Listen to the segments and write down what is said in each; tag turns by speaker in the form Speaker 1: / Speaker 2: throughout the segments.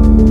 Speaker 1: Thank you.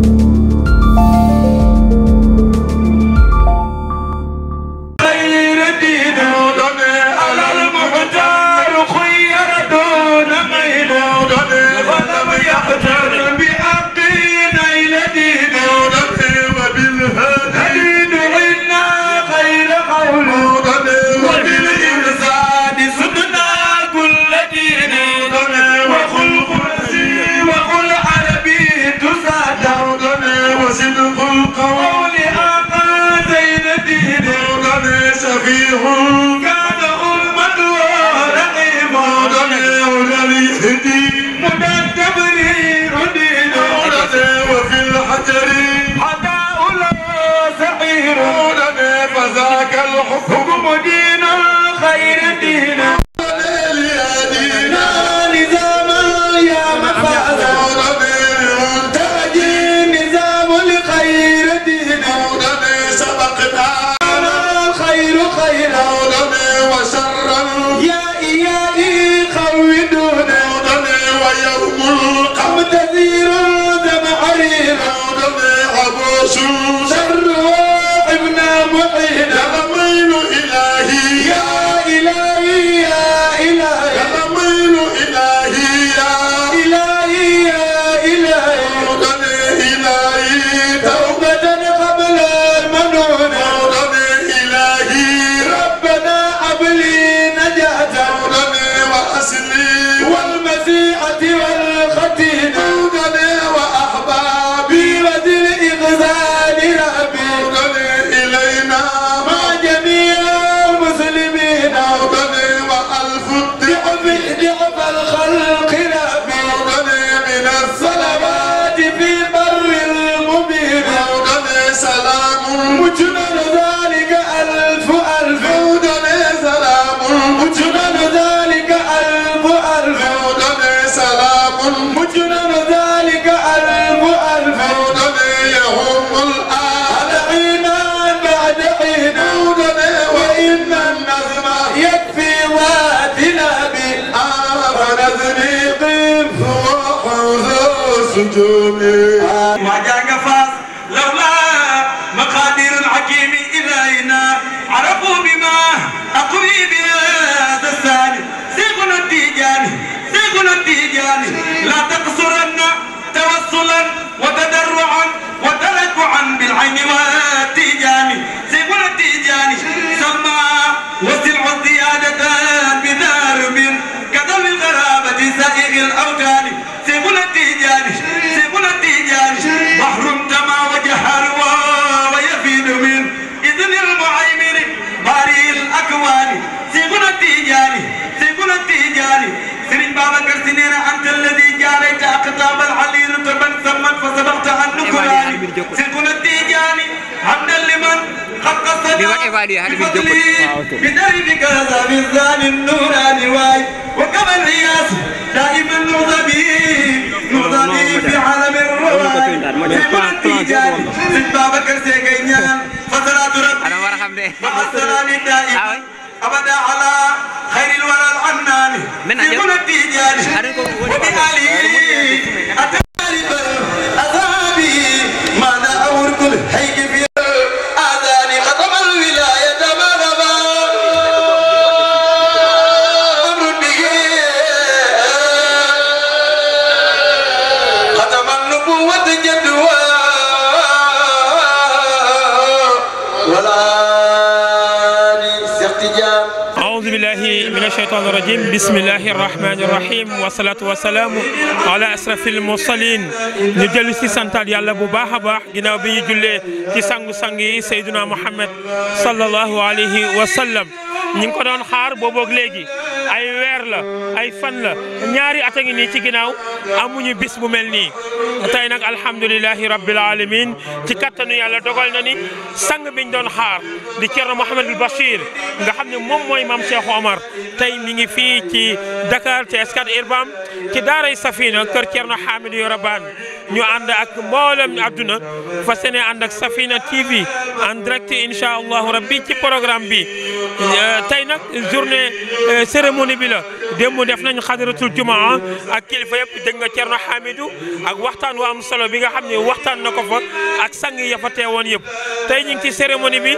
Speaker 2: النجوم ما جاك فاس لولا مقادير الحكيم إلينا عرفوا بما أقوي بهذا الثاني سيقنا التيجاني سيقنا التيجاني لا تقصرن توصلا وتبقت عنك مالي سلكنا التيجاني عبدا لمن
Speaker 1: حق الصداق بفضله آه، بدربك هذا بالزان النوراني واي وكما الرياس دائما نغضبي نغضبي في عالم
Speaker 3: الروان سلكنا التيجاني
Speaker 1: سلك بابكر سيكينيان فترات
Speaker 2: ربي مع السلام دائما أبدا على خير الورى العنان من أجل وبآله
Speaker 1: Hey. hang it
Speaker 3: الرجيم بسم الله الرحمن الرحيم والصلاة والسلام على أسرف المرسلين نجلو سي سانتال يالا بو باخا باخ غيناو بي جولي سيدنا محمد صلى الله عليه وسلم ñi ngi ko doon xaar booboog léegi ay weer la ay fan la ñaari at ngi nii ci ginnaaw amuñu bis bu mel nii tey nag alhamdulilahi rabbil alamin ci kattanu yàlla dogal na ni sang biñ doon xaar di cer Thierno Mouhamadou Bachir nga xam ne moom mooy maam Cheikh Omar tey mi ngi fii ci Dakar ci Scat Urbam ci daaray Safina kër Thierno Hamidou Yoro Bane ñu ànd ak mboolem àdduna fa sene ànd ak Safina TV en direct incha allahu rabbi ci programme bi Euh, tey nag journée euh, cérémonie bi la démb def nañ xadaratul jumaa ah, ak kilifa yëpp dégg nga Thierno Hamidou ak waxtaan wa am solo bi nga xam ne waxtaan na ko fa ak sang ya fa teewoon yëpp tey ñu ngi ci cérémonie bi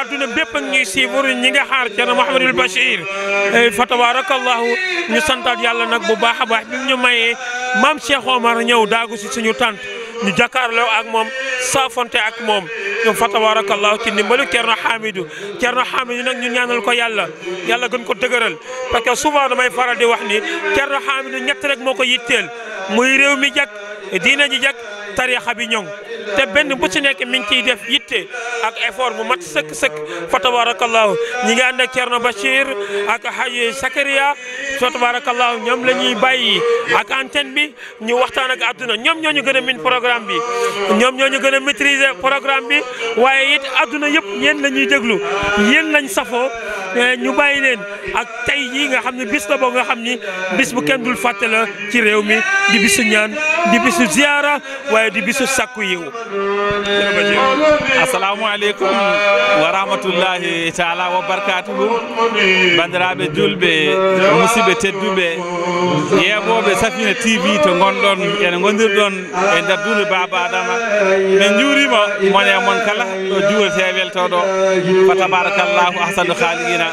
Speaker 3: adduna bépp ak ñuy suivre ñi nga xaar Thierno Mouhamadul Bachir euh, fa tabarakallahu ñu santaat yàlla nag bu baax a baax bi ñu mayee maam Cheikh Omar ñëw daagu si suñu tànt ñu jàkkaarloo ak moom saafonte ak moom ñoom fa tabarakallahu ci ndimbalu Thierno Hamidou Thierno Hamidou nag ñu ñaanal ko yàlla yàlla gën ko dëgëral parce que souvent damay faral di wax ni Thierno Hamidou ñett rek moo ko yitteel muy réew mi jag diina ji jag tarixa bi ñong té benn bu ci nek mi ngi def yitté ak effort bu mat sekk sekk fa tabarakallah ñi nga and ak Thierno bashir ak haye Sakaria fa tabarakallah ñom lañuy bayyi ak antenne bi ñu waxtaan ak aduna ñom ñoo ñu min programme bi ñom ñoo ñu gën maîtriser programme bi waye it aduna yëpp yéen lañuy dégglu lañ safo eh, ñu bayyi leen ak tay yi nga xamni bis la bo nga xamni bis bu kenn dul fàtte la ci rew mi di bisu ñaan di bisu ziyara wayde bisu sakku yewu assalamu aleykum wa rahmatullahi taala wa barkatuhu bandiraɓe julɓe musidɓe
Speaker 4: tedduɓe yeɓoɓe safina tv to gonɗon ene gondirɗon e
Speaker 5: nder duude baba adama min juurima mone e mon kala ɗo juwetee weltoɗo fa tabarakallahu ahsanu haliina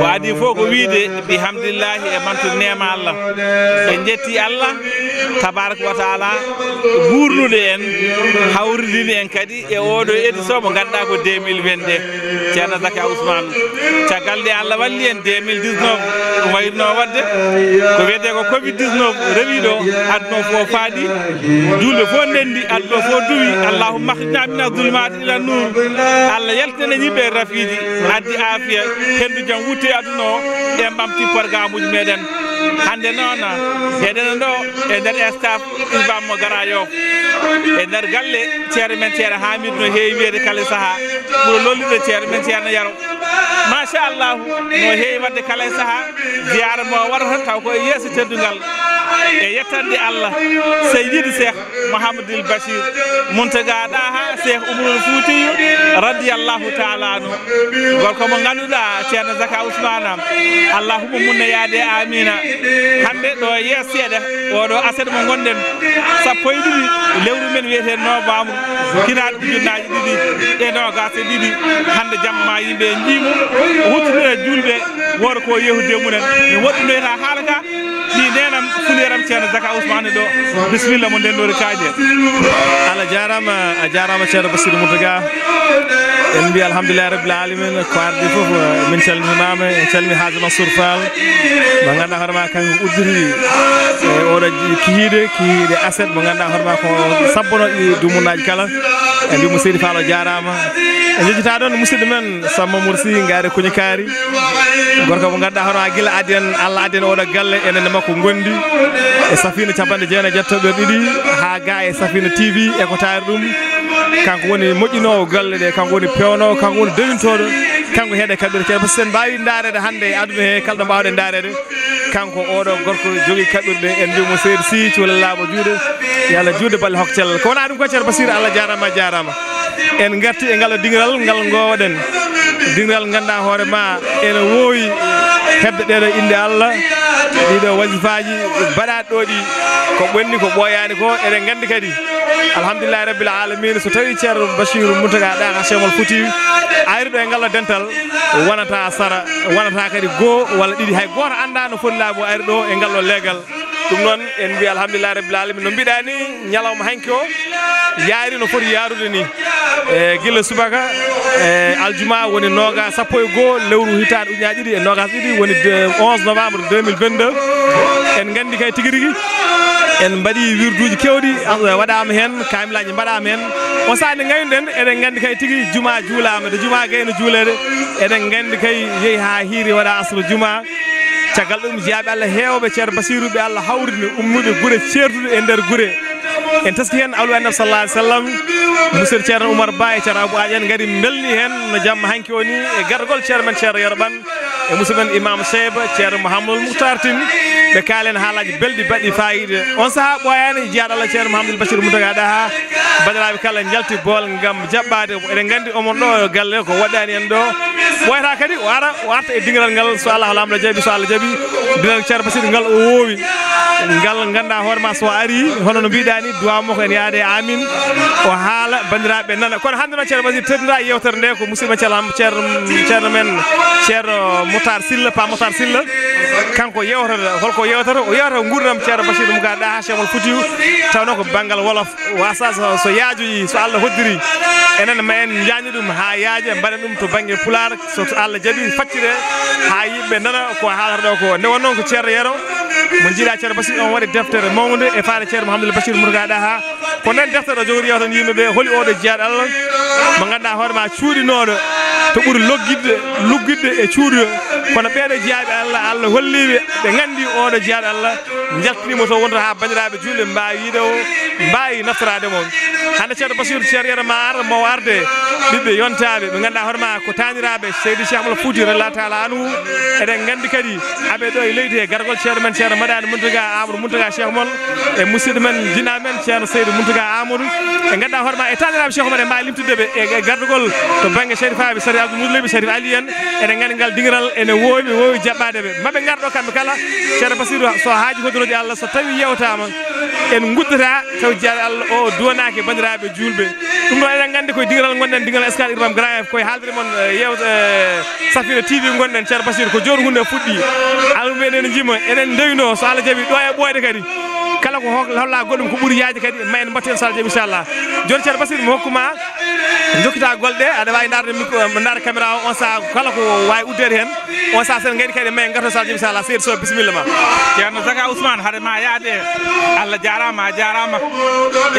Speaker 5: ko adi fof ko wiide bihamdillahi e mantu nema allah ɓe jetti allah tabaraka wa taala wurnude en hawridini en kadi e oɗo édition mo ganduɗa ko 2020 ɗe ceerno zaka ousmane caggal ɗe allah walli en 2019 ɗum wayirno wadde ko wiyete ko covid 19 rewi ɗo adno fof faaɗi julɓe
Speaker 6: fof nendi adno fof duwi allahumma hrina mina zulmate ila nour
Speaker 4: allah yaltinane
Speaker 5: yimɓe
Speaker 6: rafiji addi afiya henndu jaam wutte aduna o ɗe ɓamti programmeuji
Speaker 5: meɗen hande noon heɗene ɗo e nder e staff ɗumbammo gara yoo e nder galle ceere men ceere hamid no heewi wiyede kala saaha ɓuro lollude ceere men ceerno yaro machallahu no heewi wadde kala e saaha jiyara mo warata taw koye yeeso teddugal e yettande allah se yiɗi cheikh mouhamadoul bachir montaga ɗa ha cheikh oumarol fuutiyo radiallahu taala no gorko mo ganduɗa ceerno zaka ousmane am allahuma munno yaade
Speaker 4: amina hande ɗo
Speaker 6: yeeso seeɗa oɗo aset mo gonɗen sappo e ɗiɗi
Speaker 4: lewru men wiyete novembre hinaɗe ujunnaji ɗiɗi e nogas e ɗiɗi hande jamma yimɓe jiimu huttudire julɓe woto ko yehude munen mi woɗɗinoyta
Speaker 5: e haalaka mi nenam fuliram ceerno zaka ousmane ɗo bisimilla mo ndendori kaaje allah jarama a jarama ceerno basidi mourtaga en mbi alhamdulillahi rabbil alamin ko arde foof min calminimama en calmi haji mansour fall mo ganduɗa hoorema kanko udditi e oɗo kihiide kihiide aset mo ganduɗa hoorema ko ko sabbono ɗi dumunnaji kala e mbimo seydi faalo jarama e jejjita ɗon musidɗo men sammamoudo sy gaari kuñi kaari gorko mo ganduɗa hono ha guila addi en allah addi en oɗo galle enenne makko gondi e safina capanɗe jeena jettoɓe ɗiɗi ha ga e safina tv eko taari ɗum kanko woni moƴƴinowo galle ɗe kanko woni pewnowo kanko woni dewintoɗo kanko heeɗe kaɓɓire ceeɗe par ce que sen mbawi darede hande e aduna he kala ɗo mbawɗe darede kanko oɗo gorko jogui kaɓɓirɗe en mbimo seydi sy cuhlallamo juuɗe yo allah juuɗe wonde balle hoctel ko wona ɗum koccere basir allah jarama jarama en garti e ngal dingiral ngal gowoɗen dingiral ganduɗa hoorema ene wowi hebde ɗeɗo inde allah ɗiɗo wasifaji baɗaɗe ɗo ɗi ko ɓonni ko ɓooyani ko eɗen gandi kadi alhamdulillahi rabbil alamina so tawi ceerno basir mutaga ɗa ka chemol footiw ayriɗo e ngallo dental wonata sara wonata kadi goho walla ɗiɗi hay goto anda no foti laabo ayriɗo e ngallo leegal ɗum noon en mbi alhamdulillahi rabbil alamina no mbiɗani ñal haalama hanki o yaari no foti yaarude ni e guilla subaka e aljuma woni noga sappo e goho lewru hitaɗe uñaa ɗiɗi e nogas e ɗiɗi woni 11 novembre 2022 en gandi kay tigui rigui en mbaɗi wirduji kewɗi e, waɗama hen kamilaji mbaɗama hen on sa nde gaynoɗen eɗen gandi kay tigui juma juulama nde juma gayno juulede eɗen gandi kay yeehi ha hiiri waɗa asru juma caggal ɗum heo allah hewɓe ceerno basiruɓe allah hauri ummuɓe guure ceertuɗo e nder guure en taski hen awlu annabi sallah alih sallam musidɗo ceerno oumar ba e ceerno abou aƴan gaari belni hen no jamma hanki o ni e gargol ceerno men ceerno yerɓan e men imam seyba ceerno mouhamadoul mouhtar tine ɓe kaalen haalaji belɗi baɗɗi fayida on saaha ɓoyani jeyaɗo allah ceerno mouhamadoul bacir moutaga ɗaha badiraɓe kala jalti bool gam jaɓɓade eɗen gandi omon ɗo galle ko waɗani en ɗo ɓoyata kadi o ara o arta e dingiral ngal so allah lamɗo jaabi so allah jaabi jogui dilal ceer tinggal ngal o woowi ngal ganda hoore ma hono no mbiɗa ni duwamo ko en yaade amin o hala bandiraɓe nana kono hande no ceer basir iya, musim yewtere nde ko musidɓe ceerlam ceer ceerno men ceer mutar silla pa yau silla kanko yewtata holko yewtata o yewtata gurdam ceer cara mum ka ɗa ha chemal foutiw tawno ko banggal wolof wasa so yaajoyi so ya allah hoddiri enen ma en jañi ya hai ha ya yaaje mbaɗen ɗum to pular so allah jadi faccire ha yimɓe nana ko ɗo ko nde won noon ko ceerno yeero mo jiiɗa ceerno basiri on waɗi deftere mawde e faade ceerno mohamdoulah basiri murgaɗa ha ko nan deftere o jogori yewtan yimɓeɓe hooli oɗo jeeyaɗo allah mo ganduɗa hoorema cuuɗinoɗo to ɓuuri logguidde lugguidde e cuuɗo kono ɓeeɗo jeeyaɓe allah allah holliɓe ɓe gandi oɗo jeeyaɗo allah jaltinimo to wonto ha bandiraɓe julɓe mbawiɗo mbawi naftorade moon hande ceerno basiru ceerno yeero ma ar mo arde ɓiɓɓe yontaɓe ɓe ganduɗa hoorema ko taniraɓe seydi cheikh mola fouti rallah taala anu eɗen gandi kadi aɓe ɗo e leydi e gargol ceerno men ceerno maɗani muntuga amadou muntuga cheikh mol e musidɗo men jina men ceerno seydou muntuga amadou e ganduɗa hoorema e taniraɓe cheikh omen e ma limtudeɓe e gardugol to banggue sharifaɓe sari abdoumoudouleyɓe sharif ali en ene gandi ngal dingiral ene wowi wowi jaɓɓadeɓe maɓe garɗo kamɓe kala ceerno basidou so haaji hodiroji allah so tawi yewtama en guddata taw jeeɗe allah o donaki e bandiraɓe julɓe ɗum ɗo eɗen gandi koye dingiral gonɗen dingal escal irmam grand f koye haaldiri moon e yewte safira tv gonɗen ceerno basidou ko joni hunde e fuɗɗi aɗum ɓeen ene jima enen dewino so allah jaaɓi ɗo e ɓooyde kadi kala ko holla goɗɗum ko ɓuuri yaade kadi ma en mbatten so allah jaaɓi inchallah joni ceeɗo basid mi hokkuma jokkita golɗe aɗa wawi darde mi dara caméra o on saha kala ko wawi uddede hen on saha sen gaɗi kadi ma en gartoo so allah jaaɓi inchallah seydi so bisimilla ma ceerno zaka ousmane haade ma yaade allah jarama a jarama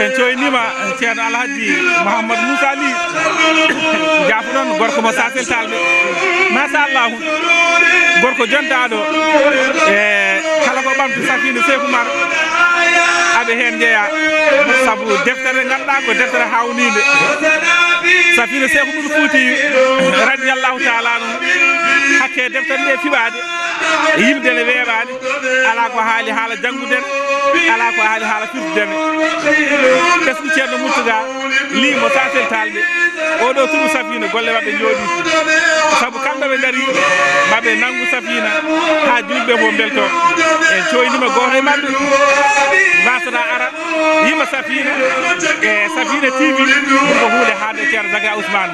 Speaker 5: en
Speaker 6: coynima ceerno alhaji mouhamadou moussa ly
Speaker 1: jafo ɗon gorko mo sasel
Speaker 6: talɓe machallahu gorko jontaɗo radio e kala ko ɓamtu safino seifu mar aɓe hen jeeya saabu deftere ganduɗa ko deftere hawnide safino seifu mum fuuti radiallahu taala no hakke deftere nde fiɓade yimdene weeɓade ala ko haali haala janggudene ala ko haali haala firdudene ɓesɗu ceerno murtuga limo tatel talde oɗo tuɓu safina golle maɓe jooɗi saabu kamɓeɓe daari maɓe nanggu safina ha julɓeɓe fof belto e coynima goto e mabɓe basata ara yima safina e safina tv ko hunde haade ceera zagra ousmane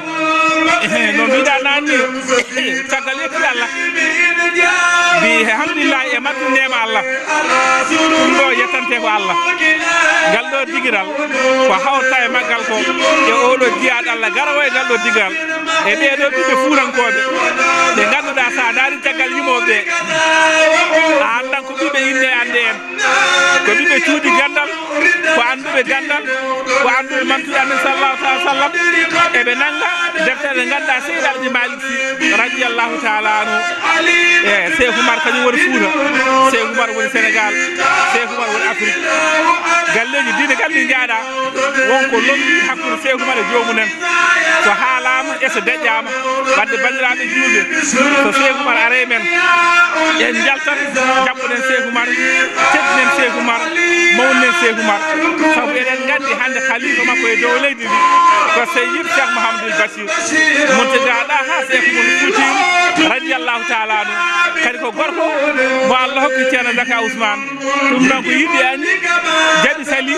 Speaker 6: no mbiɗa nanni caggal yettude allah mbi hamdillahi e mabɓe ndema allah ɗum ɗo yettante ko allah ngal ɗo digiral ko hawrta e maggal ko e oɗo jiyaɗo allah garawa e ngal ɗo digiral e ɓeɗo ɓiɓɓe furankoɓe ɓe ganduɗa sa daari caggal yimoɓeɓe
Speaker 3: a andan ko ɓiɓe yinne ande en ko ɓiɓe cuuɗi gandal ko anduɓe gandal ko anduɓe mantuɗe ande sallahu taw sallam eɓe nanga deftere ganduɗa seyɗalɗi
Speaker 6: maliki radiallahu taala anu e cheikh oumar kañum woni fouta cheikh oumar woni sénégal cheikh oumar woni afrique galleji dine galli jaaɗa wonko lomɗi hakkude cheikh oumar e jomumen ko haalama e so deƴƴama
Speaker 3: wadde bandiraɓe juuɓe so cheikh oumar are men e jaltat jabɓuɗen seeku mar teddinen seeku mar mawniɗen seeku mar sabu eɗen gandi hande halifa makko e dow leydi ndi ko sey yim cheikh mouhamadoul basir mon tedaɗa ha seeku mon fuuti radiallahu taala ɗum kadi ko gorko mo allah hokki ceeno daka ousmane ɗum noon ko yimɓe ani jaɓi sali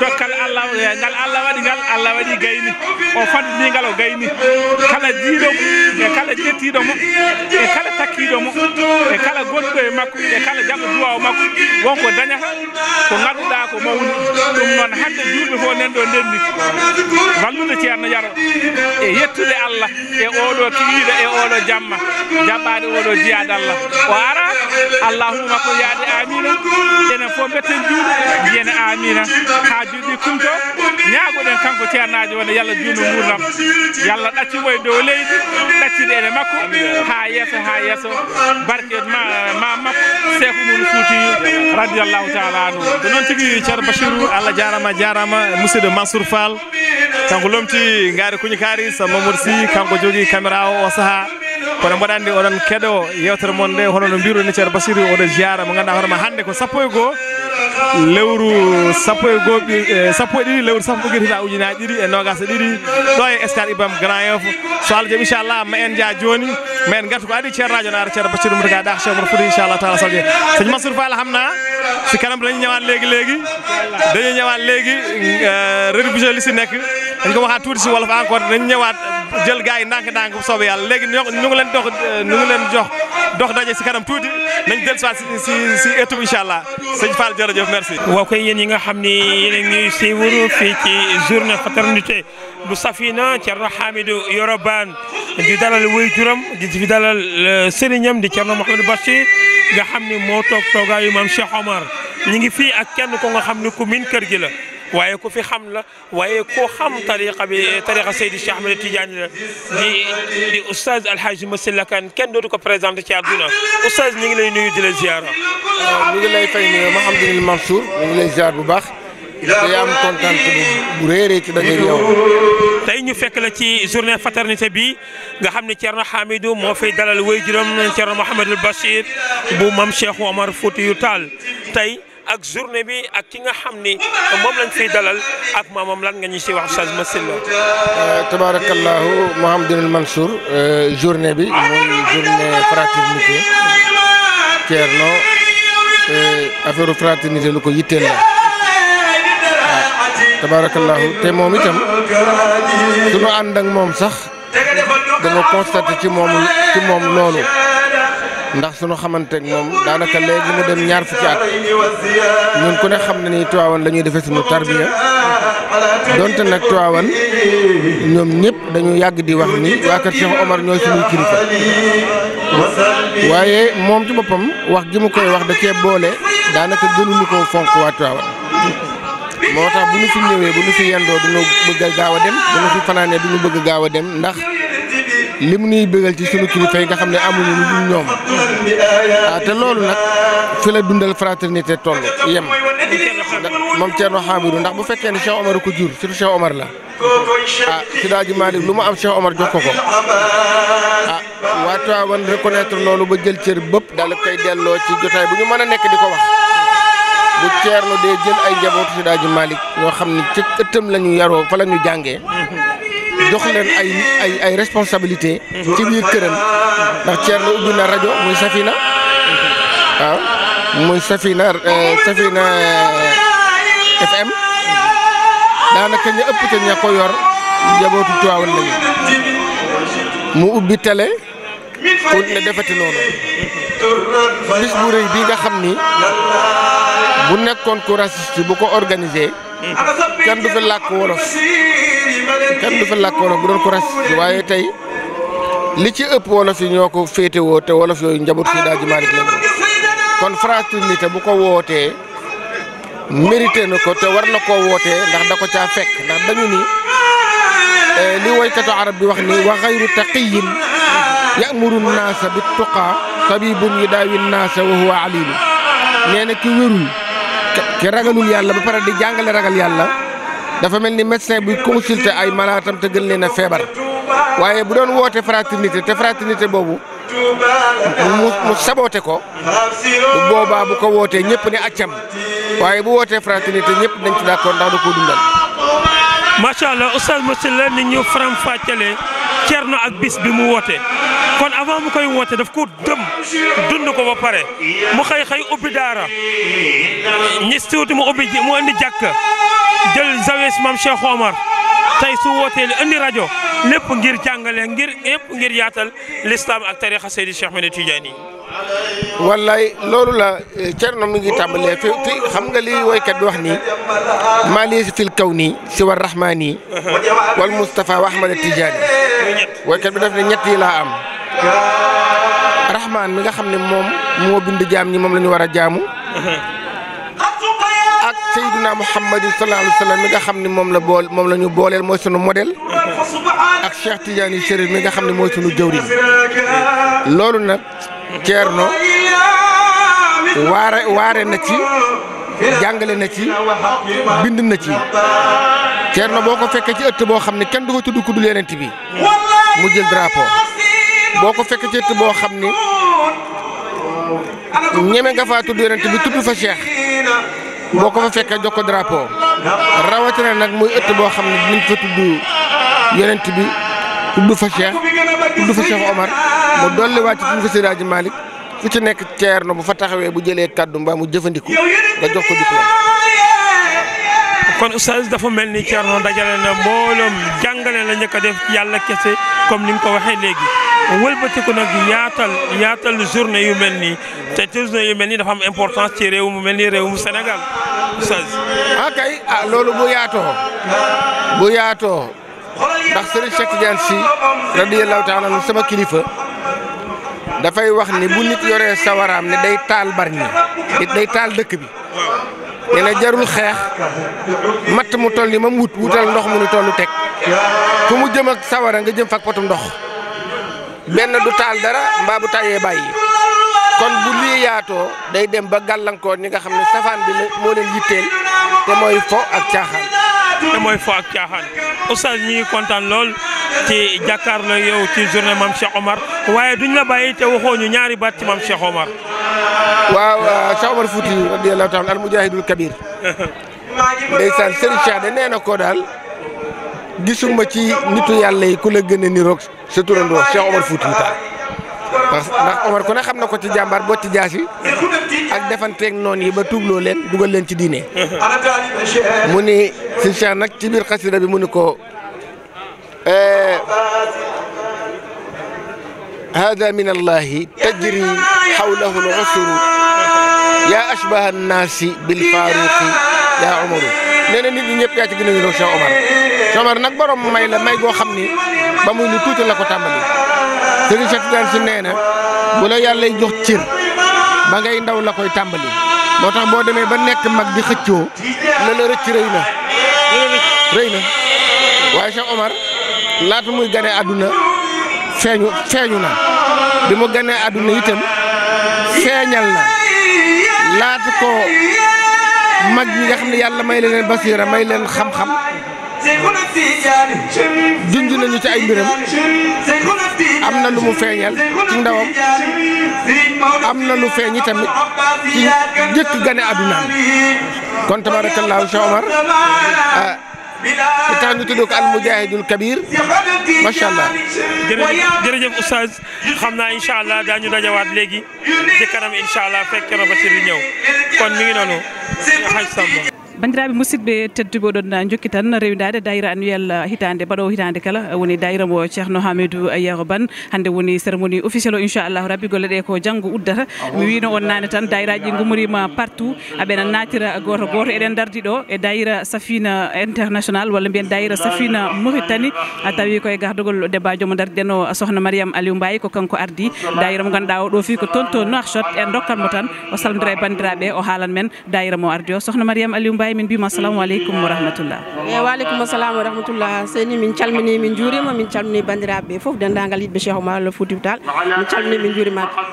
Speaker 3: dokkal allah e ngal allah waɗi ngal allah waɗi gayni o fandinigal o gayni kala jiiɗomo e kala jettiɗomo e kala takkiɗomo e kala gonɗo e makko e kala jaɓo duwawo makko wonko dañata ko ngaɗuɗa ko mawni ɗum noon hande juuɓe
Speaker 4: fo nen ɗo ndenni mallude ceerno yaro e yettude allah e oɗo kiɗiɗa e oɗo jamma jaɓɓade oɗo jiyad allah o ara allahuma makko yaade amina enen fo betten juuɗe jiyene amina ha juuɗi kumto
Speaker 3: ñagoɗen kanko ceernaji wona yallah
Speaker 6: juuɗe gurnam yallah
Speaker 3: ɗaccu ɓoye e dow leydi ɗaccide ene makko ha yeeso ha yeeso bar arɗen ma ma makko cheikhu
Speaker 5: mum fouti radiallahu taala anu ɗo noon tigui ceerno bachirou allah jarama jarama monsieur de mansour fall kanko lomti gaari kuñikaari sa mamoudo sy kanko jogui caméra o o saaha kono mbaɗande oɗon keɗo yewtere mon nde hono no mbiruni ceerno bachirou oɗo jiyara mo ganduɗa hoorema hande ko sappo e goho lewru sappo e goho ɓi e, sappo e ɗiɗi lewru sappo ɓogirtita e ujunaji ɗiɗi e nogasa e ɗiɗi ɗo e escar ibam grand yeuf so allah jaam inchallah ma en jaa joni ma en gartu ko adi ceerno radio no ara ceerno bachirou ga daax Cheikh Omar Fouti incha allah taala salje sëñ Mansour Fall xam naa si kanam dañu ñëwaat léegi léegi dañuy ñëwaat léegi euh, rédivision li si nekk dañ ko waxa tout ci wolof encore dañ ñëwaat jël gaay yi ndànk-ndànk bu soobee yàlla léegi ñu ngi leen dox ñu ngi leen jox dox dajé si kanam tuuti nañ del soit si ci ci étub inshallah allah sëñ Fall jërëjëf merci
Speaker 3: wa koy yeen yi nga xamni ni yéen ci suivre fi ci journée fraternité bu Safina ci Hamidou yoroban di dalal waajuram di fi dalal euh, serignam di cerno mohamed bassi nga xamni mo tok toog toogaayu maam Cheikh Omar ñi ngi fi ak kenn ko nga xamni ku min kër gi la waye ku fi xam la waye ko xam tariqa bi tariqa sayyid Cheikh Ahmed Tidiane la di di oustaz Alhaji Massyla Kane kenn dootu ko presenter ci aduna oustaz ñi ngi lay nuyu di la ziara. ñi ngi lay fay nuyu Mouhamadou
Speaker 2: Mansour ñi ngi lay ziar bu baax.
Speaker 3: day am contente
Speaker 2: bu réeré ci daje yow.
Speaker 3: tay ñu fekk la ci journée fraternité bi nga xamni ne Hamidou mo fay dalal wayjuram juróom mohammed al bashir bu mam Cheikh Omar fouti yu tal tay ak journée bi ak ki nga xam ni moom lañ fiy dalal ak maamam lan nga ñu si wax Oustaz Massir Lo euh, tabarakallahu
Speaker 2: Mouhamadoul Mansour euh, journée bi mooy journée fraternité Thierno euh, affaire fraternité lu ko yitteel la ah, tabarakallahu te moom itam du ñu ànd moom sax dama constaté ci moom ci moom loolu ndax su suñu xamanteeg moom daanaka léegi mu dem ñaar fukki at ñun ku ne xam na ni Tiwaawan la ñuy defee suñu tarbiya donte nag Tiwaawan ñoom ñëpp dañu yàgg di wax ni waa kër Cheikh Omar ñooy suñuy kilifa waaye moom ci boppam wax gi mu koy wax da cee boole daanaka gënuñu ko fonk waa Tiwaawan moo tax bu ñu fi ñëwee bu ñu fi yendoo duñu bëgg a gaaw a dem bu ñu fi fanaanee duñu bëgg a gaaw a dem ndax li mu nuy bëggal ci sunu kilifa yi nga xam ne amuñu lu dul ñoom ah te loolu nag fi la dundal fraternité toll yem moom Thierno Hamidou ndax bu fekkee ne Cheikh Omar ko jur surtout Cheikh Omar la ah si daa ji Malick lu mu am Cheikh Omar jox ko ko ah waa Tiwaawan reconnaître loolu ba jël cër bëpp daal koy delloo ci jotaay bu ñu mën a nekk di ko wax bu Thierno dee jël ay njabootu si daa ji Malick ñoo xam ne ci ëttam la ñu yaroo fa la ñu jàngee jox leen ay ay ay responsabilité ci biir këram ndax Thierno ubbi na rajo muy Safina waaw muy Safina euh, Safina euh, FM daanaka ña ëpp ca ña ko yor njabootu Tiwaawan lañu mu ubbi télé pour ne defati noonu bis bu rëy bii nga xam ni bu nekkoon ko raciste bu ko organisé kan du fi làkk wolof kenn du fi làkk wolof bu doon ko res waaye tey li ci ëpp wolof yi ñoo ko féetewoo te wolof yooyu njaboot fii daal ji Malick la kon fraternité bu ko wootee mérité na ko te war na koo wootee ndax da ko caa fekk ndax dañu ni eh, li woykatu arab bi wax ni wa xayru taqiyin yamuru naasa bi tuqaa tabibun yu daawi naasa wa huwa alilu nee na ki wérul ki ragalul yàlla bu pare di jàngale ragal yàlla dafa mel ni médecin buy consulter ay malaatam te gën leen a feebar waaye bu doon wootee fraternité te fraternité boobu mu mu saboote ko
Speaker 1: bu
Speaker 2: boobaa
Speaker 3: bu ko wootee ñëpp ne accam waaye bu wootee fraternité ñëpp dañ ci d'accord ndax da koo dundal. macha allah oustaz ni ñu faram fàccelee. Thierno ak bis bi mu woote kon avant mu koy woote daf ko dëm dund ko ba pare mu xëy xay ubbi daara ñi tuuti mu ubbi mu indi jàkk jël zawes maam Cheikh Omar su wootee li indi rajo lépp ngir jàngale ngir yëpp ngir yaatal l'islam ak tarixa Seydi Cheikh Ahmed Tidiane yi
Speaker 2: wallaay loolu la eh, Thierno mi ngi tàmbalee fi fi xam nga li woykat bi wax nii maa lii fil kaw nii si war rahmaani yi wal Moustapha wa Ahmad Tijaani woykat bi def ne ñett yi laa am rahmaan mi nga xam ne moom moo bind jaam ñi moom la war a jaamu ak Seydina Muhammad sallallahu alayhi wa sallam mi nga xam ne moom la bool moom la ñu booleel mooy sunu model ak Cheikh Tidiane Chérif mi nga xam ne mooy sunu jëwriñ loolu nag Thierno
Speaker 1: waré waré na ci
Speaker 2: jangalé na ci bind na ci Thierno boko ko ci ëtt bo xam ne kenn du ko tudd ku bi mu jël drapeau boko ko ci ëtt bo xam ni nga fa tuddu Yonent bi tuddu fa Cheikh boko fa fekkee jox ko drapeau rawatina nak muy ëtt bo xam ñu fa tuddu Yonent bi. tudd fa Cheikh
Speaker 5: tudd
Speaker 2: fa Cheikh Omar mu dolliwaat ci tudd fa Seydi Hadji fu ci nekk ceerno bu fa taxawee bu jëlee kàddu mbaa mu jëfandiku nga jox ko diplôme.
Speaker 3: kon dafa mel ni ceerno dajale na mbooloom jàngale la njëkk def yàlla kese comme ni nga ko waxee léegi. wëlbatiku nag yaatal yaatal journée yu mel nii te journée yu mel ni dafa am importance ci réew mu mel ni réew mu senegal oustaz. ah kay ah loolu bu
Speaker 2: yaatoo bu yaatoo. ndax sëri Cheikh Tidiane Sy
Speaker 3: radiyallahu taala
Speaker 2: anhu sama kilifa dafay wax ni bu nit yoree sawaram ni day taal Bargny nit day taal dëkk bi nee na jarul xeex mat mu toll ni ma mut wutal ndox mu ni tollu tek ku mu jëm ak sawara nga jëm fak potum ndox benn du taal dara mbaa bu tàyyee bàyyi kon bu lii yaato day dem ba gàllankoor ñi nga xam ne safaan bi moo leen yitteel te mooy fo ak caaxaan
Speaker 3: te mooy fo ak caaxaan oustaz ñi kontaan lool ci jàkkaarloo yow ci journée maam Cheikh Omar waaye duñ la bàyyi te waxoo ñaari baat ci maam Cheikh Omar. waaw
Speaker 2: Cheikh Omar Fouti radiyallahu taala al mujahidul kabir
Speaker 3: ndeysaan Serigne Cheikh de nee na ko
Speaker 2: daal gisuma ci nitu yàlla yi ku la gën a niroog sa turandoo Taal. parce que ndax Omar xam na ko ci jàmbaar boo ci jaas yi ak defanteeg yi ba tuubloo leen dugal leen ci diine si Cheikh nag ci biir na bi mu ni ko eh, hada min allahi tajri xawlahu l usru yaa ashbaha annaasi bil faaruqi yaa omaru nee na nit ñi ñëpp yaa ci gën a ñëw Cheikh Omar Cheikh may la may goo xam ni ba muy lu tuuti la ko tàmbali Serigne Cheikh Tidiane Sy nee na bu la yàlla jox cër ba ngay ndaw la koy tàmbali moo tax boo demee ba nekk mag di xëccoo la la rëcc rëy na rëy na waaye Cheikh Omar laata muy gane àdduna feeñu feeñu na bi mu gane àdduna yitam seeñal na laata ko mag ñi nga xam yàlla may leen basiira may leen xam-xam junj nañu ci ay mbiram am na lu mu feeñal ci ndawam am na lu feeñi tamit ci njëkk gane àddunaam kon tabaarakallaahu Cheikh Omar di ah, tax ñu tudd ko al mujahidul kabir macha allah.
Speaker 3: jërëjëf jërëjëf oustaz xam naa incha allah daañu dajawaat léegi ci kanam incha allah fekk na ba ci di ñëw kon mi ngi noonu.
Speaker 7: bandiraɓe musidɓe tedduɓe oɗon jokki tan rewidade dayra annuel hitande mbaɗowo hitande kala woni dayra mo ceerno hamidou ayeho bane hande woni cérémonie officiel o inchallahu rabbi golle ɗe ko janggo uddata mi wino on nane tan dayraji gumorima partout aɓena natira goto goto eɗen dardi ɗo e dayra safina international walla mbiyen dayra safina mauritani tawi koye gardogol débatjo mo dardiɗen o sohna mariam aliou mbaye ko kanko ardi dayra mo ganduɗa oɗo fi ko tonto noarchot en dokkanmo tan o salmodira e bandiraɓe o haalan men dayra mo ardi o sohna mariam aliou mbaye Ibrahima min mbima assalamu aleykum wa rahmatullah
Speaker 8: eyyi waaleykum assalam wa rahmatullah seni min calmini min juurima min calmini bandiraɓeɓe foof dendagal yidɓe cheikh omar fouti tal min calmini min juurimaɓe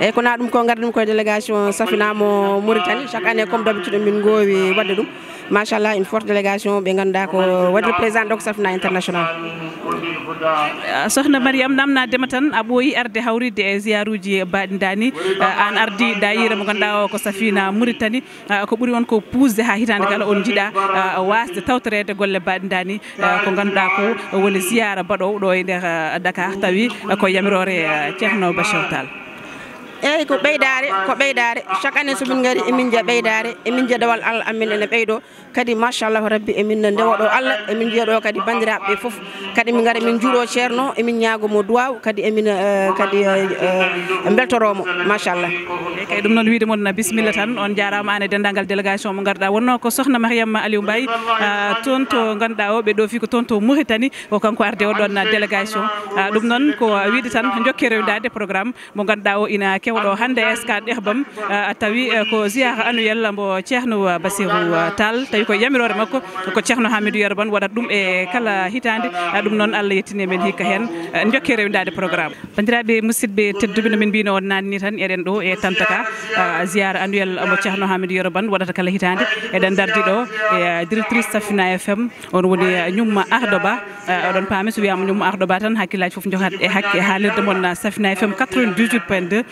Speaker 8: eyyi kona ɗum ko gadda ɗum koye délégation safinamo mauritanie chaque année comme d' habitude min gowi wadde ɗum machallah une forte délégation ɓe ganduɗa ko waɗi représente donc safna international
Speaker 7: euh, sohna mariame namna dema tan a ɓooyi arde hawride e gérou uji mbaɗi dani euh, an ardi dayire mo ganduɗa o ko safina mouritani euh, ko ɓuuri on ko pusde ha hitande kala on jiiɗa wasde tawtorede golle mbaɗi dani ko ganduɗa ko woni ziara baɗowo ɗo e nde dakar tawi ko yamirore ceerno bachir tall eyyi ko ɓeydare ko ɓeydare
Speaker 8: chaque année somin gari emin jiiya ɓeydare emin jiiya dawal allah amin ene ɓeydo kadi machallahu rabbi emin ndewoɗo allah emin jiiyaɗo kadi bandiraɓe ɓe foof kadi min gara min juuɗo ceerno emin ñagomo duwaw kadi emin eh, kadi eh, eh, beltoromo machallah eyyi
Speaker 7: kay ɗum noon wiide moon bisimilla tan on jarama an e dendagal délégation mo garɗa wonno ko sohna mariama aliou mbaye toon to ganduɗa o ɓe ɗo fi ko toon to mauritani o kanko arde oɗon délégation ɗum noon ko wiide tan jokke rewdade programme mo ganduɗa o ina ke kewɗo hannde e skaɗɗe bam a tawi e, ko gihaha annuyel mbo ceehno basirou tall tawi ko yamirore makko ko ceehno hamidou yero bane waɗat ɗum e kala hitande ɗum noon allah yettini e men hikka heen jokki rewdade programme bandiraɓe musidɓe tedduɓe no min mbino on nanni tan eɗen ɗo e tantaka gihara annuel mbo ceehno hamidou yero bane waɗata kala hitande eɗen dardi ɗo e directrice safina fm on woni ñumma ardo ba oɗon paami so wiyama ñumma ardo ba tan hakkillaji foof jokat e hakke haalirde mon safina fm 98 point 2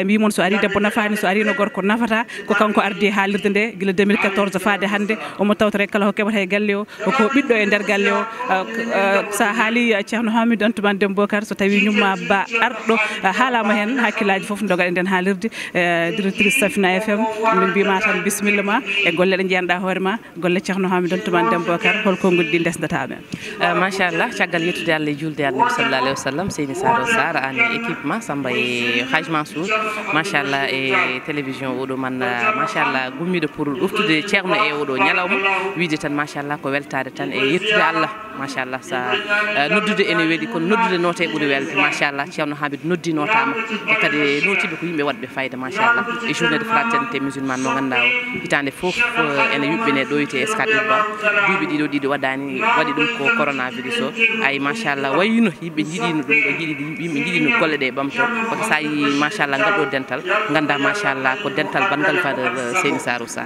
Speaker 7: e mbimon so ari debbo nafani so ari no gorko nafata ko kanko ardi haalirde nde guila 2014 faade hannde omo tawtore kala ho keɓata e galle o oko ɓiɗɗo e nder galle o sa haali ceerno hamidou antoumane dembocar so tawi ñumma ba arɗo haalama hen hakkillaji foof dogaɗe nden haalirde directrice safina fm min mbima tan bisimilla ma e golle ɗe jiyanɗa hoore ma golle ceerno hamidou antoumane dembocar holko nguddi desdata amen machallah caggal yettude allah e julde annabi sallallah alih wa sallam seyni
Speaker 8: saro sar an équipe ma samba e haj mansour machallah e télévision oɗo man machallah gummiɗo pour uftude ceerno e oɗo ñalawma wiide tan machallah ko weltade tan e yettude allah machallah sa eh, noddude ene weeli kono noddude note ɓuuri welde machallah ceerno hamidou noddi notama e kadi notiɓe ko yimɓe waɗɓe fayida machallah e journée de fraternité musulman mo ganduɗa o hitande foof ene yuɓɓene ɗoyte escade urba duuɓi ɗiɗo ɗiɗi waɗani waɗi ɗum ko coronavirus o ayi machallah wayino yimɓe jiiɗino ɗum ɗo jiɗiɗ yimɓe jiiɗino golle ɗe e ɓamto ko sa yi machallah machallah ngal ɗo dental ganda machallah ko dental bangal valeur seni sarou sa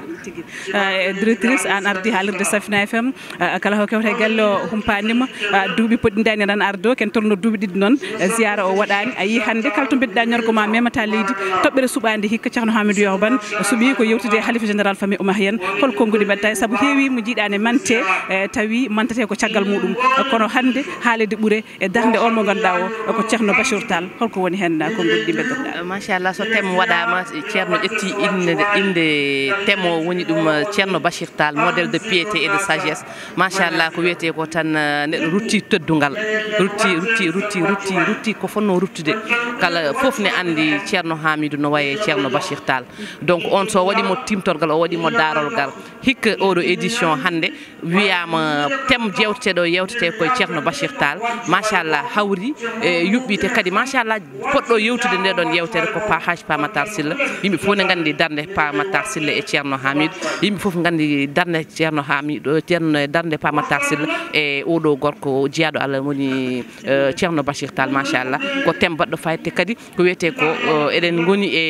Speaker 7: euh, directrice an ardi haalirde safina fm euh, kala ho kewte galle o humpanima euh, duuɓi poɗɗidani tan ardo ken tolno duuɓi ɗiɗi noon ziyara o waɗani a yii hande kala to mbeɗiɗa ñorgo ma memata leydi toɓɓere suɓadi hikka cahno hamidou yaho ban suuɓi ko yewtude halife général famille oumah hen holko ngoɗi mbaɗta saabu heewi mo jiiɗani mante tawi mantate ko caggal muɗum kono hande haalede ɓuure e darde on mo ganduɗa o ko cahno bachour tall holko woni hen ko ngoɗiɗi mbeddoɗa machallah so thème waɗama ceerno eh, ƴetti
Speaker 8: inde inde thème o woni ɗum ceerno eh, bachir tall modéle de piété et de sagesse machallah ko wiyete ko tan eh, neɗɗo rutti teddugal rutti rutti rutti rutti rutti ko fonno ruttude kala foof ne andi ceerno hamidou no waye ceerno bachir tall donc on so waɗimo timtorgal o waɗimo darolgal hikka oɗo édition hande wiyama thème jewteteɗo yewtete koye ceerno bachir tall machallah hawri e yuɓɓite kadi machallah poɗɗo yewtude nde ɗon yewtere darde ko pahaj pamatar silla yimɓe fof ne gandi darde pamatar silla e ceerno hamidou yimɓe fof gandi darde ceerno hamido ceerno euh, darde pamatar silla e oɗo gorko jeeyaɗo allah woni ceerno euh, bachir tal machallah ko tem baɗɗo fayitte kadi ko wiyete ko euh, eɗen goni e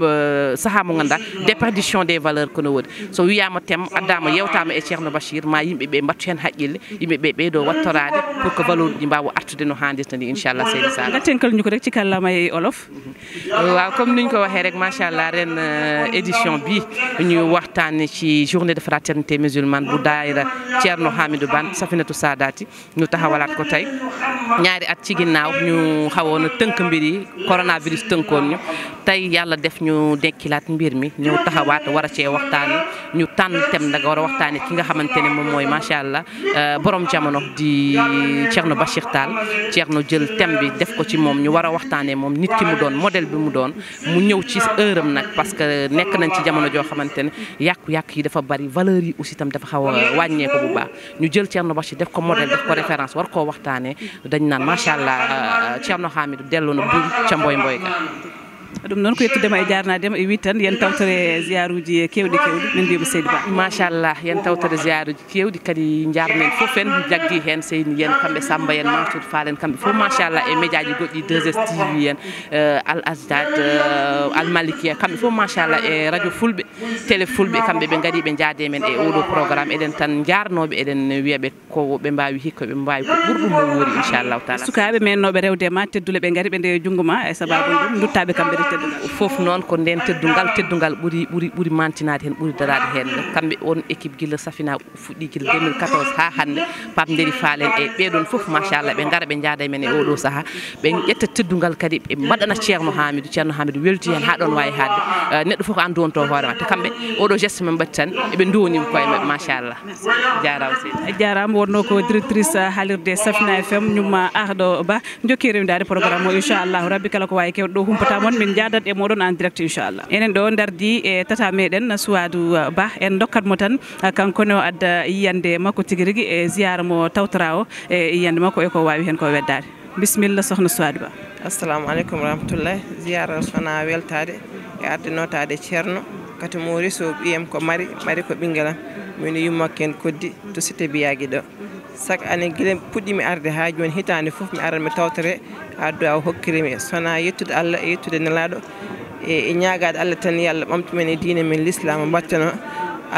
Speaker 8: Euh, sahamo ganduɗa déperdition des valeur kono woodi so wiyama tem addama yewtama e ceerno bashir ma yimɓeɓe mbattu hen haqqille yimɓeɓe ɓeydo wattorade pour que valeur uji mbawa artude no hannirta ni inshallah seydi sa gatten
Speaker 7: kalñu ko rek ci kallama e olof euh,
Speaker 8: waaw comme niñ ko waxee rek machallah ren euh, édition bi ñu waxtaan ci journée de fraternité musulmane bu daayira ceerno hamidou ban safinatu sadati ñu taxawalat ko tay ñaari at ci ginnaw ñu xawoon teunk mbir yi coronavirus tënkoon ñu tay yalla def ñu dekkilaat mbir mi ñu taxawaat war a cee waxtaan ñu tànn tem nag war a waxtaanee ki nga xamante ne moom mooy macha allah euh, borom jamono di Thierno Bachir Tall Thierno jël tem bi def ko ci moom ñu war a waxtaanee moom nit ki mu doon model bi mu doon mu ñëw ci heure am nag parce que nekk nañ ci jamono joo xamante ne yàqu-yàqu yi dafa bari valeur yi aussi tam dafa xaw a wàññeeku bu baax ñu jël Thierno Bachir def ko modèle def ko référence war koo waxtaanee dañ naan macha allah euh, Thierno Hamidou ca mboy mboy ga
Speaker 7: ɗum noon ko yettudema e jarnadema e wi tan yen tawtore ziyaruji e kewɗi kewɗi min mbima seydi ba machallah yen tawtore ziyaruji kewɗi kadi
Speaker 8: jarmen foof en jaggui hen seydi yen kamɓe samba yen mamtoude falen kamɓe foof machallah e média ji goɗɗi deux s tv en euh, al asdad euh, almaliki en kamɓe foof machallah e radio fulɓe télé fulɓe kamɓe ɓe gaadi ɓe jaade men e oɗo programme eɗen tan jarnoɓe eɗen
Speaker 7: wiyaɓe koɓe mbawi hikkaɓe mbawi ko ɓurɗum mo wuuri inchallahu taala sukaɓe mennoɓe rewde ma teddule ɓe gaari ɓe nde e junggo ma e sababu ɗum duttaɓe kamɓe ɗe teddugal fof noon ko nden teddugal teddugal ɓuuri
Speaker 8: ɓuuri ɓuuri mantinade hen ɓuuri darade hen kamɓe on équipe guila safina fuɗɗi guila 2014 ha hande papdiri faalen e ɓeɗon foof machallah ɓe gara ɓe jaada men e oɗo saaha ɓe ƴetta teddugal kadi ɓe mbaɗana ceerno hamidou ceerno hamidou welti hen ha ɗon wawi hadde neɗɗo foof ko andu on to hoore ma te kamɓe oɗo geste men mbatti tan eɓe duwonima koye mabɓe machallah jarama seydi
Speaker 7: jarama wonno ko directrice halirde safina fm ñumma ahɗo ba jokki rewdade programme o inchallahu rabbi kala ko wawi kewɗo ɗo humpatamon min jadat e moɗon en direct inchallah enen ɗo dardi e tata meɗen suwadou uh, ba en dokkatmo tan uh, kankone o adda yiyande makko tigui rigui e ziyara mo tawtora o e yiyande makko eko wawi hen ko weddade bisimilla sohna suwadou ba assalamu aleykum rahmatullah ziyara sona weltade e arde notade ceerno kati mo riso ɓiyam ko mari mari ko ɓinguelam min yummakken koddi to site biyagui ɗo sac ane gila puɗɗimi arde ha joni hitande foof mi arat mi tawtere ha do a hokkirimi sona yettude allah e yettude nelaɗo e, e ñagade allah tan yo allah ɓamtumen e diine men l'islam mbatteno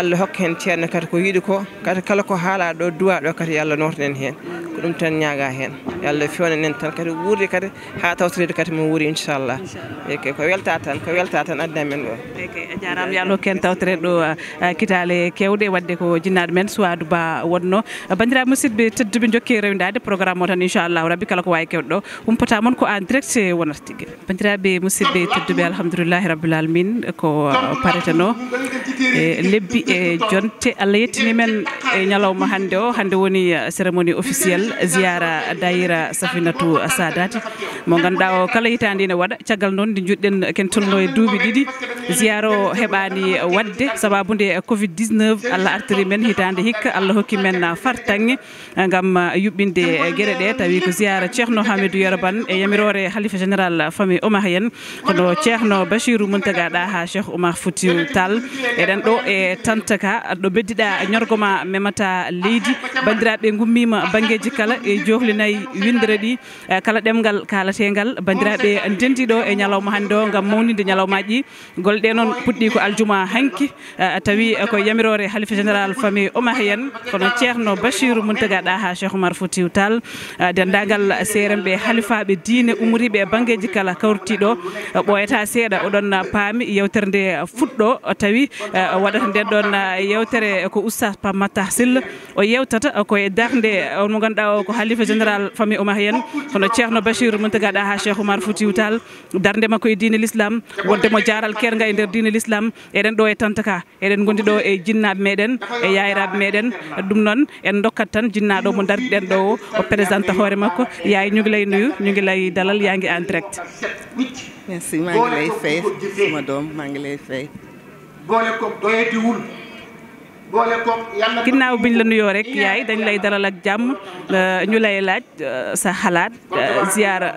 Speaker 7: allah hokka heen ceerno kadi ko yiɗi ko kadi kala ko haalaa ɗo duwa ɗo kadi yo allah notanen heen ko ɗum tan ñaagaa heen yo allah fewnanen tan kadi wuurde kadi haa tawtoreede kadi mo wuuri inchallah eyi kay ko weltaa tan ko weltaa tan addan men ɗo eyi kay a jaaraama yo allah hokke heen tawtoreede ɗo kitaale keewɗe waɗde ko jinnaaɗo men suwaadou ba wonnoo banndiraaɓe musidɓe tedduɓe jokki rewndaade programme o tan inchallahu rabbi kala ko waawi keewɗe ɗo humpataa moon ko en direct wonata tigi banndiraaɓe musidɓe tedduɓe alhamdoulillahi rabbil alamin ko pareteno e lebbi e jonte allah yettini men e ñalawma hannde o hannde woni uh, cérémonie officiel ziara dayira safinatou sadati mo ngannduɗaa o kala hitaande ne waɗa caggal noon nde juɗɗen ken tolno e duuɓi ɗiɗi ziara o heɓaani waɗde sababu nde covid 19 allah artiri men hitaande hikka allah hokki men fartange uh, ngam uh, yuɓɓinde gueɗe ɗe tawi ko ziara ceehno hamidou yeroban e yamirore halifa général famille omar yen kono ceehno bachirou mumtagaɗa ha cheikh omar foutiw tall eɗen ɗo e santa ka aɗo beddiɗa ñorgo ma memata leydi bandiraɓe gummima banggueji kala e johlinayyi windere ɗi e kala ɗemgal kalategal bandiraɓe dendiɗo e ñalawma hande o gam mawnide ñalawmaji ɗi golɗe noon puɗɗi ko aljuma hanki e, tawi ko yamirore halifa général famille omahyen kono ceerno bachir muntagaɗa ha cheikh oumar fotiw tall e, dendagal seremɓe halifaɓe diine umriɓe banggueji kala kawrtiɗo ɓoyata seeɗa oɗon paami yewtere nde fuɗɗo tawi waɗata nden ɗo wonna yewtere ko oustat pamata sylla o yewtata koye darde on mo ganduɗa o ko halifa général famille oumar yen hono ceerno bachir mon tagaɗa ha cheikh oumar fouti utal darde makko e dine l' islam wonde mo jaral kerga e nder dine l' islam eɗen ɗo e tantaka eɗen gondi ɗo e jinnaɓe meɗen e yayiraɓe meɗen ɗum noon en dokkat tan jinnaɗo mo darde ɗen ɗo o o présente hoore makko yaye ñuguilay nuyu ñuguilay dalal yagui en direct
Speaker 9: merci maguilay fey modom maguilay fey
Speaker 2: ginaaw biñ la nuyoo rek yaay
Speaker 7: dañ lay dalal ak jàmm euh, ñu lay laaj euh, sa xalaat euh, ziara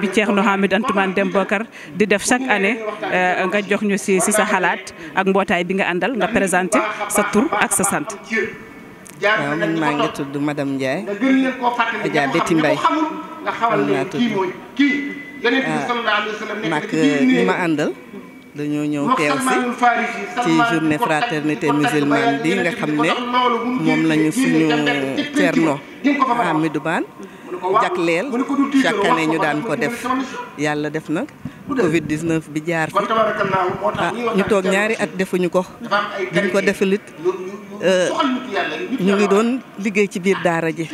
Speaker 7: bi Thierno Hamidou Antoumane dem Bokar di def chaque année nga jox ñu si si sa xalaat ak mbootaay bi nga àndal nga présenté sa tur ak sa sant. man maa ngi tudd madame Ndiaye
Speaker 2: Adja Betty Mbaye xam naa tudd ah, ak ñi ma
Speaker 9: àndal. dañoo ñëw teew si ci journée fraternité musulmane bi nga xam ne moom lañu suñu Thierno Hamidou Bane jagleel chaque ñu daan ko def yàlla def na covid 19 bi jaar fi ah, ñu toog ñaari at defuñu ko duñ ko defalit euh, ñu ngi doon liggéey ci biir ah, daara ji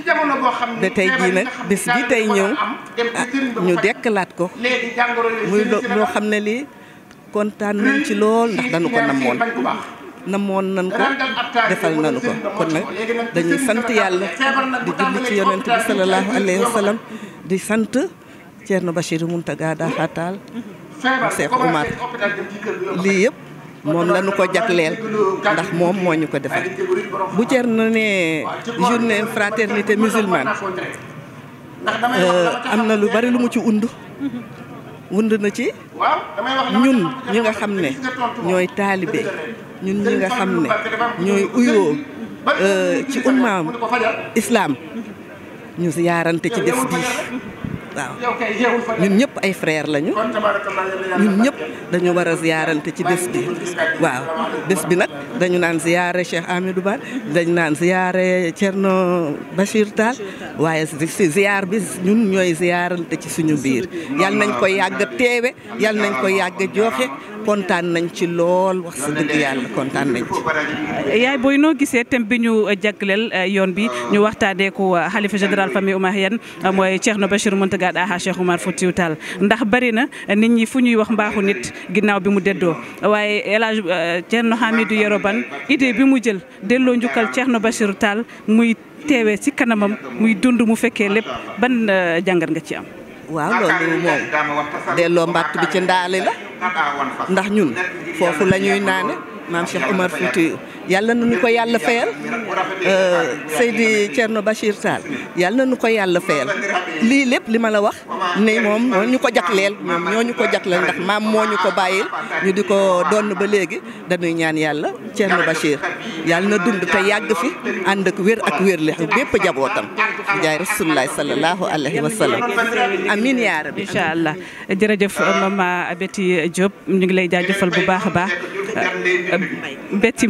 Speaker 2: da tey jii nag bis bi tey ñëw ah ñu
Speaker 9: dekkalaat ko muy loo xam ne lii kontaan nañ ci lool ndax dañu ko namoon namoon nañ ko defal nañu ko kon nag dañuy sant yàlla di julli ci yonent bi sallallahu alayhi wa di sant Thierno Bachirou Mountaga Daha Tall
Speaker 2: mu Seex
Speaker 9: lii yëpp moom lañu ko jagleel ndax moom moo ñu ko defal bu Thierno ne journée fraternité musulmane euh, am na lu bari lu mu ci undu wund na ci ñun ñi nga xam ne ñooy taalibe ñun ñi nga xam ne ñooy uyoo ci ummaam islaam ñu yaarante ci bés bii
Speaker 2: waaw ñun ñëpp
Speaker 9: ay frère lañu ñun ñëpp dañu war a ziyaarante ci bés bi waaw bés bi nag dañu naan ziyaare Cheikh du Bane dañu naan ziyaare Thierno Bachir Tall waaye si ziyaar bi ñun ñooy ziyaarante ci suñu biir yal nañ ko yàgg teewe yal nañ ko yàgg joxe kontaan nañ ci lool wax sa yàlla kontaan nañ ci.
Speaker 7: yaay booy noo gisee thème bi ñu jagleel euh, yoon bi ñu waxtaanee ko euh, xalifa général famille Oumarienne euh, mooy Thierno Bachir Mountaga Magat Aha Cheikh Oumar Foutiou Tall ndax bari na nit ñi fu ñuy wax mbaaxu nit ginnaaw bi mu déddoo waaye El Hadj euh, Thierno Hamidou Yero Bane idée bi mu jël delloo njukkal Thierno Bachir Tall muy teewe ci kanamam muy dund mu fekkee lépp ban euh, jàngat nga ci am.
Speaker 9: waaw loolu moom delloo bi ci ndaali la ndax ñun foofu la naane maam Cheikh Oumar Foutiou yàlla nañu ko yalla fayal euh, euh, Seydi Thierno Bachir sal yalla nañu ko yalla fayal li lepp li ma la wax ne mom, moo ñu ko jagleel ñoom ñoo ñu ko jagleel ndax mam moo ñu ko bayil ñu diko don ba legi da dañuy ñaan yalla Thierno Bachir yalla na dund te yag fi and ak wér ak wér li bepp jabotam jay rasulullah sallallahu Alaihi Wasallam.
Speaker 7: amin ya rabbi inshallah allah jërëjëf mama abeti job, ñu ngi lay jajeufal bu baakha baax euh, Betty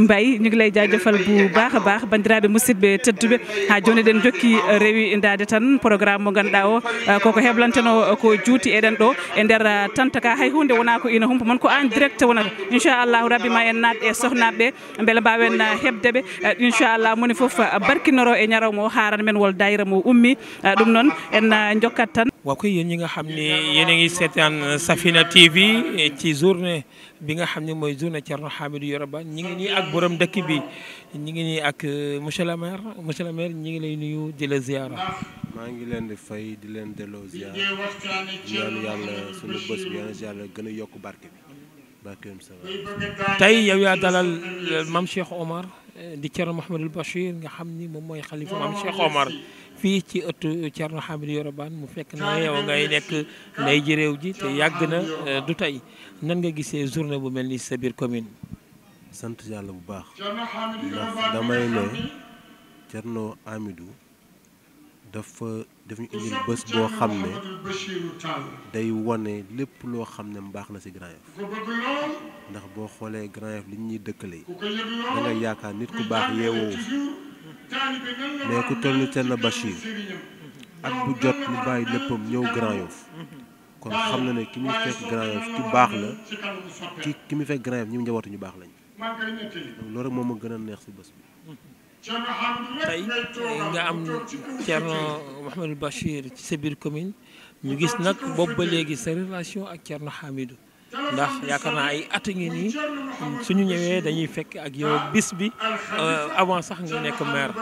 Speaker 7: ñu ngi lay jaajëfal bu baax a baax bandiraaɓe musidɓe tedduɓe ha joni eɗen jokki rewi ndade tan programme mo ganduɗa o uh, koko heblanteno uh, ko juuti eɗen ɗo e nder uh, tanta ka hay hunde wona ko ina humpa moon ko an direct wonata inchallahu rabbi ma en natɗe e sohnaɓeɓe beele mbawen hebdeɓe inchallah moni foof barkinoro e ñarawmo o harana men wol dayra mo ummi ɗum noon en jokkat tan
Speaker 3: wa koye yen ñi ga xam ni yene ngi seetan safina tv e ci journée bi nga xam ne mooy zone Thierno Hamidou Yero Ba ñu ngi nii ak borom dëkk bi ñu ngi nii ak monsieur le maire monsieur le maire ñu ngi lay nuyu di la ziara.
Speaker 10: maa ngi leen di fay di leen delloo ziara ñaan yàlla sunu bés bi yàlla yàlla gën a yokk barke bi barke bi ça va. tey yow yaa
Speaker 3: dalal maam Cheikh Omar di Thierno Mouhamadul Bachir nga xam ni moom mooy xalifa maam Cheikh Omar. fii ci ëttu Thierno Hamidou Yero Ba mu fekk na yow ngay nekk nday jëréew ji te yàgg na du tey. nan nga gisee journée bu mel ni sa commune. sant yàlla bu baax
Speaker 10: ndax
Speaker 2: damay ne
Speaker 3: Thierno Hamidou
Speaker 10: dafa daf ñu indil bés boo xam ne day wane lépp loo xam ne mbaax na ci Grand Yoff ndax boo xoolee Grand Yoff li ñuy dëkkale da nga yaakaar nit ku baax yeewoo mais ku toll ni Thierno Bachir at bu jot mu bàyyi léppam ñëw Grand Yoff kon xam na ne ki muy fekk Grand Yoff ki baax la ki ki muy fekk Grand Yoff ñi mu ñu baax lañ loolu rek moom ma gën a neex si bés bi.
Speaker 2: tey nga am Thierno
Speaker 3: Mouhamadou Bachir ci sa biir commune ñu gis nag boobu ba léegi sa relation ak Thierno Hamidou ndax yaakaar naa ay at ngi nii suñu ñëwee dañuy fekk ak yow bis bi euh, avant sax nga nekk maire.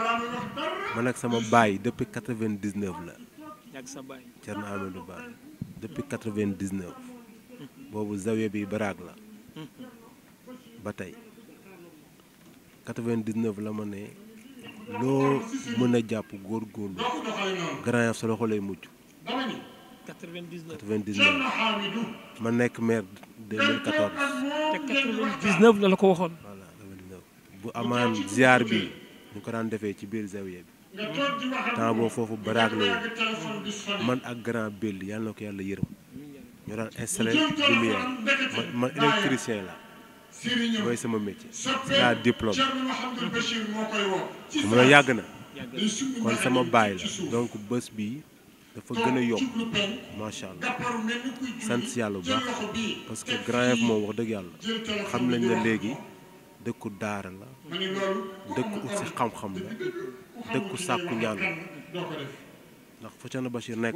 Speaker 3: man ak
Speaker 10: sama baay depuis quatre-vingt-dix-neuf la. ak sa baay Thierno Hamidou baax depuis quatre-vingt-dix-neuf boobu zawiya bi baraag la ba tey quatre-vingt-dix-neuf la ma ne
Speaker 3: loo mën a
Speaker 10: jàpp góorgóorlu Grand Yoff sa loxo ma nekk maire
Speaker 3: 2014. la la ko waxoon.
Speaker 1: bu amaan ziar
Speaker 10: bi ñu ko daan defee ci biir zawiya bi temps boobu foofu baraag la man ak grand Bell yàlla na ko yàlla yërëm ñu daan installé lumière man la mooy sama métier la diplôme mu ne yàgg na kon sama baay la donc bés bi dafa gën a yokk macha allah
Speaker 2: sant yàlla bu baax
Speaker 10: parce que grand F moom wax dëgg yàlla
Speaker 2: xam nañ ne léegi
Speaker 10: dëkku daara la dëkku ut si xam-xam la dëkku sàkku ñaan ndax fa Thierno Bachir nekk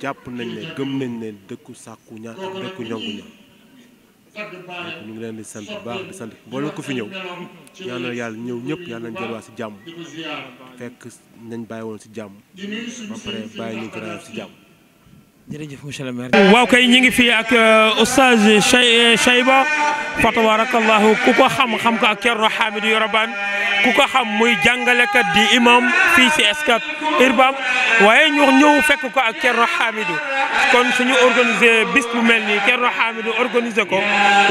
Speaker 10: jàpp nañ ne gëm nañ ne dëkku sàkku ñaan ak dëkku ñongu ñaan
Speaker 11: ñu ngi leen di sant bu baax di sant
Speaker 10: mbooloo ko fi ñëw
Speaker 1: ñaanal yàlla ñëw ñëpp yàlla nañ delluwaat si jàmm fekk
Speaker 10: nañ bàyyi woon si jàmm ba pare bàyyi ñu gën si jàmm. jërëjëf monsieur le
Speaker 1: maire.
Speaker 3: waaw kay ñu ngi fii ak oustaz Cheyba fa tabarakallahu ku ko xam xam ko ak Thierno Hamidou Yoroban ku ko xam muy jàngalekat di imam fii ci Scat Urbam waaye ñu ñëw fekk ko ak Thierno Hamidou kon suñu organisé bis bu mel nii Thierno Hamidou organisé ko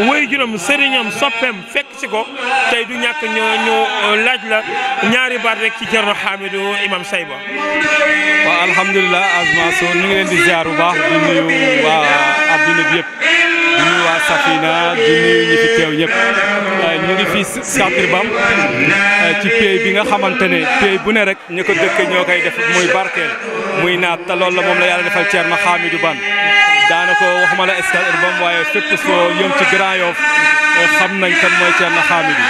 Speaker 3: woy juróom sëriñam soppeem fekk ci ko tey du ñàkk ñu ñu laaj la ñaari baat rek ci Thierno Hamidou imam Cheyba.
Speaker 4: waaw alhamdulilah Azma so ñu ngi leen di ziar bu baax baax di nuyu waa adduna bi yëpp di nuyu waa Safina di nuyu ñi fi teew ñëpp euh, ñu ngi fii Sampir Bam euh, ci bi nga xamante ne pay bu ne rek ñu ko dëkk ñoo koy def muy barkeel muy naat te lool la moom la yàlla defal Thierno Hamidou Bane daanaka waxuma la Scat Urbam waaye fépp soo yëm ci Grand Yoff euh, xam nañ kan mooy Thierno Hamidou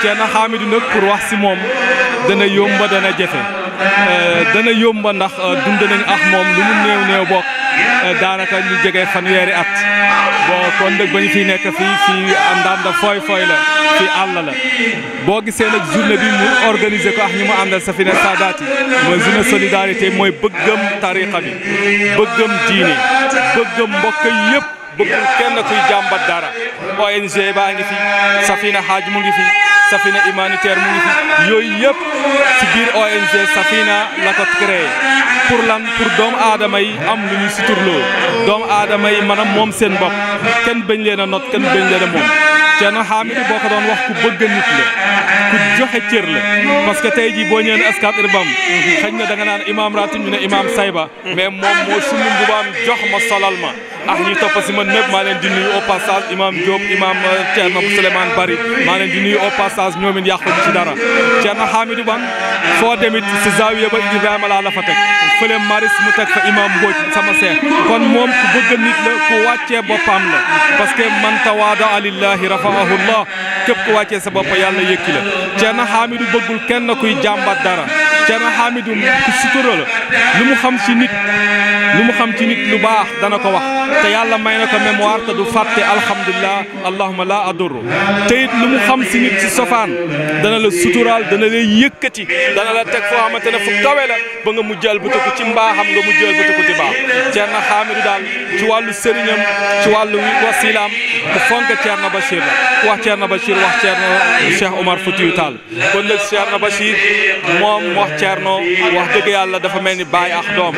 Speaker 4: Thierno Hamidou nag pour wax si moom dana yomba dana jafe dana yomba ndax dund nañ moom lu mu néew néew bokk Eh, daanaka ñu jege fanweeri at bon kon ba ñu fiy nekk fii fii ndaam da fooy la fii àll la boo gisee nag journée bi mu organiser ko ak ñu mu àndal Safina Saadaati mooy journée solidarité mooy bëggam tariqa bi bëggam diine bëggam mbokk yëpp bëggul kenn kuy jàmbat dara ONG baa ngi fi Safina xaaj mu ngi fi Safina humanitaire mu ngi fi yooyu yëpp ci biir ONG Safina la ko créé pour lan pour doom aadama yi am lu ñu suturloo doomu aadama yi maanaam moom seen bopp kenn bañ leen a not kenn bañ leen a moom Thierno Hamidou boo ko doon wax ku bëgg nit la ku joxe cër la parce que tey jii boo ñëwee ne Scat Urbam na da nga naan imaam ratib ñu ne imaam sayba mais moom moo sunu mbubaam jox ma solal ma ak ñi topp si man ñëpp maa leen di nuyu au passage imam Diop imam euh, Thierno Souleymane Bari maa leen di nuyu au passage ñoom it yàqu ci dara Thierno Hamidou Bane foo demit si zaawiya ba Ibrahima laa la fa teg fële maris mu teg fa imam Mbodj sama seex kon moom ku bëgg nit la ku wàccee boppam la parce que man tawaada lillahi rafaahu llah képp ku wàccee sa bopp yàlla yëkki la Thierno Hamidou bëggul kenn kuy jàmbat dara جامع حامد ومسكرو لو مخمسي نيت لو مخمتي نيت لو باخ دانكو واخ ميموار تا دو فاتي الحمد لله اللهم لا اضر تيت لو مخمسي نيت سي سوفان دانا لو دانا لي ييكتي دانا لا تك فو خامتنا فو كاويلا باغا مو جيل بوتوكو تي مباخام لو مو جيل بوتوكو تي با جامع حامد دال تي والو سيرينم تي والو وسيلام كو فونك تيرنا بشير واخ تيرنا بشير واخ تيرنا شيخ عمر فتيو تال كون شيخ عمر بشير موم Cheikh Thierno wax dëgg yàlla dafa mel ni baay ak doom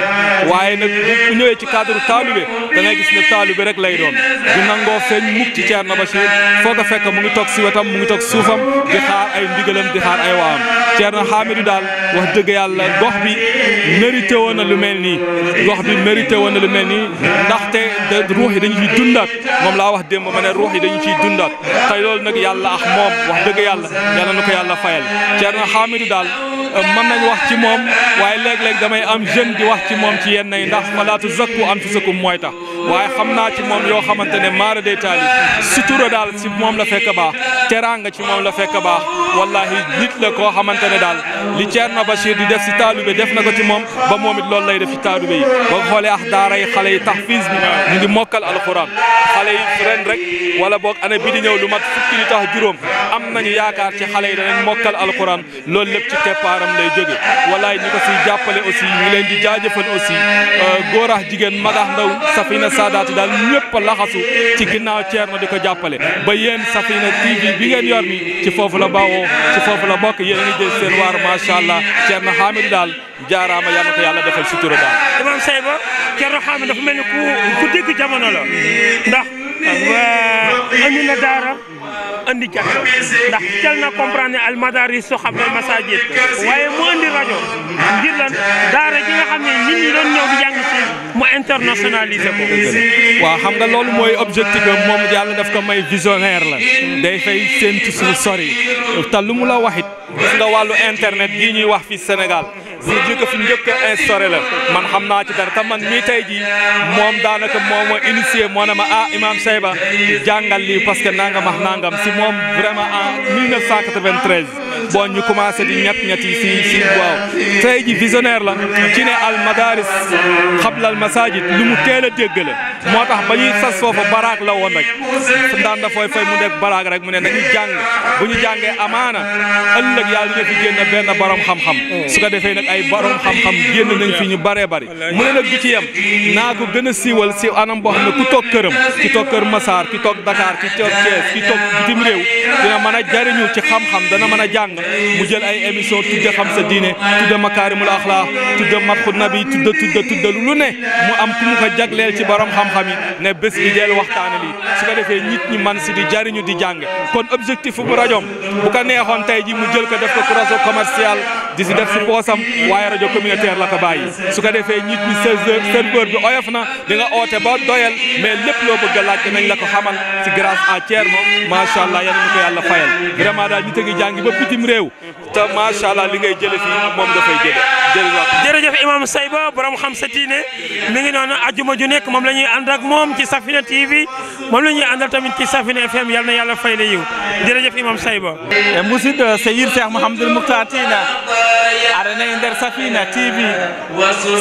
Speaker 4: waaye nag bu ñëwee ci cadre taalibe da ngay gis ne taalibe rek lay doon du nangoo feeñ mukk ci Thierno Bachir foo ko fekk mu ngi toog si wetam mu ngi toog suufam di xaar ay ndigalam di xaar ay waam Thierno Hamidou daal wax dëgg yàlla gox bi mérité woon na lu mel nii gox bi mérité woon na lu mel nii ndaxte ruux yi dañu ciy dundaat moom laa wax démb ma ne ruux yi dañu ciy dundaat tey loolu nag yàlla ak moom wax dëgg yàlla yàlla na ko yàlla fayal Thierno Hamidou daal mën nañ doon wax ci moom waaye léeg-léeg damay am jeune di wax ci moom ci yenn yi ndax falaatu zakku anfusakum mooy tax waaye xam naa ci moom yoo xamante ne maara day taali sutura daal ci moom la fekk baax teraanga ci moom la fekk baax wallahi nit la koo xamante ne daal li Thierno Bachir di def si taalube def na ko ci moom ba moom it loolu lay def ci taalube yi ba xoolee ax daara yi xale yi tahfiz bi ñu ngi mokkal alquran xale yi ren rek wala boog année bi di ñëw lu mat fukki li tax juróom am nañu yaakaar ci xale yi danañ mokkal alquran loolu lépp ci teppaaram lay jóge walaay ñi ko siy jàppale aussi leen di jaajëfal aussi euh, góor ak jigéen mag ak ndaw Safina Saadaati daal ñëpp a laxasu ci ginnaaw Thierno di ko jàppale ba yéen Safina TV bi ngeen yor ni ci foofu la bawoo ci foofu la bokk yéen a ngi ma seen waar macha allah daal jaaraama yàlla ko yàlla defal sutura daal.
Speaker 3: imam Seyba Thierno Hamidou dafa mel ni ku ku dégg jamono la ndax Amina Daara. handicapé ndax tel na comprendre ne al madaris so xam al masajid waaye mu andi rajo ngir daara ji nga xam ne nit ñi doon ñëw di jàng si mu internationaliser ko.
Speaker 4: waaw xam nga loolu mooy objectif am moom yàlla daf ko may visionnaire la day fay séntu suñu sori te lu la waxit nga wàllu internet gii ñuy wax fii Sénégal. si ji ko njëkk a instauré la man xam naa ci dara te man mii tey jii moom daanaka moom moo initié moo ne ma a ah, Imam Seyba jàngal li parce que nangam ak nangam si moom vraiment en 1993 bon ñu commencé di ñett ñett yi fii fii waaw tey jii la ci ne al madaris xabla al masajid lu mu teel a dégg la moo tax ba ñuy sas foofa baraag la woon rek su daan dafay fay mu nekk baraag rek mu ne nañu jàng bu ñu jàngee amaana ëllëg yàlla ñu fi génn benn borom xam-xam su ko defee ay borom xam-xam génn nañ fi ñu baree bari mu ne nag du ci yem naa ko gën a siiwal si anam boo xam ne ku toog këram ki toog Kër Masaar ki toog Dakar ki toog Thiès ki toog bitim réew dina mën a jariñu ci xam-xam dana mën a jàng mu jël ay émission tudde xam sa diine tudde makaarimul axlaax tudde matxu nabi tudde tudde tudde lu ne mu am ku mu ko jagleel ci borom xam-xam yi ne bés bi deel waxtaane lii su ko defee nit ñi man si di jariñu di jàng kon objectif bu rajoom bu waaye rajo communautaire la ko bàyyi su ko defee nit ñi serveur bi oyof na di nga oote ba doyal mais lépp loo bëgg a laaj dinañ la ko xamal ci grâce à Thierno macha allah yal mu ko yàlla
Speaker 3: fayal vraiment daal nit a ngi jàngi ba bitim réew te macha allah li ngay jële fii moom dafay jële jërëjëf jërëjëf imam Sayba borom xam sa diine mi ngi noonu ajuma ju nekk moom la ñuy ànd ak moom ci Safina TV moom la ñuy àndal tamit ci Safina FM yal na yàlla fay la yiw jërëjëf imam Sayba
Speaker 6: musid so cheikh mouhamadoul mouhtar tina
Speaker 3: ara nayi nder
Speaker 5: safina tv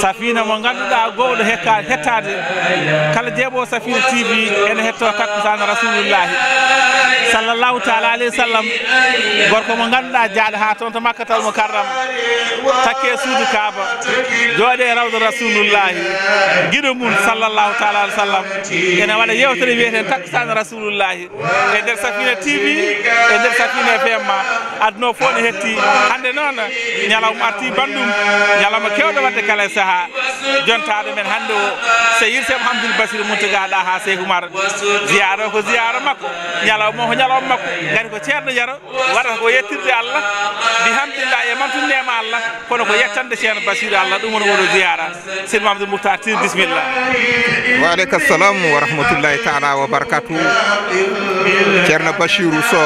Speaker 5: safina mo ganduɗa gowɗo hekka hettade kala jeeɓo safina tv ene hetto takkusano rasulullahi sallallahu taala alayhi wa sallam gorko mo ganduɗa jaaɗo ha toon to makka taw mo karram takke suudu kaaba jooɗe rawdo rasulullahi guiɗo mum sallallahu taala alih wa sallam ene waɗa yewtere wiyeten takkusano rasulullahi e nder safina tv e nder safina fm ma adduno fo ne hetti
Speaker 6: hande noon ñalawma arti bandu ñalawma kewɗo wadde kala e saaha jontaɗo men hande o sayir sem hamdoul basir
Speaker 5: muntagaɗa ha seykou mara ziyara ko ziyara makko ñalawma ko ñalawma makko gari ko ceerno yaro waɗata ko yettirde allah mbi hamdoulla e mantunnema allah kono ko yettande
Speaker 6: ceerno basir allah ɗum wono woɗo ziyara sen mamdou mouhtar tir bisimilla
Speaker 3: waaleykum
Speaker 2: salam wa rahmatullahi taala wa barakatu ceerno basirou so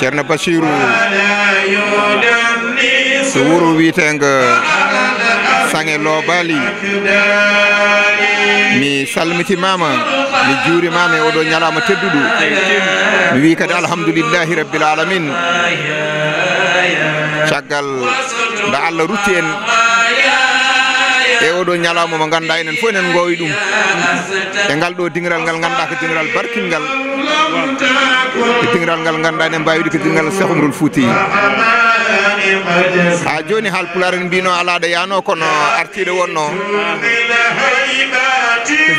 Speaker 2: ceerno basirou so wuro wiyetego sange lo bali mi salmitimama mi juurimama e oɗo ñalama tedduɗo mi wi kadi alhamdulillahi rabbil alamin caggal nda allah rutti en e oɗo ñalawma mo ganduɗa enen fof enen gowi ɗum e ngal ɗo dingiral ngal ganduɗa ko dingiral barkil ngal ko e dingiral ngal ganduɗa enen mbawiɗi ko dingal sehumrol fouti ha joni hal pulare en mbino alaɗa yano kono artiɗe wonno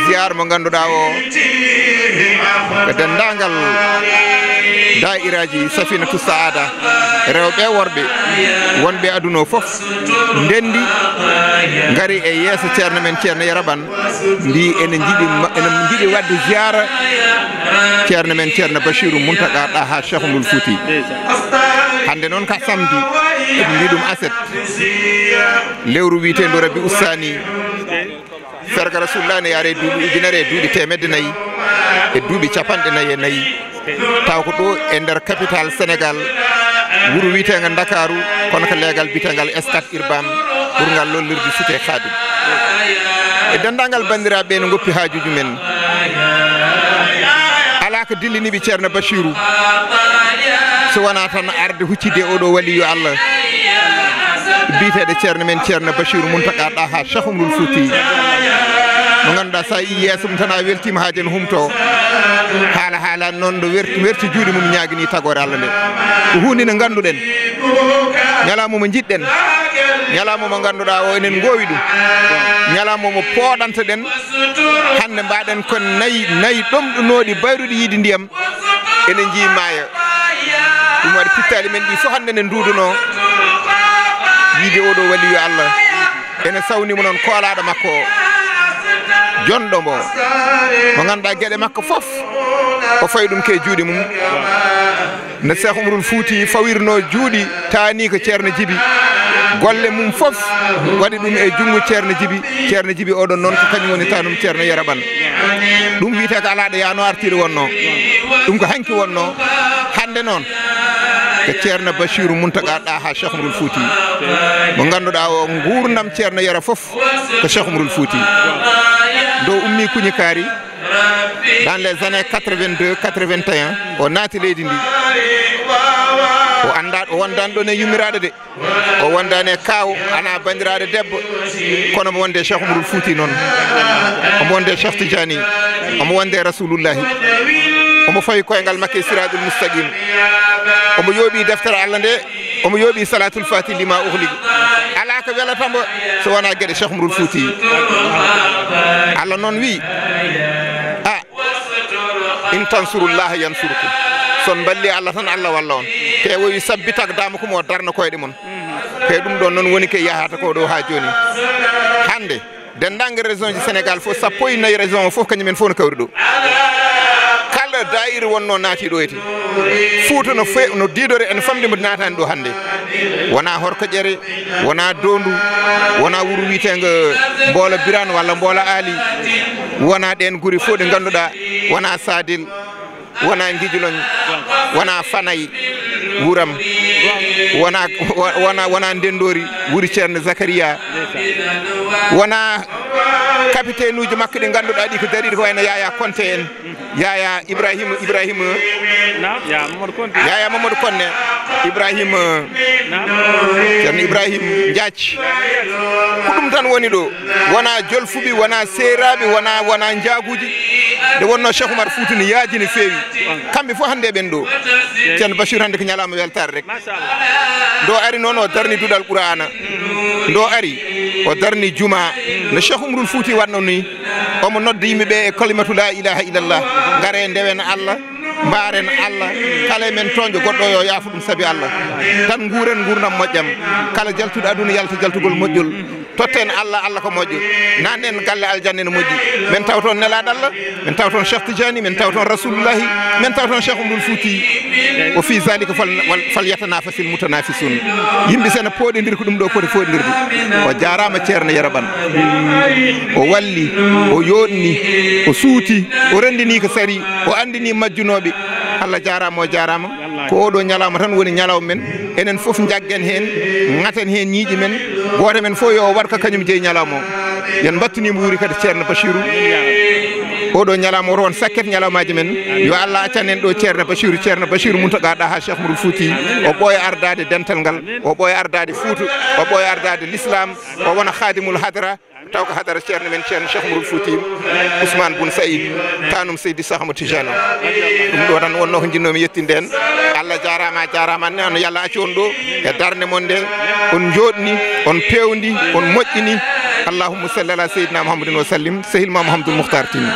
Speaker 2: ziyare mo ganduɗa o ko e dendagal dairaji safina tousa ada rewɓe worɓe wonɓe aduna o foof ndendi gaari e yeeso ceerno men ceerno yaraban mbi ene jiɗi ene jiɗi wadde ziyara ceerno men ceerno bachirou muntaga ɗa ha chefu ngol fouti hande noon ka samdi eɓe mbi ɗum aset lewru wiite ndu rabbi ustani ferga rasulullah ne yaare duuɓi ujunere e duuɓi temedde nayyi e duuɓi capanɗe nayyi e nayyi taw ko ɗo e nder capital sénégal wuuro wiyetega dakaru kono ko leegal biyetegal stat urbam ɓurgal lollirde suute kaadum e dendagal bandiraɓe ne goppi haajuji men ala ko dilliniɓe ceerno bachirou so wona tan arde huccidde oɗo waliyo allah biyeteɗo ceerno men ceerno bachir muntaka ɗa ha sahumrul futi mo ganduɗa sa yi yeeso mum tan a weltima haaji ne humto haala haalani noon ɗo werti juuɗe mum ñaguini tagore allah nde ko hunde nde ganduɗen ñalamu mo jiɗɗen ñalamu mo ganduɗa o enen gowi ɗum ñalamu mo pooɗanta ɗen hande mbaɗen ko nayyi nayyi ɗomɗunoɗi bayruɗi yiide ndiyam ene jiimaayo ɗum waɗi pittali men ɗi fo hande ne duuduno yiide oɗo walli yo allah ene sawnimo noon koolaɗo makko jonɗo mo
Speaker 5: mo ganduɗa gueɗe makko foof
Speaker 2: o fawi ɗum ke juuɗe mum no cheikh umarul fouti fawirno juuɗi tani ko ceerno djibi golle mum foof waɗi ɗum e junngo ceerno djibi ceerno djibi oɗon noon ko kañum woni tanum ceerno yaraɓan ɗum wiyete ko alaɗo yano artiɗo wonno ɗum ko hanki wonno hande noon ko e ceerno bassirou mountaga ɗa ha chehmrul fouti mo ganduɗa o gurdam ceerno yara foof ko chehmrul fouti dow ummi kuñi kaari dans les années 82 81 o naati leydi ndi o anda o wondani ɗon e yummiraɗo de o wondani e kaw ana bandiraɗo debbo kono mo wonde chehmrul fouti noon omo wonde chef tidiani omo wonde rasoulullahi omo fawi koyngal makke siraɗul moustaqim omo yooɓi deftere allah nde omo yooɓi salatul fati lima ohligue ala ko welatamo so wona gueɗe chekhmrul fouti allah noon wi a in tansurullah yansurkum son balli allah tan allah walla on te woowi sabbitak dama kumo darna koyɗe moon te ɗum ɗon noon woni ke yahata ko ɗo ha joni hande dendangue région ji sénégal fof sappo e nayyi région o fof kañumen fof no kawri ɗo kala dayir wonno naati ɗo ete fouta no fe no didore ene famdimo natani ɗo hande wona horkoƴere wona dondu wona wuuro witego boola birane walla boola aali wona ɗen guuri fo ɗe ganduɗa wona sadil wona gijulon wona fanayi wuram wona wona wona ndendori wuuri ceerno zacharia wona capitaine uji makko ɗi ganduɗa ɗi ko dariɗi ko wayno yaya conte en yaya ibrahima ibrahima yaya mamadou conne ibrahima
Speaker 3: ceerno
Speaker 2: ibrahima diatc ko ɗum tan woni ɗo wona jolfuɓe wona seeraɓe wona wona jaaguji nde wonno cheikh oumar foutu ni yaaji no fewi kamɓe fof hannde e ɓen ɗo ceerno bachir hannde ko ñalama weltare rek ndo ari noon o darni duɗal qur'ana ndo ari o darni juma no cheikh umrul fouti watno ni omo nodda yimɓeɓe e kalimatu la ilaha illallah gare ndewen allah mbaren allah kala e men toñjo goɗɗo yo yaafa ɗum saabi allah tan nguren nguurdam moƴƴam kala jaltuɗo aduna yalta jaltugol moƴƴol totten allah allah ko moƴƴo nannen galle aljanne ne moƴƴi min taw toon nelaɗo allah min taw toon cheikh tidiani min taw toon rasulullahi min taw toon cheikh umdul fouti o fi zalika fal fal yatana fasil mutana fi sunna yimɓe sene pooɗendir ko ɗum ɗo foti foɗendirde o jarama ceerno yeraɓan o walli o yoɗni o suuti o rendini ko sari o andini majjunoɓe allah jarama o jarama ko oɗo ñalawma tan woni ñalaw men enen foof jaggen hen gaten hen ñiiƴi men goto men fo yo war ka kañum jeeyi ñalawma o yen battinima wuuri kadi ceerno bachiru oɗo ñalawma oto won sakket ñalawmaji men yo allah accan en ɗo ceerno bachiru ceerno bachiru muntaga ɗaha cheikh mudou fouti o ɓooya ardade dental ngal o ɓooya ardade fouto o ɓooya ardade l'islam o wona khadimul hadra تاوك هادر شيرن من شيرن شيخ مرول فوتيم عثمان بن سعيد تانم سيدي صاحب تجانا دوم دوران وون نو نجي نومي يتين دين الله جاراما جاراما نانو نعم، يالا اشوندو يا دارن مون دين اون جودني اون بيوندي اون موجيني اللهم صل على سيدنا محمد وسلم سهيل محمد المختار تيم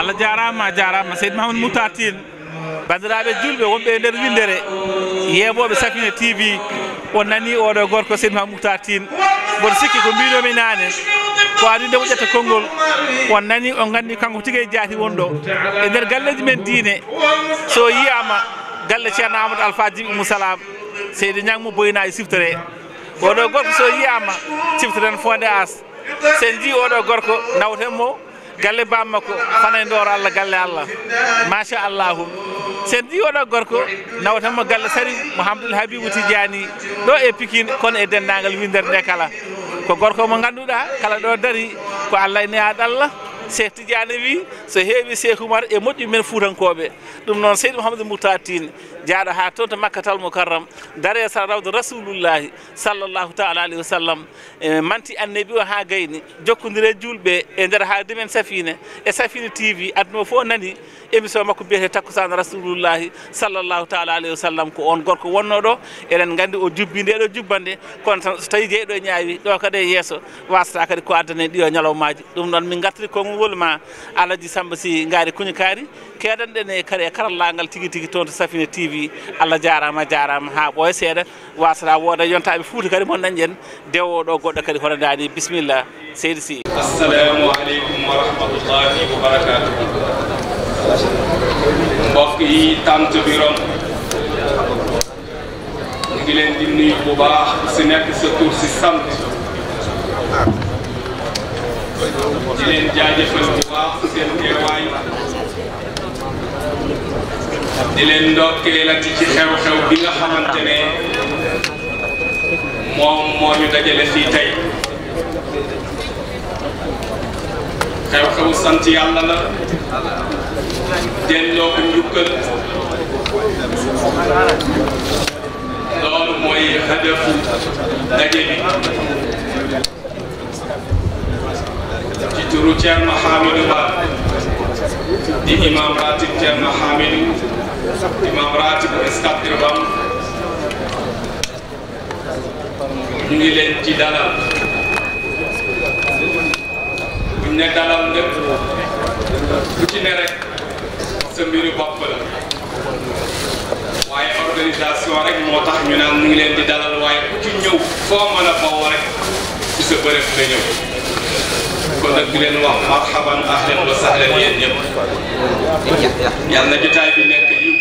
Speaker 3: الله جاراما جاراما سيد محمد المختار
Speaker 5: bandiraɓe julɓe wonɓe e nder windere yeɓoɓe safine tv o nani oɗo gorko sen mamoutar tine mboɗo sikki ko mbinomi nane ko adi nde moƴƴata konngol o nani o gandi kanko tigue jaati wonɗo e nder galleji men diine
Speaker 2: so yiyama galle ceerno amadou alpha djiɓi moussalam seydi ñagmo boyina e siftere
Speaker 5: oɗo gorko so yiyama siftere n fonde as sen ji oɗo gorko nawtenmo galle bammakko fanay e ndoor allah galle allah machallahu sen di wona gorko nawatanmo galle sari mouhamadoul habibou tidiani ɗo e pikine
Speaker 3: kono e dendagal winder nde kala ko gorko mo ganduɗa kala ɗo dari ko allah ne ad allah cheikh tidiani wi so heewi cheikh oumar e moƴƴu men fuutankoɓe ɗum noon seydi mouhamadou mourta tine jaaɗo ha toon to makkatal mukarram dare e sarawde rasulullahi sallllahu taala alayhi wa sallam e manti annabi o ha gayni jokkodire julɓe e nder haalde men safine e safine tv aduna fof nani émission makko biyete takkusan rasulullahi sallllahu taala alayhi wa sallam ko on gorko wonno ɗo eɗen gandi o jubbi nde ɗo jubbande kono tan so tawi jeeyɗo ñaawi ɗo kadi e yesso wasata kadi ko addane ɗiyo e ñalawmaji ɗum ɗon min gartiri kongol ma alaji samba si ngaari kuñi kaari keɗen ɗen e kadi e karallagal tigui tigui toon allah jarama jarama ha ɓooya seeɗa wasata wooda yontaɓe
Speaker 2: fuuta kadi mon dañƴen dewoɗo goɗɗo kadi hono dani bisimilla seydi sy assalamu
Speaker 4: aleykum di leen ndokkeelati ci xew-xew bi nga xamante ne moom moo ñu dajale xew-xew sant yàlla la delloo ko loolu mooy hadafu daje bi ci turu Thierno Hamidou Ba di imam ratib Thierno Hamidou imam ratib stade Irbam ñu ngi leen ci dalal buñ ne dalal lépp bu ci ne rek sa mbiru bopp la waaye organisation rek moo tax ñu naan ñu ngi leen di dalal waaye ku ci ñëw foo mën a bawoo rek ci sa bërëb la ñëw kon nag di leen wax marhaban ahlan wa sahlan yéen ñëpp yàlla na jotaay bi nekk yiw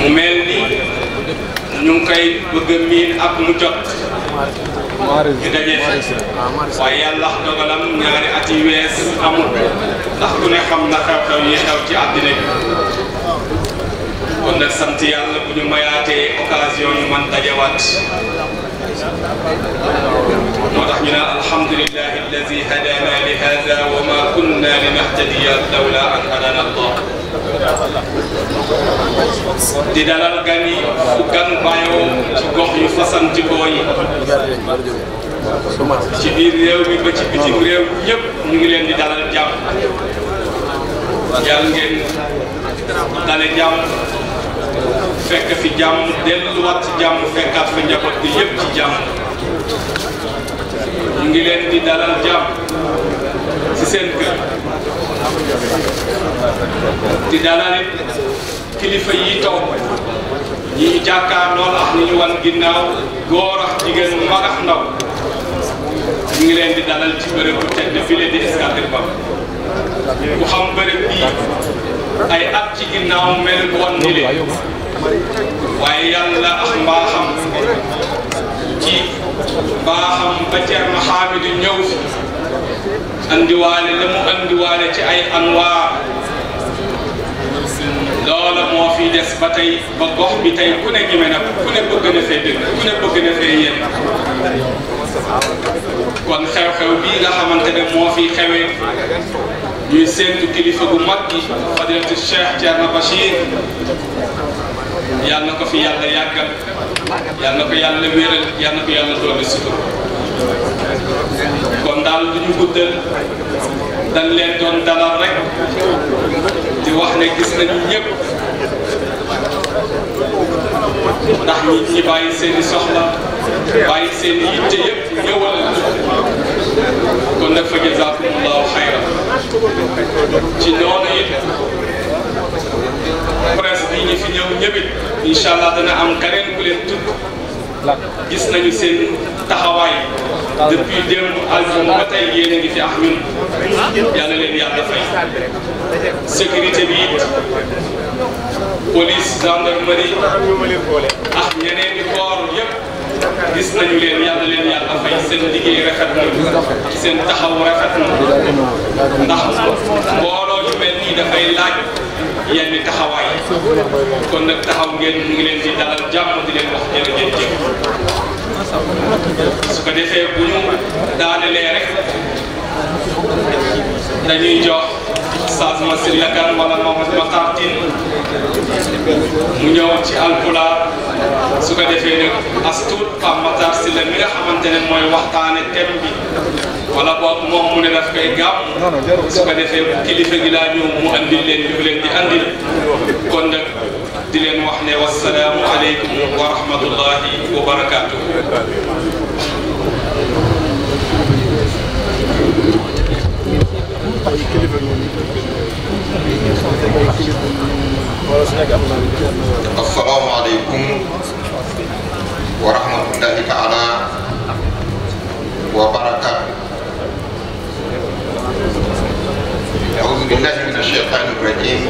Speaker 4: mu mel ni ñu koy bëgg miin ak mu jot waaye yàlla dogalam ñaari at yi wees amul ndax ku ne xam na xew-xew yi xew ci àddina bi kon yàlla bu ñu mayaatee occasion yu man dajawaat moo الحمد لله الذي هدانا لهذا وما كنا لنهتدي لولا
Speaker 1: ان هدانا الله
Speaker 4: di dalam gan bukan fu gox yu fasantikoo yi ci mi di dalal jam. yàlla ngeen dale jam fekk fi jàmm delluwaat ci jam ñu ngi leen di dalal jàmm ci seen di dalal kilifa yi toog ñi jàkkaarloo ak ñu wan ginnaaw góor ak jigéen mag ndaw ñu ngi leen di dalal ci bërëb bu tedd di Scat Urbam ku xam bërëb bii ay at ci ginnaaw mel woon ni leen waaye yàlla ak ci baaxam ba Thierno Hamidou ñëw fi andiwaale la mu andiwaale ci ay anwaar loola moo fi des ba tey ba gox bi tey ku ne ñeme na ku ne bëgg na fee dégg ku ne bëgg na fee yéen kon xew-xew bii nga xamante ne moo fi xewee ñuy séntu kilifa gu mag gi fadilatu Cheikh Thierno Bachir yàlla na ko fi yàlla yàggal. yal na ko yàlla wéeral yal na ko yàlla doole sutur kon daal di wax ne gis nañu ñëpp ndax nit ñi bàyyi seen i soxla bàyyi seen yitte yëpp ñëwal kon nag fa jazakumullahu xayran ci noonu it presse bi ñu fi ñëw ñëwit incha allah dana am keneen ku leen tudd gis nañu seen taxawaay depuis démb aljuma ba tey yéen a ngi fi ak ñun yàlla leen yàlla fay sécurité bi it police gendarmerie ak ñeneen i koor yëpp gis nañu leen yàlla leen yàlla fay seen liggéey rafet na seen taxaw rafet na ndax mbooloo ju mel nii dafay laaj yenn taxawaay kon nag taxaw ngeen ñu ngi leen di dalal jàmm di leen wax jërë ngeen su ko defee bu ñu daanelee rek dañuy jox Saas Masir Lakan wala Mamat Makhtar Tine mu ñëw ci alpulaar su ko defee nag as tuut Pape Matar si la mi nga xamante ne mooy waxtaane thème bi. wala boog moom mu ne daf koy gàpp su ko defee kilifa gi laa ñëw mu andil leen li mu leen di andil kon nag di leen wax ne wasalaamu aleykum wa rahmatullahi wa barakaatu.
Speaker 2: assalaamu aleykum wa rahmatullahi taala wa barakaatu أعوذ بالله من الشيطان الرجيم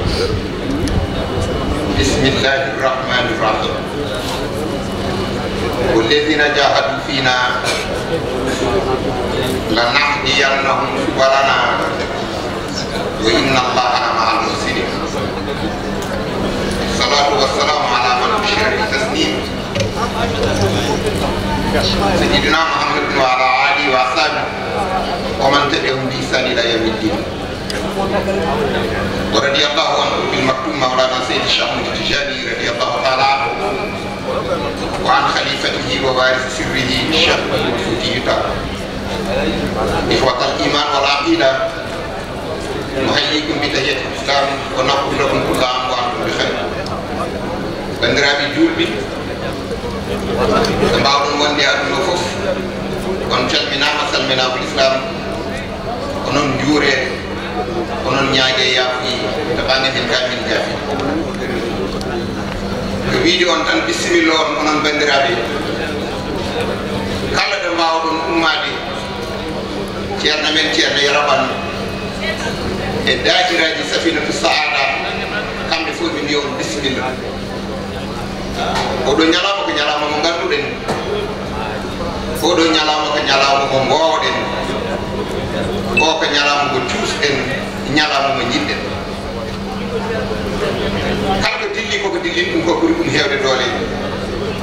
Speaker 2: بسم الله الرحمن الرحيم والذين جاهدوا فينا لنهدينهم سبلنا وإن الله مع المحسنين الصلاة والسلام على من بشر التسليم سيدنا محمد وعلى آله وأصحابه ومن تبعهم بإحسان إلى يوم الدين ورضي الله عنه بالمكتوم مولانا سيد الشيخ التجاني رضي الله تعالى عنه وعن خليفته ووارث سره الشيخ الفتيتا إخوة الإيمان والعقيدة نحييكم بتحية الإسلام ونقول لكم كل عام وأنتم بخير بندرا بندرابي جولبي mbaawɗum wonde aduna fof on calminama في الإسلام onon جوري onon ñaage yaafi to bange min ka min jaafi ko wiide on tan bisimilla on onon bandiraɓe kala ɗo mbawɗon ummade ceerno men ceerno yaraban e daajiraji safinatu saada kamɓe fof ɓe mbiya on bisimilla oɗo ñalama ko ñalama mo ganduɗen oɗo ñalama ko ñalama mo gowɗen o ko ñalama ko cuusɗen ñalawma jinɗen kala ɗo dilli koko dillini ɗum ko ɓuri ɗum hewde doole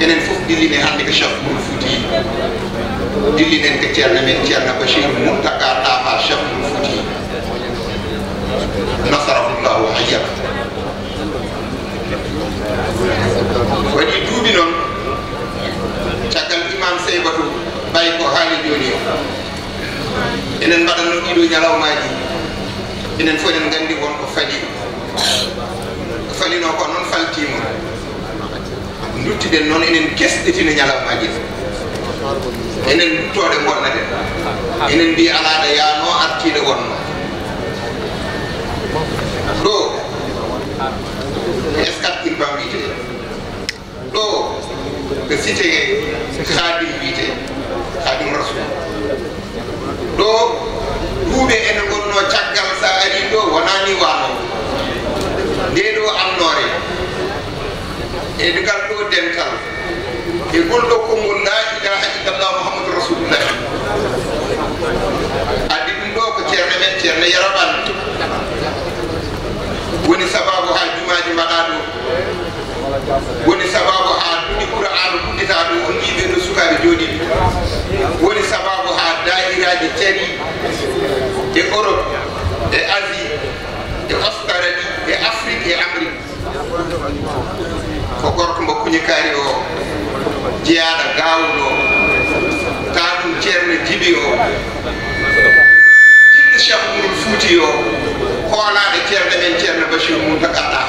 Speaker 2: enen fof dillini hannde ko chef mul fouti dillinen ko ceerno men ceerno bachir muntaka tafa chef mul fouti nasarahullahu hayyaka waɗi duuɓi noon caggal imam seybatou ɓay ko haali joni enen mbaɗanno ɗiɗo ñalawmaji enen fof enen nganndi wonko fali ko falino ko noon faltimo duttiɗen noon enen kesɗitino ñalawmaji enen duttooɗe gonna ɗen enen mbi alaaɗa yaano artiiɗe wonno ɗo escat irbam wiite ɗo ko cité khadim wiite khadim rasul ɗo kuuɓe ene gonno caggal sa ari ɗo wonani wano nde ɗo annore edugal ɗo dental e gonɗo kongol la ilaha illallah mouhamadou rasulullah adi ɗum ɗo ko ceerne men ceerne yaraɓan woni sababu ha jumaji mbaɗa ɗo woni sababu ha duɗi pour ano kuɗɗita ɗo on jiɓe ɗo sukaɓe joɗi woni sababu ha dairaji cari et Europe, et Asie, et Australie, et Afrique, et Amérique. ko gorko mo kuñikaari o jeyaaɗa gaawuɗo taa ɗum ceerno jibi o jiɗɗo cheikh mum fuuti o hoolaade ceerno men ceerno bachir mum takaɗa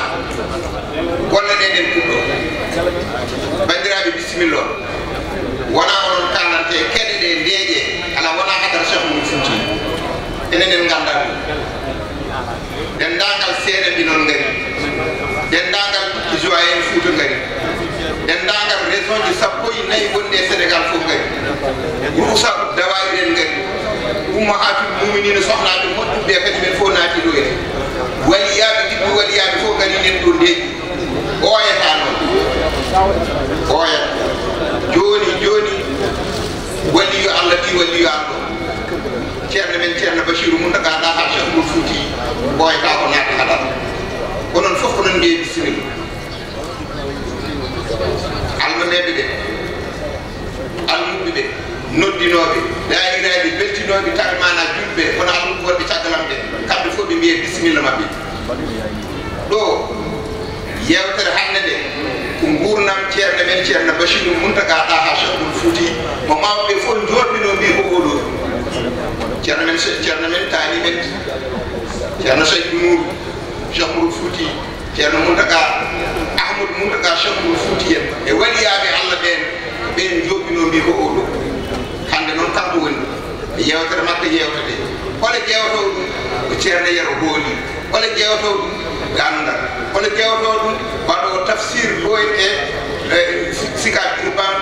Speaker 2: golle ɗen en ɗum ɗo banndiraaɓe bisimilla on wona enen ganda dendangal sere bi non ngari dendangal joyen fuuta ngari dendangal région ji sappo yi nay wonde senegal fof ngari rusa daway den ngari umma atu mu'minina soxnaabe moddude kadi men fo naati do en waliyaabe dibbu waliyaabe fo ngari nen do ndeji ooyata noon ooyata joni joni waliyo allah ɗi waliyo an ceerno men ceerno bachiru mum tagaɗa ha cheikhmol fouti ɓoyta ko naata haɗata konon foof ko noon mbiye bisimilla almaneɓe ɓe almuɓe ɓe noddinoɓe dairaɓe beltinoɓe tawi mana julɓe kono almuɓe wonɓe caggalam ɓe kamɓe fof ɓe mbiye bisimilla mabɓe ɗo yewtere hannde nde ko gurnam ceerno men ceerno bachiru mum tagaɗa ha cheikhmol fouti Ceerno men ceerno men taani men ceerno Saydou Nour Cheikh Mourou Fouti ceerno Muntaka Ahmadou Muntaka Cheikh Mourou Fouti en ya, e waliyaaɓe Allah ɓeen ɓeen jooɓinoo mbi ko oɗo hannde noon kanko woni e yewtere makko yewta de ole ƴewtoo ɗum ko ceerno yero hooli ole ƴewtoo ɗum gandal ole ƴewtoo ɗum tafsir boy e eh, eh, sikaɓe urban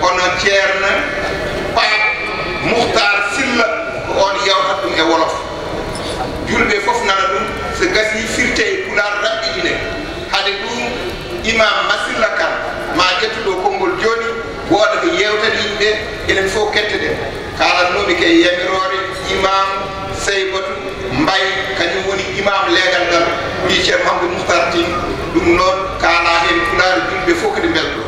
Speaker 2: kono ceerno paap mouhtar on yawta ɗum e wolof julɓe fof nana ɗum so gasi firte e pular raɓɓiɗine haade ɗum ima masilla kan ma ƴettuɗo konngol jooni wooda ko yewtani yimɓe enen fof kette ɗen kalannomi ke yamirore imam seybatu mbay kañum woni imam leegal ngal ɓi ceer mahamdou moustartin ɗum noon kala hen pular julɓe fof kadi mbelɗo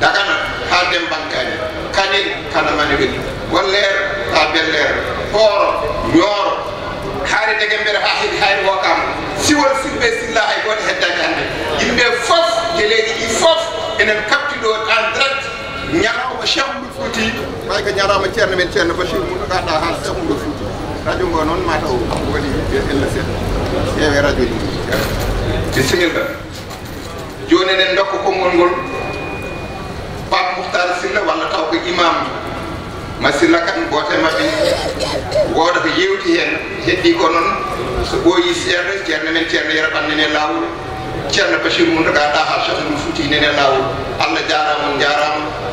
Speaker 2: dagana ha dembankani kanen kanamane weli gollere er, ha bel air hooro ñooro haari dege mbeɗa ha heɗi hayri wokama siwol sirɓe silla hay goto heddaki hande yimɓe foof geleeji ɗi foof enen kaptiɗo en direct ñalawma cheikhmul fouti bay ko ñalawma ceerno men ceerno bachir muɗoka ɗa ha cheikhmul fouti radio ngo noon mataw woni ella seeɗa ƴeewe radio ji bisimilla joni eɗen dokka konngol ngol pape mouhtar silla walla taw ko imam masilla kam goto mabbe goto ko yewti hen heddi ko non so boyi serre cerne men cerne yara bande ne lawol cerne bashir mun daga da ha shatu futi ne ne alla mun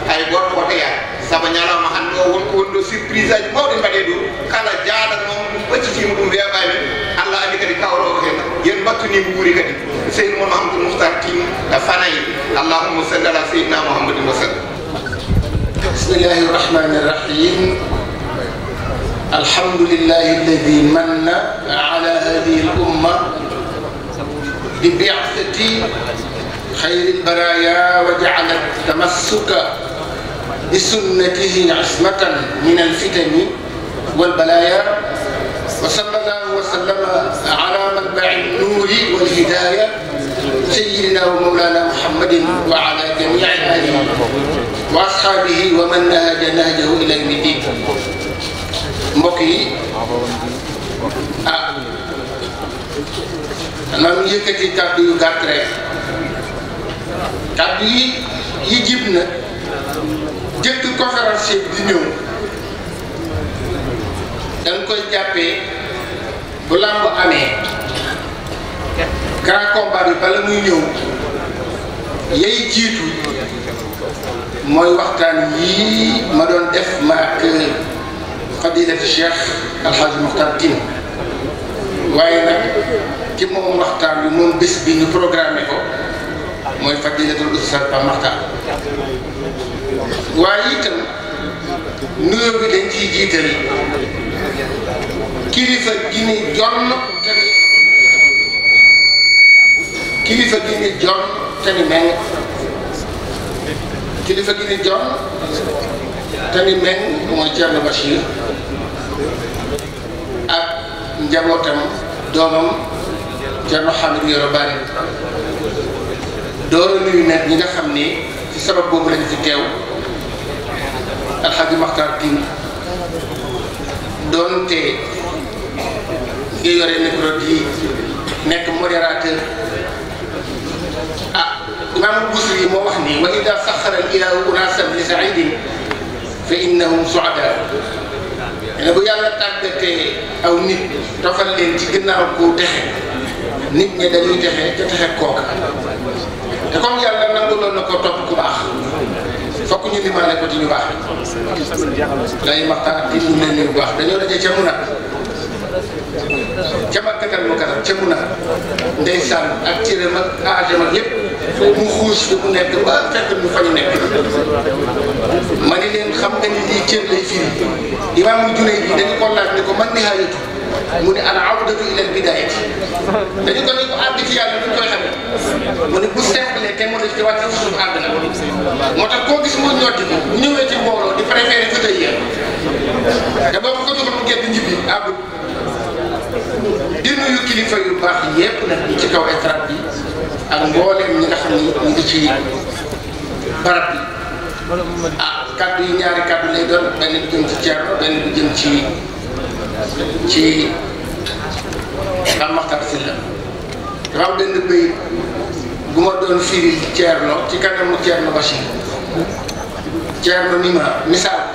Speaker 2: hay ko ya saba nyalama hande o wonko wondo surprise aji mawde mbade do kala jaada mom dum bacciti mum webaami alla andi kadi kawro o hen yen battuni buuri kadi sayyid muhammad Mustaqim. da fanay allahumma salli ala sayyidina Muhammad wa sallam بسم الله الرحمن الرحيم الحمد لله الذي من على هذه الأمة ببعثة خير البرايا وجعل التمسك بسنته عصمة من الفتن والبلايا وصلى الله وسلم على منبع النور والهداية سيدنا ومولانا محمد وعلى جميع آله wa asxaabihi wa man nahaja nahjahu ila yawmi mbokk yi ah danañ yëkkati kàddu yu gàtt rek kàddu yi yi jib na jëkk conférence di ñëw dañ koy jàppee bu làmb amee grand bi bala muy ñëw yay jiitu. mooy waxtaan yii ma doon def ma ak euh, fadilati cheikh alxaaji muxtar waaye nag ki moom waxtaan bi moom bés bi ñu programmé ko mooy fadilatul ustaz ba maxtaar waaye itam nuyoo bi dañ ciy jiital kilifa gi ni te ni kilifa gi ni te ni meng kilifa gi di jon tani meng mooy Thierno Bachir ak njabootam doomam Thierno Hamid Yoro Bari doora nuyu nag ñi nga xam ni ci sabab boobu lañu fi teew alxaji Maxtaar Gine doonte ngi yore nekk modérateur ah imaam Busiri moo wax ni wa ida saxara ilaahu unaasan li saidin fa innahum suadaa ne bu yàlla tàggatee aw nit tofal leen ci ginnaaw ku texe nit ñi dañuy texe te texe kooka te comme yàlla nanguloon na ko topp ku baax fokk ñu limaale ko ci ñu baax day maxtaan di ñu leen ñu baax dañoo daje ca mun a ca makkatal mu kanam ca mun a ndeysaan ak cëram ak aajam ak yëpp mu xuus fi mu nekk ba fekk ñu fa ñu nekk ma ni leen xam nga ni lii cër lay firi imaamu junay bi dañu ko laaj ko man nihaayatu mu ne al awdatu ila al bidaayati dañu ko ne ko ci yàlla mu ne bu simple te moo def ci wàcc ci suuf moo tax koo gis mu ñor ci bu ñëwee ci mbooloo di préféré fa tey yéen te boo ko ko joxoon mu génn njib bi àggul di kilifa yu baax yépp nag ci kaw estrade bi ak mboolem ñi nga xam ni ñu ngi ci barab bi ah kaddu yi ñaari kaddu lay doon benn bu jëm ci Thierno benn bu jëm ci ci Pape Makhtar Sylla dafa am bu ma doon firi Thierno ci kanamu Thierno Bachir Thierno ni ma misaal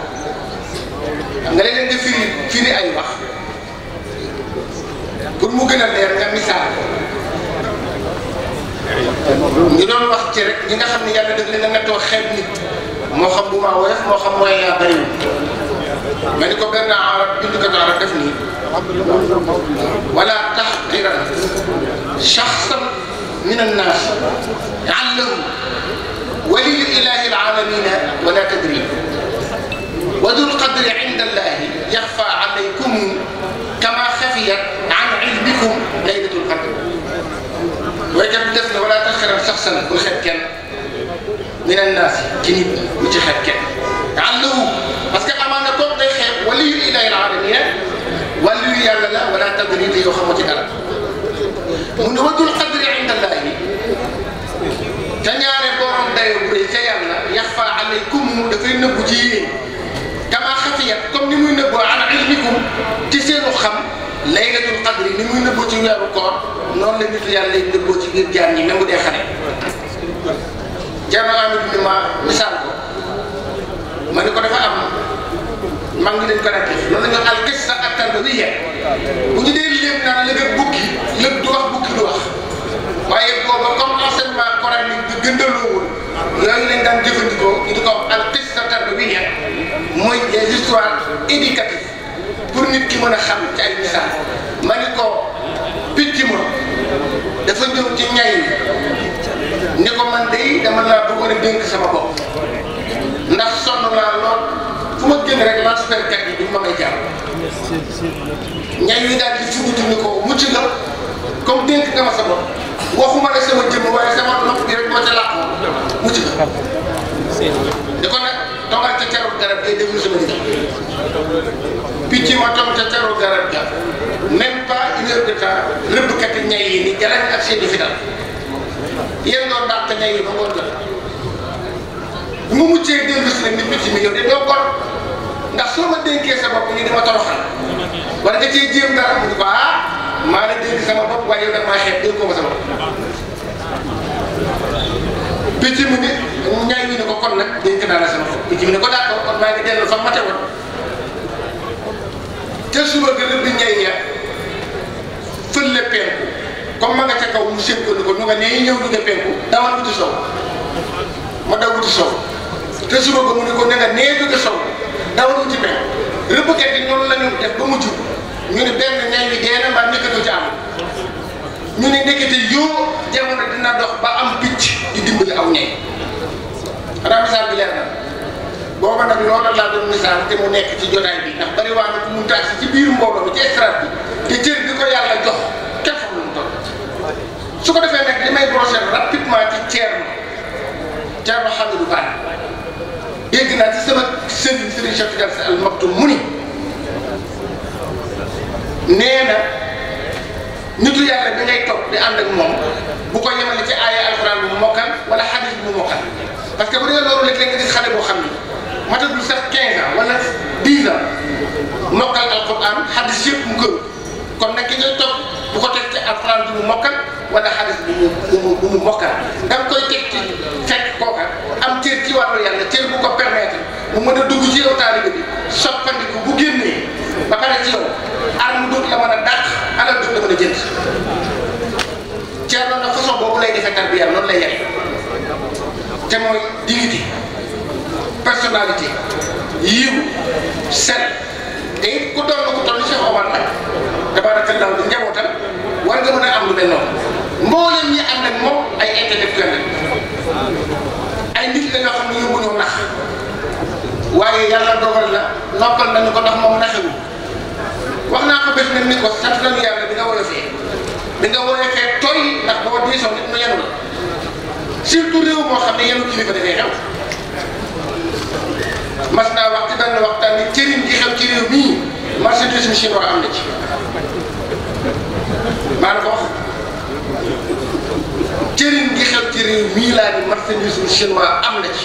Speaker 2: nga leen di firi firi ay wax pour mu gën a leer nga misaal. ñu doon wax ci rek ñi nga xam ne yàlla daf leen a nettoo xeeb nit moo xam bu maa woyof moo xam mooy yaa bëriwul ma ni ko benn arab bindukat arab def nii wala taxqiran shaxsan min annaas allahu ولي الإله العالمين ولا تدري وذو القدر عند الله يخفى عليكم كما خفيت عن علمكم ليلة القدر ويكم دفن ولا تخرا شخصا بخير من الناس كنيب وجهك كان بس كما امانه كوك داي ولي الاله العالمين ولي يالا لا ولا تدري لي خمتي دار من ود القدر عند الله تنياري بورم داي بري تا يخفى عليكم دا فاي كما خفيت كم ني موي نبو عن علمكم تي سينو خم laylatul qadri ni muy nëbboo ci weeru koor noonu la nitu yàlla lay nëbboo ci biir jaam ñi même bu dee xale. Thierno Amady bi ma misaal ko ma ni ko dafa am maa ngi leen ko rek loolu la ñu al qissa at-tarbawiyya bu ñu dee lépp dara lépp bukki lépp du wax bukki du wax waaye booba comme enseignement coranique bi gëndaloowul yooyu lañ daan jëfandikoo ñu di ko wax al qissa at-tarbawiyya mooy des histoires éducatives. pour nit ki mën a xam ci ay misaal ma ni ko picc ma dafa ñëw ci ñay ni ko man de dama laa bëggoon a dénk sama bopp ndax sonn naa lool fu ma génn rek ma may jàpp ñay wi daal di fugutu ni ko mucc nga comme dénk nga ma sa bopp waxuma la sama jëmm waaye sama nopp bi rek moo ca làqu mucc nga di ko nag toogal ca carub garab day déglu sama jëmm picc ma tom ca taru garab ga même pas une heure de temps rëbbkati ñay ni garañ ak seen i fital yéen doon dàq ñay ba ngoon la mu mucce deug si ni picc mi yow de do kon ndax so ma denké sa bop ñu dama toroxal war nga ci jëm dara mu ko ah maa la dénk sama bop waaye yow dama maa deug ko ma sama bopp picc mi ni ñay ni ko kon nak dénk dara sama bop picc mi ni ko d'accord kon ma nga dellu fa ma tegoon ca suba ga rëbb ñay ñeex fële penku comme ma nga ca kaw mu sénkandi ko ñu nga nee ñëw jóge penku dawal wuti sow ma daw wuti sow te suba ga mu ne ko ne nga nee jóge sow dawal wuti penku rëbbkat yi noonu la ñu def ba mu jub ñu ne benn ñay mi dee na mbaa nekkatoo ci am ñu ne nekkati yoo jamono dina dox ba am picc di dimbali aw ñay ramisar bi na booba nag loolu laa doon misaal te mu nekk ci jotaay bi ndax bari waa na mu taasi ci biir mbooloo bi ci estrade bi te cër bi ko yàlla jox kenn xam lu su ko defee nag li may brosser rapidement ci Thierno Thierno Hamidou Ba dégg naa ci sama sëriñ sëriñ Cheikh Tidiane Sy Al Maktoum mu ni nee na nitu yàlla bi ngay topp di ànd ak moom bu ko yemale ci aaya alxuraan bu mokkal wala xadis bu mokkal parce que bu dee loolu léeg-léeg nga gis xale boo xam ni matagul sax 15 ans wala 10 ans mokkal alquran xadis yëpp mu gën kon nag ki ngay topp bu ko teg ci alquran bi mu mokkal wala xadis bi mu bu da nga koy teg ci fekk kooka am cër ci wàllu yàlla cër bu ko permettre mu mën a dugg ci yow taalibe bi soppandiku bu génnee ba pare ci yow arme dut la mën a dàq alal dut la mën a jënd ceer na nag façon boobu lay defee tarbiya noonu lay yàq te mooy dignité personnalité yiiw set te it ku doon la ko toll Cheikh Omar nag tabaarakallaahu di njabootam war nga mën a am lu mel noonu mboolem moom la nga xam nga woyofee bi tooy ndax boo diisoo nit mu yenu la surtout réew moo xam ne yenu kilifa dafay xew mas naa wax ci benn waxtaan ni cëriñ gi xew ci réew mii marchandise chinois am na ci maa la ko wax cëriñ gi xew ci réew mii laa ni marchandise chinois am na ci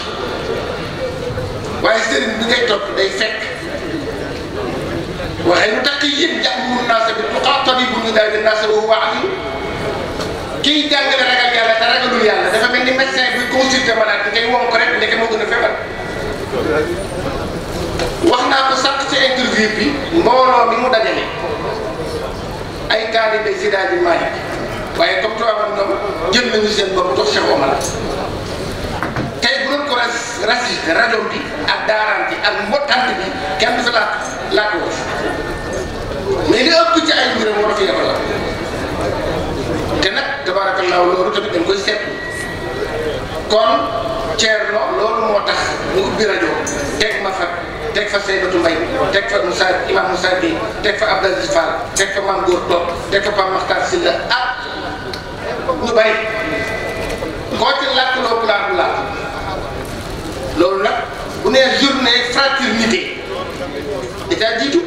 Speaker 2: waaye sëriñ bi ngay topp day fekk waxee nu takk yéen jàngu naasa bi tuqaa tabibu ñu daal di naasa boobu waa ak kiy jàngale ragal yàlla te ragalul yàlla dafa mel ni médecin buy consulter malade bi tey won ko rek ndeke moo gën a feebar wax naa ko sànq ci interview bi mbooloo bi mu dajale ay taalibe si daal di maay waaye comme tubaabam ñoom jël nañu seen bopp jox Cheikh Omar tey bu doon ko ras rasiste rajo bi ak daaraan bi ak mbottant bi kenn du fi laaj laaj woo mais li a fi defal te nag tabaarakallaahu loolu tamit dañ koy seetlu kon. Thierno loolu moo tax mu ubbi rajo teg ma fa teg fa Seydou Mbaye teg fa Moussa Imam Moussa Gueye teg fa Abdou Aziz Fall teg fa Mame Goor teg fa Pape Makhtar Sylla
Speaker 9: ak ah, ñu bari
Speaker 2: koo ci làkk loo làkk loolu nag bu nee journée fraternité état jiitu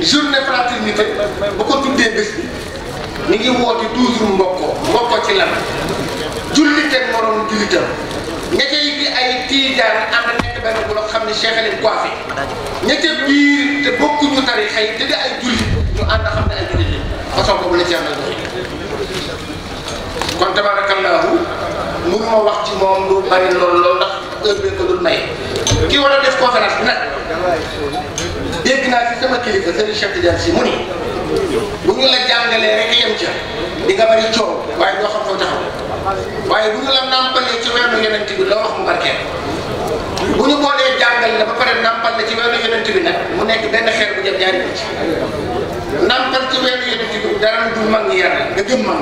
Speaker 2: journée fraternité bu ko tuddee bés bi mi ngi woote toujours mbokkoo mbokkoo ci lan jullit ak moroom jullitam ña cay di ay tiijaan am na nekk benn bu xam ne Cheikh Alim Kouafi ña ca biir te bokkuñu tarixa yi te di ay jullit ñu ànd xam ne ay jullit lañ façon boobu la Cheikh
Speaker 1: Alim
Speaker 2: kon tabaarakallaahu a def conférence bi nag dégg naa ci sama kilifa sëriñ Cheikh Tidiane si mu ni bu ñu la jàngalee rek yem ca di nga bari coow waaye doo xam foo taxaw. waaye bu ñu la nàmpalee ci weeru yonent bi loo wax mu barkeel bu ñu boolee jàngal la ba pare nàmpal na ci weeru yonent bi nag mu nekk benn xeer bu jëm ñaari ci ci weeru yonent bi dara lu dul mag ñi yar nga gëm mag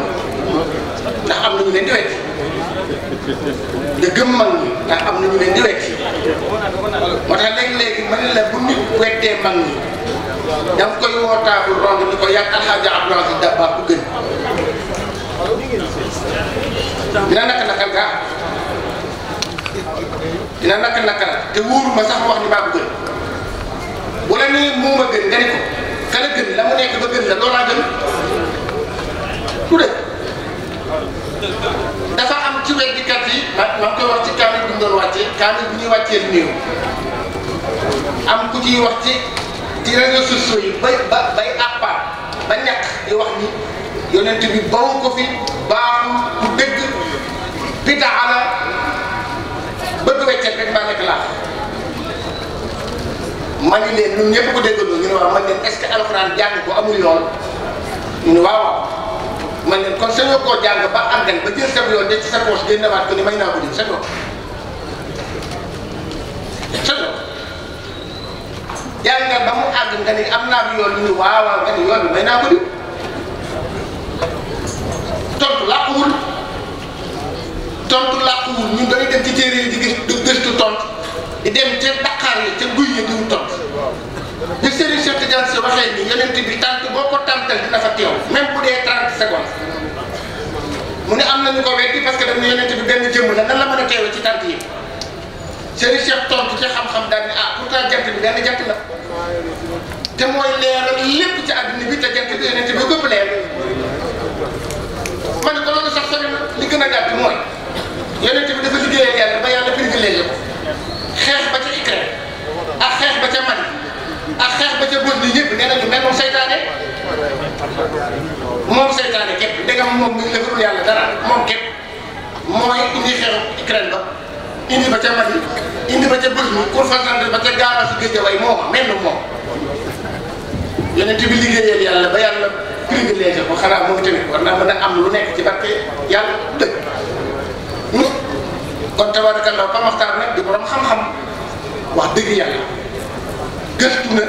Speaker 2: ndax am na ñu leen di wekk nga gëm mag ñi ndax am na ñu leen di wekk moo tax léegi-léegi mën la bu nit weddee mag ñi daf koy wootaabul romb ni ko yàgg alxaaja Abdoulaye Dabba ku gën dina naka nakal gaa dina naka nakal te wóoru ma sax wax ni maa ko gën bu la nii moo ma gën nga ni ko kala gën la mu nekk ba gën la loolaa gën du de dafa am ci weddikat yi ma ma koy wax ci kaamil bu ñu doon wàccee kaamil bu ñuy wàccee néew am ku ciy wax ci ci réseaux sociaux yi bay ba bay àppaat ba ñàkk di wax ni yonent bi bawu ko fi baaxul ku dëgg bidaa la bëgg weccet rek maa nekk laax ma ni ñëpp ko déggandoo ñu ne waaw man leen est-ce que alxuraan jàng ko amul yoon ñu ne waaw waaw man leen kon sañoo koo jàng ko ni naa ko jël sañoo sañoo am naa bi yoon ñu ne waaw waaw nga ni yoon may naa ko di tontu làqul tontu làkkuwul ñun dañuy dem ci téere yi di gis di gëstu tontu di dem ca Dakar yi ca guy yi diw tontu bi Serigne Cheikh Tidiane Sy waxee ni yonent bi tànk boo ko tàntal dina fa teew même bu dee 30 secondes mu ne am na ñu ko weddi parce que dañ ne yonent bi benn jëmm la nan la mën a teewee ci tànk yi Serigne Cheikh tontu ci xam-xam daal ne ah pourtant jant bi benn jant la te mooy leeral lépp ci àdduna bi te jant bi yonent bi gëpp leer ma ne ko loolu sax sori li gën a gàtt mooy. yonent bi dafa liggéeyal yàlla ba yàlla privilégié ko xeex ba ca Ikra ak xeex ba ca man ak xeex ba ca góor ñi ñëpp nee nañu mel moom seytaane moom seytaane moom mi ngi defalul moom képp mooy indi ba ca man indi ba ca góor ñi pour fasanal ba ca gaaraas yi géej way moom mel moom yonent bi liggéeyal yàlla ba war naa mën a am lu nekk ci barke yàlla dëkk. nit kon tabaarakallaa ba Maxtaar nag di borom xam-xam wax dëgg yàlla gëstu na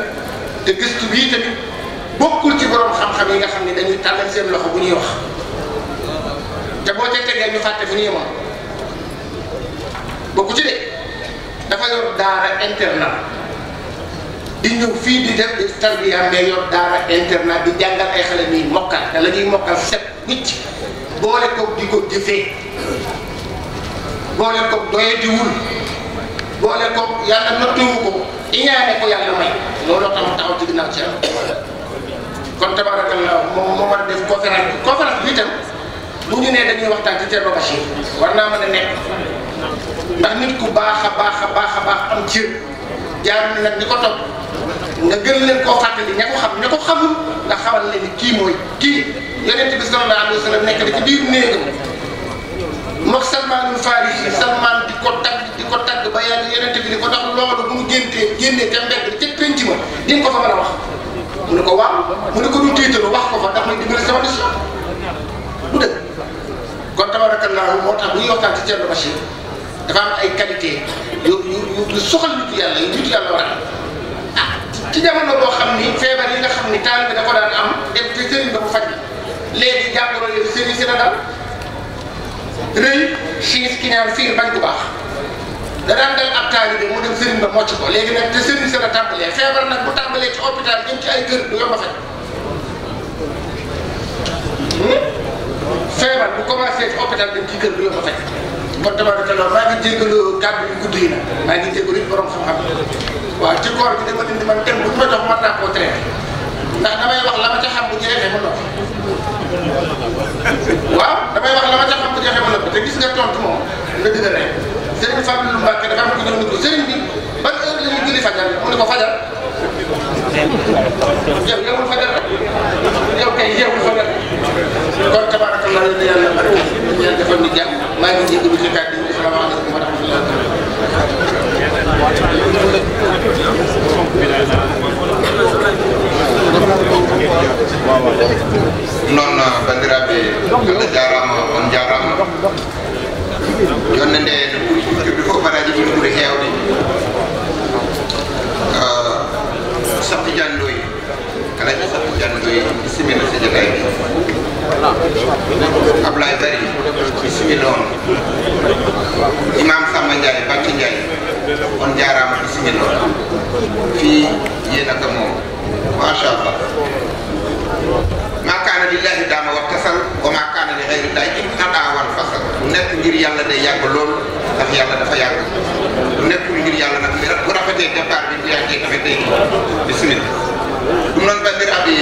Speaker 2: te gëstu bii tamit bokkul ci borom xam-xam yi nga xam ne dañuy tàllal seen loxo bu ñuy wax te boo ca tegee ñu fàtte fu ñuy moom bokku ci de dafa yor daara internat di ñëw fii di di tarbiya mais yor daara internat di jàngal ay xale ñuy mokkal te la mokkal set wicc boole ko di ko jëfee boole ko di wul boole ko yàlla nottiwu ko iñaane ko yàlla may looloo tax mu taxaw ci ginnaaw ci kon tabarakallah moom moo war a def koo bi conférence bi itam bu ñu nee dañuy waxtaan ci Thierno Bachir war naa mën a nekk ndax ku baax a baax a baax a baax am cër jaar nag di ko topp nga gën leen koo fàttali ña ko xam ña ko xamul nga xamal leen ni kii mooy kii yonent bi sallallahu alayhi wa sallam nekk na ci biir néegam moog Salmaanul Faarisi Salmaan di ko tagg di ko tagg ba yàlla yonent bi ni ko tax loolu bu mu géntee génnee te mbedd ca ko fa a wax mu ne ko waaw mu ne ko du wax ko fa ndax may dimbali sama mission bu dëgg kon tabaarakallaahu moo tax bu ñuy waxtaan ci Thierno Bachir dafa am ay qualité yu yu yu soxal nit yàlla yu nit yàlla war a
Speaker 1: ah ci jamono boo xam
Speaker 2: ni feebar yi nga xam ni taal bi da ko daan am dem te sëriñ ba bu faj léegi jàngoro yooyu sëriñ si na daal rëy siis ki ñaan fiir bañ bu baax da daan dal ab taalibe mu dem sëriñ ba mocc ko léegi nag te sëriñ sa tàmbalee feebar nag bu tàmbalee ci hôpital jëm ci ay kër du yomb a faj feebar bu commencé ci hôpital dem ci kër du yomb a faj kon tabarakallah maa ngi jégalu kàddu yu gudd yi nag maa ci koor bi dama leen di man dem bu ma jox mën naa koo traité ndax damay wax la ma ca xam bu jeexee ma noppi waaw damay wax la ma ca xam bu jeexee ma noppi te gis nga tontu moom nga dina rek Serigne Fallou Mbacke dafa am ku ñëw ne ko Serigne bi ban heure la ñu julli fajar mu ne ko fajar
Speaker 1: yow yeewul fajar
Speaker 10: yow kay yeewul fajar kon tabarakallah la yàlla bari ñu leen defal ñu jàmm maa ngi jégalu ci kàddu yi asalaamaaleykum wa rahmatulah
Speaker 2: Thank you. non bandiraɓe allah jarama on jarama jonde nde no ɓuuri juddirde fof baraji ɗi no ɓuuri hewde sappo jandoyi kala ɓe sappo jandoyi bisimilla sejatayi bari bisimilla on imam sama jari bakki jari on jarama bisimilla on fi yena kamo macha allah maa kaana lillaahi daama wax tasal wa maa kaana li xayri laay in adaawan fasal nekk ngir yàlla day yàgg lool ndax yàlla dafa yàgg bu nekkul ngir yàlla nag mais bu rafetee départ bi bu yàggee tamit day bismillah bu noonu ba mbir abi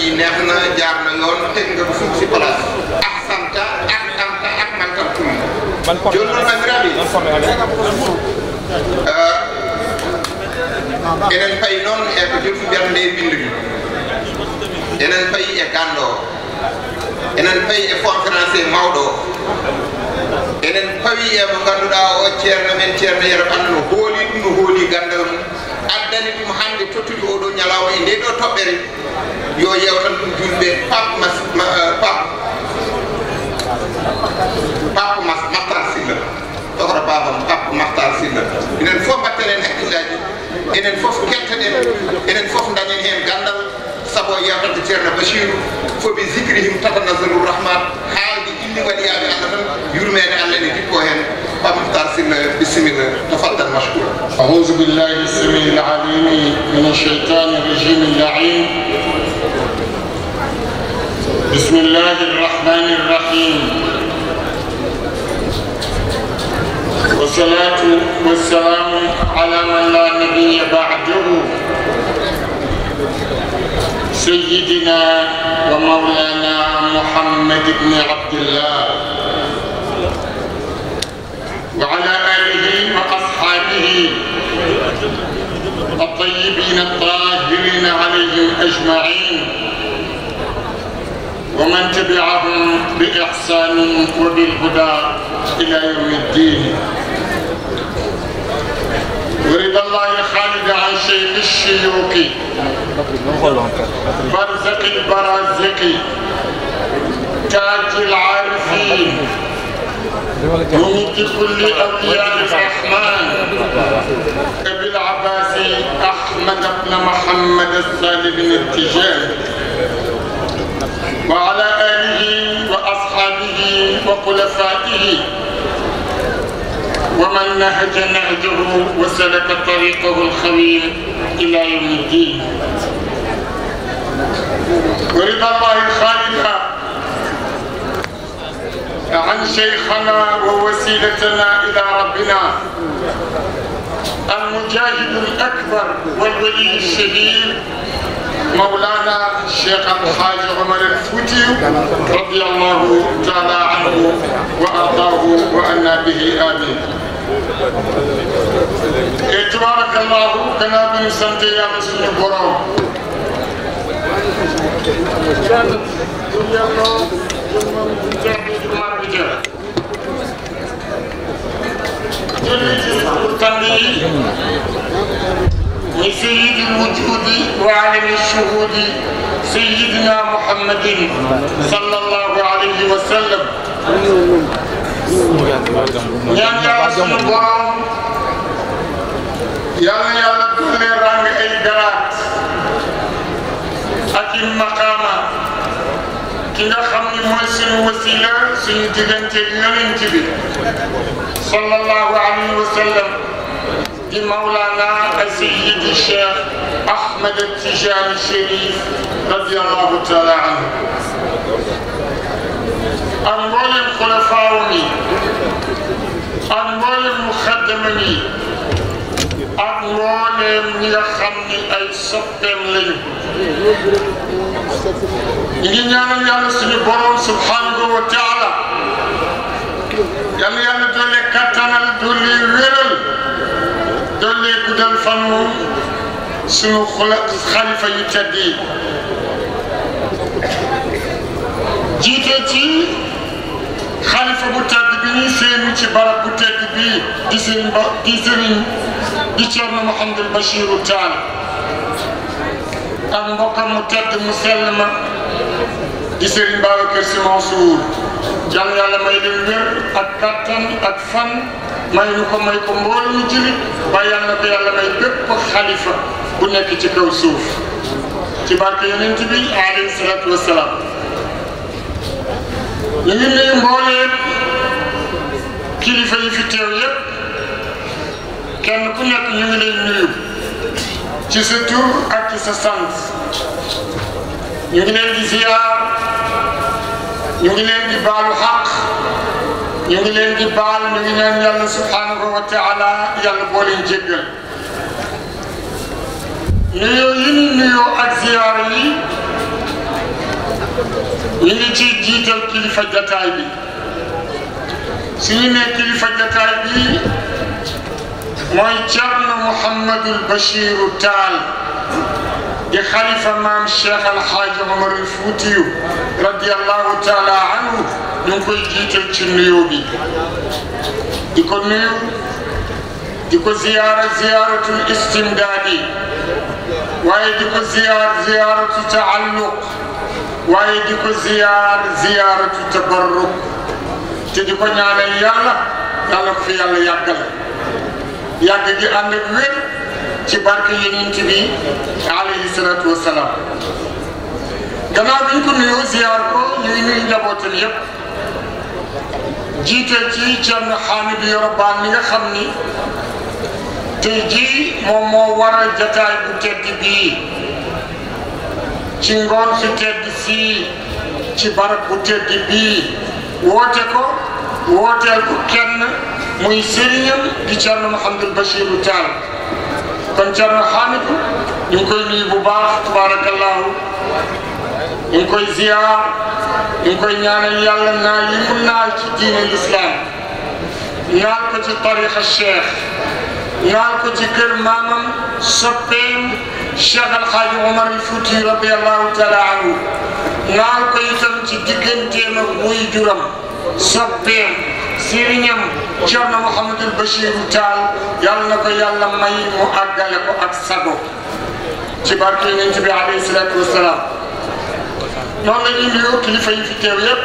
Speaker 2: yi neex na jaar na yoon teg nga bu suuf si place ah, jolnuɗo bandiraɓe eh, enen payi noon e ko jolfu mbiyata nde bindumi enen payi e gando o enen e conférencier mawɗo o enen pawi e mo ganduɗa o ceerno men ceerno yero ɓandu no hooli ɗum no hooli gandal mum addani ɗum hande tottude oɗo ñalawma e nde ɗo yo pap mas eh, pap pap mas sohra babam abou mahtar silla enen fof mbattenen haqqillaji enen fof kettoɗen enen fof dañen hen gandal saabu yewtante ceerno bachiru foɓe zicrihim tata nasaru rahman haalde indi waɗi yaaɓe allah tan yurmede allah ne jikko hen بمختار سنة بسم الله تفضل مشكور أعوذ بالله السميع العليم من الشيطان الرجيم اللعين بسم الله الرحمن الرحيم والصلاة والسلام على من لا نبي بعده سيدنا ومولانا محمد بن عبد الله وعلى آله وأصحابه الطيبين الطاهرين عليهم أجمعين ومن تبعهم بإحسان وبالهدى إلى يوم الدين ورد الله خالد عن شيخ الشيوخ برزق البرازق تاج العارفين ومد كل أولياء الرحمن أبي العباس أحمد بن محمد السالم التجاه وعلى آله وأصحابه وخلفائه ومن نهج نهجه وسلك طريقه الخير إلى يوم الدين ورضا الله الخالق عن شيخنا ووسيلتنا إلى ربنا المجاهد الأكبر والولي الشهير مولانا الشيخ الحاج عمر الفوتي رضي الله تعالى عنه وارضاه وانا به امين إيه، تبارك الله كنا من سنت يا مسلم القرآن
Speaker 1: Thank
Speaker 2: you. وسيد الوجود وعالم الشهود سيدنا محمد صلى الله عليه وسلم
Speaker 1: يا رسول الله
Speaker 2: يا يا كل رام اي درات اكن مقاما كنا خمي وسيلة سنجدن تلنا صلى الله عليه وسلم لمولانا السيد الشيخ أحمد التجار الشريف رضي الله تعالى عنه أنوال خلفاؤني أنوال مخدمني أنوال يخمني أي سبتم لي ñu ñaanal yàlla suñu borom subhanahu guddal fan moom suñu xula xalifa yu tedd yi jiite ci xalifa bu tedd bi ñuy séenu ci barab bu tedd bi di sëriñ ba di sëriñ di Cerno Mouhamadul Bachiru Taal ak mbokkam mu tedd mu sell ma di sëriñ Babacar Si Mansour jàmm yàlla may leen wér ak kattan ak fan may ñu ko may ko mbooloo ñu jëli waaye yàlla na ko yàlla may bépp xalifa bu nekk ci kaw suuf ci barke yonent bi alayhi salaatu wasalaam ñu ngi nuyu mbooleem kilifa yi fi teew yépp kenn ku nekk ñu ngi lay nuyu ci sa tur ak ci sa sant ñu ngi leen di ziyaar ñu ngi leen di baalu xaq ñu ngi leen di baal ñu ngi ñaan yàlla subhanahu wa taala yàlla boo leen jéggal nuyoo yi ñu nuyoo ak ziyaar yi ñu ngi ciy jiital kilifa jataay bi suñu ne kilifa jataay bi mooy Thierno Mouhamadul Bachiru Taal di xalifa maam Cheikh Alxaaji Omar Fuutiyu radiallahu taala anhu ñu ngi koy jiital ci nuyoo bi di ko nuyu di ko ziyaara ziyaaratul istimdaadi waaye di ko ziyaar ziyaaratu taalluq waaye di ko ziyaar ziyaaratu tabarruk te di ko ñaanal yàlla yàlla fi yàlla yàggal yàgg gi ànd ak wér ci barke yonent bi alayhi salaatu wasalaam gannaaw bi ñu ko ziyaar ko ñuy nuyu njabootam yépp jiital ci Thierno Hamidou Yero Ba mi nga ni tey jii moom moo waral jataay bu tedd bii ci ngoon si tedd fii ci barab bu tedd bii woote ko wooteel ko kenn muy sëriñam di Thierno Mouhamadou Bachirou Tall kon Thierno Hamidou ñu ngi koy nuyu bu baax tabaarakallaahu ñu ngi koy ziar ñu ngi koy ñaanal yàlla naal yi mu naal ci diine lislaam naal ko ci tariqa cheikh naal ko ci kër maamam soppeem cheikh alxaaji omar al fuuti radiallahu taala anhu naal ko itam ci digganteem ak muy juram soppeem sëriñam Cerno Mouhamadul Bachir Taal yàlla na ko yàlla may mu àggale ko ak sago ci barke yonent bi alayhi salaatu wasalaam noonu la ñuy nuyu kilifa yi fi teew yëpp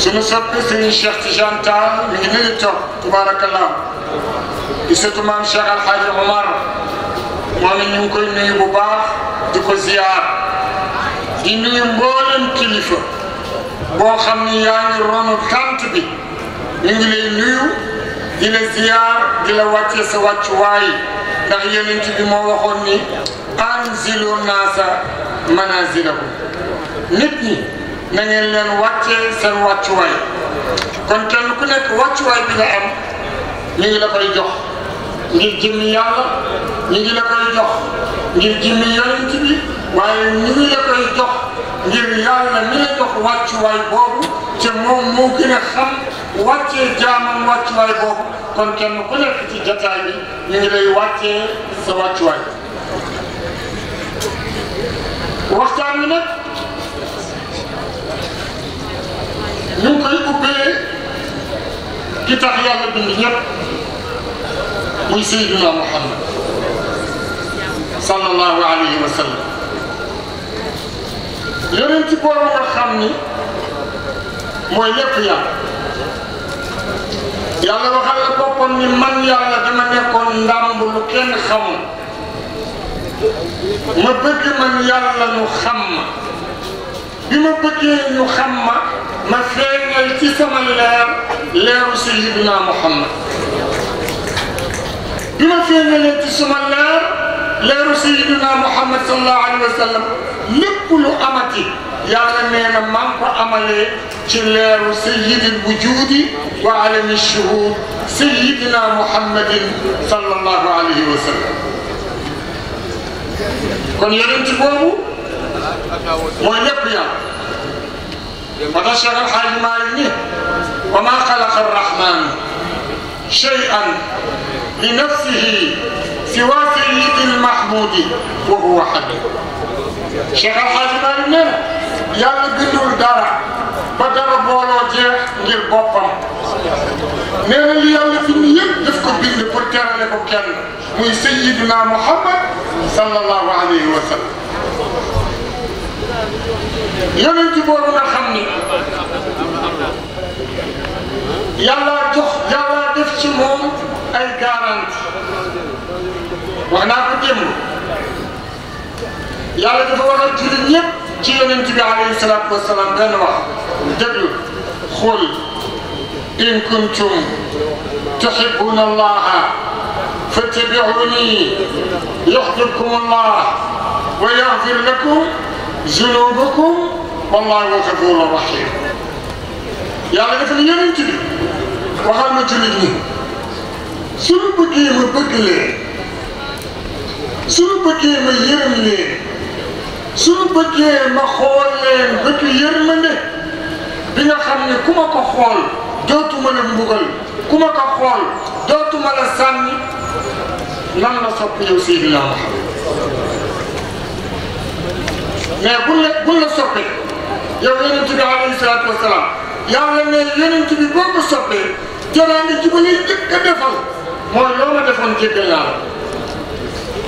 Speaker 2: suñu soppi suñu Cheikh Tidiane Tall mi ngi nuyu toog tubaarakallah di sëtu maam Cheikh Al Hadj Omar moom it ñu ngi koy nuyu bu baax di ko ziar di nuyu mboolem kilifa boo xam ni yaa ngi ronu tànt bi ñu ngi lay nuyu. di la ziyaar di la wàccee sa wàccuwaay ndax yonent bi moo waxoon ni anzilu naasa manazilahum nit ñi na leen wàccee seen wàccuwaay kon kenn ku nekk wàccuwaay bi nga am ñu ngi la koy jox ngir jëmmi yàlla ñu ngi la koy jox ngir jëmmi yonent waaye ñu ngi la koy jox ngir yàlla mi la jox wàccuwaay boobu چې مو ممکن xam wàccee jaamam wàccuwaay boobu kon kenn ku nekk ci jataay bi ñu ngi lay wàccee sa wàccuwaay waxtaan wi nag ñu ngi koy ubbee ki tax yàlla bind ñëpp muy Seydina Muhammad sallallahu alayhi wa sallam yeneen ci boobu nga xam ni moy lépp yàlla yàlla waxal la bopam ni man yàlla dama nekkon ndàmb lu kenn xamul ma bëgg man yàlla ñu xam ma bi ma bëggee ñu xam ma ma feeñal ci sama leer leeru sayyidina Muhammad bi ma feeñalee ci sama leer لرسولنا محمد صلى الله عليه وسلم لكل أمتي يا لمن من فأمل جلير سيد الوجود وعلى الشهود سيدنا محمد صلى الله عليه وسلم كن يرنت بابو وان يبيا فتشرح وما خلق الرحمن شيئا لنفسه سوى سيد المحمود وهو حبيب شيخ الحاجبان يلي قلو الدرع بدر بولو جيح نجيل بوفم من اللي يلي فين يبدفك بين بكر لبكر من سيدنا محمد صلى الله عليه وسلم يلي تبورنا خمني يلا جخ يلا دفش موم اي قارن wax naa ko démb yàlla dafa waxal jullit ñëpp ci yonent bi alayhi salaatu wasalaam benn wax déglu xul in kuntum tuhibbuna allaha fattabi'uni yuhbibkum allah wa yaghfir lakum zunubakum wallahu ghafurun rahim yàlla dafa ne yonent bi waxal ma jullit ñi suñu bëggee ma bëgg leen suñu bëggee ma yërëm leen suñu bëggee ma xool leen bi nga xam ne ku ma ko xool dootuma la mbugal ku ma ko xool dootuma la sànni lan la sopp yow Seydina Muhammad mais buñ la buñ la soppee yow yonent bi alayhi ne yonent bi boo ko soppee jëlaat nga ci ba a defal mooy loo ma defoon jéggal naa la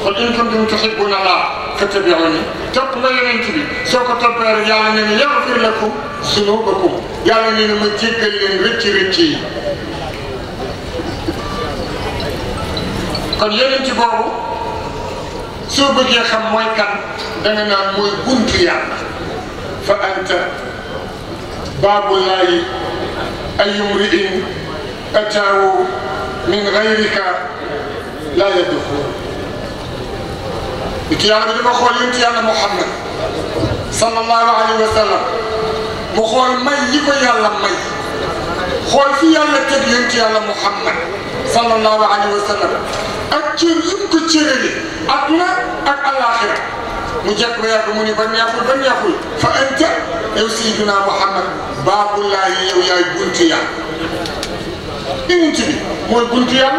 Speaker 2: قل إن كنتم تحبون الله فاتبعوني تقبل ينتبه سوك تبير يعني يغفر لكم سنوبكم يعني متجدل رتي رتي قل ينتبه سوبك يا خمويكا دنانا موي بنتيا فأنت باب الله أي امرئ أتاه من غيرك لا يدخل يتيام دي مخول ينتي يالا محمد صلى الله عليه وسلم مخول مي يكو يالا مي خول في يالا تب ينتي يالا محمد صلى الله عليه وسلم اكتر يمكو تيرلي اقنا اك الاخرة نجاك بياك موني بني اقول بني اقول فانت يو سيدنا محمد باب الله يو يا بنتي يا إيه انتبه مو بنتي يا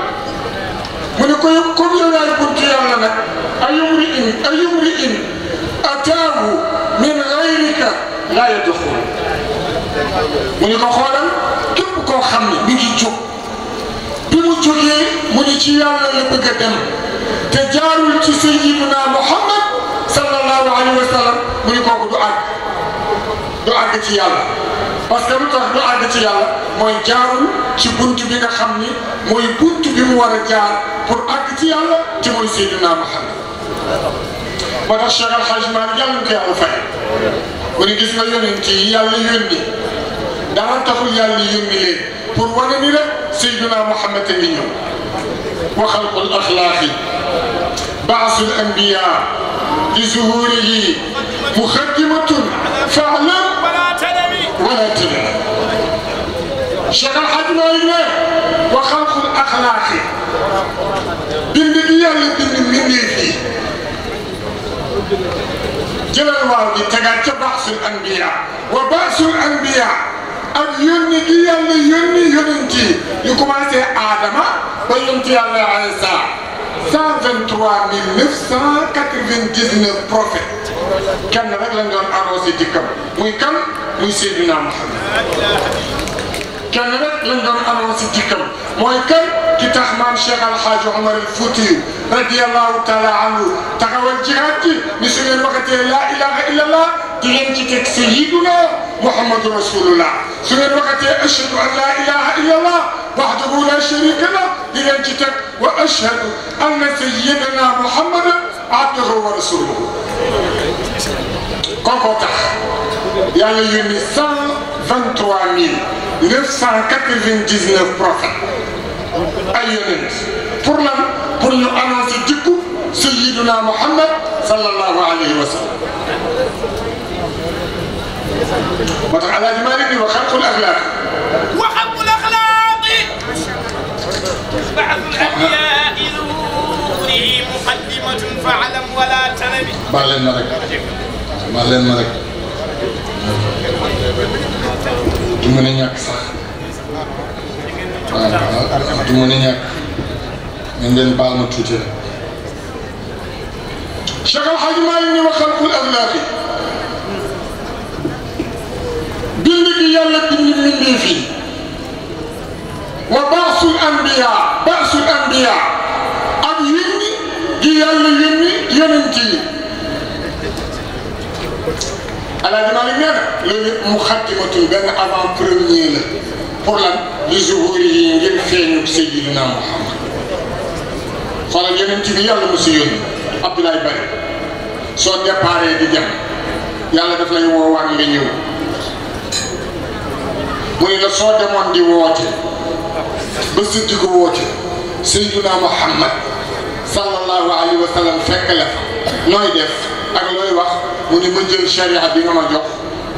Speaker 2: mu ne ko comme yow yaay bunt yàlla nag ayumri in ayumri in ataahu min gayrika laa yadxul mu ne ko xoolal képp koo xam ne mi ngi jóg bi mu jógee mu ne ci yàlla la bëgg a dem te jaarul ci sayyidina Muhammad sallallahu alayhi wa sallam mu ne kooku du àgg du àgg ci yàlla. parce que lu tax lu àgg ci yàlla mooy jaarul ci bunt bi nga xam ni mooy bunt bi mu war a jaar pour àgg ci yàlla te mooy Seydina Muhammad moo tax Cheikh Al Hadj Malick yàlla ko yàlla fay mu ne gis nga yonent yi yàlla yónni dara taxul yàlla yónni leen pour wane ni rek Seydina Muhammad a ngi ñëw wa xalqul axlaaqi baasul anbiyaa li zuhurihi muxaddimatun faalam ولا تبع شغل حدنا إليه وخلق الأخلاق بالمدية لبن مني فيه جلال والدي تقعد بأس الأنبياء وبأس الأنبياء أن ينجي اللي ينجي ينجي يكما سي آدم وينجي الله عيسى 123 999 prophètes كان رجلا جان عروسي تكم مي كم مي سيدنا كان رجلا جان عروسي تكم مي كم كتاح مام شيخ الحاج عمر الفوتي رضي الله تعالى عنه تقول جهاتي نسوي الوقت لا إله إلا الله تلين تتك سيدنا محمد رسول الله سوي الوقت أشهد أن لا إله إلا الله وحده لا شريك له تلين تتك وأشهد أن سيدنا محمد عبده ورسوله Thank you. kookoo tax yàlla yónni cent vingt trois mille neuf cent quatre vingt dix neuf prophètes ay yonent pour lan pour ñu annoncer jikku sayyiduna Muhammad sallallahu alayhi wa sallam moo tax Alaaji Maalik di wa xalqul axlaaq wa xalqul axlaaq
Speaker 5: بعض الأحياء ظهورهم قد فاعلم ولا
Speaker 2: تنبي baal leen ma rek baal leen ma rek du mën a ñàkk sax waaw waaw du mën a ñàkk mais ngeen baal ma tuuti rek Cheikh Al Hadj Malick ni waxal kul aflaaki bind gi yàlla bind mbindee fii wa baasul anbiya baasul anbiya alaaji Maalik nee na loolu yëpp mu xattimatul benn avant premier la pour lan li zuhuri yi ngir feeñu Seydina Muhammad xoolal yeneen ci bi yàlla mu si yónni Abdoulaye Bari soo déparé di dem yàlla daf lay woowaat nga ñëw mu ne la soo demoon di woote ba sëddi ko woote Seydina Muhammad sallallahu alayhi wa sallam fekk la fa nooy def mu ni ma jël sharia bi nga ma jox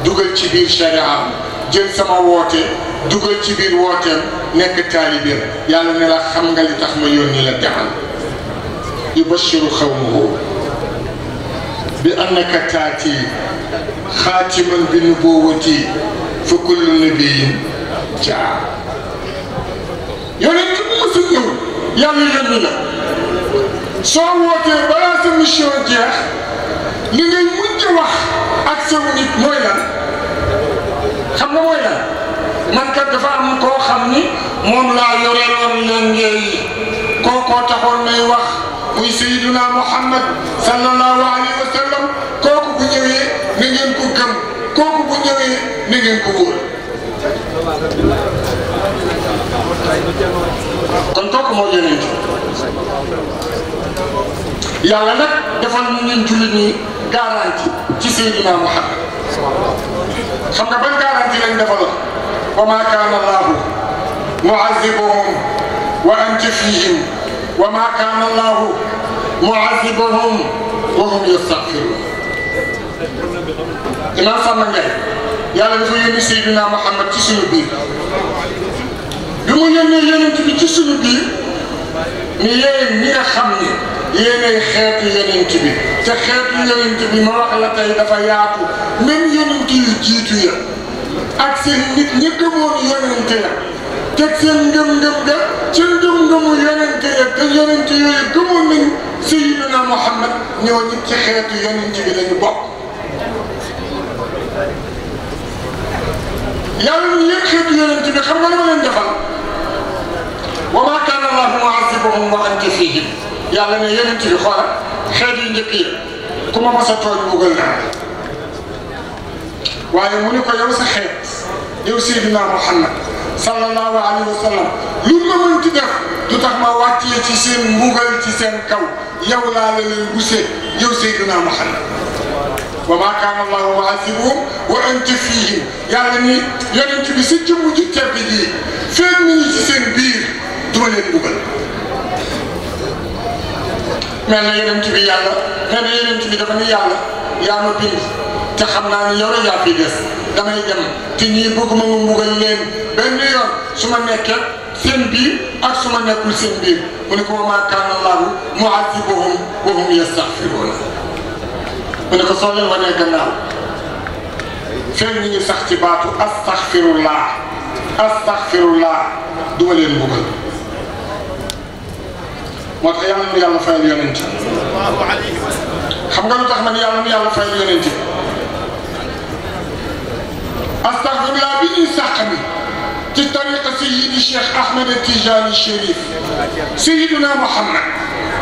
Speaker 2: dugal ci biir sharia jël sama woote dugal ci biir wooteem nekk taalibeem yàlla ne la xam nga li tax ma yónni la demal yubashiru xawmuhu bi annaka taati xaatiman bi nubuwati fa kullu nabiyin jaa yonent bu ma si ñëw yàlla yónni la soo wootee balaa sa mission jeex li ngay ci wax ak sew nit mooy xam nga mooy lan man kat dafa am koo xam ni moom laa yoreeloon lëngéey yi kookoo taxoon may wax muy Seydina Muhammad sallallahu alayhi wa sallam kooku bu ñëwee na ngeen ko gëm kooku bu ñëwee na ngeen ko wóor kon kooku moo yonent yàlla nag defal ñu ñun jullit ñi garantie ci Seydina Muhammad xam nga ban garanti lañ defaloon wa maa kaana allaahu muazibuhum wa anta fihim wa ma kaana allaahu muazibuhum wa hum yastaghfiruun imaam Samba Ndiaye yàlla dafa yónni Seydina Muhammad ci suñu biir bi mu yónnee yonent bi ci suñu biir ni yéen ñi nga xam ni yéenay xeetu yonent bi te xeetu yonent bi ma wax la tey dafa yaatu même yonent yu jiitu ya ak seen nit ñi gëmoon yonent ya teg seen ngëm-ngëm ga ci ngëm-ngëmu yonent ya te yonent yooyu gëmoon nañu Seydina Muhammad ñoo ñit ci xeetu yonent bi lañu bokk yàlla ñu yëg xeetu yonent bi xam nga li ma leen defal wa maa kaana allaahu mu'azzibahum wa anta fiihim yàlla ne yonent bi xoolal xeet yu njëkk yi ku ma mos a tooñ mbugal naa waaye mu ne ko yow sa xeet yow Seydina Muhammad
Speaker 1: sallallahu alayhi wa sallam
Speaker 2: lu ma mënti def du tax ma wàccee ci seen mbugal ci seen kaw yow laa la leen gusee yow Seydina Muhammad wa maa kaana allaahu mu'azzibahum wa anta fiihim yàlla ni yonent bi si jëmmu ji tedd ji feeñ ñu ci seen biir du ma leen dugal. mel na yonent bi yàlla mel na yonent bi dafa ni yàlla yaa ma bind te xam naa ni yow la yaa fi des damay dem te ñii bëgguma mu mbugal leen benn yoon su ma nekkee seen biir ak su ma nekkul seen biir mu ne ko wa maa kaana allaahu mu'azzibahum wa hum yastaghfiruun mu ne ko soo leen wanee gannaaw fenn ñi ñu sax ci baatu astaxfirullah astaxfirullah duma leen mbugal moo tax yàlla nu yàlla fayal yonent xam nga lu tax man yàlla nu yàlla fayal yonent astaxfirullah bi ñuy sàq mi في طريق سيد الشيخ أحمد التجاني الشريف سيدنا محمد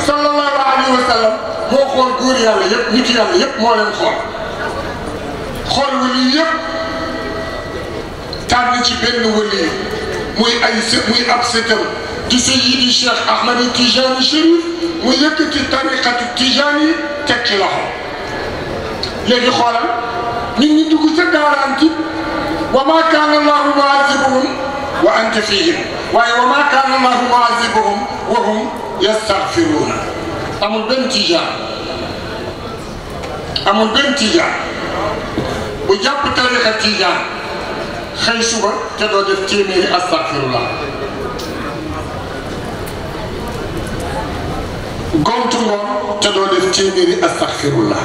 Speaker 2: صلى الله عليه وسلم هو خول غور يالا ييب نيت يالا ييب مو لين خول خول ولي ييب تان سي بن ولي موي اي موي اب ستم دي سيدي الشيخ أحمد التجاني الشريف mu yëkkati tariqatu tijaan yi teg لي loxo léegi xoolal nit ñi dugg وما كان الله معذبهم وانت فيهم وما كان الله معذبهم وهم يستغفرون ام البنتيجا ام البنتيجا وجاب تاريخ التيجا خيشوا تبدو تيمي استغفر الله تدور تدعو لفتيني استغفر الله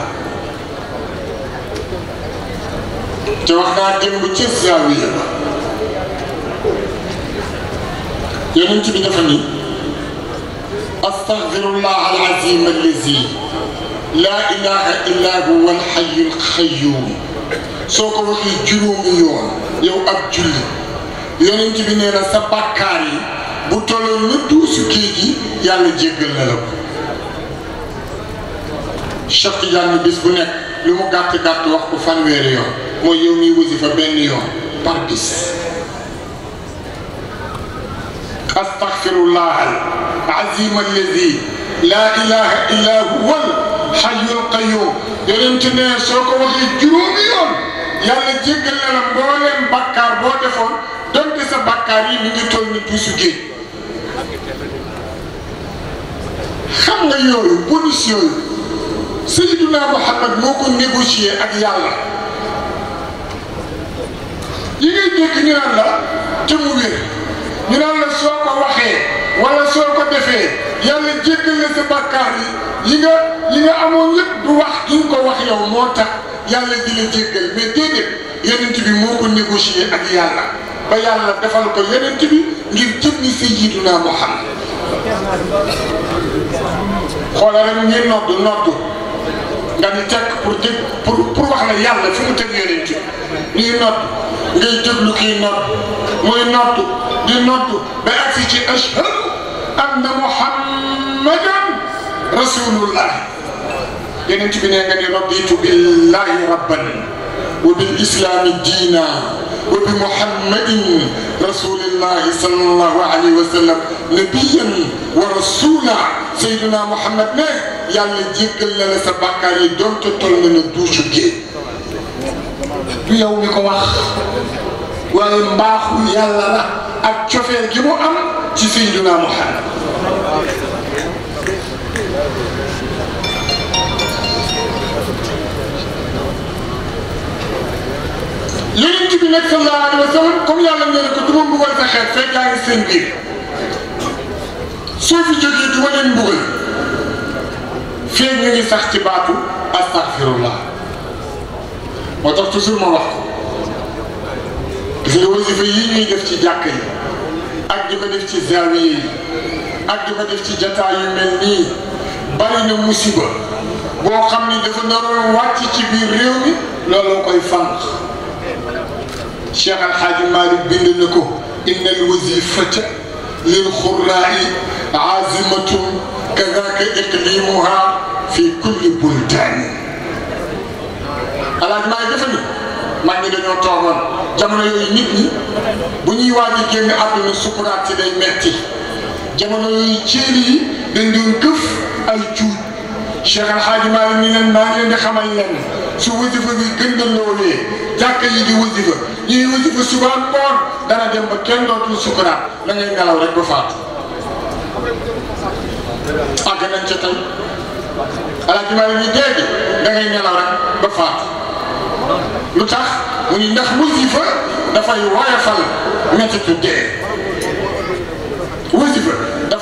Speaker 2: أستغفر الله العظيم الذي لا إله إلا هو الحي القيوم سوكو في جنوب يوم يو أب جل يننج بنينا سباكاري بطولو ندو سكيجي يالو جيغل للو شخي يالو بسبنك هناك limu gatt gatt wax ko fanwer yo moy yow mi wosifa ben yon par bis astaghfirullah العظيم الذي لا اله الا هو الحي القيوم يرنتنا سوكو وخي جرومي يوم يالا جيغل لا مبولم بكار بو ديفون دونك سا بكار يي ميغي تول ني بوسوكي خمغا يوي بونيس يوي Sayyiduna Muhammad moo ko négocier ak yàlla yi ngay dégg ñu naan la te mu ñu naan la soo ko waxee wala soo ko defee yàlla jéggal la sa bàkkaar yi yi nga yi nga amoon lépp du wax duñ ko wax yow moo tax yàlla di la jéggal mais déedéet yonent bi moo ko négocier ak yàlla ba yàlla defal ko yonent bi ngir jëmmi Sayyiduna Muhammad xoolal rek ngeen noddu noddu nga ni tekk pour dégg pour pour wax la yàlla fi mu teg yeneen ci ñuy noot ngay déglu kii noot muy noot di noot ba agsi ci ashhadu anna muhammadan rasulullah yeneen ci bi ne nga ni raditu billahi rabban وبالإسلام دينا وبمحمد رسول الله صلى الله عليه وسلم نبيا ورسولا سيدنا محمد نه يالله جيكل لنا سباكار دون تطول من الدوش جي بيوم يكو واخ واي يالله لا اك تشوفير ام سيدنا محمد
Speaker 1: yonent bi nag sallallahu alayhi wa sallam comme
Speaker 2: yàlla nee na ko du ma mbugal sa xeet fekk yaa ngi seen biir soo fi jógee du ma leen mbugal fii ñu ngi sax ci baatu astaghfirullah moo tax ma wax ko parce que wasifa yi ñuy def ci jàkk yi ak di ko ci zaawiya ak di ko def bari na musiba boo xam ni dafa naroon wàcc ci biir réew mi looloo koy شيخ الحاج مالي بن نكو ان الوظيفه للخراء عازمه كذاك اقليمها في كل بلدان على ما يفهم ما ندير نتوغل جامنا يوي نيت ني بني واجي كين ادنا سكرات دي ميتي جامنا يوي تشيري دندون كف اي تشوت Cheikh Al Hadj Malick ni leen maa ngi leen di xamal leen su wasifa gi dana dem ba kenn dootul sukuraat la ngay ngelaw rek ba faatu. àgg nañ ca tey Al Hadj ni léegi da ngay ngelaw rek ba faatu lu tax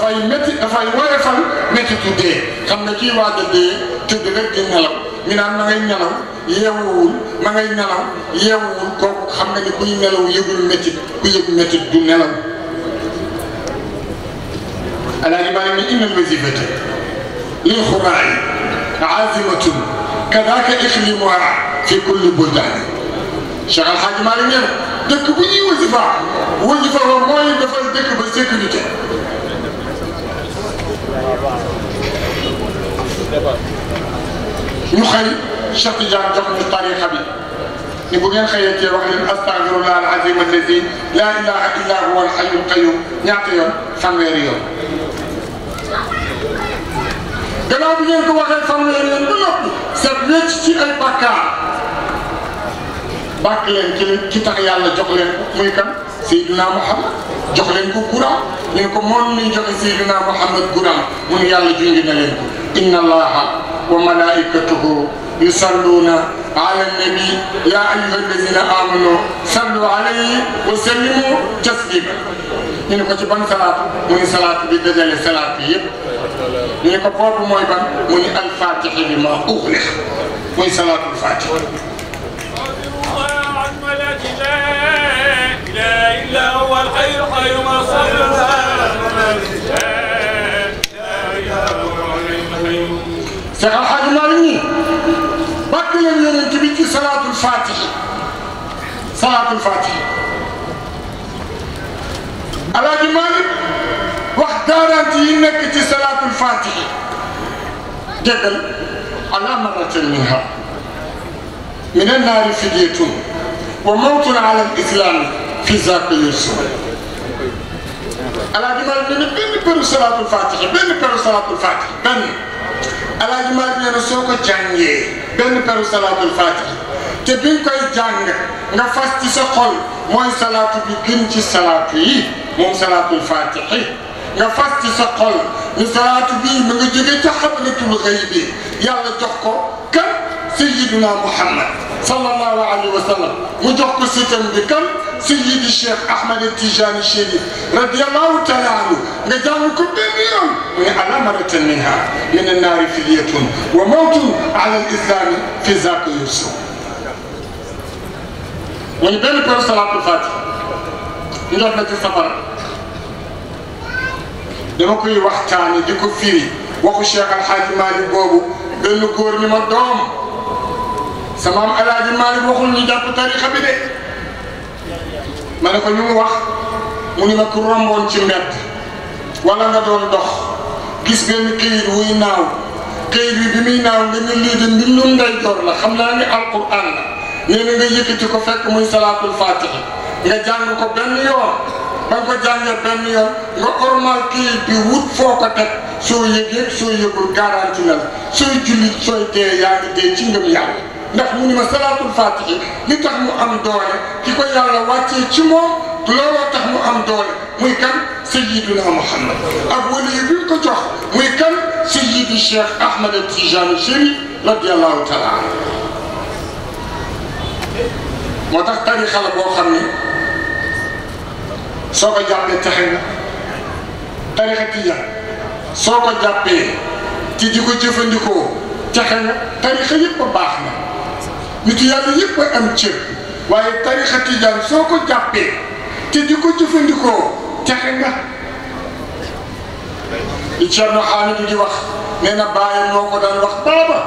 Speaker 2: fay métti fay woyofal metti tudde xamna ci kii de te de rek ñalaw mi ñu naan ma ngay ñalaw yewul ma ngay ñalaw yewul ko xamna ni kuy ñalaw yëgul métti ku yegul métti du nelaw alaaji maa ni inna alwazifata li xuraay azimatun kadaaka ixlimuha fi kulli buldaani Cheikh Alxaaji Maalik nee na dëkk bu ñuy wasifa wasifa mooy defal dëkk ba sécurité نخي شق جان جمع التاريخ بي نقول يا خي يا استغفر الله العظيم الذي لا اله الا هو الحي القيوم نعطي فنغيري دابا بغيت نقول فنغيري نقول لك سبلتي اي bàkk leen ci leen ci tax yàlla jox leen ko muy kan Seydina Muhammad jox leen ko courant ne ko moom mi joxe Seydina Muhammad courant mu ne yàlla junj na leen ko inna allaha wa malaikatahu yusalluna ala nabi ya ayyuha allazina amanu sallu alayhi wa sallimu taslima ñu ne ko ci ban salaatu mu ne salaatu bi dajale salaatu yëpp ñu ne ko boobu mooy ban mu ne alfatixi bi ma uxlix mooy salaatul fatix saxal xaaju loolu nii bàkk leen yonent bi ci salaatul fatih salaatul fatih alaaji Malick wax garanti yi nekk ci salaatul fatih déggal ala maratin minha من النار فدية وموت على الإسلام في ذاك يوسف على جمال من بين بيرو صلاة الفاتحة بين بيرو صلاة الفاتحة بين على جمال من سوق جانجي بين بيرو صلاة الفاتحة تبين كوي جانج نفستي سقل موي صلاة بكين تي صلاة يي موي صلاة الفاتحة نفستي سقل صلاة بي من جيجي تحبلة الغيب يالا تحكو كم سيدنا محمد صلى الله عليه وسلم مجوك سيتم بكم سيد الشيخ أحمد التجاني الشريف رضي الله تعالى عنه نجام كبيريون من ألامة منها من النار في اليتون وموت على الإسلام في ذاك يوسف من بين كل صلاة الفاتحة من لفة السفر دمكو يوحتاني ديكو فيري وخو الشيخ الحاج مالي بوبو بنو كورني مدوم sama am El Hadj Malick waxul ñu jàpp tarixa bi de ma ne ko ñu wax mu ni ma ku romboon ci mbedd wala nga doon dox gis benn këyit wuy naaw këyit bi bi muy naaw nga ne lii de mbindum ndeyjoor la xam naa ni alquran la nee na nga yëkkati ko fekk muy salaatul fatiha nga jàng ko benn yoon ba nga ko jàngee benn yoon nga ormal këyit bi wut foo ko teg soo yëgee soo yëgul garanti na la sooy jullit sooy dee yaa ngi dee ci ngëm yàlla. نحن مسألة الفاتحة نتحم أم دولة كيكو يالا واتي تشمو تلو تحم أم دولة ويكن سيدنا محمد أبو لي بيكو جوح ويكن سيد الشيخ أحمد التجان الشريف رضي الله تعالى ماذا تاريخ الأبو خمي سوف جابي تحينا تاريخ تيا سوف جابي تيجيكو جفن دكو تحينا تاريخ يبقى باخنا nit yàlla yëpp am cër waaye tarixa tijaan soo ko jàppee te di ko jëfandikoo texe nga li Cerno Xaamidu di wax nee na bàyyi moo ko daan wax baaba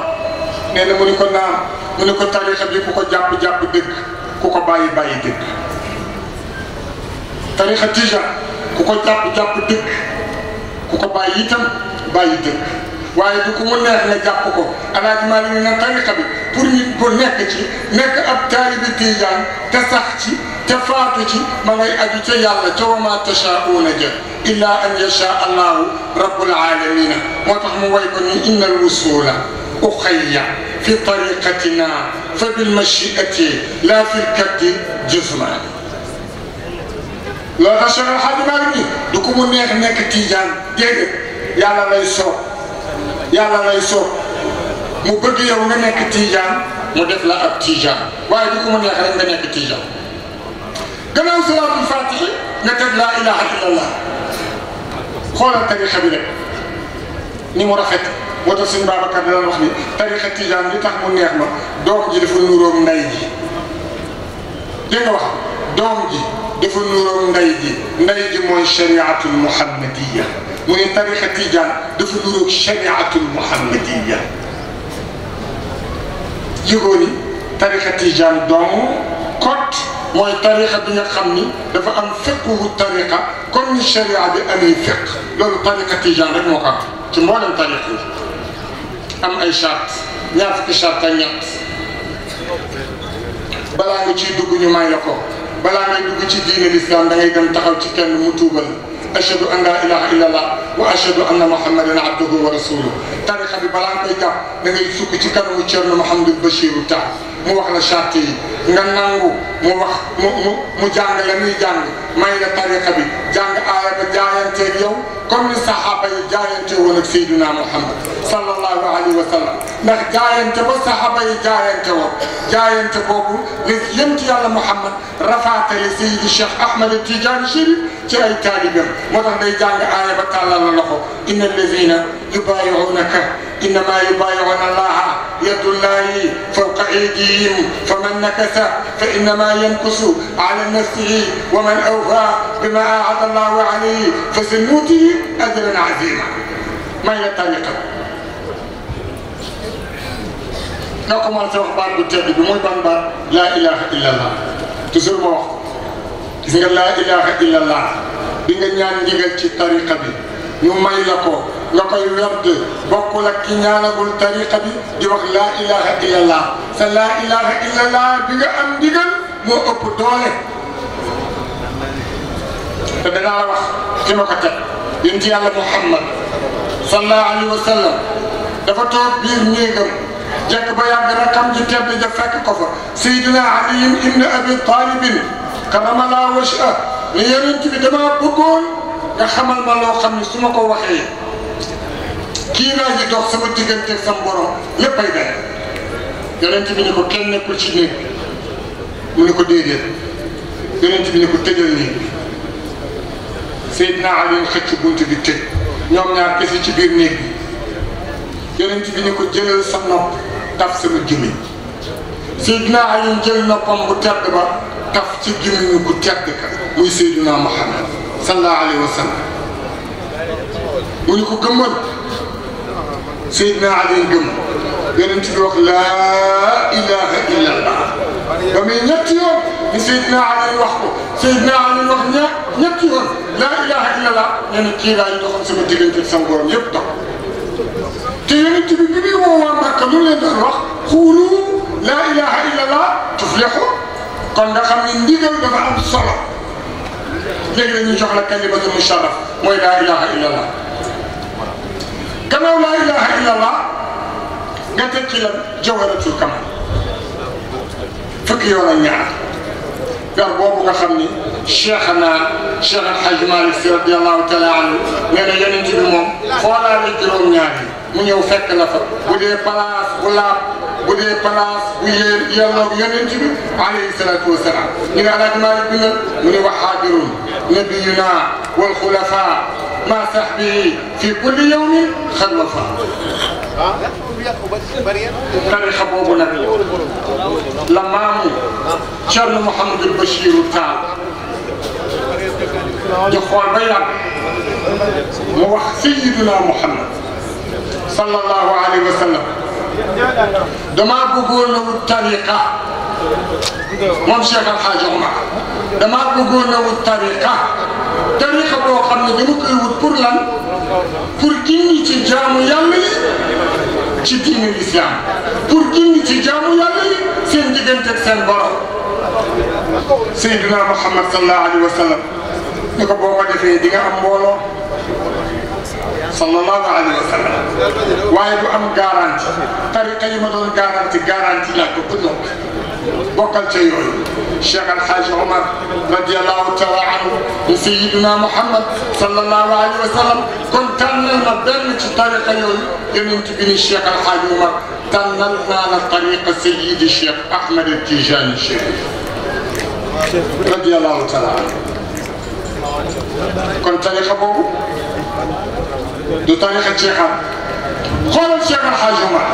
Speaker 2: nee na mu ko naam mu ko tarixa bi ku ko jàpp-jàpp dëgg ku ko bàyyi bàyyi dëgg tarixa dëgg waaye du ko mu neex nga jàpp ko alaaji maa ngi ne tariqa bi pour nit bu nekk ci nekk ab taalibi tijaan te sax ci te faatu ci ma ngay aju ca yàlla ca wa maa tashaauna ja illaa an yashaa allahu rabbul alamina moo tax mu way ko ni inna al wusula uxayya fi tariqatina fa bilmachiati la fi lkaddi jisman loolu tax Cheikh Alhaji Malick ni du ko mu neex nekk tijaan déedéet yàlla lay soob yàlla lay so mu bëgg yow nga nekk tijan mu def la ab tijan waaye du ko mu neex rek nga nekk tijan gannaaw salatu fatihi nga teg la ilaha illallah xoolal tarixa bi rek ni mu rafet moo tax suñu Babacar daan wax ni tarixa tijan li tax mu neex ma doom ji dafa nuróom ndey ji dégg nga wax دونك ديفو نورو نغايجي نغايجي موي شريعه المحمديه موي تاريخ تيجان ديفو نورو شريعه المحمديه يغوني تاريخ تيجان دومو كوت موي تاريخ بيغا خامني دا فا ام فقه الطريقه كون الشريعه دي امي فقه لولو تاريخ تيجان رك موكا تي مولم تاريخ ام اي شات نيا فك شات نيا بلا نجي دوغ ني ماي لاكو بلا من دوجي دين الاسلام دا هيغان تاخال سي كين اشهد ان لا اله الا الله واشهد ان محمدا عبده ورسوله تاريخ بي بلا كاي جاب دا ngay محمد البشير تاع مو واخ لا شاتي nga nangu mu wax mu mu jang la muy jang may la tariqa bi jang aya ba jayante ak yow comme ni sahaba yi jayante ndax jaayante ba saxaba yi jaayante woon jaayante boobu la yënt yàlla Muhammad rafaatale Seydi Cheikh Ahmed Tidiane Chérif ci ay taalibam moo tax day jàng aaya ba tàllal la loxo inna allazina yubaayi'uunaka innama yubaayi'uuna allaha yadullahi fawqa aydihim faman nakasa fa innama yankusu ala nafsihi wa man awfa bima aahada allahu alayhi fa sanuutihi ajran azima may la tariqa nga commencé wax baat bu tedd bi muy ban baat laa ilaha illallah toujours ma wax gis nga laa ilaha illallah di nga ñaan ndigal ci tariqa bi ñu may la ko nga koy werd bokkul ak ki ñaanagul tariqa bi di wax laa ilaha illallah sa laa ilaha illallah bi nga am ndigal moo ëpp doole te danaa la wax fi ma ko teg yonent yàlla Muhammad sallallahu alayhi wa sallam dafa toog biir néegam جاك بيا برقم جتاب جفاك كفر سيدنا علي ابن ابي طالب كرم الله وجهه ليرن في دماء بقول نخمل ما لو خمي سمك وحي كينا يدوخ سمو تيجن تيسام بورو لباي دا يرن تبي نكو كن نكو تشيني منكو ديدي يرن تبي نكو تجلني سيدنا علي خط بنت بتك نعم نعم كسي تبير نيك يرن تبي نكو جلل سمنا taf sama gémmiñ Seydina Ali jël noppam bu tedd ba taf ci gémmiñu bu tedd ka muy mu ni ko gëmmal Seydina Ali gëmm yonent laa ilaha illa laa ilaha illa allah nee na kii laa ñu doxoon sama تيونت ببي ووان ركنو لندرخ قولوا لا إله إلا الله تفلحوا قال نخم من ديغل بفعل الصلاة لكن نجعل كلمة المشرف لا إله إلا الله كما لا إله إلا الله قتلت جوهرة الكمال فكي ولا نعم قال بوبو خمني شيخنا شيخ الحاج مالك رضي الله تعالى عنه نانا ينتي بموم خولا لي جروم نياري mu ñëw fekk la fa bu dee place bu laab bu dee place bu yéen yàlla yonent bi alayhi salaatu wasalaam ñu ne alaaj Maalik bi nag mu ne wa xaadirun nabiyuna wal xulafa ma sahbihi fi kulli yawmin xalwafa tarixa boobu nag la maamu Cerno Mouhamadul Bachir Taal di xool ba yàgg mu wax sayiduna Mouhamad صلى الله عليه وسلم دما بقولوا الطريقة ممشي كان حاجة ما دما بقولوا الطريقة طريقة بو خمي دمك يوتبر لن فرقيني تجامو يلي تجيني الإسلام فرقيني تجامو يلي سنتدن تكسن برو سيدنا محمد صلى الله عليه وسلم نكبو غدفين دي أمبولو صلى الله عليه وسلم واحد وهم غارانتي طريقه يمدون غارانتي غارانتي لك كلهم بقل شيء الشيخ الحاج عمر رضي الله تعالى عنه وسيدنا محمد صلى الله عليه وسلم كنت كن تنلنا بين طريقه يمين تبين الشيخ الحاج عمر تنلنا طريق سيد الشيخ احمد التيجان الشيخ رضي الله تعالى عنه كنت تاريخ بابو du tariqa Cheikhaan xoolal Cheikh Al Hadj Omar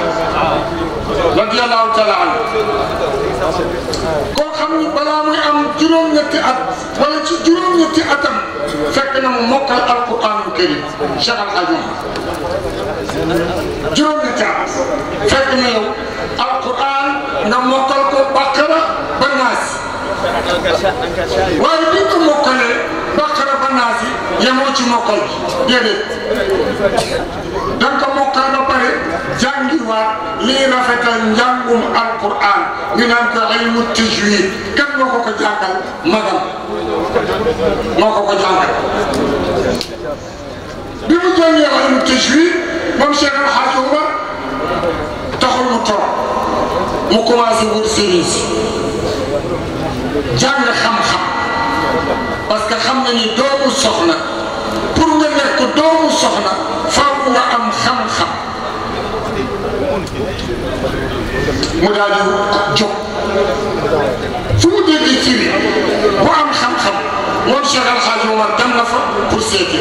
Speaker 2: radiyallahu taala anhu koo xam ni balaa muy am juróom-ñetti at wala ci juróom-ñetti atam fekk na mu mokkal alquraanul karim Cheikh Al Hadj Omar juróom-ñetti at fekk na yow alquraan nga mokkal ko Baqara ba Naas waaye bi nga ko mokkalee Baqara ba Naas yi yemoo ci mokkal bi déedéet da nga ko mokkal ba pare jàngiwaat lii rafetal njàngum alquran ñu naan ko ilmu tajwid kan moo ko ko jàngal magam moo ko ko jàngal bi mu jàngee ilmu tajwid moom Cheikh El Hadj Omar taxul mu toog mu commencé wut service jàng xam-xam parce que xam nañu doomu soxna pour nga nekk doomu soxna faaw nga am
Speaker 1: xam-xam mu daal di jóg fu mu dégg ci bi bu am xam-xam moom
Speaker 2: Cheikh Al Hadj Omar dem na fa pour seeti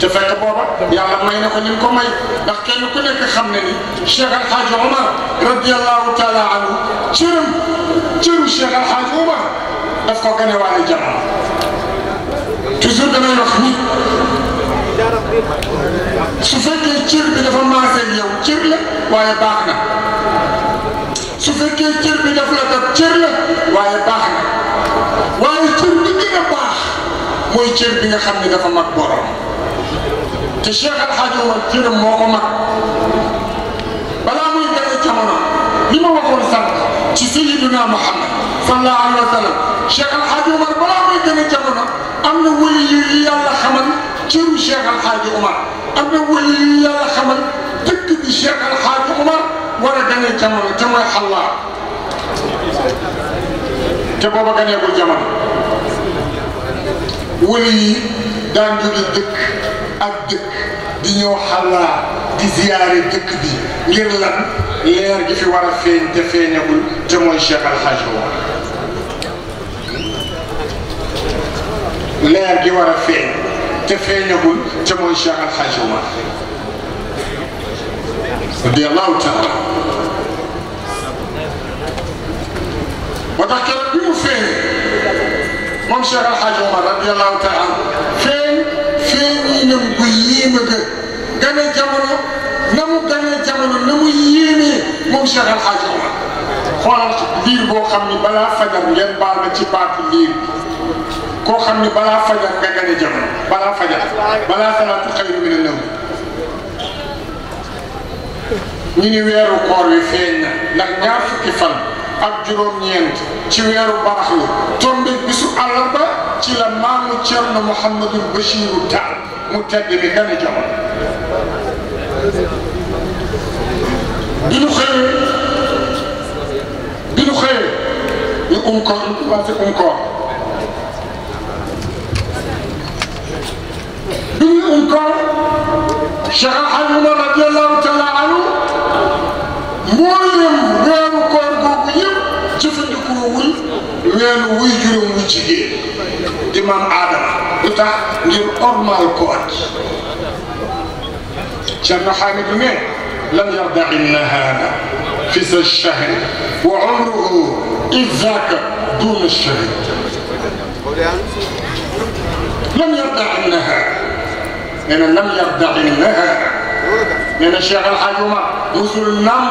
Speaker 2: te fekk booba yàlla may na ko ñu ko may ndax kenn ku nekk xam na ni Cheikh Al Hadj Omar radiallahu taala anhu cëram cëru Cheikh Al Hadj Omar daf ko gën a waale jamono toujours damay wax nit su fekkee cër bi dafa maasee yow cër la waaye baax na su fekkee cër bi dafa la dab cër waaye baax na waaye cër bi gën a baax mooy cër bi nga xam ne dafa mag borom te Cheikh Al Hadj Omar cëram moo ko mag balaa muy gën li ma waxoon sànq ci Sayyidina Muhammad sallallahu alayhi wa sallam Cheikh Al Hadj Omar balaa may demee jamono am na wali yu yàlla xamal cëru Cheikh Al Hadj Omar am na wali yu yàlla xamal dëkk bi Cheikh Al Hadj Omar war a demee jamono te mooy xallaa te booba ganeegul jamono wali yi daan jóge dëkk ak dëkk di ñëw xallaa di ziyaare dëkk bi ngir lan leer gi fi war a feeñ te feeñagul te mooy Cheikh Al Hadj Omar leer gi war a feeñ te feeñagul te mooy Cheikh Al Hadj Omar radiyallahu taala moo tax keroog bi mu feeñee moom Cheikh Al Hadj Omar radiyallahu taala
Speaker 1: feeñ feeñi
Speaker 2: nam gu yéeme ga gën a jamono na mu gën a jamono na mu yéemee moom Cheikh Al Hadj Omar xoolal liir boo xam ni balaa fajar ngeen baal na ci baatu liir كو خامني بلا فجر دغاني جام بلا فجر بلا صلاه خير من النوم ني ني ويرو كور وي فين لا نيار فكي فان اب جوروم نينت تي ويرو باخو توندي بيسو الله تي لا مامو تشيرن محمد بشير تاع متدي مي دغاني جام دينو خير دينو خير يقوم كور يقوم كور منكم شيخ الحاج عمر رضي الله تعالى عنه مويم ويرو كور غوغو ييب جيفنديكو وول ويرو وي جيروم امام ادم لتا غير اورمال كور شيخ حامد مين لم يرضع النهار في ذا الشهر وعمره إذاك دون الشهر لم يرضع النهار من النم يبدأ منها من الشيخ الحجومة مصر النم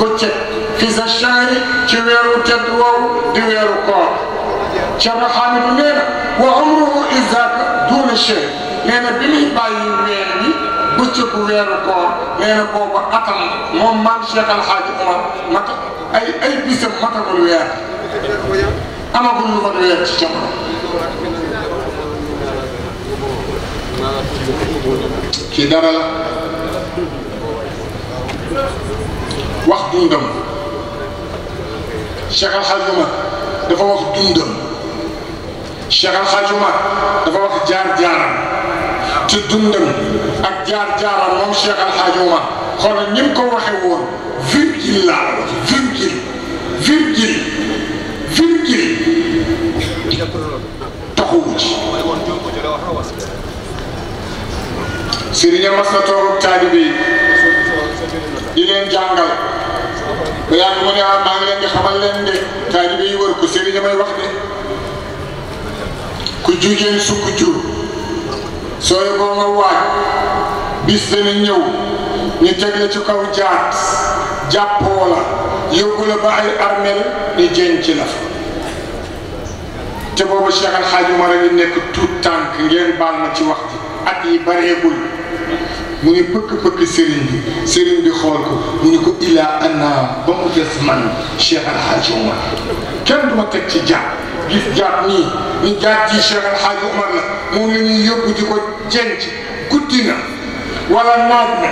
Speaker 2: قتت في الشهر تويرو تدوو تويرو قوت شبر حامد نينا وعمره إزاك دون الشيء نينا بمه باي ويرني قتت تويرو قوت نينا بوبا قتل مومان شيخ الحجومة مطر أي أي بيسم مطر الوياك أما كل مطر الوياك الشمر ci dara la wax dundam Cheikh Al Hadj dafa wax dundam Cheikh Al Hadj dafa wax jaar-jaaram te dundam ak jaar-jaaram moom Cheikh Al Hadj Omar xoolal ni mu ko woon virgule laa wax virgule sëriñ mas na toog taalibe yi di leen jàngal ba yàgg mu ne ah maa ngi leen di xamal leen de taalibe yi wër ko sëriñ may wax de ku jugeen sukk jur sooy boo nga waaj bis dana ñëw ñu teg la ci kaw jaat jàppoo la yóbbu la ba ay armel ñu jeen la te boobu Cheikh Al Hadj Omar a ngi nekk tuut tànk ngeen baal ma ci wax ji at yi bareegul mu ngi pëkk-pëkk sëriñ bi sëriñ bi xool ko mu ni ko ilaa anna ba mu des man
Speaker 1: Cheikh Al Hadj Omar
Speaker 2: kenn du teg ci jàpp gis jàpp nii ni jàpp di ko jenc guddi na wala naaj na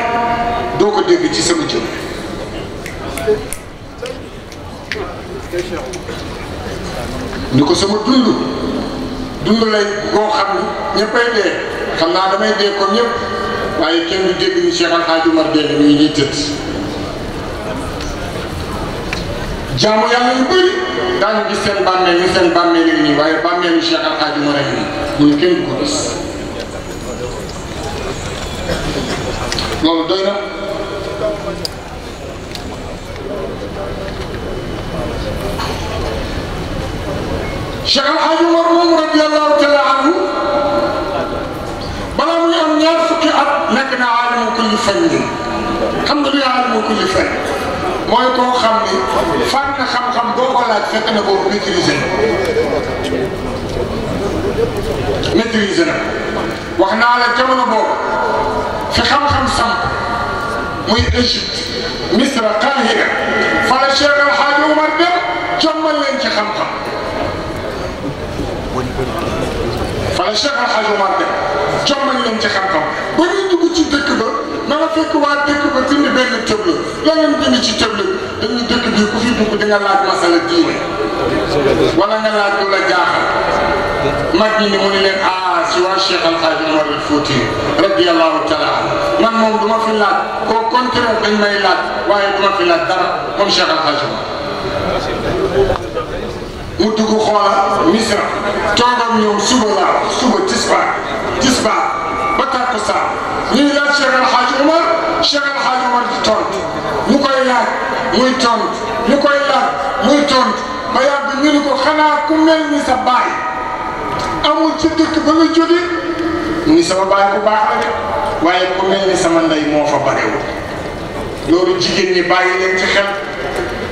Speaker 2: doo ko dégg ci sama jëm ni ko sama dund dund lay boo ñëppay dee xam naa damay dee ko ñëpp Wahai kenn du dégg ni Cheikh Al Hadj jamu dégg ni dan tëdd jaamu yàlla yu bëri daañu gis seen bàmmeel ni seen bàmmeel yi nii waaye bàmmeelu Cheikh Al نكنا عالم كل فن الحمد لله عالم كل فن ما كو خامني فن خام خام دو ولا فك نكو ميتريزي ميتريزي وحنا على جمل بو في خام خام سام موي مصر قاهره فلا شيخ الحاج عمر بن جمل لين في خام خام فلا
Speaker 1: الحاج عمر بن
Speaker 2: jommal leen ci xam-xam ba ñuy dugg ci dëkk ba na nga fekk waa dëkk ba bind benn tëble lan lañ bind ci tëble dañuy dëkk bi ku fi dugg di nga laaj wala nga laaj lu la jaaxal mag ñi ni mu ne leen ah si waa Cheikh Al Hadj Omar al Fouti radiyallahu taala man moom du ma fi laaj koo konti dañ may laaj waaye du ma fi laaj dara moom Cheikh Al mu dugg xoola misra toogam ñoom suba laaw suba tisbaar tisbaar ba takkusaan ñuy laaj Cheikh El Hadj Omar Cheikh di tontu ñu koy laaj muy tontu ñu koy laaj muy tontu ba yàgg ñu ni ko xanaa ku ni sa baay amul ci dëkk ba nga jóge ni sama baay bu baax la waaye ku ni sama ndey moo fa barewul loolu jigéen ñi bàyyi leen ci xel.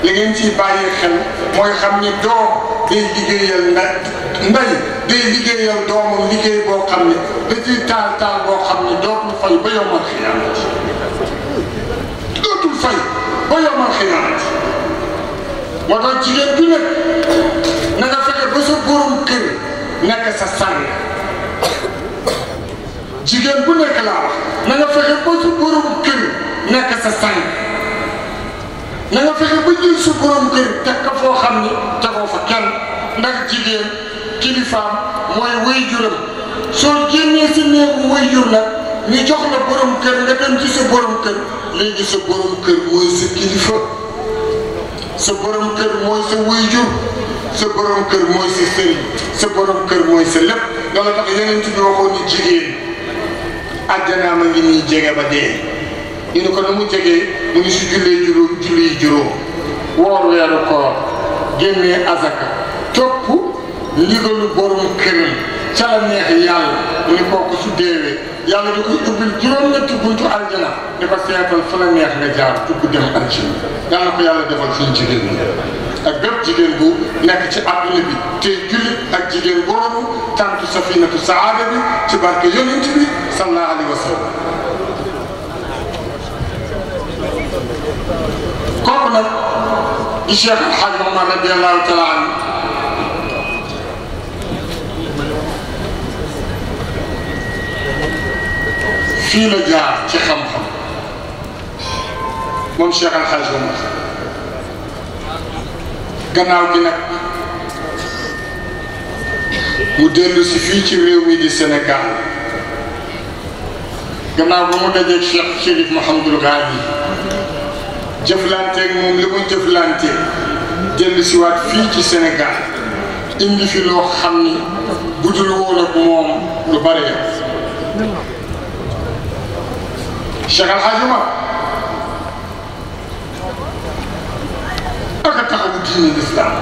Speaker 2: لين في باي خل ما يخمني دوم دي لجيه يلنا نبي دي لجيه يل دوم لجيه بو خمني بدي تال تال بو خمني دوم فاي بيا ما خيانت دوم فاي بيا ما خيانت وده تيجي بنا نعرفك بس بروم كل نك سسان جيجن بنا كلا نعرفك بس بروم كل نك سسان na nga fexe ba jël sa borom kër teg ko foo xam ni tegoo fa kenn ndax jigéen kilifaam mooy waajuram soo génnee sa néegu waajur nag ñu jox la borom kër nga dem ci sa borom kër léegi sa borom kër mooy sa kilifa sa borom kër mooy sa waajur sa borom kër mooy sa sëriñ sa borom kër mooy sa lépp dala tax yeneen ci bi waxoon jigéen a ngi nii jege ba dee ñu ne ko nu mu jegee mu ngi si jullee juróom julli juróom woor weeru koor génnee azaka topp ndigalu borom këram ca la neex yàlla mu ne kooku su deewee yàlla da koy ubbil juróom-ñetti buntu aljana di ko seetal fa la neex nga jaar dugg dem aljana yàlla ko yàlla defal suñu jigéen ak bépp jigéen ci àdduna bi tey ak
Speaker 1: jigéen boobu
Speaker 2: tàntu safinatu saada bi ci barke yonent bi sallallahu alayhi wa kooku nag di Cheikh El Hadj Omar radiyallahu taala anhu fii la jaar ci xam-xam moom Cheikh El Hadj Omar gannaaw gi mu dellu si fii ci réew mi di Sénégal gannaaw ba mu dajeeg Cheikh Chérif Mouhamadou Ghali jëflante ak moom li mu jëflante dellu si waat fii ci Sénégal indi fi loo xam ni bu dul woon ak moom lu la. Cheikh Al Hadj Omar taxawu diine lislaam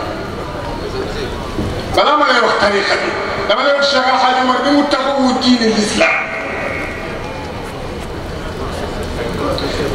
Speaker 2: balaa ma lay wax tariqa bi dama lay wax Cheikh Al Hadj bi mu taxawu diine lislaam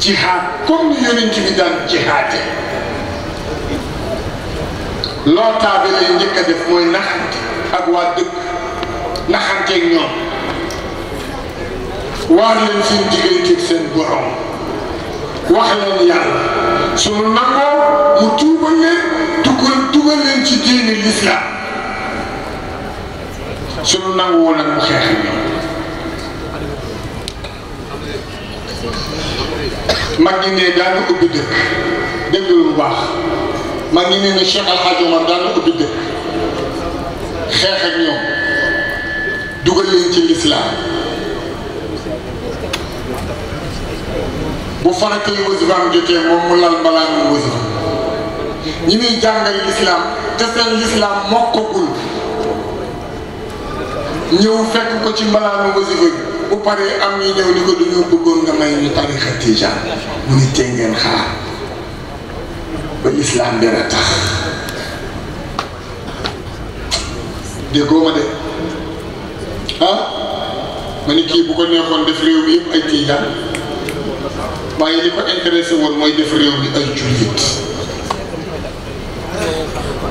Speaker 2: jihaad comme ni yonent bi daan jihaate loo taabe lay njëkk a def mooy naxante ak waa dëkk naxanteeg ñoom waar leen seen digganteeg seen borom wax leen yàlla sunu nangoo mu tuubal leen dugal dugal leen ci diini lislaam sunu nangoo nag mu xeex ñoom mag ñi ne daan na ubbi dëkk lu baax mag ñi ne ne Cheikh Al Hadj Omar dëkk xeex ak ñoom ci lislaam bu faratee wasifaam jotee moom mu lal balaa mu wasifa ñi muy jàngal lislaam te seen lislaam mokkagul ñëw fekk ko ci mbalaanu wasifa bi bu paree am ñu ñëw ni ko du bëggoon nga may ñu tarixa tijaan mu ni tee ngeen xaar ba lislaam dara tax déggoo ma de ah ma ni kii bu ko neexoon def réew mi yëpp ay tijaan waaye li ko intéressé woon mooy def réew mi ay jullit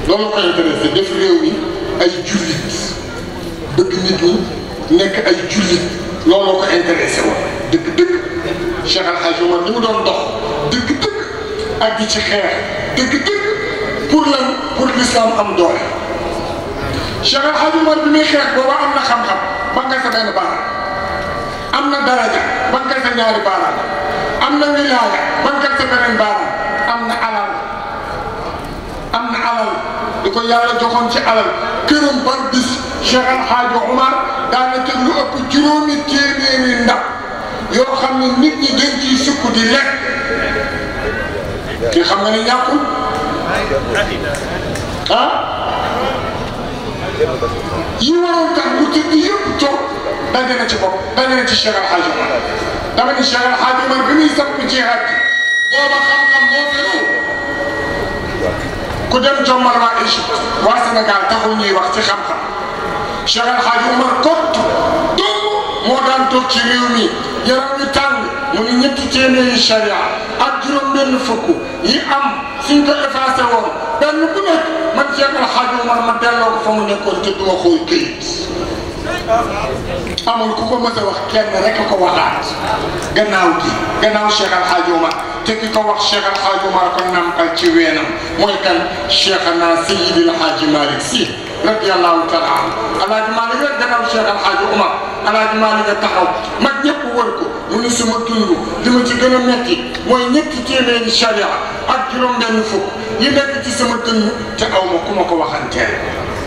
Speaker 2: loolu ko intéressé def réew mi ay jullit bëgg nit ñi nekk ay jullit looloo ko intéressé woon dëgg-dëgg Cheikh Al Hadj Omar li mu doon dox dëgg-dëgg ak di ci xeex dëgg-dëgg pour lan pour l'islam am doole Cheikh Al Hadj Omar bi muy xeex booba am na xam-xam ba nga sa benn baaraam am na daraja ba nga sa ñaari baaraam am na wilaaya ba nga sa beneen baaraam am na alal am na alal di ko yàlla joxoon ci alal këram ban bis Cheikh Al Hadj Omar daanaka lu ëpp juróomi téeméeri ndax yoo xam ne nit ñi dañ ciy sukk di lekk ki xam nga ne ñàkkul ah yi waroon tax mu tëdd yëpp toog daje na ci bopp daje na ci Cheikh Al Hadj Omar dama ni Cheikh Al Hadj Omar bi muy sàpp ci xaj
Speaker 1: booba xam-xam moo gënoo
Speaker 2: ku dem jommal waa Égypte waa Sénégal taxul ñuy wax ci xam-xam Cheikh El Hadj Omar kott dong moo daan toog ci réew mi yaram wi tàng mu ni ñetti téeméeri charia ak juróom benn fukk yi am suñ ko effacé woon benn bu nekk man Cheikh El Hadj Omar ma delloo ko fa mu nekkoon te du ma xooy këyit amul ku ko mës a wax kenn rek ko waxaat gannaaw gi gannaaw Cheikh Al Hadj Omar te ki ko wax Cheikh Al Hadj Omar ko nampal ci weenam mooy kan Cheikh naa Seydil Hadji Malick Sy رضي الله تعالى عنه الله تعالى لا تنام شهر الحاج عمر الله تعالى لا تحاو ما تنبو ورقو من اسم الدنيا لما تجينا ماتي موي نتي تيمي الشارع أكرم بين فوق يلا تتي سم الدنيا تحاو مكو مكو وخان تيري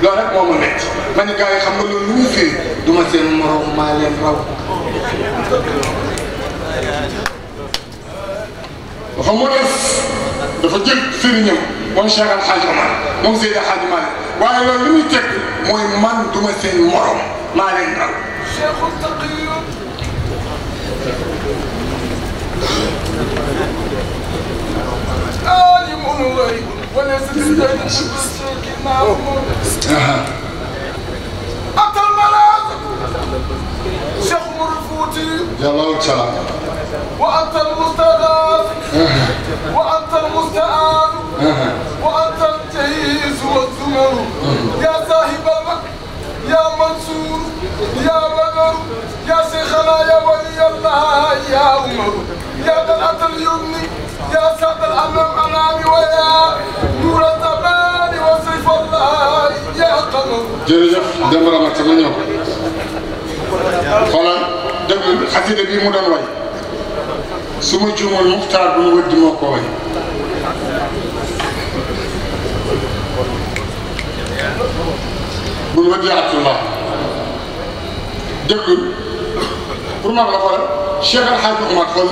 Speaker 2: لولا ما ما مات ما نكاي خمبل نوفي دوما سين مروه مالين رو فمونس dafa jël sëriñam moom Cheikh Al Hadj Omar moom Seydi Al Hadj Malick waaye loolu li muy teg mooy man duma seen morom maa leen dal عالم غيب وليس بالدين
Speaker 1: شبستك معمول أتى الملاذ شيخ يا جل وأنت المستغاث أه. وأنت المستعان أه. وأنت الجهيز والزمر يا صاحب يا منصور يا بدر يا شيخنا يا ولي الله يا عمر يا بلعة اليمن يا سعد الأمام ويا
Speaker 2: نور الزمان وسيف الله يا قمر جرجف دمرة ما تمنيو dëgg xasida bi mu doon way su ma juumal muxtaar bu mu wëddi moo ko way bu mu wëddi abdullah dëgg pour ma la xool Cheikh El Hadj Omar xool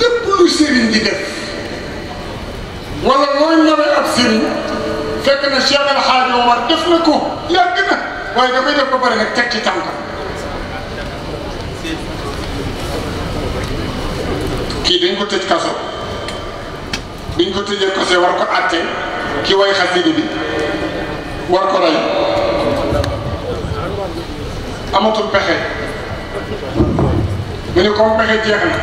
Speaker 2: lépp lu sëriñ di def wala mooy nawe ab sëriñ fekk na Cheikh El Hadj Omar def na ko na waaye dafay def ba pare nag kii dañ ko tëj kaso biñ ko tëjee kose war ko àtte ki way xasida bi war ko rey amatul pexe mu ne comme pexe jeex na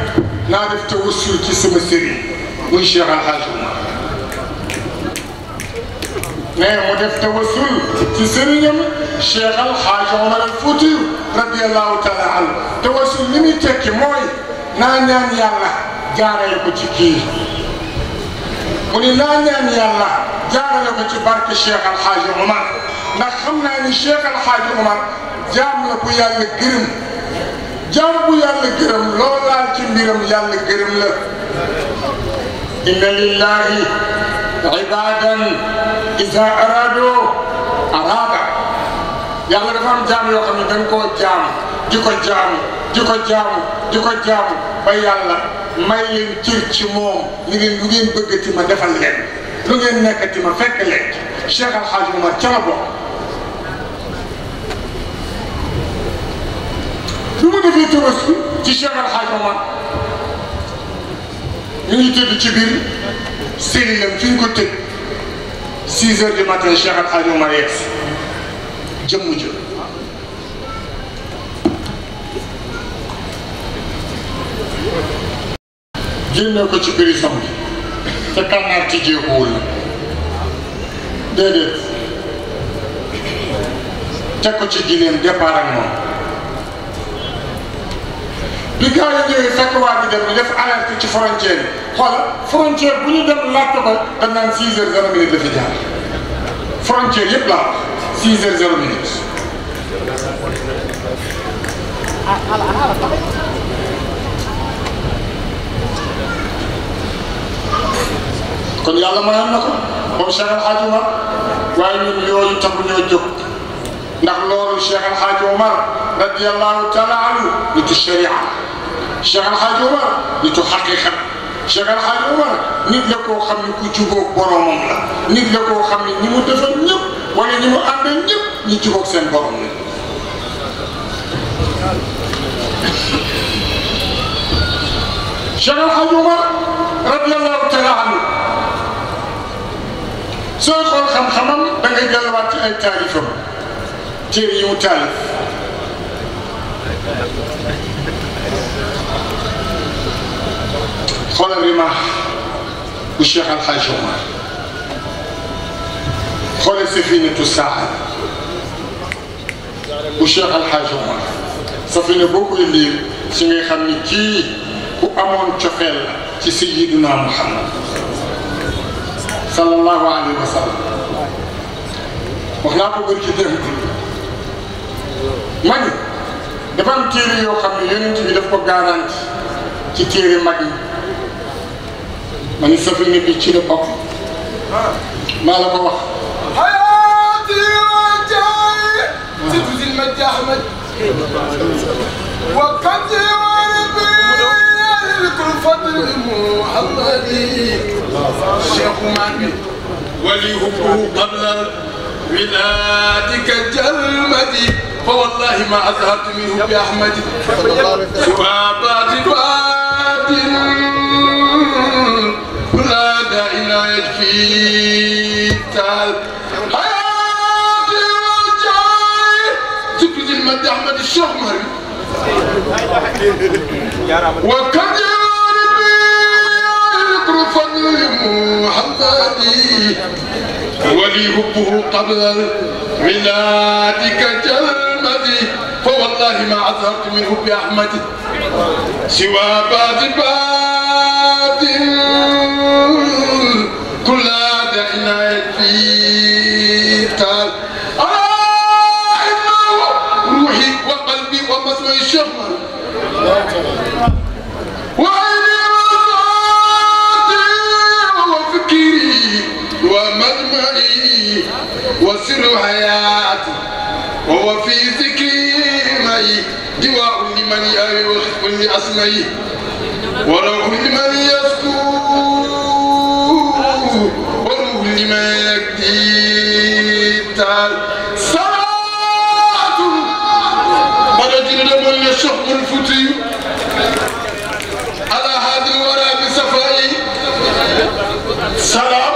Speaker 2: naa def tawassul ci sama sëriñ muy Cheikh Alhaji Oumar mais mu def tawassul ci sëriñam Cheikh Alhaji Oumar al Fouti radiyallahu taala anhu tawassul li muy tekki mooy naa ñaan yàlla jaarale ko ci kii mu ni naa ñaan yàlla jaarale ko ci barke Cheikh Al Hadj Omar ndax xam naa ni Cheikh Al Hadj Omar jaam la bu yàlla gërëm jaam bu yàlla gërëm loo laal ci mbiram yàlla gërëm la. inna lillahi ibadan ida arado arada yàlla dafa am jaam yoo xam ne dañ koo jaam di ko jaam. di ko jaamu di ko jaamu ba yàlla may leen cër ci moom ñu ngeen lu ngeen bëggati ma defal leen lu ngeen nekkati fekk leen Cheikh Al Hadj Omar ca la bokk lu mu defee tabaski ci Cheikh Al Hadj Omar ñu ngi tëdd ci biir cellule fi ñu ko tëj 6 heures du matin Cheikh Al Hadj Omar yegg jëmm jëm. Він не хоче горизонт. Така наркідія гульна. Дев'ять. Те хоче ділін, де парамо. bi gars yi ñëwee fekk waa bi dem ñu def alerte ci frontière yi xoola frontière bu ñu dem laajte ko dañ naan 6 heures 0 minute la fi jaar frontière yëpp laa 6 kon yàlla mayoon na ko moom Cheikh El Hadj Omar waaye ñun yooyu taxu ñoo jóg loolu Cheikh El Hadj Omar radiyallahu taala anhu nitu sharia Cheikh El Hadj Omar nitu xaqiqa Cheikh El Hadj Omar nit la koo xam ne ku jubóog boromam la nit la koo xam ne ñi mu defal ñëpp mu àndal ñëpp ñu jubóog seen borom la. Cheikh El Hadj Omar taala anhu sooy xool xam-xamam da ngay delluwaat ci ay taalifam téere yi mu taalif xoolal rimaax bu Cheikh Alxaaj Omar xoolal safinatu saa bu Cheikh Alxaaj Omar safina boo koy liir si ngay xam ni kii ku amoon cofeel la ci Sayyiduna Muhammad صلى الله عليه وسلم وخلاق بركة دهن كله ماني دفن تيري يو خمي ينتي بدفق قارانت كي تيري مدي ماني سفيني بيشي لبقى ما لك الله حياتي وجاي تتوزي آه. المجي أحمد
Speaker 1: وقدي وربي للكل فضل المحمدين الشيخ ماكل
Speaker 2: وليهبه قبل ولادك جلمتي فوالله ما أزهرت منه بأحمد سوابات دواد ولا داع لا يكفي
Speaker 5: تعال حياتي
Speaker 2: وجاي تبدي المد أحمد الشهمري
Speaker 5: وكذا
Speaker 2: حمداني ولي حبه قبل ميلادك جلمدي
Speaker 10: فوالله ما عذرت من حب احمد سوى باذبات كل داعي
Speaker 2: يكفي وسر حياتي وهو في ذكري معي دواء لمن يخف لأسمعي وروح
Speaker 1: لمن يسكو وروح لمن يكدي صلاة
Speaker 2: بلد لمن يشق الفتي على هذا الورى بصفائي صلاة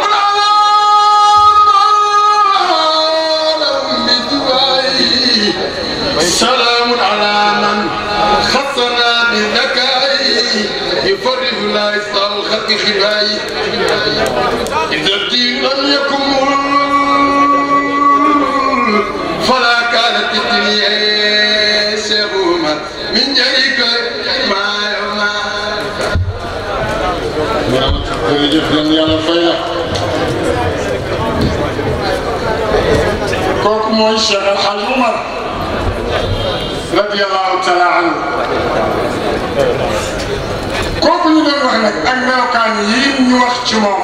Speaker 2: waaw kooku ñu doon wax nag ak melokaan yi ñu wax ci moom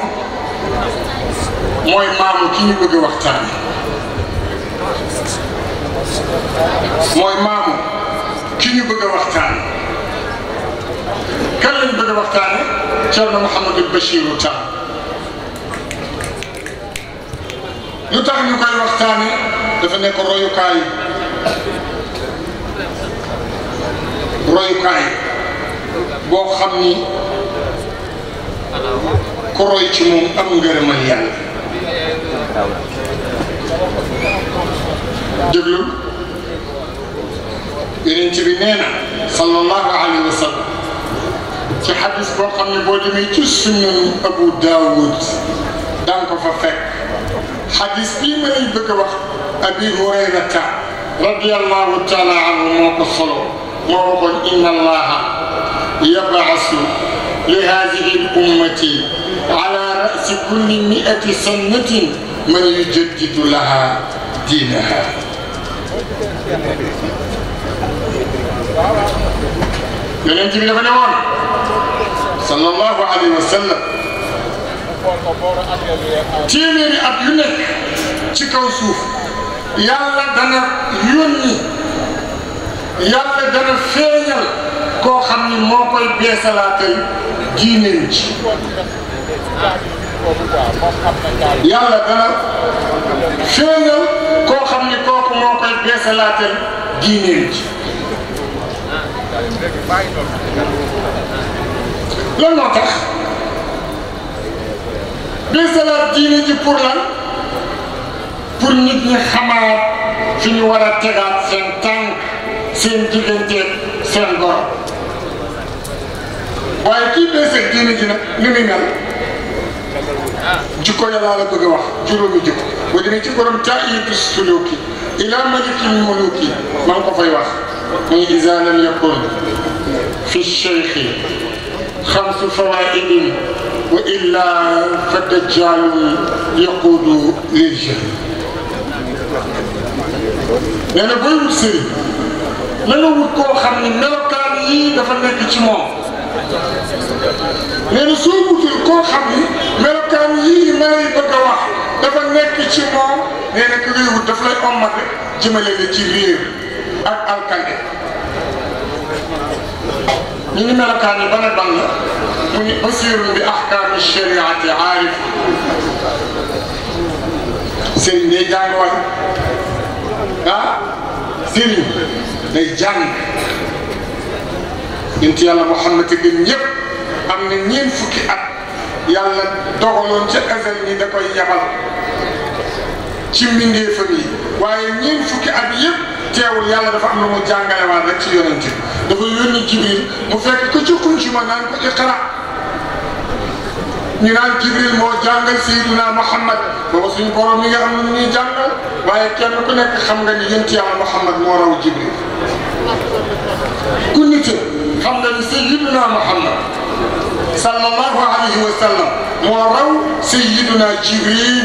Speaker 2: mooy maamu ki ñu bëgg waxtaan mooy maamu ki ñu bëgg waxtaan kan lañ bëgg waxtaane Cerno Mouhamadou Bachirou Tall lu tax ñu koy waxtaane dafa nekk royukaayu royukaay boo xam ni ku roy ci moom am ngërëmal yàlla déglu yeneen ci bi nee na sallallahu alayhi wa sallam ci xadis boo xam ne boo Daawud daan ko fa fekk xadis bii ma lay bëgg a wax Abi Hurayrata وقل إن الله
Speaker 1: يبعث لهذه الأمة على
Speaker 2: رأس كل مئة سنة من يجدد لها دينها صلى الله عليه وسلم تيمي at yu يالا دانا يوني yàlla dana feeñal koo ni moo koy beesalaatay diineen ci yàlla dana feeñal koo ni kooku moo koy beesalaatay diineen ci lan moo tax beesalaat diine ji pour lan pour nit ñi xamaat fi ñu war tegaat seen seen digganteeg seen goro waaye kii bee sëg diine ji nag ni muy mel jikko ya laa la bëgg a wax juróomi jikko boo demee ci borom taayib suluki ila malikin muluki maa ngi ko fay wax muy iza lam yakun fi cheikhi xamsu fawaidin wa illa fa dajjalun yaqudu lil jahl nee na booy wut sëriñ nanga wut koo xam ne melokaan yii dafa nekk ci moom nee na soo wutul koo xam ne melokaan yii ma lay bëgg a wax dafa nekk ci moom nee na ki ngay wut daf lay ommate jëmale la ci réer ak alkalde ñu ngi melokaan yi ban a ban la mu ni basirun bi ahkaami shariati aarif sëriñ day jàng waay ah sëriñ day jàng yonent yàlla Muhammad gën ñëpp am na ñeent fukki at yàlla dogaloon ca azal ni da koy yabal ci mbindeefam yi waaye ñeent fukki at yëpp teewul yàlla dafa am lu mu jàngalewaat rek ci yonent bi dafa Jibril mu fekk ko ci xunjuma naan ko iqra ñu naan Jibril moo jàngal Seydina Muhammad booba suñu borom mi nga xam ne ñuy jàngal waaye kenn ku nekk xam nga ni yonent yàlla Muhammad moo raw Jibril ku nite xam nga ni sayyiduna Muhammad sallallahu alayhi wa sallam moo raw sayyiduna Jibril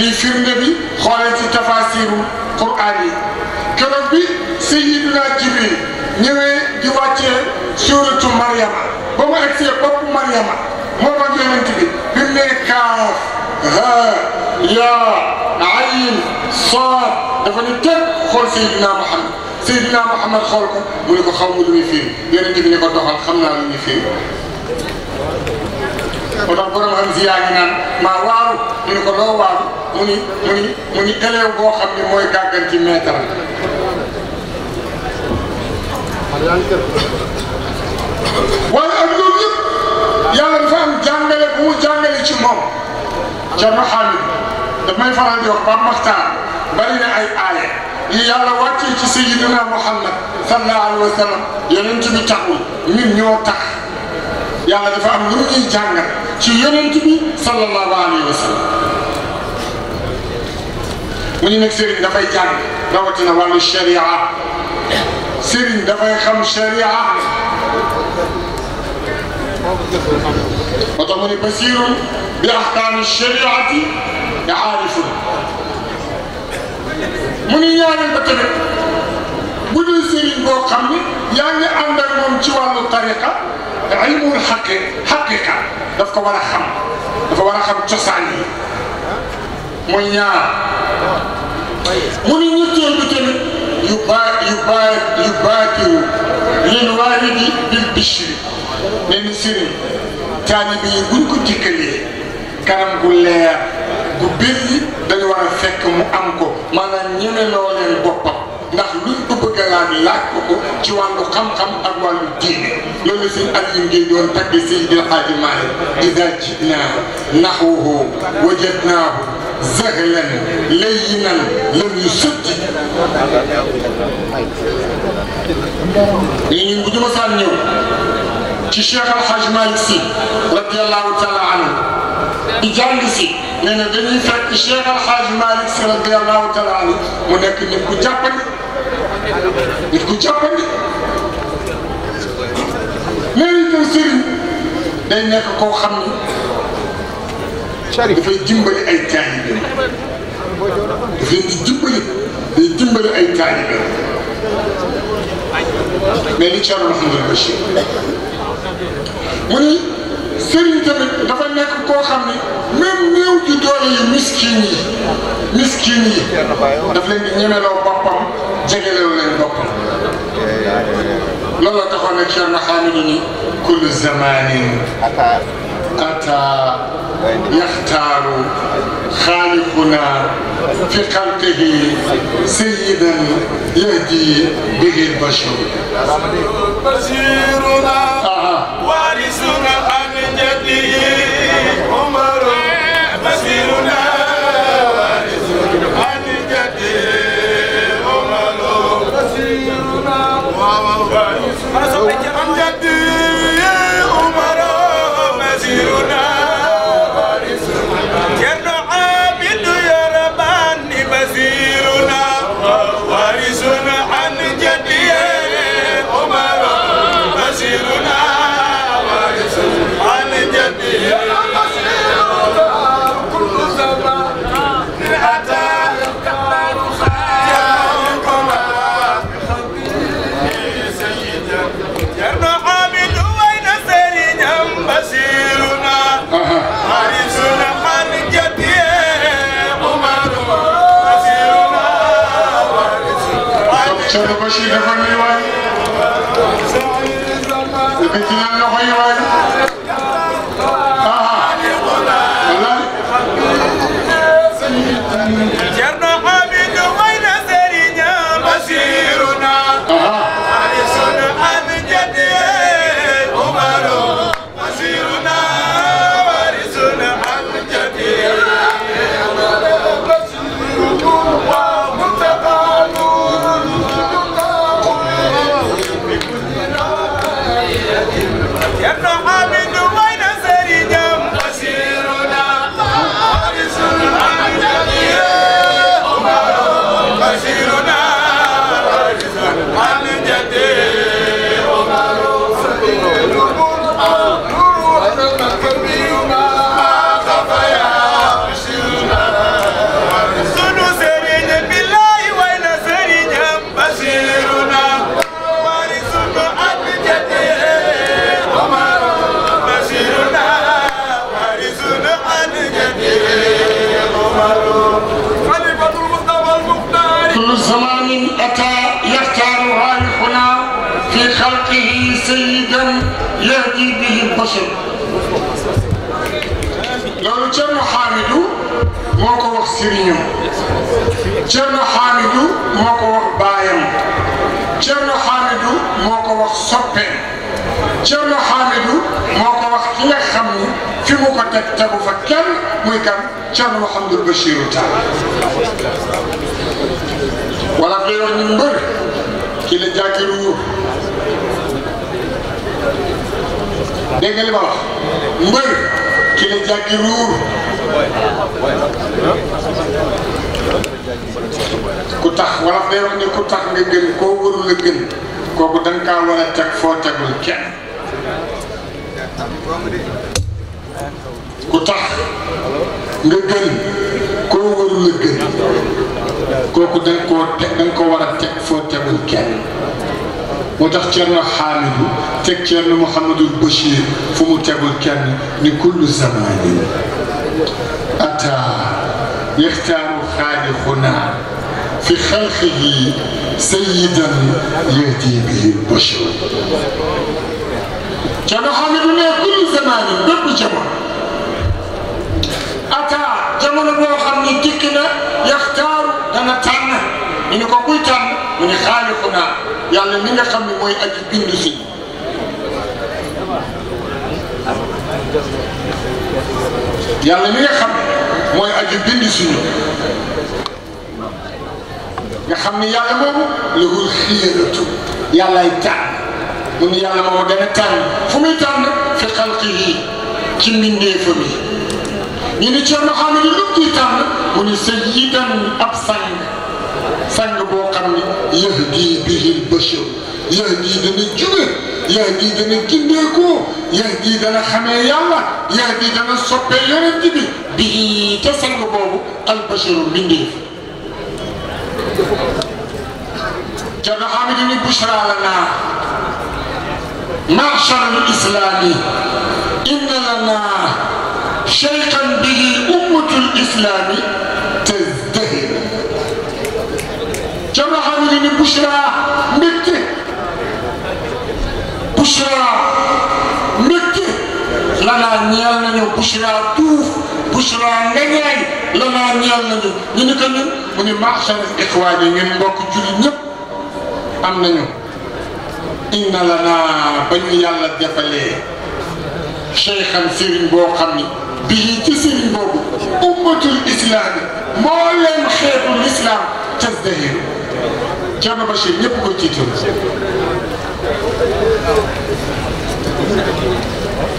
Speaker 2: lii firnde bi xoolal ci tafasiru Qur'an yi keroog bi sayyiduna Jibril ñëwee di wàccee suuratu Maryama ba mu egsee bopp Maryama moom ak yonent bi bi mu nee kaaf haa yaa ayn saad dafa ni teg xool sayyiduna Muhammad سيدنا محمد خالق مولك خامل ميفين يعني دي بنيكو دوخال خامنا ميفين ودا بروم هم زياغي نان ما وارو مولكو لو وارو موني موني موني كليو بو خامي موي غاغان تي ميتر وي ان دو ييب يالا فام جانغالي بو جانغالي تي موم جامو حامد دا ماي فاران دي وخ با مختار بارينا اي ايه yu yàlla wàccee ci sayidina muhammad sallallahu alayhi wa sallam yonent bi taxul ñun ñoo tax yàlla dafa am lu ñuy jàngal ci yonent bi sallallahu alayhi wa sallam mu ñu nekk sëriñ dafay jàng rawatina wàllu sharia sëriñ dafay xam sharia moo tax mu ne basiirun bi ahkaami shariati aarifun mu ni ñaareel ba tamit bu dul sëriñ boo xam ni yaa ngi ànd ak moom ci wàllu tariqa ilmul xaqi xaqiqa daf ko war a xam dafa war a xam cosaan yi muy ñaar mu ni ñetteel bi tamit yu baa yu baa yu baatiru lil waalidi bil bishri nee ni sëriñ taalibe yi buñ ko jikkalee kanam gu leer bu biir yi dañu war a fekk mu am ko maanaam ñeme loo leen boppam ndax luñ ko bëgg a laaj laaj ko ko ci wàllu xam-xam ak wàllu diine loolu suñ at yu ngi doon tagg Seydi El Hadji Malick ida jinaa nahwahu wajadnaahu zahlan layyinan lam yusaddi ñu ñun bu ñu ma saan ñëw ci Cheikh El Hadji Malick Sy radiyallahu taala anhu ijalisi nee na dañuy fekk Cheikh El Hadj Malick Sy radiyallahu taala anhu mu nekk nit ku jàppandi nit ku jàppandi léegi ñoom sëriñ day nekk koo xam ne dafay dimbali ay taalibe dafay di dimbali day dimbali ay taalibe mais li Thierno Mouhamadou Bachir mu ni sëriñ tamit dafa nekk koo xam ni même néew ji doole yi miskin yi miskin yi daf leen di ñemeloo boppam jegelewu leen boppam loolu la taxoon nag Cheikh Mahamadu ni kullu zamanin أتى يختار خالقنا في خلقه سيدا يهدي
Speaker 10: به البشر
Speaker 2: بشيرنا
Speaker 11: Olha só,
Speaker 5: Görüşüyle
Speaker 1: fırlıyor. Peki
Speaker 2: Bachir loolu Thierno Hamidou moo ko wax sëriñam Thierno Hamidou moo ko wax baayam Thierno Hamidou moo ko wax soppeem Thierno Hamidou moo ko wax ki nga xam ni fi mu ko teg tegu fa kenn muy kan Thierno Mouhamadou Bachir Tall wala bi yoon ñu mbër ki la jàkkiru dégg mbër ki la jàggi ruur ku tax wala day wax ne ku tax nga gën koo warul gën kooku da
Speaker 1: nga war a teg foo tegul kenn ku tax nga gën koo
Speaker 2: warul la gën kooku da nga teg da ko war a teg foo tegul kenn moo tax Thierno Hamidou teg Thierno Mouhamadul Bachir fu mu tegul kenn ni kullu zamanin ataa yaxtaaru xaalixuna fi xalqihi sayyidan
Speaker 10: yahdi bihi bachir
Speaker 2: Thierno Hamidou ne kullu zamanin bépp jamono ataa jamono boo xam ne dikk na yaxtaaru dana tànn ñu ne ko kuy tànn من خالقنا يعني من خم موي اجبين لسي يعني من خم موي اجبين لسي يخمي يعني مو له الخيرة يعني تعب من يعني مو دنا تعب فمي تعب في خلقه كم من نيفمي من يجي مخامل لبتي تعب من سيدا أبصر سنبو يهدي به البشر يهدي به الجبر يهدي به الكنديكو يهدي به الحمايا الله يهدي به الصبيان الدبي به تسلم بابو البشر من ديف كان حامد بن بشرى لنا معشر الإسلام إن لنا شيخا به أمة الإسلام Bouchra mbégte Bouchra mbégte lanaa ñeel nañu Bouchra tuuf Bouchra ngañaay lanaa ñeel nañu ñu ni ko ñun mu ni maasal ixwaan yi ñun mbokk jullit ñëpp am nañu inna lanaa ba ñu yàlla defalee cheikhan sëriñ boo xam ni bii ci sëriñ boobu ummatul islaami moo leen xeetu lislaam ca zahir Thierno Bachir ñëpp koy jiital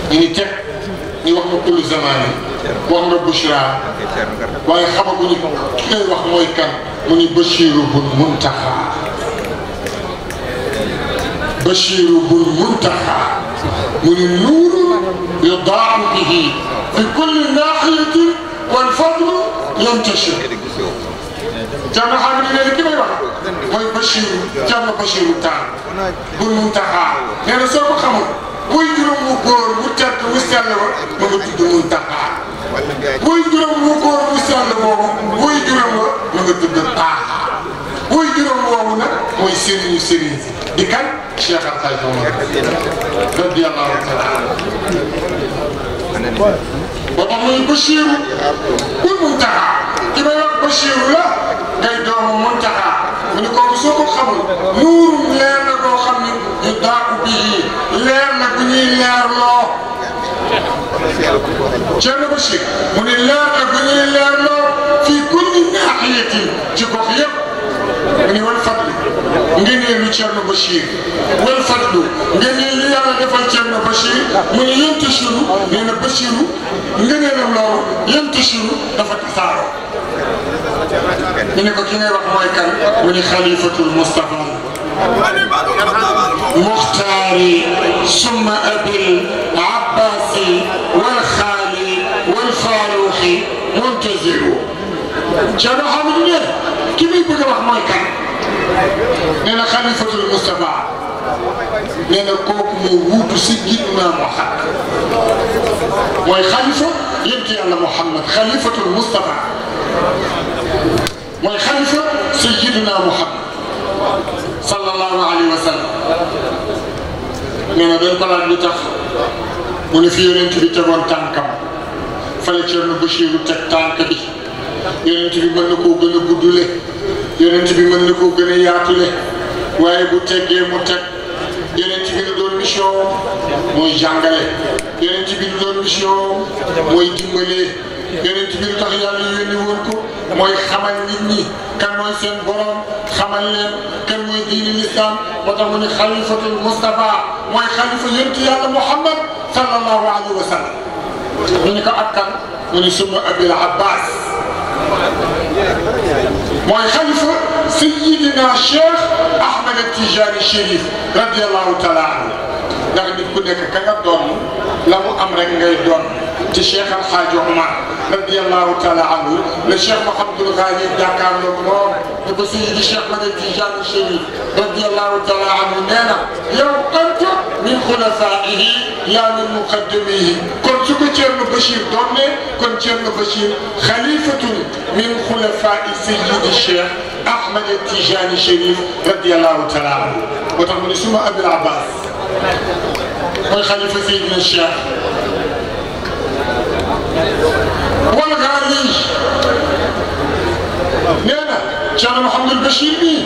Speaker 2: ñu ni teg ñu wax ma kullu zamani wax ma Bouchra waaye xamaguñu ki ngay wax mooy kan mu ni Bachiru bun Muntaxa Bachiru bun Muntaxa mu ni nuuru yudaamu bihi fi kulli naaxiyatin wal fadlu yantashir Thierno Hamidou nee na ki may wax mooy Bachir Thierno Bachirou Tall bu Muntaxa nee na soo ko xamul muy juróom wu góor wu tedd wu sell ma nga tudd Muntaxa muy juróom wu sell boobu muy juróom wa ma nga tudd Taaxa muy juróom woowu nag mooy sëriñu su ko xamul nuuru leer na koo xam ne ñu daaku bii leer na bu ñuy leerloo Thierno Bachir mu ne leer na bu ñuy leerloo fii kulli naaxiyatin ci gox yëpp mu ne wal fadlu ngëneelu Thierno Bachir wal fadlu ngëneel li yàlla defal Thierno Bachir mu ne yéen tësiru nee na Bachiru ngëneelam loolu yéen tësiru dafa tasaaroo إنكو كنا رحمة كان ولي خليفة المصطفى مختاري ثم أبي العباسي والخالي والفاروخي منتظر شنو حمد كيف يبقى رحمة كان إن خليفة المصطفى nee na موجود moo wuutu si ginnaa Muhammad mooy xalifa yénti yàlla والخمسة سيدنا محمد صلى الله عليه وسلم نانا دين كلا بيتاف من في يرين تبي تبون تانكم فلتشر نبشي وتك تانك بي يرين تبي من نكو بنا بدولي يرين تبي من نكو بنا ياتولي واي بوتك يرين متك يرين تبي ندون مشو مو جانجالي يرين تبي ندون مشو مو يدمالي yonent bi lu tax yàlla yónni woon ko mooy xamal nit ñi kan mooy seen borom xamal leen kan mooy diini lislaam moo tax mu ne xalifatul Mustafa mooy xalifa yonent yàlla Muhammad sallallahu alayhi wa sallam ñu ne ko ak kan mu ne summa abil abbas mooy xalifa sayidina cheikh ahmad tijani chérif radiallahu taala anhu ndax nit ku nekk ka nga doon لم أمر جيدون تشيخ الحاج عمر رضي الله تعالى عنه لشيخ محمد الغالي داكار لكم تبسي الشيخ من التجار الشريف رضي الله تعالى عنه نانا يو كنت من خلفائه يا من مقدميه كنت كتير بشير دوني كنت كتير بشير خليفة من خلفاء سيد الشيخ أحمد التجاني الشريف رضي الله تعالى عنه وتعملي سمع أبي العباس وخليفة سيدنا الشيخ والغالي نانا شان محمد البشير مين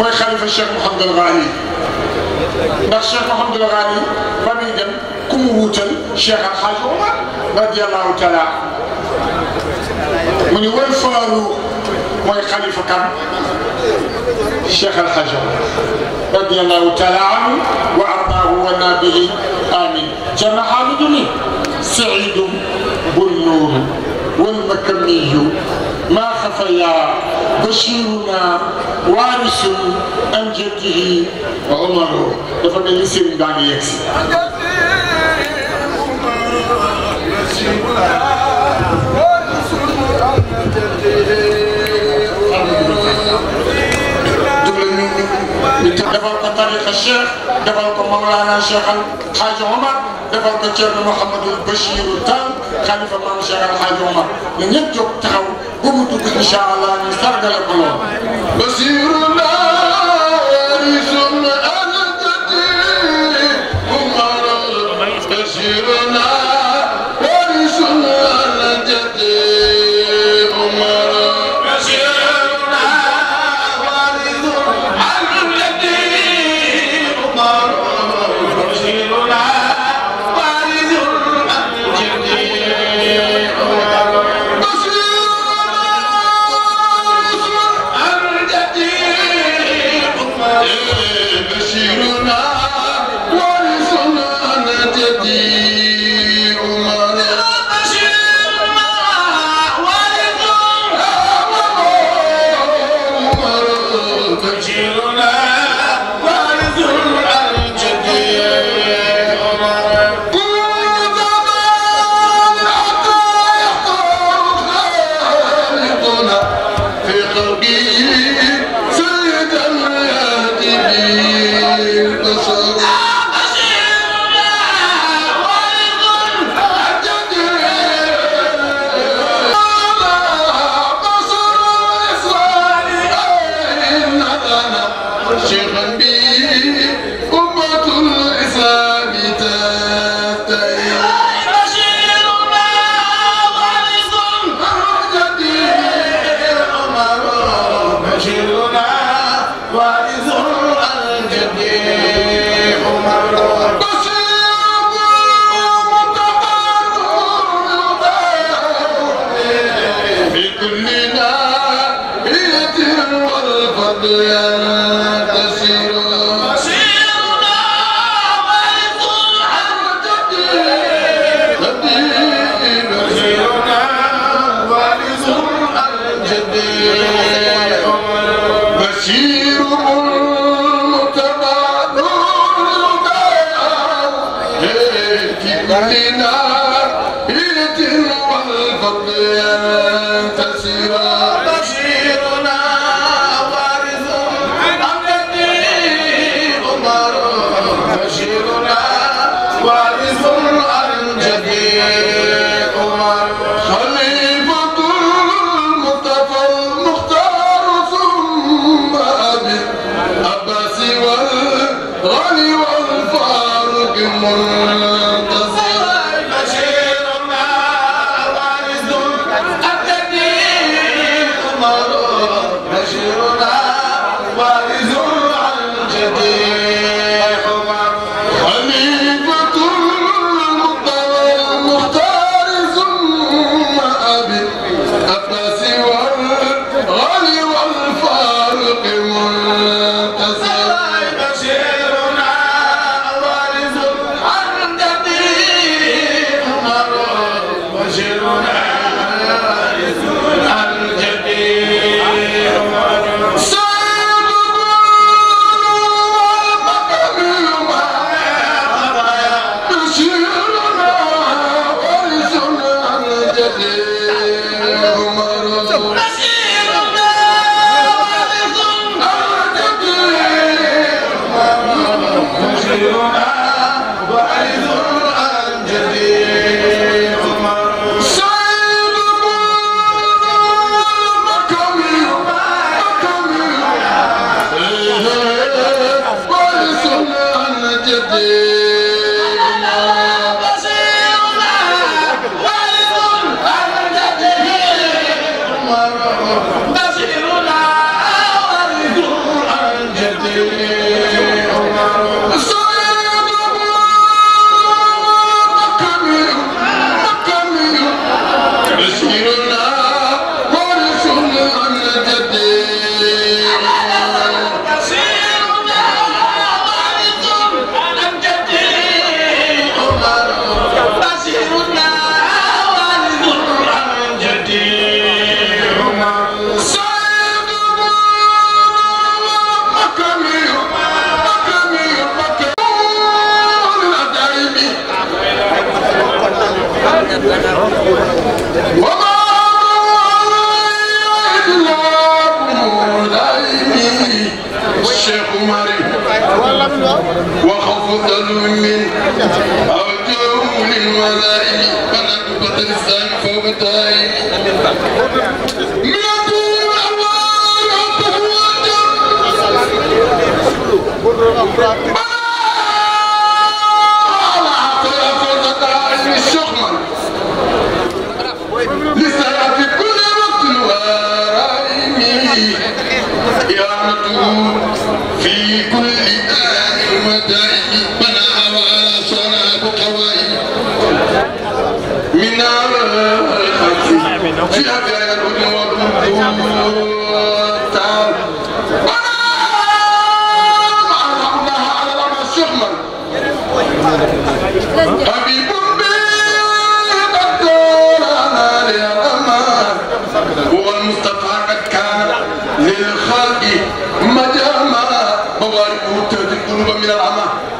Speaker 2: mooy xalifa Cheikh Mouhamadul Ghali ndax Cheikh Mouhamadul Ghali ba muy dem ku mu wuutal Cheikh Al Hadj Omar radiyallahu taala
Speaker 1: mu ni wal faaru
Speaker 2: mooy xalifa kan Cheikh Al Hadj Omar radiyallahu taala anhu wa وتوفنا به آمين جمع حامد سعيد بالنور والمكمي ما خفيا بشيرنا وارث عن جده عمر دفع لي سيرين داني يكسي dafa tariqa cheikh defal ko Mawlana Cheikh Al Hadj Omar defal ko Thierno Mouhamadou Bachir Tall xalifa maam Cheikh Al Hadj Omar na ñëpp jóg taxaw bu mu dugg incha allah ñu sargale ko lool. Bachir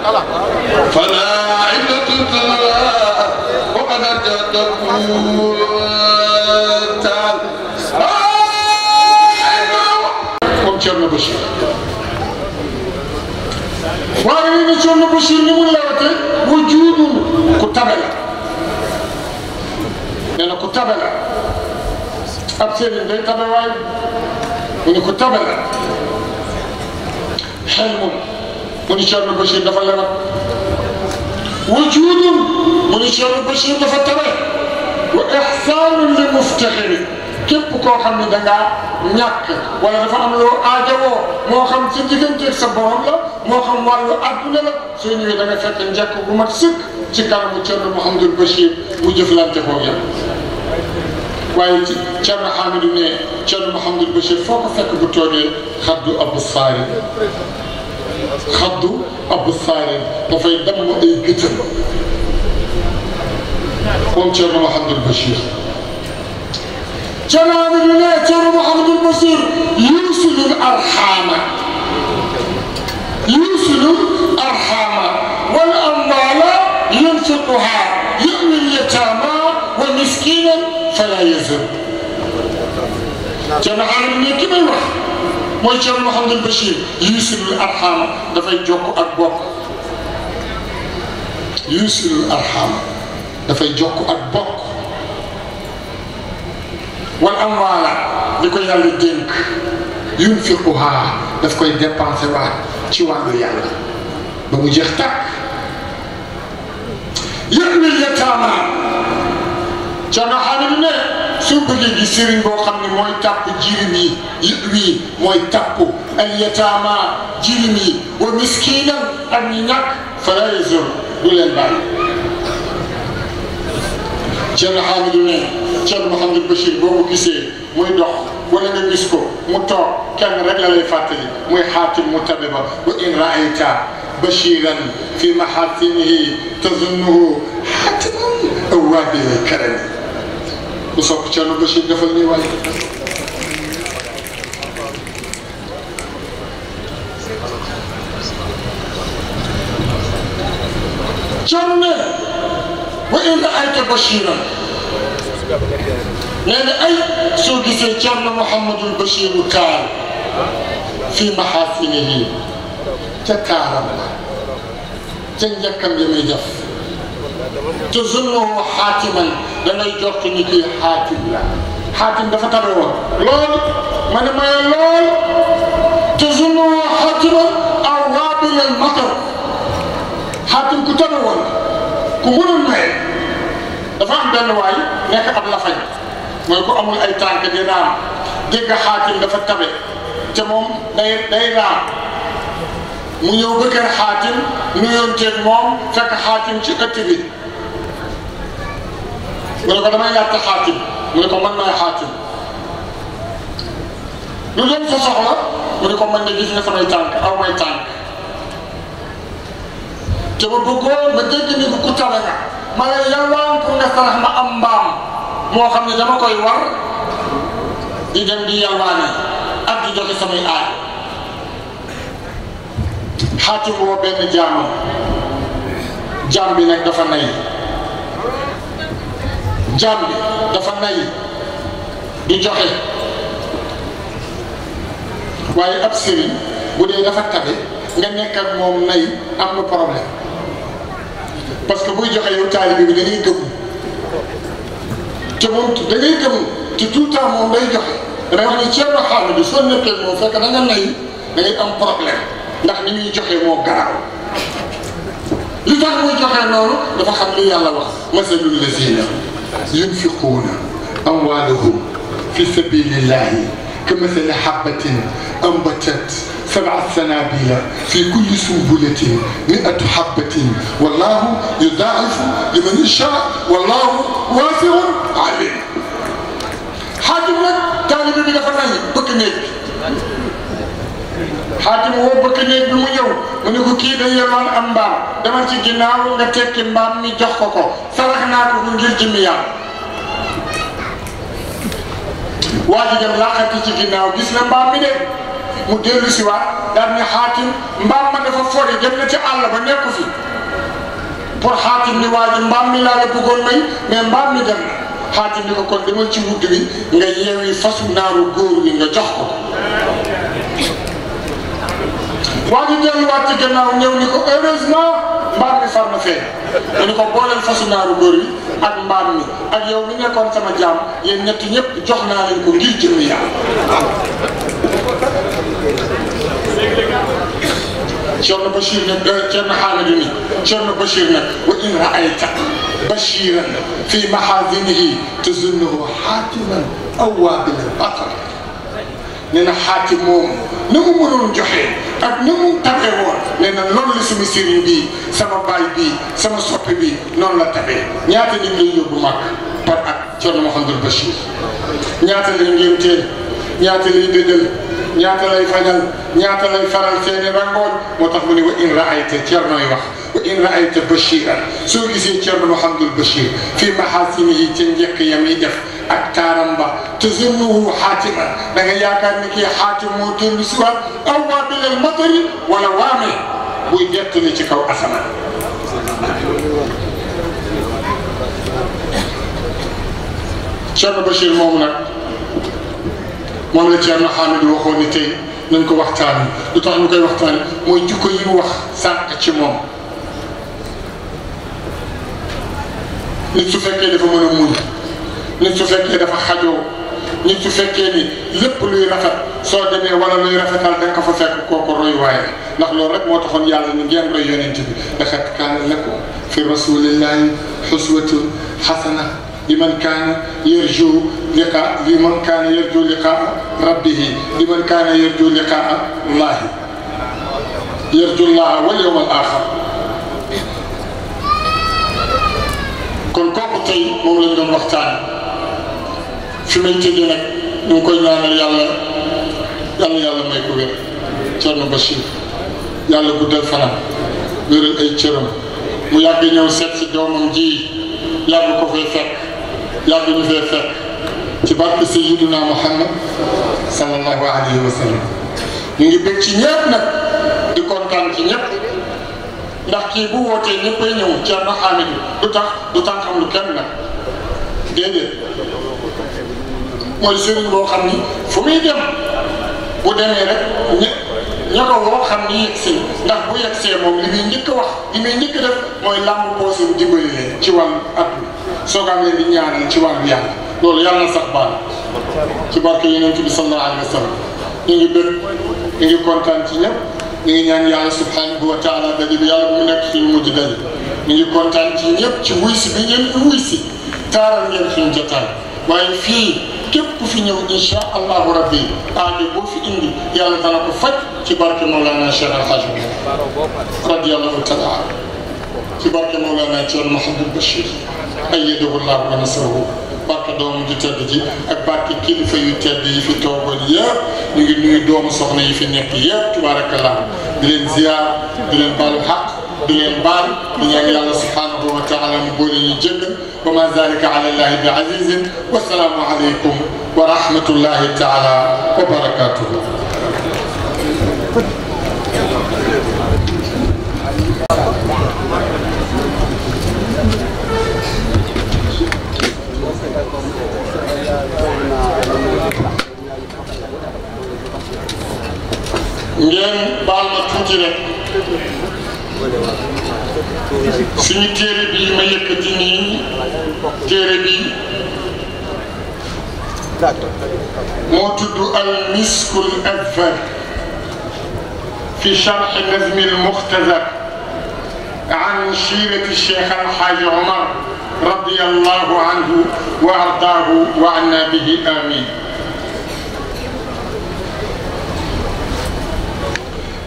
Speaker 10: فلا عدة تلا وقد جدكم تعال
Speaker 2: كم شرنا بشير واغني ني شرنا بشير ني مولا وتي وجود كتابلا من كتابلا حلم من الشر البشير دفع لنا وجود من الشر البشير دفع تبعي وإحسان لمفتخر كيف كو خمي دنا نياك ولا دفع عملو آجو مو خم سنتي سنتي سبو عملو مو خم والو أدونا سيني لدنا فاتن جاكو بمك سك تكار مجرد محمد البشير مجفلان تفوية waaye ci cerna xaamidu ne cerna mahamadul bachir foo ko fekk bu toogee xaddu xaddu أبو saare dafay damm أي gëtëm moom Thierno محمد البشير
Speaker 1: جناب الله ترى
Speaker 2: محمد البصير يوصل الارحام يوصل الارحام والاموال ينفقها يؤمن اليتامى ومسكينا فلا يزن جناب الله كما يوحي mooy Thierno Mouhamadou Bachir yuusilul arxaama dafay jokk ak bokk yuusilul arxaama dafay jokk ak bokk wal amwaala li ko yàlla dénk yunfiquha daf koy dépensé waat ci wàllu yàlla ba mu jeex tàkk yëpp ni yataama Thierno Hamidou ne soo bëggee gi sëriñ boo xam ne mooy tàpp jirim yi yit wii mooy tàpp al yataama jirim yi wa miskiinam ak ñi ñàkk fala yasur du leen bàyyi Thierno Hamidou ne Thierno Mouhamadou Bachir boo ko gisee muy dox wala nga gis ko mu toog kenn rek la lay fàttali muy xaatim mu tabe ba wa in raayta bashiran fi mahasinihi tazunnuhu xaatiman awaabihi karami ku sopp Thierno Bachir defal nii waaye
Speaker 1: Thierno ne wa in raayta
Speaker 2: Bachira nee na ay soo gisee Thierno Mouhamadul Bachir Kaar fii maxaasinihi ca kaaram la ca njëkkam ya muy def te zunnahu xaatiman da ngay jort ni kii xaatim la xaatim dafa tabe woon lool ma ne maye lool te zunnahu xaatiman aw waabilal matar xaatim ku tabe woon ku mënoon maye dafa am benn waay nekk ab lafañ mooy ku amul ay tànk di raam dégg xaatim dafa tabe te moom day day raam mu ñëw ba kër xaatim nuyoonteeg moom fekk xaatim ci ëtt bi. mu ne ko damay laajte xaatim mu ne ko man maay xaatim lu leen sa soxla mu ne ko man de gis nga samay tànk aw ma bëggoon ma dégg ku tane nga ma lay yalwaan pour nga sarax ma am mbaam moo xam ne dama koy war di dem di yalwaane ak di joxe samay aay xaatim woo benn jaamam jaam bi nag dafa nay jaam bi dafa nay du joxe waaye ab sëriñ dee dafa tabe nga nekk ak moom nay am na problème parce que buy joxe yow taalibe bi da ngay gëm te moom da ngay gëm te tout le temps moom day joxe dangay ceeb la xaaral bi soo nekkee moom fekk da nga nay da am problème ndax ni muy joxe moo garaaw li tax muy joxe noonu dafa xam li yàlla wax masalul lazina ينفقون أموالهم في سبيل الله كمثل حبة أنبتت سبع سنابل في كل سنبلة مئة حبة والله يضاعف لمن يشاء والله واسع عليم حاجة nag taalibe bi dafa بكنيك xaatim woo bëkk néeg bi mu ñëw mu ne ko kii day yoroon am mbaam demal ci ginnaaw nga tekki mbaam mi jox ko ko sarax naa ko ko ngir jëmmi yàlla waa ji dem laaxati ci ginnaaw gis na mbaam mi de mu dellu si waat daal ne xaatim mbaam ma dafa fori dem na ci àll ba nekku fi pour xaatim ni waa mbaam mi laa la bëggoon may mais mbaam mi dem xaatim ni ko kon demal ci wudd nga yeewi fasu naaru góor wi nga jox ko waa ñu delluwaat ci gannaaw ñëw ni ko heureusement mbaam mi far na fee dañu ko booleel fasu naaru góor yi ak mbaam mi ak yow mi nekkoon sama jaam yéen ñetti ñëpp jox naa leen ko ngir jëmm yaa Cerno Bachir nag Cerno Xaaladi ni Cerno Bachir nag wa in raayta Bachiran fi mahazinihi tazunnahu xaatiman aw waabilan batal nee na xaati moom na mu mënoon joxe ak na mu tabee woon nee na noonu la sama sëriñ bii sama baay bii sama soppi bi noonu la tabee ñaata nit lay yóbbu mag par at Thierno Mouhamadou Bachir ñaata lay ngénteel ñaata lay dëjal ñaata lay fajal ñaata lay faral seeni rangoon moo tax mu ne wa in raayta ceernooy wax wa in raayta bashiran soo gisee ceerno Mouhamadul Bachir fii maxaasinihi ca njëkk ya muy def ak taaram ba te zunnuhu xaatima da nga yaakaar ni kii xaatim moo dellu si waat aw waa bilal matari wala waame buy jettali ci kaw asamaan ceerno Bachir moomu nag moom la Thierno Hamidou di waxoon ni tey nañ ko waxtaanee lu tax ñu koy waxtaanee mooy jikko yi mu wax sànq ci moom. nit su fekkee dafa mën a muñ nit su fekkee dafa xajoo nit su fekkee ni lépp luy rafet soo demee wala luy rafetal da nga fa fekk kooku roy waaye ndax loolu rek moo taxoon yàlla ni ngeen roy yonent bi laqad kaana lakum fi rasulillahi uswatun hasana لمن كان يرجو لقاء لمن كان يرجو لقاء ربه لمن كان يرجو لقاء الله يرجو الله واليوم الاخر كل كوكتي مولد وقتان في منتجينك نقول لنا يلا يلا يلا ما يكون تشرنو بشير يلا كودل فلا نور الاي تشرم ويا بيني وسكت دومم جي يا بكوفي سكت yàgg ñu fee fekk ci barke Sayyidina Muhammad sallallahu alayhi wa sallam ñu ngi bëgg ci ñëpp nag di kontaan ci ñëpp ndax kii bu wootee ñëppay ñëw Thierno Hamidou du tax du tax am lu kenn nag déedéet mooy sëriñ boo xam ni fu muy dem bu demee rek ñë ña ko woo xam ni yegg si ndax bu yegg see moom li muy njëkk wax li muy njëkk def mooy làmb poosam dimbali leen ci wàllu at soogaangee di ñaanal ci wàllu yàlla loolu yàlla sax baal ci barke yonent bi sallallahu alayhi wa sallam ñu ngi bëgg ñu ngi kontaan ci ñëpp ñu ngi ñaan yàlla subhanahu wa taala daje bi yàlla bu mu nekk suñu mujj daje ñu ngi kontaan ci ñëpp ci wuy si bi ngeen fi wuy si taaral ngeen suñu jotaay waaye fii képp ku fi ñëw insha allahu rabbi aajo boo fi indi yàlla dana ko faj ci barke Mawlana Cheikh Al Hadj radiyallahu taala ci barke
Speaker 1: Mawlana Cheikh Mouhamadou Bachir ايده الله ونصره بارك دوم دي تدجي اك باكي كلفه تدي في توغول
Speaker 2: يا دوم صغنى في نيك تبارك الله دين زيار دين بال حق دين بال نيغي الله سبحانه وتعالى نقول ني جند وما ذلك على الله بعزيز والسلام عليكم ورحمه الله تعالى وبركاته ngeen baal ma tuuti rek suñu téere bi ma yëkkati nii téere bi moo tudd al miskul adfar fi charx nazmi al muxtasar عن شيرة الشيخ الحاج عمر رضي الله عنه وأرضاه وعنا به آمين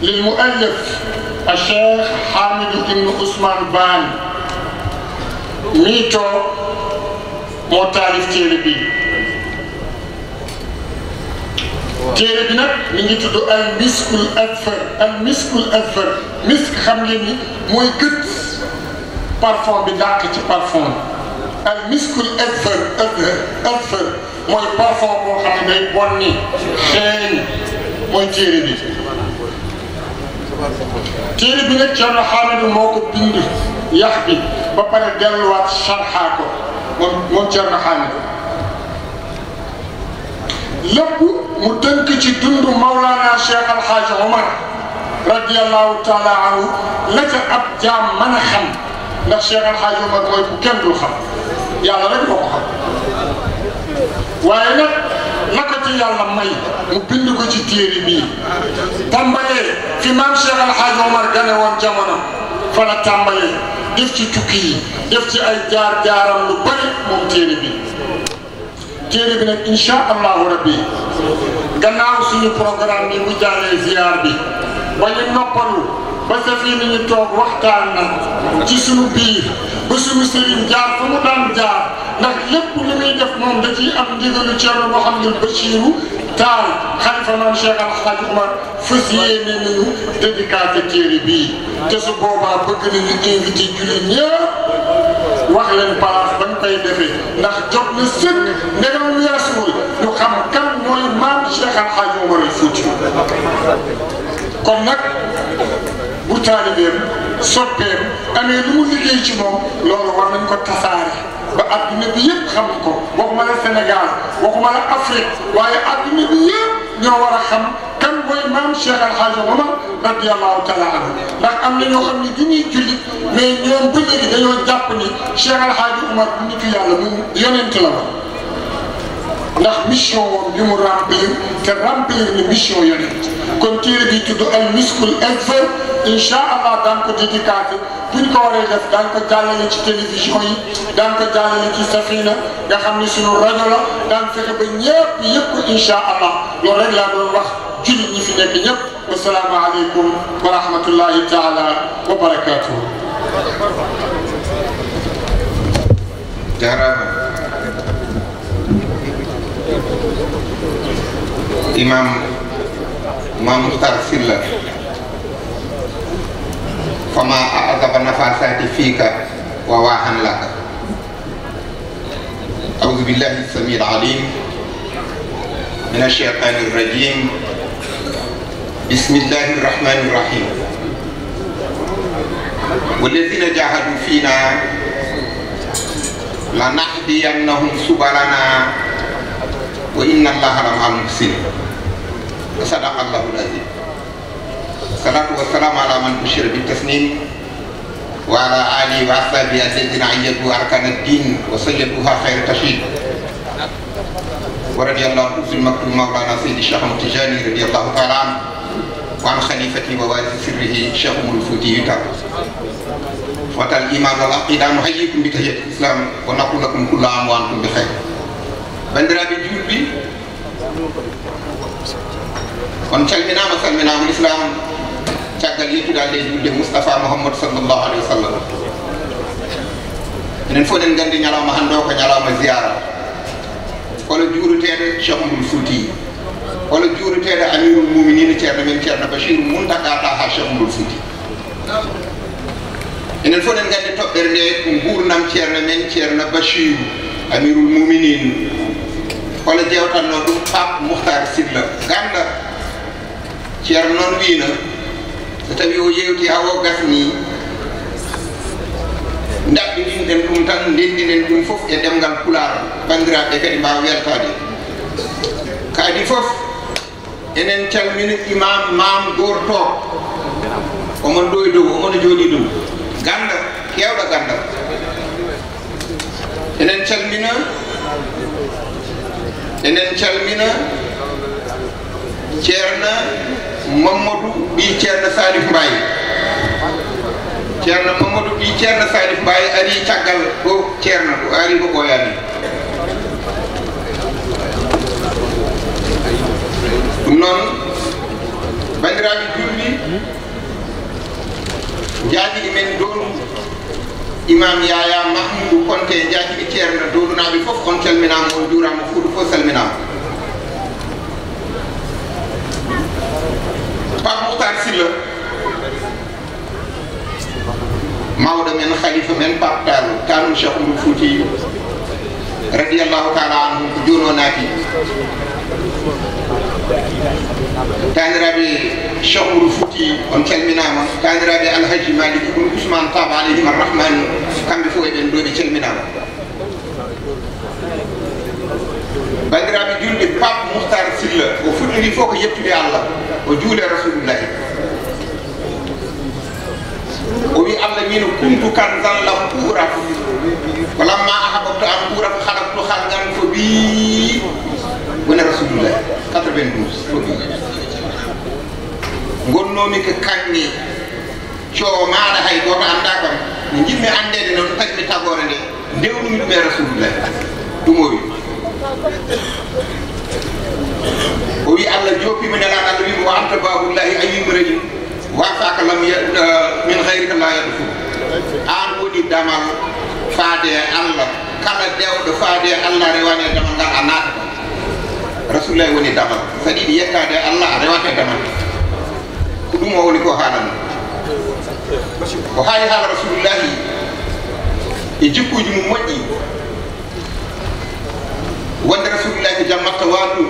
Speaker 2: للمؤلف الشيخ حامد بن عثمان بان ميتو moo taalif téere bi téere bi nag mi ngi tudd al miskul asfar al miskul asfar misk xam ngeen ni mooy gët parfum bi dàq ci parfum al miskul asfar asfar mooy parfum boo xam ne day bon ni xeeñ mooy téere bi téere bi nag Thierno Hamidou moo ko bind yax bi ba pare delluwaat sharxaa ko moom moom Thierno Hamidou lépp mu tënk ci dundu Maulana Cheikh Al Hadj Omar radiyallahu taala anhu la ca ab jaam mën a xam ndax Cheikh Al Hadj Omar mooy bu kenn dul xam yàlla rek moo ko xam waaye nag. la ko ci mu bind ci téere bii tàmbalee fi maam Cheikh Al Hadj Omar gane woon jamono fa la tàmbalee def ci tukki yi def ci ay jaar-jaaram lu bëri moom téere bi téere bi nag insha allahu rabbi gannaaw suñu programme bi bu jàllee ziar bi ba ñu ba safii ni toog waxtaan na ci suñu biir ba suñu sëriñ jaar fu mu daan jaar ndax lépp lu muy moom da ciy am ndigalu Thierno Mouhamadou Bachirou Tall xalifa maam Cheikh Al Hadj Omar fas yéene nañu dédicacé téere bii te su boobaa bëgg nañu invité jullit ñëpp wax leen place ba ñu koy defee ndax jot na sëkk ndegam weesuwul ñu xam kan mooy maam Cheikh Al Hadj Omar al Fouti kon nag bu taalibeem soppeem amee lu mu liggéey ci moom loolu war nañ ba adduna bi yëpp xam ko waxuma la Sénégal waxuma la Afrique waaye adduna bi yëpp ñoo war a xam kan mooy maam Cheikh Al Hadj Omar radiyallahu taala anhu ndax am na ñoo xam ne du ñuy jullit mais ñoom ba léegi dañoo jàpp ni Cheikh Al Hadj Omar bu nitu yàlla mu yonent la woon ndax mission woon bi mu remplir te remplir ni mission yonent kon téere bi tudd al miskul esver incha allah daan ko dédicacé buñ ko waree def daan ko jàllale ci télévision yi daan ko jàllale ci safina nga xam ne suñu rajo la daan fexe ba ñëpp yëpp ko incha allah loolu rek laa doon wax jullit ñi fi nekk ñëpp wasalaamaaleykum wa rahmatullahi taala wa barakaatuhu jaaraama imam Mamour Tar Sylla fama a'adaba nafasati fika wa wahan laka a'udzu billahi samir alim minasyaitanir rajim bismillahirrahmanirrahim walladzina jahadu fina lanahdiyannahum subarana wa inna allaha lamal muhsin sadaqallahu alazim والصلاة والسلام على من بشر بالتسنيم وعلى آله وأصحابه الذين عيدوا أركان الدين وسيدوها خير تشيد ورضي الله عنه في المكتوب مولانا سيد الشيخ التجاني رضي الله تعالى عنه وعن خليفته ووارث سره الشيخ الفوتي وتى الإيمان والعقيدة نحييكم بتحية الإسلام ونقول لكم كل عام وأنتم بخير بندرابي جولبي on calminama salminama الإسلام càggal yëpp daal di Mustafa mustafa Muhammad sallallahu Alaihi Wasallam. sallam fo fof gandi ñalawma hannde o ko ñalawma ziyara hono juuruteɗo cheikhmul fouti hono juuruteɗo amirul Muminin ceerno men ceerno bashir muntaka taha cheikhmul fouti enen fof en gandi toɓɓere nde ko gurnam ceerno men ceerno bashir amirul muminin jewtan no du pap muhtar sidla ganda non wi na so tawi o yewti ha o gas ni dabɓiɗinɗen ɗum tan ndendinen ɗum foof e ɗemgal pulaar bandiraɓe kadi mbawa weltade kadi foof enen calmini imam mam gorto omon ɗo e dow omono jooɗi ɗum ganda kewɗo ganda enen calmina enen calmina ceerna Mamadou bii Thierno Salif Mbaye Thierno Mamadou bii Thierno Salif Mbaye ari caggal ɗo Thierno ɗo ari ɗo ɓoyani ɗum noon bandiraɓe julɓi jaajiɗi men dowlu imam yaya mahmoudou konté jaajiɗi ceerno dowlunaɓe foof on calminama on juurama fuuɗo fof salminama Pape Moutar Sylla mawɗo men halifa men Pape Tall kanum Cheikh Oumar Fouti radiallahu taala anhu ko joni o naati taniraɓe Cheikh Oumar Fouti on calminama taniraɓe alhaji maliki ɗum ousmane taba alayhim arrahmanu kamɓe fof eɓen ɗo ɓe calminama bandiraɓe julɓe pape mouhtar silla o fuɗɗori fof ko yettude allah o juule rasulullahi o wi allah min kuntu kan la ɓuura ko lamma ahababtu an ɓuura ko halaktu halgan fo bi woni rasulullahi 92 fo bi gonnomi ko kanŋe coowo maɗa hay goto anda kam no jiɗmi andede noon tagmi tagore nde ndewnumiɗum e rasulullahi
Speaker 10: ɗum o Allah,
Speaker 2: wi allah joppima nelaɗo allah wimo anta babullahi ayima rajim wasaka lam min hayrika la yaɗo fof an woni damal de allah kala dewɗo faade e allah rewani e damal ngal a naata rasulullahi wani damal Sadi ɗi yettade e allah a rewate damal ko ɗum o woni ko haalanno o mu wonde rasulillahi jammatta wandu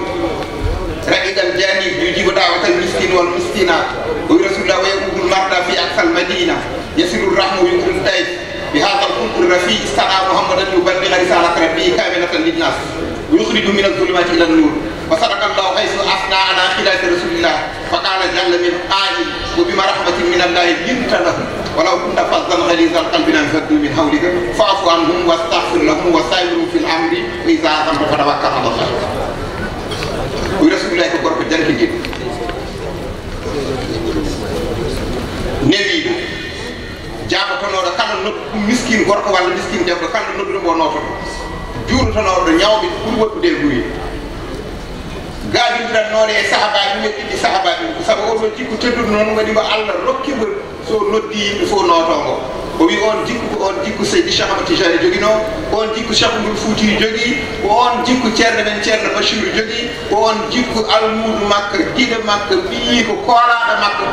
Speaker 2: raqiqal janib yujibu dawatal miskin wal miskinat o wi rasulillah wa yaqudul marda fi aksal madina yasiru rahmu yukrul taif bi hadal kulkul rafi istaa mouhammadan yuballiga risalat rabbi kamilatan linnas wa yukhriju min alzulumati ila nur wa sadaka allahu haysu asna ala khilafi rasulillah fa qala jalla min qail wa bima rahmatin min allahi linta lahum walaw kunta faddan ghalizal qalbi lanfaddu min hawlika fa'fu anhum wastaghfir lahum wa saawirhum fil amri wa idha azamta fatawakkal 'ala Allah buy Rasulullah ko gorko janki newiiɗo jaabotonooɗo kala noddu ɗum miskin gorko walla miskin debbo kala nodduɗo mbo noototo juurotonooɗo ñawɓe ɓuri woɗɗude e guri gaadindiran noone e sahabaji neɗɗiɗi sahabaji ko sabu oɗo jikku teddude noon waɗi mo allah rokkigol so noddi yimɓe fof notongo o wi on jikku ko on jikku seydi chahaba tijari jogino on jikku chahabndul fuutiri jogi ko on jikku ceerno men ceerno bachiru jogi ko on jikku almudu makka giɗa makka ɓiyi ko koolaɗo makka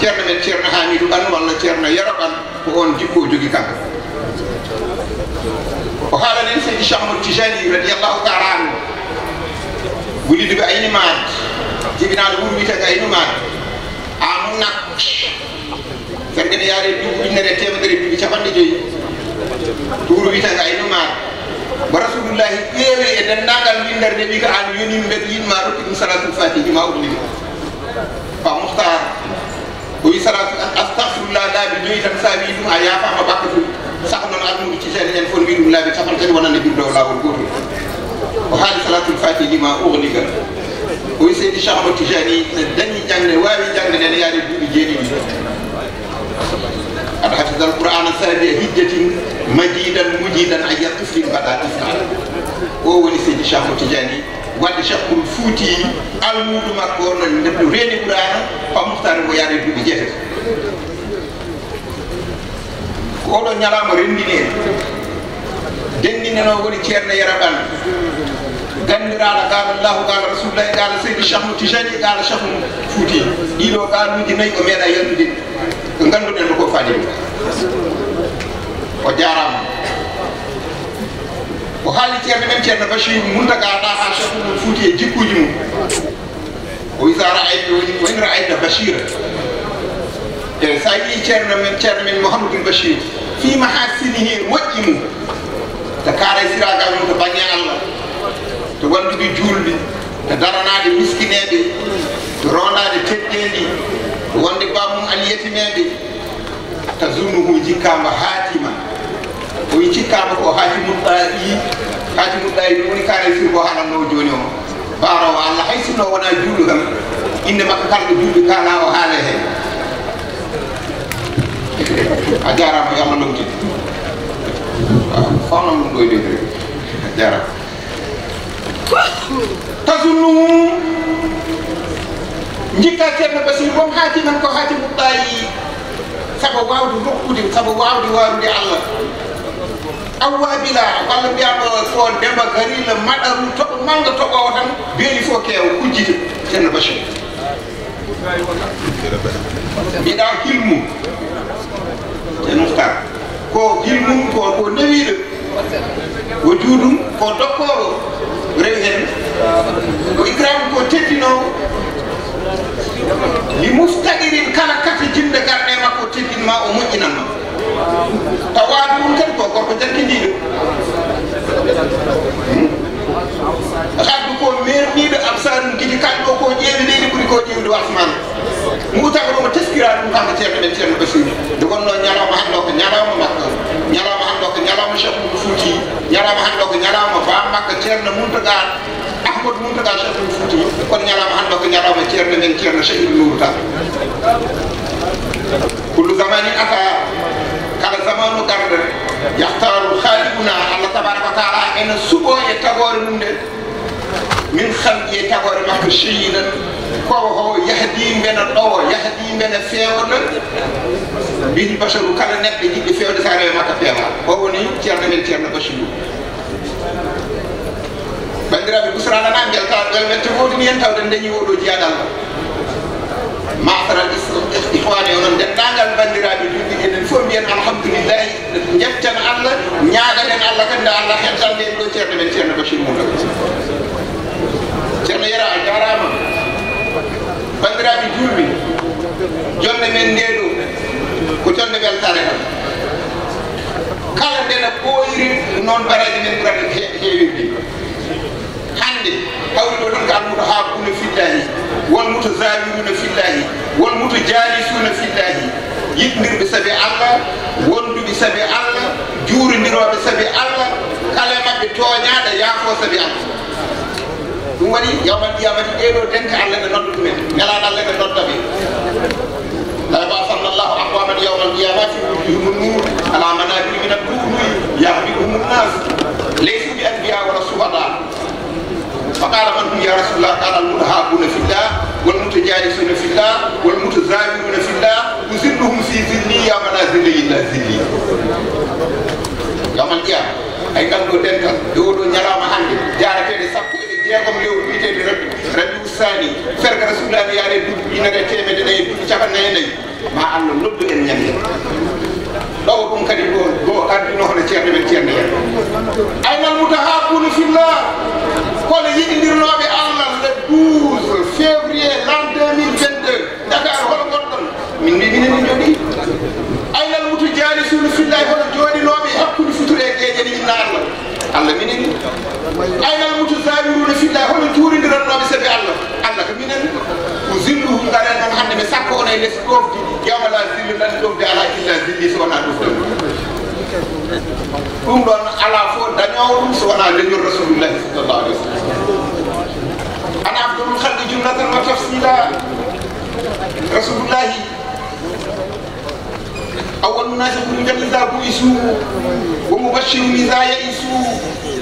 Speaker 2: ceerno men ceerno hamidou ɓan walla ceerno yero ɓan ko on jikku o jogi kanka o haalanen seydi chahaba tijari radiallahu taala anu gullidigo ayni maade jibinaaɗo ɓurwite ko ayni maade amu ah, nakko sen kene yaare duuɓi ujunere e temedere duuɓi capanɗe joyyi tuuru wiyta ko ayni maade mo rasulullahi ƴeewe e denndaangal windere nde wi ko an yoni mbeɗa yinma rokki ɗum salatul fatihi ma udnimi fa muhtar o wi salatu astahfirullah laabi joyi tan sa wi ɗum a yaafama bakka tumi sahnono admudu cicani en fon wi ɗum laabi capan tati wonande ɓir dow laawol gotol waxaali salaatul faati li ma uxlika kuy seydi Cheikh Ahmad Tijani dañuy ne waaye jàng ne ne yaa di dund jéeri bi qad xafida alquran sarabi hijjatin majidan
Speaker 10: mujidan aya tiflin bada tifna o woni seydi Cheikh Ahmad Tijani wadde cheikhul
Speaker 2: fuuti almudu makko no neɗɗo reeni qurana pammuftare ngo yaade duuɓi jeetati ko oɗo ñalama rendini en denndineno woni ceerno yaraɓan gandiraɗo gaala allahu gaala rasulullah gaala seydi chahnu tijani gaala chahnu fouti ɗiɗo gaaluji nayyi ko meeɗa yallude ko ganduɗen ko fadimi o jarama o haali ceerno men ceerno bachir muntaga ɗa ha chahnu mum fouti e jikkuji mum o wi sa raayta woni woni raayta bachira e sa wi ceerno men ceerno men mouhamadoul bachir fi mahasinihi moƴƴi mum to kaara siragal mum to banggue allah to wallude julɓe e daranade miskineɓe to rondade teddedi to wonde bamum aliyetineɓe tazunuhu jikkama haatima o wi cikkama ko haatimuɗɗayi haatimuɗɗayi ɗum woni kare fir ko haalanno joni o barowo allah hay kam inde makko kala ɗo juulɗo kala o haala hen a jarama yo allah lomtid fawnan ɗum ɗo a jarama tazunnu njikkaa ceerno basir bom haati nan ko haati muɗɗaayi sabu waawde nokkude sabu waawde waarude allah awwaabila walla mbiyama ko ndema garila maɗaru toɓo manga toɓowo tan beeli fof keewa kujjide ceerno basir mbiɗa hilmum ko hilmum ko ko newiɗo ko juuɗum ko dokkooɗo rewi hen o ko teddino li muftagirin kala kati jimɗe garɗe makko teddinma o moƴƴinanma tawaade ɗum kadi ko gorko jankidiɗo addu ko merniɗo absar gidi kanɗo ko ƴeewi leydi ɓuuri ko ƴeewde wasmano mutakoroma teskirade ɗum kanko ceerno men ceerno basiru nde wonno ñalawma hannde o ko ñalawma makka ñalawma hannde o ko ñalawma cheikh mum fouti ñalawma hannde o ko ñalawma ba makka ceerno muntaga ahmadou muntaga cheikh mum fouti kono ñalawma hannde o ko ñalawma ceerno men ceerno chahidu nouru tan kullu zamanin ata kala zamanu garde yahtaru haalibuna allah tabaraka wa taala ene suɓo e tagore mum min halqi e tagore makko cheyinan koko ko yahdi mbeɗa ɗowo yahdi mbeɗa fewna mbin basaru kala neɗɗo jiɗɗo fewde sa rewe makka fewa o woni ceerno men ceerno basiru bandiraɓe gusranana bel tawa ɗel men te fotini hen tawde dañi oɗo jiyaɗal masaral ihwane onon dendagal bandiraɓe julɗiɗi enen fof mbiyen alhamdoulillahi jetten allah ñaganen allah kadi nde allah hettande en ɗo ceerno men ceerno basiru mum ceerno yera a jarama bandiraɓe julɓe jonde men nde ɗo ko jonde weltare tan kala ndena ɓooyiri noon baraji men ɓurata heewirde hannde hawri ɗo ɗon ko almuto haakuna fillahi won muto zawiruna fillahi won muto jalisuna fillahi yiɗdirɓe sabi allah wonduɓe sabi allah juurindiroɓe sabi allah kala mabɓe tooñaɗo yaafo sabi allah ɗum waɗi yawmal qiyamati ɗeɗo eh, denka allah ɓe noddude men ñalaɗo allah ɓe noddaɓe alaba sallllahu ahwaman yawmal qiyamati yumu nuur ala manabiri minal duhnuy yahdi umu nas leysu bi anbiya wala suhada fa qala man hum ya rasulullah qala almutahabuna fillah والمتجالسون في الله والمتزاورون في الله وزلهم في ظلي يا منازل الا ظلي يوم القيامه اي كان دو دنكال دو دو نيراما عندي جارتede sappo jeegom lew wiiteede rabbi rabbi ussani ferga rasulullahi yaare duuɓi ujunere temedde ɗaye duuɓi capannayi nayyi ma allah anu noddu en ñande ɗowo ɗum kadi ɗo ɗo ardino hono ceerno men ceerno en aynal 12 février l'an 2022 dakar hono gonɗon min mbi minen min jogi aynal mutu jaalisuno fillahi hono jooɗinoɓe hakkude futuro e aynal mutasaawiruuna fillaah hono juurindirannooɓe so ɓe allah allah ko minen ko zilluhum ngaren tan hannde ɓe sappo ono e less ɗofdi yawma la zilli lan ɗofde alaa illa zilli so wonaa ɗum ɗon ɗum ɗon alaa fof dañoowo ɗum so wonaa leñol rasulullahi sallallahu alih wa sallam ana abdul haldi jumlatan wa tafsila rasulullahi awwal munasibu min jamiza buisu wa mubashiru iza yaisu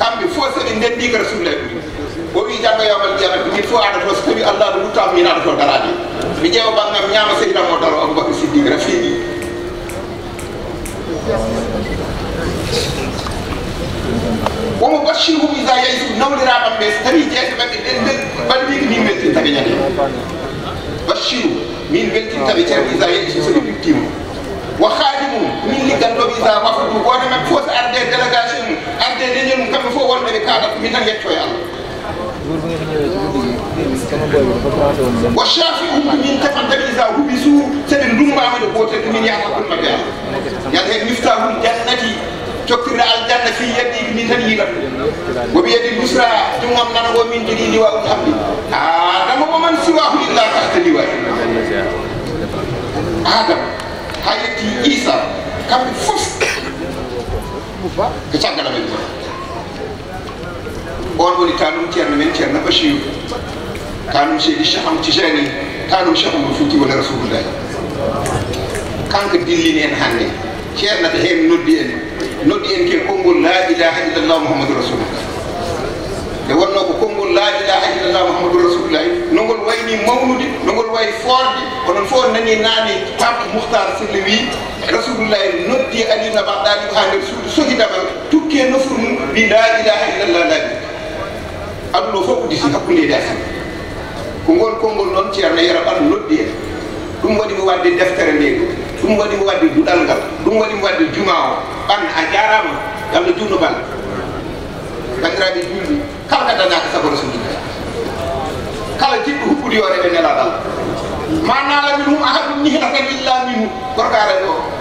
Speaker 2: kamɓe fof soɓe ndenndi ko rasulullah ɗum o wi janngo yawmal qiyamati min fof aɗa to so tawi allah no luttama min aɗa to darade mi ƴeewa bangam ñaama sehiram o daro aboubacre siddiq rafiɗi womo bachir hum isa yeysu nawliraɓam ɓe so tawi jeese maɓɓe ɗen balliki min weltintaɓe ñande bachiru min weltintaɓe ceerno isa yeysu soɓe bittima wa haadi mum min liggantoɓe isa wafudu goto maɓɓe fof so arde délégation ñun kamɓe fof wonɓe ɓe kaalat min tan yettoye allah wo shafi humɓe min tefantaɓe isa huuɓi suur seɓe ndumbama ɗo gotel ɗumin yahata ɗumma ɓe allah yata hen miftahum jannati coktirɗe aljanna fi yeddi min tan yiɗat womi yeddi dusra jungam nana o min jiɗi liwa um hamdi adama oman siwahu illa tahta liwa adam ha yetti isa kamɓe fof ko caggal amen on woni tanum ceerno men ceerno bachir tanum seydi cheikh am tijani tanum cheikh umar fouti wona rasulullahi kanko dillini en hannde ceernata heen noddi en noddi en ke konngol la ilaha illallah mouhamadou rasulullah nde wonno ko konngol la ilaha illallah mouhamadou rasulullah no ngol wayni mawnude no ngol wayi forde onon fof nani naane pamɗe mouhtar sirle wi rasulullah noddi aliuna baɗɗaɗi ha nder suudu sohidama tukke nofuru mum mbi la ilaha illallah laabi aduna o fof ko disi hakkude defte ko ngol konngol noon ceerno yero ɓan noddi hen ɗum waɗi mo wadde deftere nde ɗum waɗi mo wadde duɗal ngal ɗum waɗi mo wadde juma o ɓan a jarama yallah juutno bal bandiraɓe julɗi kala ka dañaka sago rasulillah kala jiɗɗo huppude yo reɓe nelaɗal ma nalamin hum ahadum mihnatan illa minhu gorka araɓe o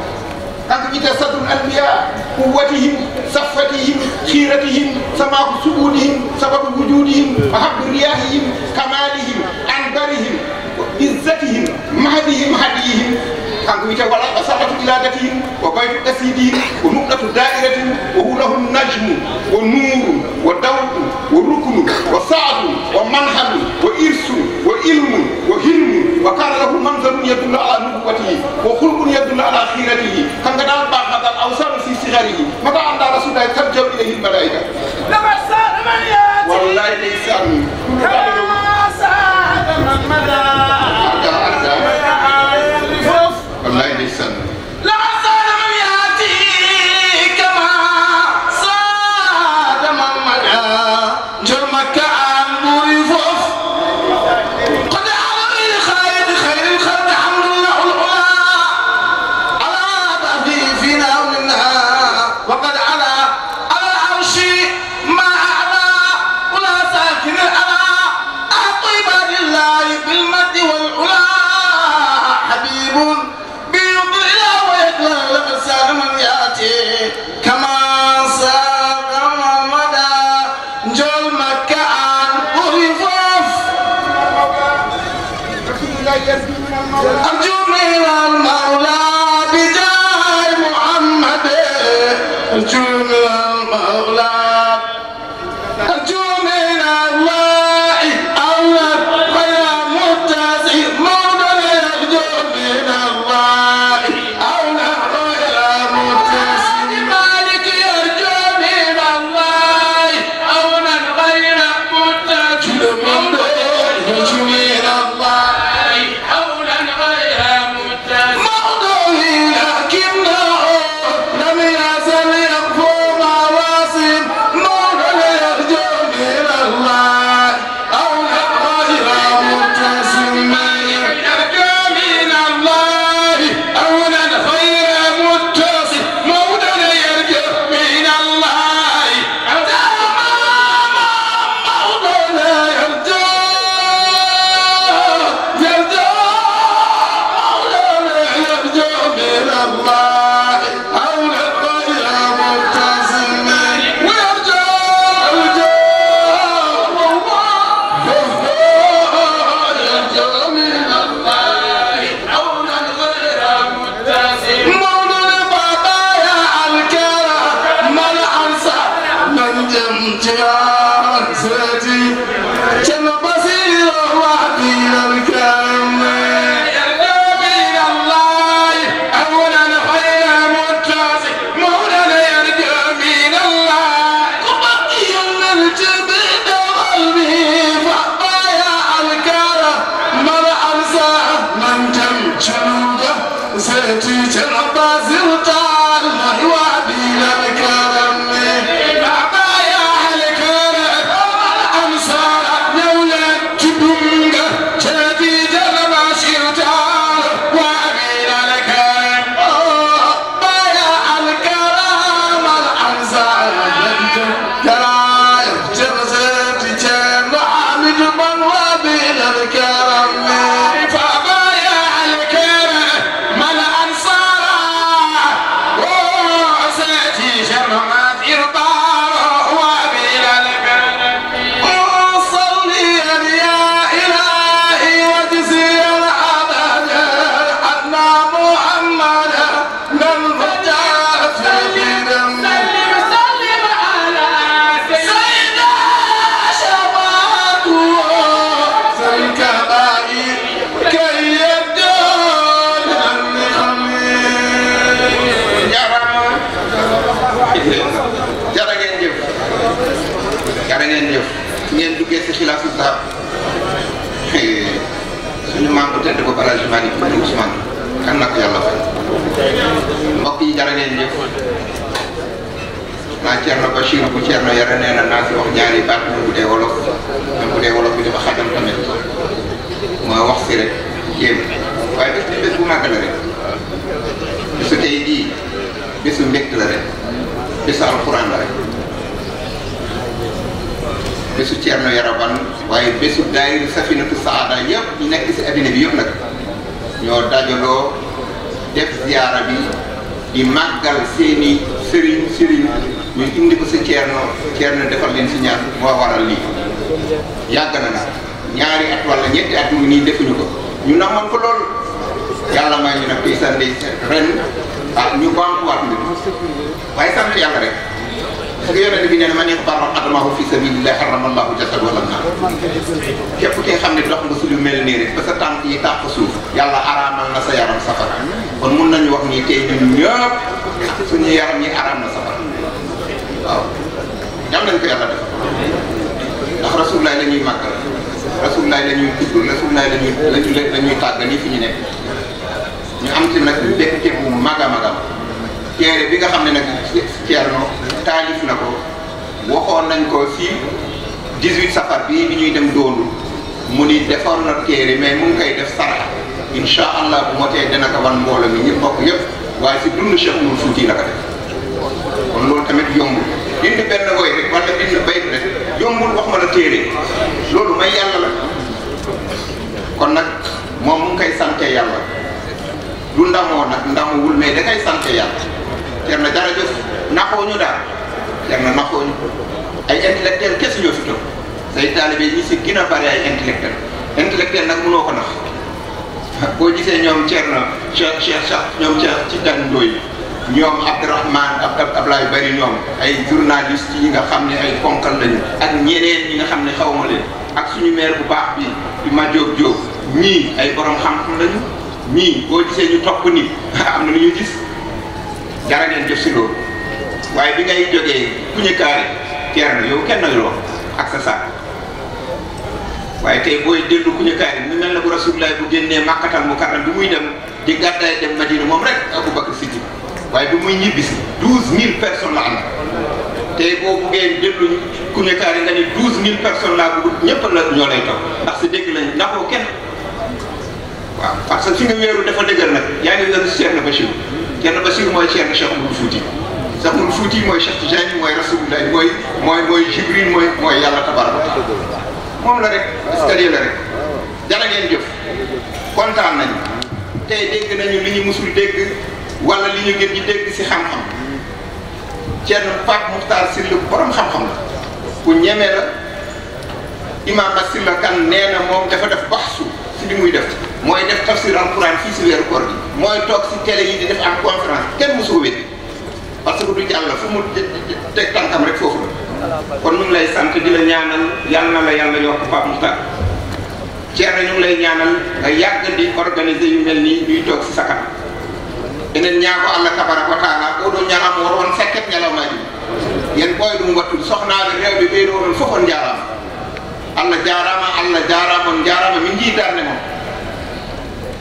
Speaker 2: أنبت سد الأنبياء قوتهم صفتهم خيرتهم سماء سؤودهم سبب وجودهم وحب رياحهم كمالهم أنبرهم عزتهم مهدهم هديهم أنبت ولا أصابة إلادتهم وبيت أسيدهم ونقلة دائرة وهو لهم نجم ونور وضوء وركن وسعد ومنهل وإرس وإلم وهلم وكان له منزل يدل على نبوته وخلق يدل على خيرته كان قد أربع قد الأوسام في صغره متى عند رسول الله ترجع إليه الملائكة
Speaker 7: لما ساد من يأتي والله ليس كما ساد
Speaker 2: من مدى màgg la rek bisu tey jii bisu mbégte la rek bisu alxuraan la rek bisu Ceerno Yaraban waaye bisu daayir safinatu saada yëpp ñu nekk si addina bi yëpp nag ñoo dajaloo def ziyaara bi di màggal seeni sëriñ sëriñ ñu indi ko si Ceerno Ceerno defal leen si ñaar moo waral lii yàgg na nag ñaari at wala ñetti at mu nii defuñu ko ñu namoon ko loolu yàlla may ñu nag fii sànni ren ah ñu bantuwaat ñu waaye sant yàlla rek parce que yonent bi nee na ma nekk baroon adamahu fi sabilillah haramallahu xam ne dox nga lu mel nii rek ba sa tànk yi tàq suuf yàlla araamal na sa yaram safara kon mun nañu wax ni tey ñun ñëpp suñu yaram yi araam na safara waaw ñam nañ ko yàlla def ndax rasulullah la ñuy màggal rasulullah la ñuy tudd rasulullah la ñuy fi ñu nekk ñu am ci nag lekk ceeb bu mag a téere bi nga xam ne nag Ceerno taalif na ko waxoon nañ ko si 18 safar bii bi ñuy dem doonul mu ni defar na téere mais mu ngi koy def sarax incha allah bu motee dana ko wan mbooloo mi ñëpp bokk yëpp waaye si dund Cheikh Nour Fouti la ko def kon loolu tamit yombul bind benn woy rek wala bind bayt rek yombul wax ma la téere loolu may yàlla la kon nag moom mu ngi koy sante yàlla. du ndamoo nag ndamuwul mais da kay sant yàlla cer na dara jëf naxooñu daal cer na naxooñu ay intellectuel kese ñoo fi toog say taalibe ñi si gën a ay intellectuel intellectuel nag mënoo ko nax boo gisee ñoom cer na Cheikh Cheikh Cheikh ñoom Cheikh ci dan ndooy ñoom Abdourahmane ab Ablaye bari ñoom ay journaliste yi nga xam ne ay ponkal lañu ak ñeneen ñi nga xam ne xaw ma leen ak suñu maire bu baax bi di Madiop Diop ñii ay borom xam-xam lañu ñii boo gisee ñu topp nit am na lu ñu gis dara ngeen jëf si loolu waaye bi ngay jógee ku ñu kaare yow kenn loo ak sa saak waaye tey booy dellu ku ñu mu mel na bu rasulullah bu génnee màkkatal mu karam bi muy dem di gàddaay dem madina moom rek Abu Bakar Siddiq waaye bi muy ñibbisi douze mille personnes la am tey boo buggee dellu ku ñu kaare nga ne douze mille personnes laa bëgg ñëpp la ñoo lay topp ndax si dégg lañ ndaxoo kenn waaw parce que fi nga weeru dafa dëgër nag yaa ngi wéeru Cheikh Bachir Cheikh Bachir mooy Cheikh Cheikh Oumar Fouti Cheikh Oumar Fouti mooy Cheikh Tijani mooy mooy mooy mooy Jibril mooy mooy yàlla tabaaraka moom la rek escalier la rek jara ngeen jëf kontaan nañ tey dégg nañu li ñu musul dégg wala li ñu gën di dégg si xam-xam Thierno Pape Moukhtar Sylla borom xam-xam la ku ñeme la Imam Basila Kane nee na moom dafa def baxsu si li muy def mooy def tafsir alquran fii si weeru koor gi mooy toog si télé yi di def am conférence kenn mosu ko wéddi parce que du jàll fu mu teg tànkam rek foofu la kon ñu ngi lay sant di la ñaanal yàlla na la yàlla yokk Pape Moukhtar Thierno ñu ngi lay ñaanal nga yàgg di organiser yu mel nii ñuy toog si sa kanam yeneen ñaa ko Allah tabaraka wa taala koo doon ñaanam war woon fekket ñalawmaa ji yen booy ɗum wattude sohnaade rewɓe ɓeyɗo onon fof on jaaraama allah jaaraama allah jaaraama on jaaraama min njii darnde mon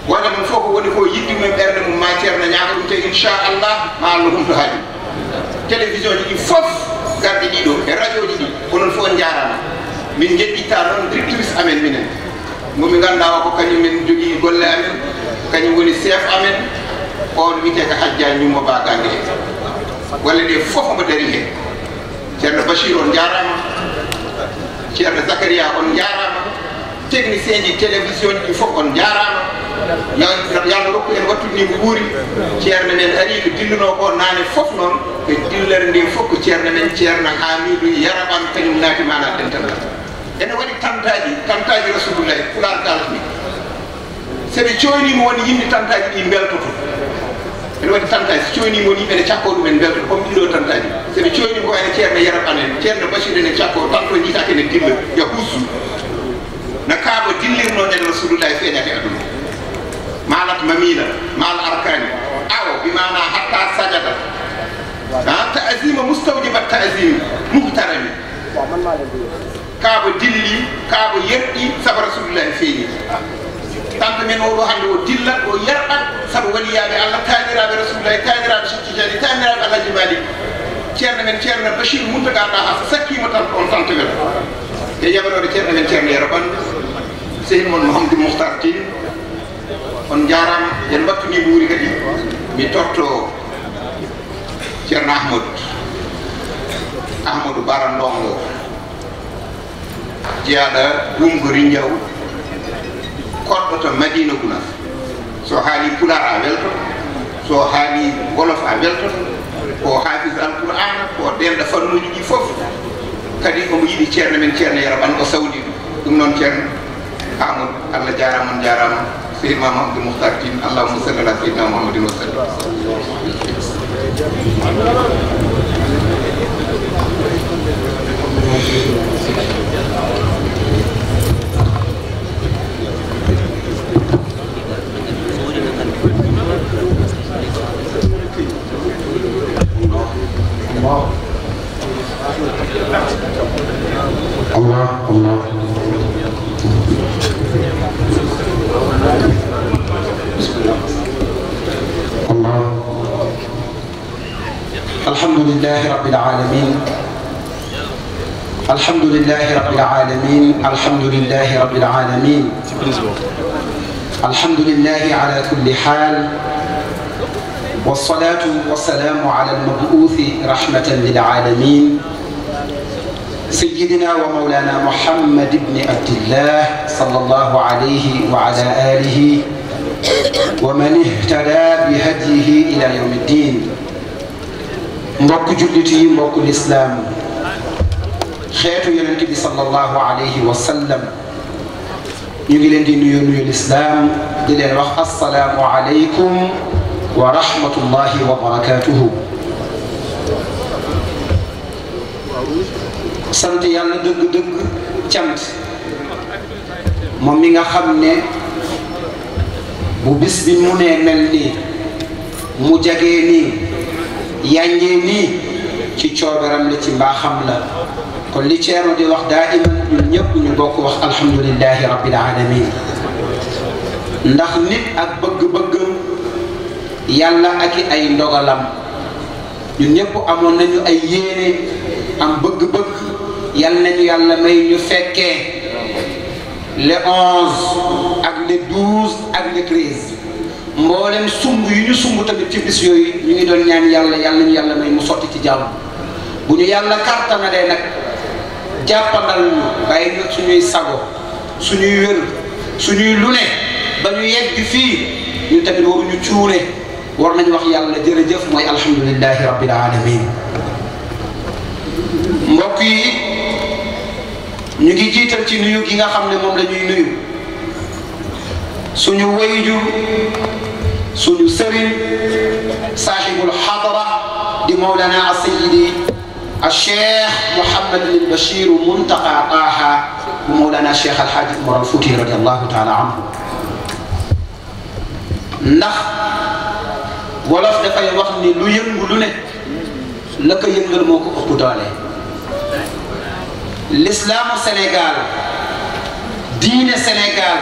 Speaker 2: walla mon fof ko woni ko yiɗɗi mumen ɓerde mum ma ceerno ñaaka ɗum te inchallah ma allah ɗum to haali télévision ji ɗi fof garɗi ɗiɗo e radio ji ɗi onon fof on jarama min jeɗɗitta noon directrice amen minen momi ganduɗa o ko kañum min jogui golle amen kañum woni chef amen on wiyete ko hajja ñummo bagangue he golle ɗe fof omo dari hen ceerno bachir on jarama ceerno zacharia on jarama technicien ji télévision ji fof on jarama yalla rokku en wattude ni ko ɓuuri ceerno men ari ko dilluno ko nane fof noon ko dillere nde fof ko ceerno men ceerno hamidou yaraɓam kañum naati mana dentalla ene waɗi tantaji tantaji rasulullahi pular kalani seɓe coynima woni yimɓe tantaji ɗi beltoto ene waɗi tantaji so coynima woni yimɓene cakko ɗumen en beltoto comme ɗiɗo tantaji seɓe coynima ko ene ceerno yaraɓan en ceerno basiru ene cakko tanto jiitake ne dilla yo husu no kaaba dillirnoɗen rasulullahi feeñade aduna malat mamina mal arkani awo bimana hatta sajada ta'asima mustawjiba ta'asimi muhtarami kaaba dilli kaaba yerɗi saba rasulullahi feeñi tanto men oɗo hannde o dillat o yerɗat saba waliyaɓe allah taniraɓe rasulullahi taniraɓe cheikhtijani taniraɓe alhaji malik ceerno men ceerno bachir muntagaɗa ha so sakkima tan on tanto wel Ya, ya, e jaɓanoɗo ceerno men ceerno yero bande sehil moon mahamadou mouhtar tin on jarama yen battunimo wuuri kadi mi totto ceerno ahmadou ahmadou bara ndongo jeyaɗa jau kot koɗɗoto madina guna so hari pula awal welto so hari wolof a welto ko hafiz alquran ko da fannuji ɗi foof kadi kamu yiɗi ceerno men yara ban ko sawdi dum non ceerno amul allah jaram on jarama سيدنا محمد المختار دين اللهم صل على سيدنا
Speaker 10: Wow. الله الله
Speaker 2: الله الحمد لله رب العالمين الحمد لله رب العالمين الحمد لله رب العالمين الحمد لله على كل حال والصلاة والسلام على المبعوث رحمة للعالمين سيدنا ومولانا محمد بن عبد الله صلى الله عليه وعلى آله ومن اهتدى بهديه إلى يوم الدين مبك جلتي مبك الإسلام خيط ينكب صلى الله عليه وسلم يقول لدي نيو الإسلام إلى الوقت السلام عليكم ورحمة الله وبركاته sant yàlla dëgg-dëgg cant moom mi nga xam ne bu bis bi mu nee mel nii mu jage nii yànjee nii ci coobaram la ci mbaaxam la kon li ceerno di wax daa iman ñun ñëpp ñu bokk wax alhamdulilahi rabbil alamin ndax nit ak bëgg-bëggam yàlla ak i ay ndogalam ñun ñëpp amoon nañu ay yéene am bëgg-bëgg يالنجو يالنا ماي نيو فكي لي 11 اك لي 12 اك لي 13 مبولم سومب يي نيو سومب تام تي بيس يوي نيغي دون نيان يالنا يالنا يالنا ماي مو سوتي تي جام بو نيو يالنا كارتام دي نك جابال نيو باي نيو سي نيو ساغو سي نيو وير سي نيو لوني
Speaker 1: با نيو ييغ في نيو تامي وورو نيو تيوري ورنا نيو واخ يالنا جيرجيف موي الحمد
Speaker 2: لله رب العالمين mbokk yi ñu ngi jiital ci nuyu gi nga xam ne moom la ñuy nuyu suñu wayju suñu sëriñ saaxibul xadara di mawlana asayidi الشيخ محمد بن بشير منتقى طه ومولانا الشيخ الحاج عمر الفوتي رضي الله تعالى عنه ndax wolof dafay wax ni lu yëngu lu ne la ko yëngal moo ko ëpp doole l'islam au Sénégal dîner au Sénégal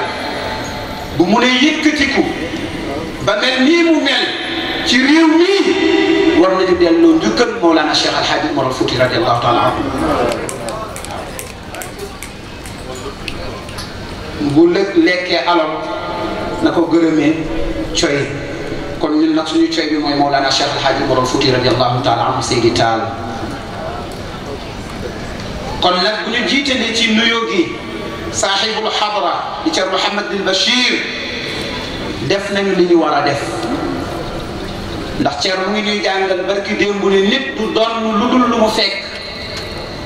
Speaker 2: vous m'avez dit dit dit dit dit dit dit dit dit dit dit dit dit dit dit dit dit dit que que que que que que que que que que que que que que que que que que tu tu tu tu tu tu tu tu tu tu tu tu tu tu tu tu tu tu bu mun a yëkkatiku ba mel nii mu mel ci réew mii war nañu delloo njukkal Mawlana dit que tu Omar Fouti radiyallahu taala anhu bu lëg lekkee alal na ko gërëmee coy kon ñun nag suñu coy bi mooy Mawlana Cheikh Al Hadj Omar dit que tu anhu Seydi Taal kon nag bu ñu jiitalee ci nuyoo gi saaxibul xadra di ca Mouhamad Al Bachir def nañu li ñu war def ndax ceer mu ngi ñuy jàngal barki démbu ne nit du doon lu dul lu mu fekk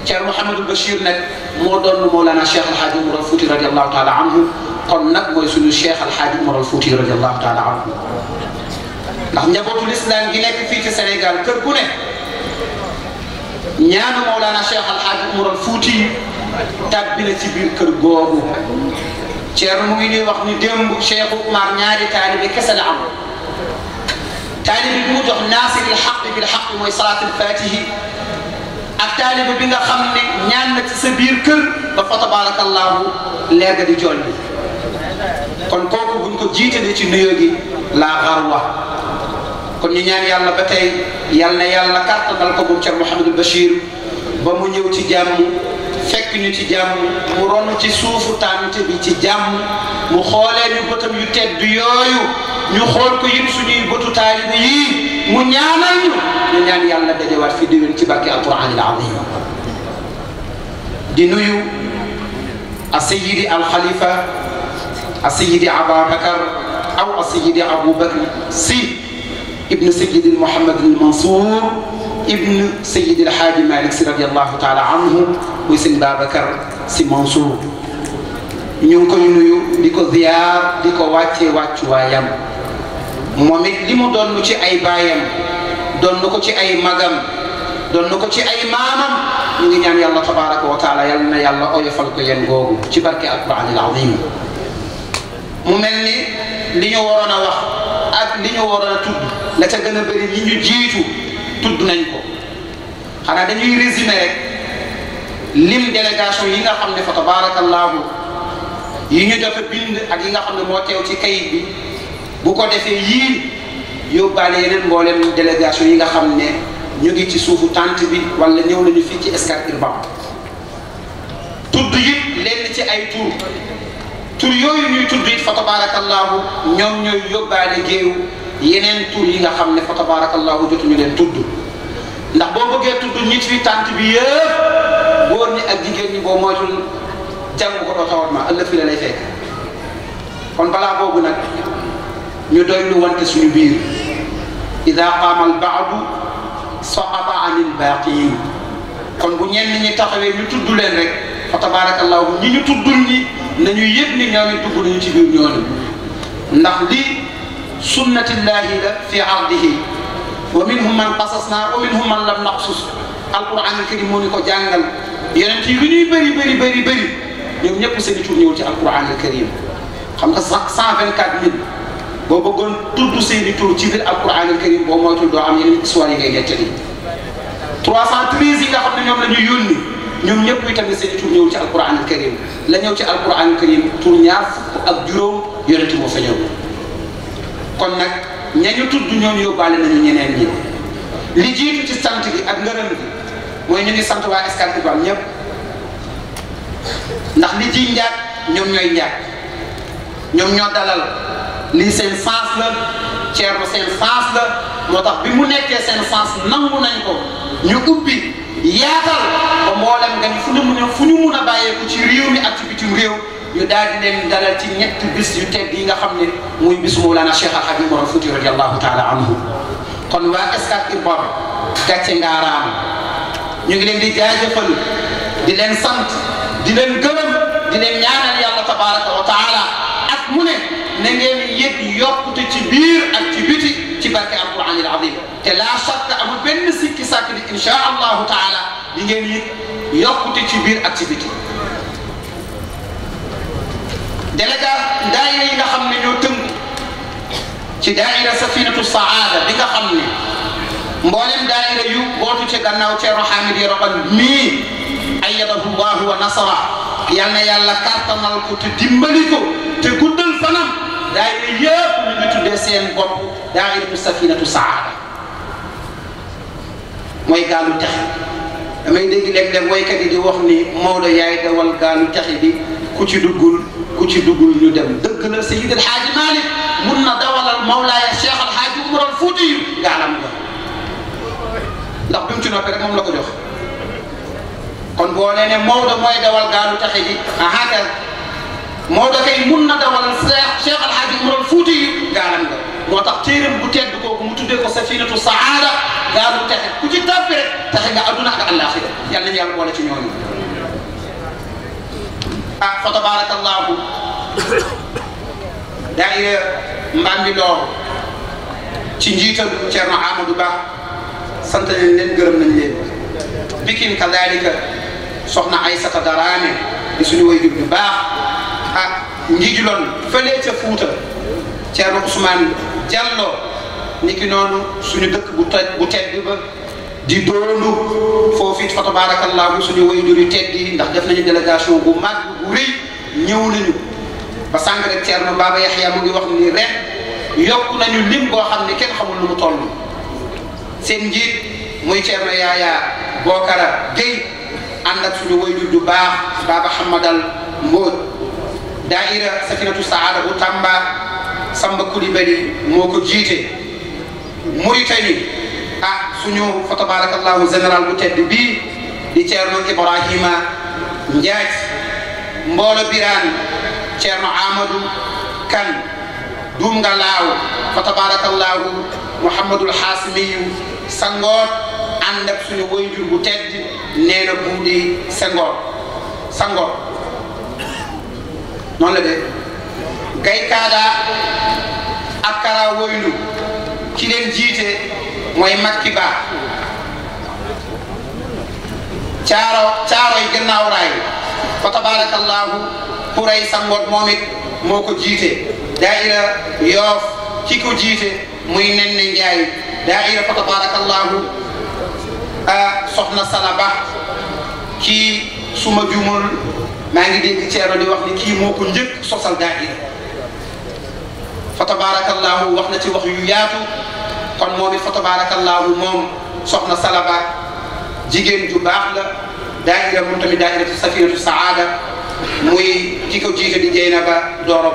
Speaker 2: ceer Mouhamadul Bachir nag moo doon Mawlana Cheikh Al Hadj Umar Al radi radiallahu taala anhu kon nag mooy suñu Cheikh Al Hadj Umar Al radi radiallahu taala anhu ndax njabootu lislaam gi nekk fii ci Sénégal kër gu ne نيانا مولانا شيخ الحاج عمر الفوتي
Speaker 6: تابنا سي بير كير
Speaker 2: غوغو تيرو موغي ني واخ ني ديمب شيخ عمر نياري طالب كسل عم طالب بيمو جوخ ناصر الحق بالحق موي الفاتحه اك طالب بيغا خامني نيان سي بير
Speaker 9: كير با تبارك الله
Speaker 2: ليغا دي جولي كون كوكو بونكو جيتي دي سي نيوغي لا غروه kon ñu ñaan yàlla ba tey yal na yàlla kàttanal ko moom Cheikh Mouhamadou Bachir ba mu ñëw ci jàmm fekk ñu ci jàmm mu ron ci suufu tànt bi ci jàmm mu xoolee ñu bëtam yu tedd yooyu ñu xool ko yit suñuy bëtu taalibe yii mu ñaanal ñu ñu ñaan yàlla dajewaat fi déwén ci barke alquran al azim di nuyu asayidi alxalifa asayidi ababakar aw asayidi abubakar si ibnu sayidil Mouhamadul Mansour ibnu sayidil Haaji Malick si radiyallahu taala anhu muy sëñ Babacar
Speaker 10: si Mansour
Speaker 2: ñu ngi koy nuyu di ko ziyaar di ko wàccee wàccuwaayam moom it li mu doon ci ay baayam doon ko ci ay magam doon ko ci ay maamam ñu ngi ñaan yàlla tabaraka wa taala yal na yàlla oyofal ko yéen ci barke alquran al azim ak li ñu waroon tudd la ca gën a bëri ñi ñu jiitu tudd nañ ko xanaa dañuy résumé rek lim délégation yi nga xam ne fa tabaarakallaahu yi ñu jot a bind ak yi nga xam ne moo teew ci kayit bi bu ko defee yii yóbbaale yeneen mboolem délégation yi nga xam ne ñu ngi ci suufu tànt bi wala ñëw lañu fii ci Scat Urbam tudd it lenn ci ay tur tur yooyu ñuy tudd it fa tabaarakallaahu ñoom ñooy yóbbaale géew yeneen tur yi nga xam ne fa tabarakallahu ñu leen tudd ndax boo bëggee tudd ñit fi tànt bi yëpp góor ñi ak jigéen ñi boo moytul jàng ko doo tawat ma ëllëg fi la lay fekk kon balaa boobu nag ñu doy lu wante suñu biir ida qaama al baadu saqata anil baaqiin kon bu ñenn ñi taxawee ñu tudd leen rek fa tabarakallahu ñi ñu tuddul ñi nañu yëg ni nu tuddul ni nanu yëpp ni noo ngi dugg ñu ci biir ñooñu ndax lii سنة الله في عرضه ومنهم من قصصنا ومنهم من لم نقصص القرآن الكريم نيكو جانغال يونتي بري بري بري بري بري نيو نيب سيني تور نيو تي القرآن الكريم خمسة 124000 بو بوغون تود سيني تور تي بير القرآن الكريم بو موتو دو ام يني سواري غي جاتي 313 يغا خامني نيوم لا نيو يوني نيوم نيب ويتام سيني تور نيو تي القرآن الكريم لا نيو تي القرآن الكريم تور نياف اك جوروم يونتي مو فنيو kon nag ñañu tudd ñoom yóbbaale nañu ñeneen ñi li jiitu ci sant gi ak ngërëm gi mooy ñu ngi sant waa Scat Urbam ñëpp ndax li ji njaat ñoom ñooy njaat ñoom ñoo dalal lii seen sens la Thierno seen sens la moo tax bi mu nekkee seen sens nangu nañ ko ñu ubbi yaatal ba mboolem gan fu ñu mun a fu ñu mun a bàyyeeku ci réew mi ak réew ñu daal di leen dalal ci ñetti bis yu tedd yi nga xam ne muy bis Mawlana Cheikh Al Hadj Omar Fouti radiyallahu taala anhu kon waa Scat Urbam gàcce ngaaraam ñu ngi leen di jaajëfal di leen sant di leen gërëm di leen ñaanal yàlla tabaraka wa taala ak mu ne na ngeen yëg yokkute ci biir ak ci biti ci barke alquran al azim te laa shakka amul benn sikki sàkk di insha taala di ngeen yëg yokkute ci biir ak ci biti délégat daayira yi nga xam ne ñoo tënk ci daayira safinatu saada bi nga xam ne mboolem daayira yu bootu ci gannaaw Ceerno Hamid Yoroban mii ayyadahu llahu wa nasara yal na yàlla kàttanal ko te dimbali ko te guddal fanam daayira yëpp ñu ngi tuddee seen bopp daayiratu safinatu saada mooy gaalu texe damay deg leg leg way kat di wax ni mawla yaay dawal gaanu taxi bi ku ci duggul ku ci duggul ñu dem deug la Seydi El Hadji Malick mun na mawla ya sheikh al haji Umar al fudi yu gaalam nga ndax bi ci noppi rek mom la ko jox kon bo leene mawla moy dawal gaanu taxi bi aha kay mawla kay mun na dawalal sheikh al haji Umar al fudi yu gaalam nga moo tax téeram bu tedd kooku mu tuddee ko safinatu saada gaaru texe ku ci tàbbi rek texe nga adduna ak àllaaxira yàlla nañu yàlla boole ci ñooñu ah fa tabarakallahu daayira Mbambilor ci njiital Thierno Amadou Ba sant nañ leen gërëm nañ leen bikin kadalika soxna Aysata Daraane di suñu way jub bu baax ah njiijuloon fële ca Fuuta cheikh Ousmane Diallo niki nonu suñu dëkk bu toj bu tedd ba di doondu fofu it fa tabarakallahu suñu wayjur yu tedd ndax def nañu délégation bu mag bu rëy ñew nañu ba sànq rek Thierno Baba yahya mu ngi wax ni ren yokku nañu lim boo xamni xamul lu mu tollu seen njiit muy Thierno Yaaya Bokara Gueye ànd ak suñu wayjur ju baax Baba Hamadal daira safinatu saada bu tamba samba kuli moo moko jite mauritanie ah suñu fa tabarakallahu general bu tedd bi di ceerno ibrahima njaaj mbolo biran ceerno amadou kan dum nga law fa tabarakallahu muhammadul hasimiyu Sangor andak suñu wayjur bu tedd neena na buudi sangor sangor noonu la de gay kaada ak kara woylu ci leen jiite mooy makki baa caaro caaro gannaaw raay fa tabaarakallaahu xuray sangot moom it moo ko jiite daayira yoof ki ko jiite muy nen ne njaay daayira fa tabaarakallaahu ah, soxna salaba kii suma jumul maa ngi dégg Thierno di wax ni kii moo ko njëkk sosal daayira fa tabaarakallaahu wax na ci wax yu yaatu kon moo it fa tabaarakallaahu moom soxna Salaba jigéen ju baax la daayira moom tamit saada muy ki ko di Jeynaba Dooro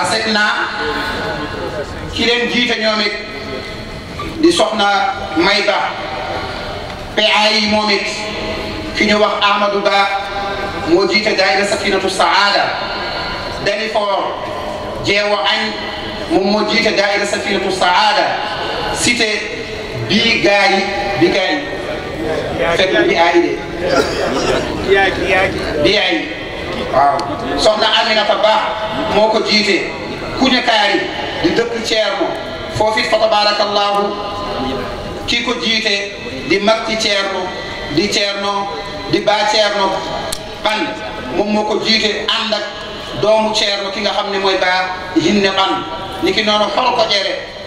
Speaker 2: aseeg naa ki leen jiite ñoom it di soxna May ki ñu wax Amadou Ba moo jiite daayira Safinatu Saada Danifor Jeewo Añ moom moo jiite daayira Safinatu Saada cité bii gaay bi gaay
Speaker 1: fekk bi ay
Speaker 2: de bi ay waaw soxna Aminata Ba moo ko jiite kuña kaari di dëkk Ceerno foofi fa tabaarakallaahu kii ko jiite di mag ci Ceerno di Ceerno di baa ban moom moo ko jiite ànd ak doomu Ceerno ki nga xam ni mooy baa hinne ban ni ki noonu xol ko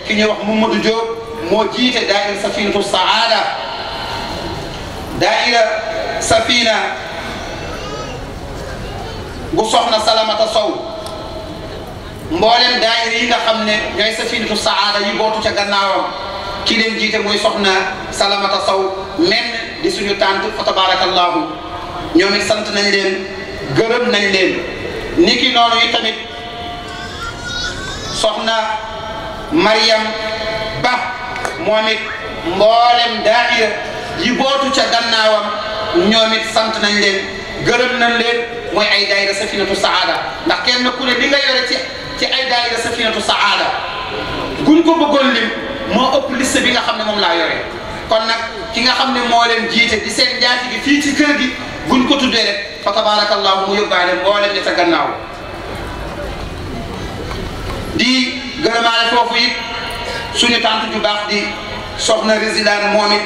Speaker 2: ki ñuy wax Mamadou Diop moo jiite daayira Safinatu Saada daayira Safina bu soxna salamata sow mboolem daayira yi nga xam ne ñooy safinatu saada yi bootu ca gannaawam ki leen jiite mooy soxna salamata sow menn di suñu tànt fa tabarakallahu ñoom it sant nañ leen gërëm nañ leen ni ki noonu yi tamit soxna mariam ba moom it mboolem daayira yi ca gannaawam ñoom sant nañ leen gërëm nañ leen mooy ay daayira safinatu saada ndax kenn ku ne li nga yore ci ci ay daayira safinatu saada guñ ko bëggoon lim moo ëpp liste bi nga xam ne moom laa yore kon nag ki nga xam ne moo leen jiite di seen jaati gi fii ci kër gi buñ ko tuddee rek fa tabarakallahu mu yóbbaale mboolem ñi ca gannaaw di gërëmaale foofu it suñu tànt ju baax di soxna na moom it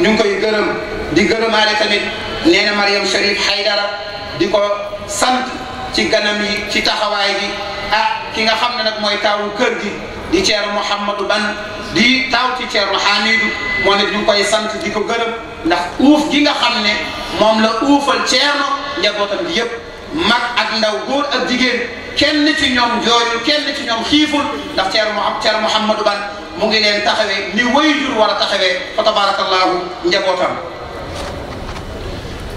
Speaker 2: ñu ngi koy gërëm di gërëmaale tamit nee na Mariam Cherif Haydara di ko sant ci ganam ci taxawaay bi ah ki nga xam ne nag mooy taawu kër gi di Ceerno Mouhamadou Ban di taaw ci Ceerno Hamidou moo ne ñu koy sant di ko gërëm ndax uuf gi nga xam ne moom la uufal Ceerno njabootam bi yëpp mag ak ndaw góor ak jigéen kenn ci ñoom jooyul kenn ci ñoom xiiful ndax Ceerno Ceerno Mouhamadou Ban mu ngi leen taxawee ni wayjur war a taxawee fa tabarakallahu njabootam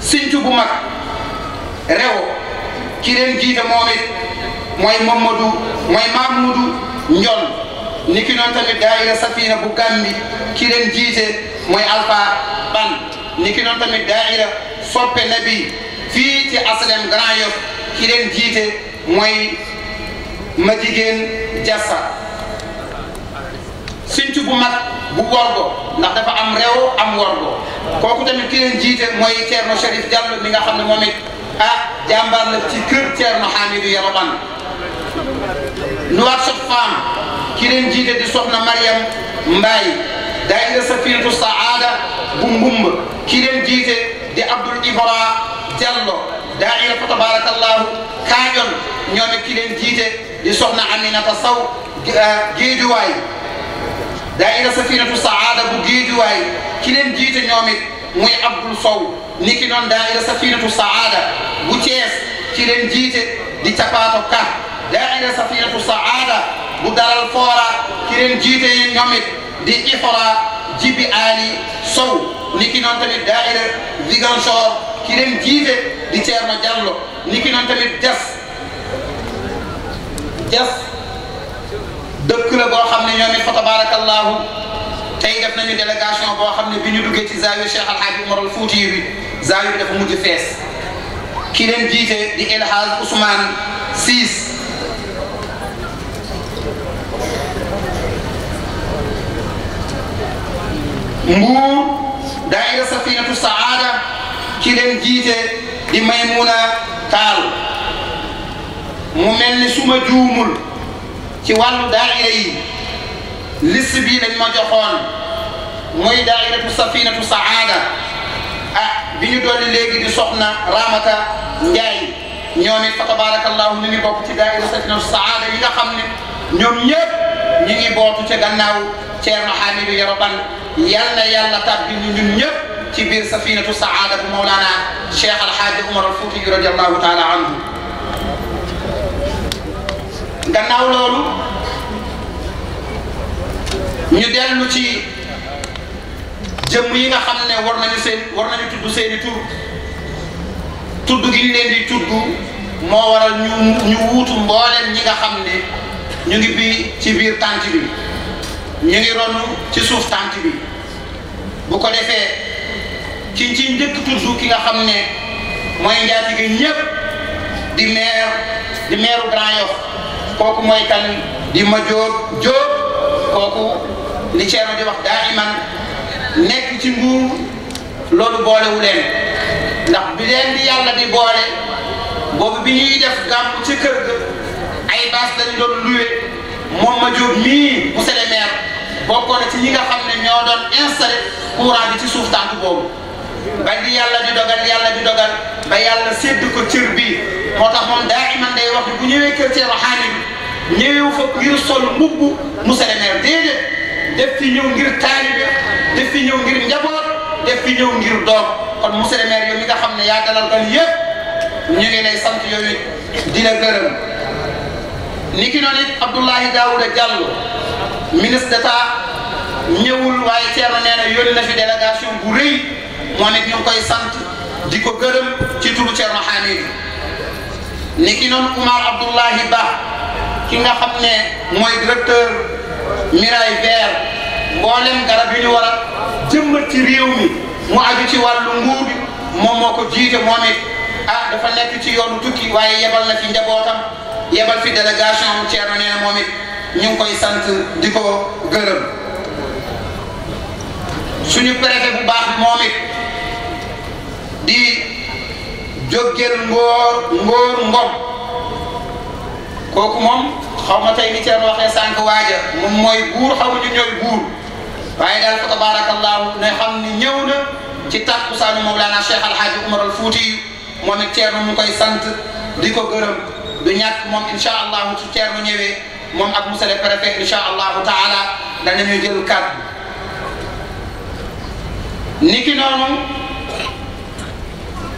Speaker 2: sincu bu mag rew ki leen jiite moom it mooy Mamadou mooy Mamoudou Ndiol ni tamit daayira Safina bu Gàmbi ki leen jiite mooy Ban ni tamit daayira soppe nabi fii ci aslem Grand Yoff ki leen jiite mooy sintu bu mag bu gorgo ndax dafa am réew am worgo kooku tamit ki leen jiite mooy Thierno Cherif Diallo mi nga xam ne moom a ah jàmbaar la ci kër Thierno Hamidou Yoroban Nouakchott Femme ki leen jiite di soxna Mariam Mbaye sa Safinatu Saada bu Mbumb ki leen jiite di Abdoul Ibra Diallo daayira fa tabarakallahu Kaajon ñoom it ki leen jiite di soxna Aminata Sow ah, géejuwaay daayira safinatu saada bu géejuwaay ki leen jiite ñoom muy Abdul Sow ni ki noon daayira safinatu saada bu Cees ki jiite di capaato ka daayira safinatu saada bu dalal foora ki leen jiite yi ñoom di ifra jibi ali sow ni ki noon tamit daayira Ziguinchor ki leen jiite di Ceerno Jallo ni ki noon tamit jas jas dëkk la boo xam ne ñoom it fa tabaarakallaahu tey def nañu délégation boo xam ne bi ñu duggee ci zaawiya Cheikh Al Hadj Umar al Fuuti bi zaawiya bi dafa mujj fees ki leen jiite di El Hadj Ousmane Siis Mbuur daayira Safinatu Saada ki leen jiite di Maymuna Taal mu mel ni suma juumul ci wàllu daayira yi liste bii lañ ma joxoon muy daayiratu safinatu saada ah bi ñu dolli léegi di soxna Ramata Ndiaye ñoom it fa tabarakallahu ñu ngi bokk ci daayira safinatu saada yi nga xam ne ñoom ñëpp ñu ngi bootu ca gannaaw Ceerno Hamidou Yoroban yal na yàlla tàbbi ñëpp ci biir safinatu saada bu Mawlana Cheikh Alhaaji Umar al Fuuti radiyallahu taala anhu gannaaw loolu ñu dellu ci jëmm yi nga xam ne war nañu seen war nañu tudd seeni tur tudd gi ñu leen di tudd moo waral ñu ñu wuutu mbooleem ñi nga xam ne ñu ngi bii ci biir tànt bi ñu ngi ronu ci suuf tànt bi bu ko defee ci ci njëkk tudd ki nga xam ne mooy njaatige ñépp di maire di maireu Grand Yoff kooku mooy kan di ma jóob jóob kooku li di wax daa iman nekk ci nguur loolu boolewu leen ndax bi leen di yàlla di boole boobu bi ñuy def gàmmu ci kër ga ay baas lañu doon luwe moom ma jóob mii monsieur le ci ñi nga xam ne ñoo doon installé courant bi ci suuf tànk boobu ba di yàlla di dogal yàlla di dogal ba yàlla sedd ko cër bi moo tax moom daa iman day wax bu ñëwee kër Thierno Xaadim ñëwee fa ngir sol mbubb monsieur le maire def fi ñëw ngir taalibe def fi ñëw ngir njaboot def fi ñëw ngir doom kon monsieur le mi nga xam ne yaa dalal gan yëpp ñu ngi lay sant yooyu di la gërëm. ni ki noonu it Abdoulaye Daouda Diallo ministre d'état ñëwul waaye Thierno nee na yónni na fi délégation bu rëy ne ñu ngi koy sant di ko gërëm ci turu Thierno Hamidou. ni ki noonu Oumar Abdoulahi Ba ki nga xam ne mooy directeur Mirail Vert mboolem garab yu ñu war a ci réew mi mu aju ci wàllu nguur bi moom moo ko jiite moom it ah, dafa lekk ci yoonu tukki waaye yebal na fi njabootam yebal fi délégation am Thierno nee na moom ngi koy sant di ko gërëm suñu préfet bu baax moom di. jóggeel ngóor ngóor ngom kooku moom xaw ma tey ni ceen waxee sànq waaja moom mooy buur xamuñu ñooy buur waaye daal fa tabarakallahu ne xam ni ñëw na ci tàkkusaanu Mawlana Cheikh Alhaaji Umar al Fuuti moom it Ceerno mu koy sant di ko gërëm du ñàkk moom insha allahu su Ceerno ñëwee moom ak monsieur le préfet insha allahu taala danañu jël kàddu niki noonu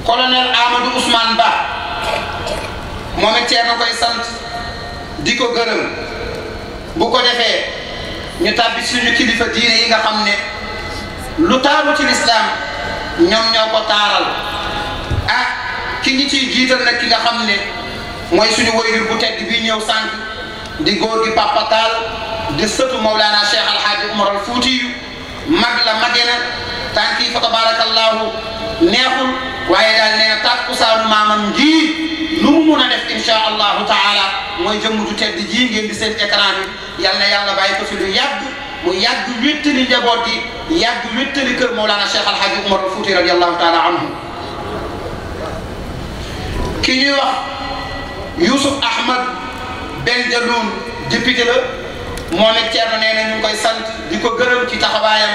Speaker 2: colonel Amadou Ousmane Ba moom it Thierno koy sant di ko gërëm bu ko defee ñu tàbbi suñu kilifa diine yi nga xam ne lu taaru ci lislaam ñoom ñoo ko taaral ah ki ñi ciy jiital nag ki nga xam ne mooy suñu waajur bu tedd bii ñëw sànq di góor gi Papa di sëtu Mawlana Cheikh Al Hadj Umar al Fuuti magla magena tanki fa tabarakallahu neexul waye dal neena takku saaru mamam ji lu mu meuna def insha allahu taala moy jëmm ju tedd ji ngeen di seen écran bi yal yàlla baye ko fi lu yàgg mu yàgg wéttali njaboot gi yàgg wéttali keur Mawlana Cheikh Al Hadji Umar Fuuti radiyallahu taala anhu ki ñuy wax yusuf Ahmad Ben Jaloun député la. moo ne Thierno nee na ñu ngi koy sant di ko gërëm ci taxawaayam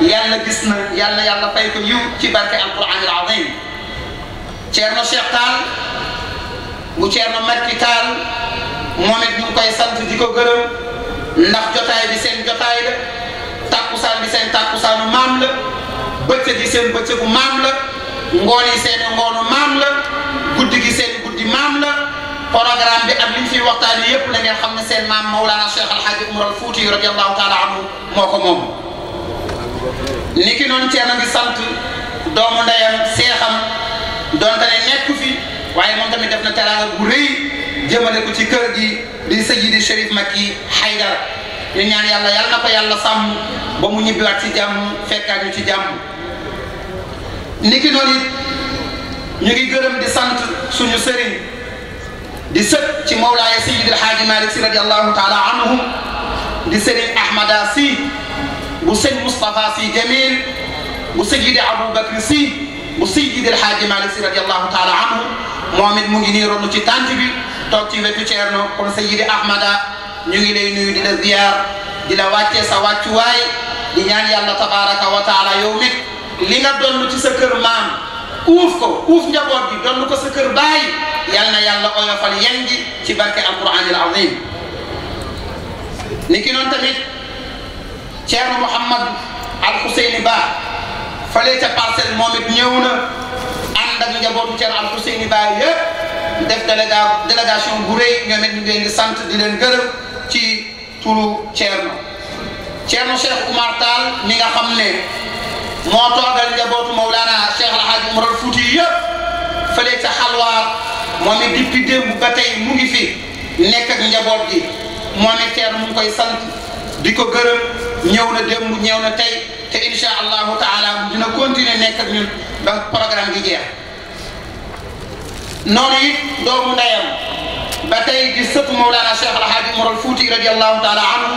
Speaker 2: yàlla gis na yàlla yàlla fay ko yiw ci barke alquran al azim Thierno Cheikh Tall bu Thierno Makki Tall moom it ñu ngi koy sant di ko gërëm ndax jotaay bi seen jotaay la tàkkusaan bi seen tàkkusaanu maam la bëccëg seen bëccëgu maam la ngoon yi seen ngoonu maam la guddi gi seen guddi maam la. programme bi am li fi waxtaan waxtaanee yépp la ngeen xam ne seen maam Mawlana Cheikh Al Hadj Umar Al Fouti radiyallahu taala anhu moo ko moom. ni ki noonu Thierno ngi sant doomu ndeyam seexam donte ne nekku fi waaye moom tamit def na teraanga bu rëy jëmale ko ci kër gi di Sayyidi Chérif Makki Haydara ñu ñaan yàlla yàlla sàmm ba mu ñibbiwaat ci jàmm fekkaat ñu ci jàmm ni ki noonu ñu ngi gërëm di sant suñu sëriñ. di sët ci Mawlaaya Seydil Haaji Malick si radiyallahu taala anhu di sëriñ Ahmada si bu sëñ Moustapha si Jamil bu Seydi Aboubacar si bu Seydil Haaji Malick si radiyallahu taala anhu moom it mu ngi nii ronn ci tànt bi toog ci wetu Ceerno kon Seydi Ahmada ñu ngi lay nuyu di la ziyaar di la wàccee sa wàccuwaay di ñaan yàlla tabaraka wa taala yow li nga doon ci sa kër maam uuf ko uuf njaboot bi doon ko sa kër baay yal na yàlla oyofal yen gi ci barke alquranil azim ni ki noonu tamit Ceerno Mouhamad al Xuseyni Ba fale ca parcelle moom it ñëw na ànd ak njabootu Ceerno al Xuseyni Ba yëpp def déléga délégation bu rëy ñoom it ñu ngi leen di sant di leen gërëm ci turu Ceerno Ceerno Cheikh Oumar Tall mi nga xam ne moo toogal njabootu Mawlana Cheikh El Hadj Oumar Fouti yëpp fële ca xalwaar moom it depuis démb ba tey mu ngi fi nekk ak njaboot gi moom it teer mu ngi koy sant di ko gërëm ñëw na démb ñëw na tey te incha allahu taala dina continuer nekk ak ñun ba programme gi jeex noonu it doomu ndeyam ba tey di sëpp Mawlana Cheikh El Hadj Oumar Fouti radiyallahu taala anhu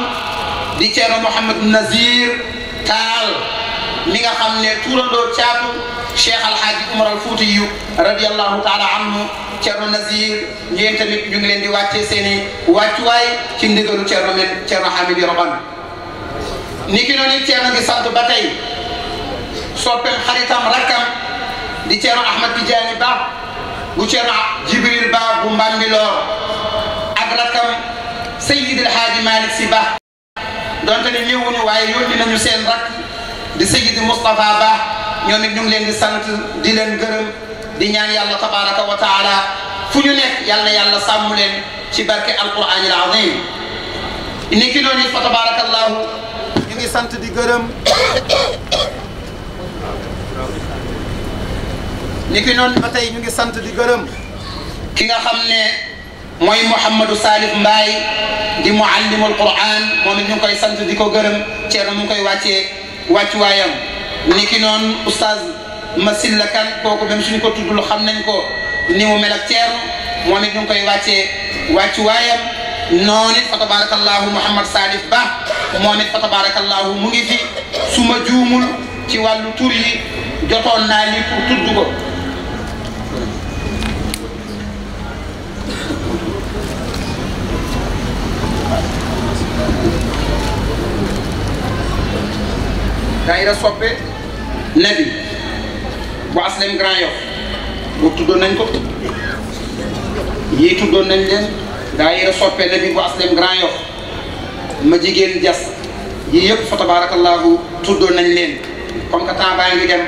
Speaker 2: di Ceerno Mouhamed Nazir Taal. mi nga xam ne tuurandoo caatu cheikh alhaaji umar al fuuti yu radiallahu taala anhu cerno nazir ngeen tamit ñu ngi leen di wàccee seeni wàccuwaay ci ndigalu cerno men cerno hamidi roban ni ki noonu cerno ngi sant ba tey soppem xaritam rakkam di cerno ahmad tijaani ba bu cerno jibril ba bu mbambiloor ak rakkam sayid alhaaji malik si ba donte ne ñëwuñu waaye yónni nañu seen rakk di Seydi Moustapha Ba ñoo it ñu ngi leen di sant di leen gërëm di ñaan yàlla tabaraka wa taala fu ñu nekk yàlla na yàlla sàmm leen ci barke alquran al azim ni ki noonu fa tabarakallahu ñu ngi sant di gërëm ni ki ba tey ñu ngi sant di gërëm ki nga xam ne mooy mu Salif Mbaye di muallimul Qur'an moom it moo ngi koy sant di ko gërëm Thierno mu ngi koy wàccee wàccuwaayam ni ki noonu oustaz Massyla Kane kooku même suñu ko tuddul xam nañ ko ni mu mel ak Thierno moom it ñu ngi koy wàccee wàccuwaayam noonu it fa tabarakallahu Mouhamad Salif Ba moom it fa tabarakallahu mu ngi fi su ma juumul ci wàllu tur yi jotoon naa li pour daayira soppe nabi bu aslem Grand Yoff bu tuddoon nañ ko yii tuddoon nañ leen daayira soppe nabi bu aslem Grand Yoff ma jigéen jas yii yëpp fa tabaarakallaahu tuddoon nañ leen comme que temps baa ngi dem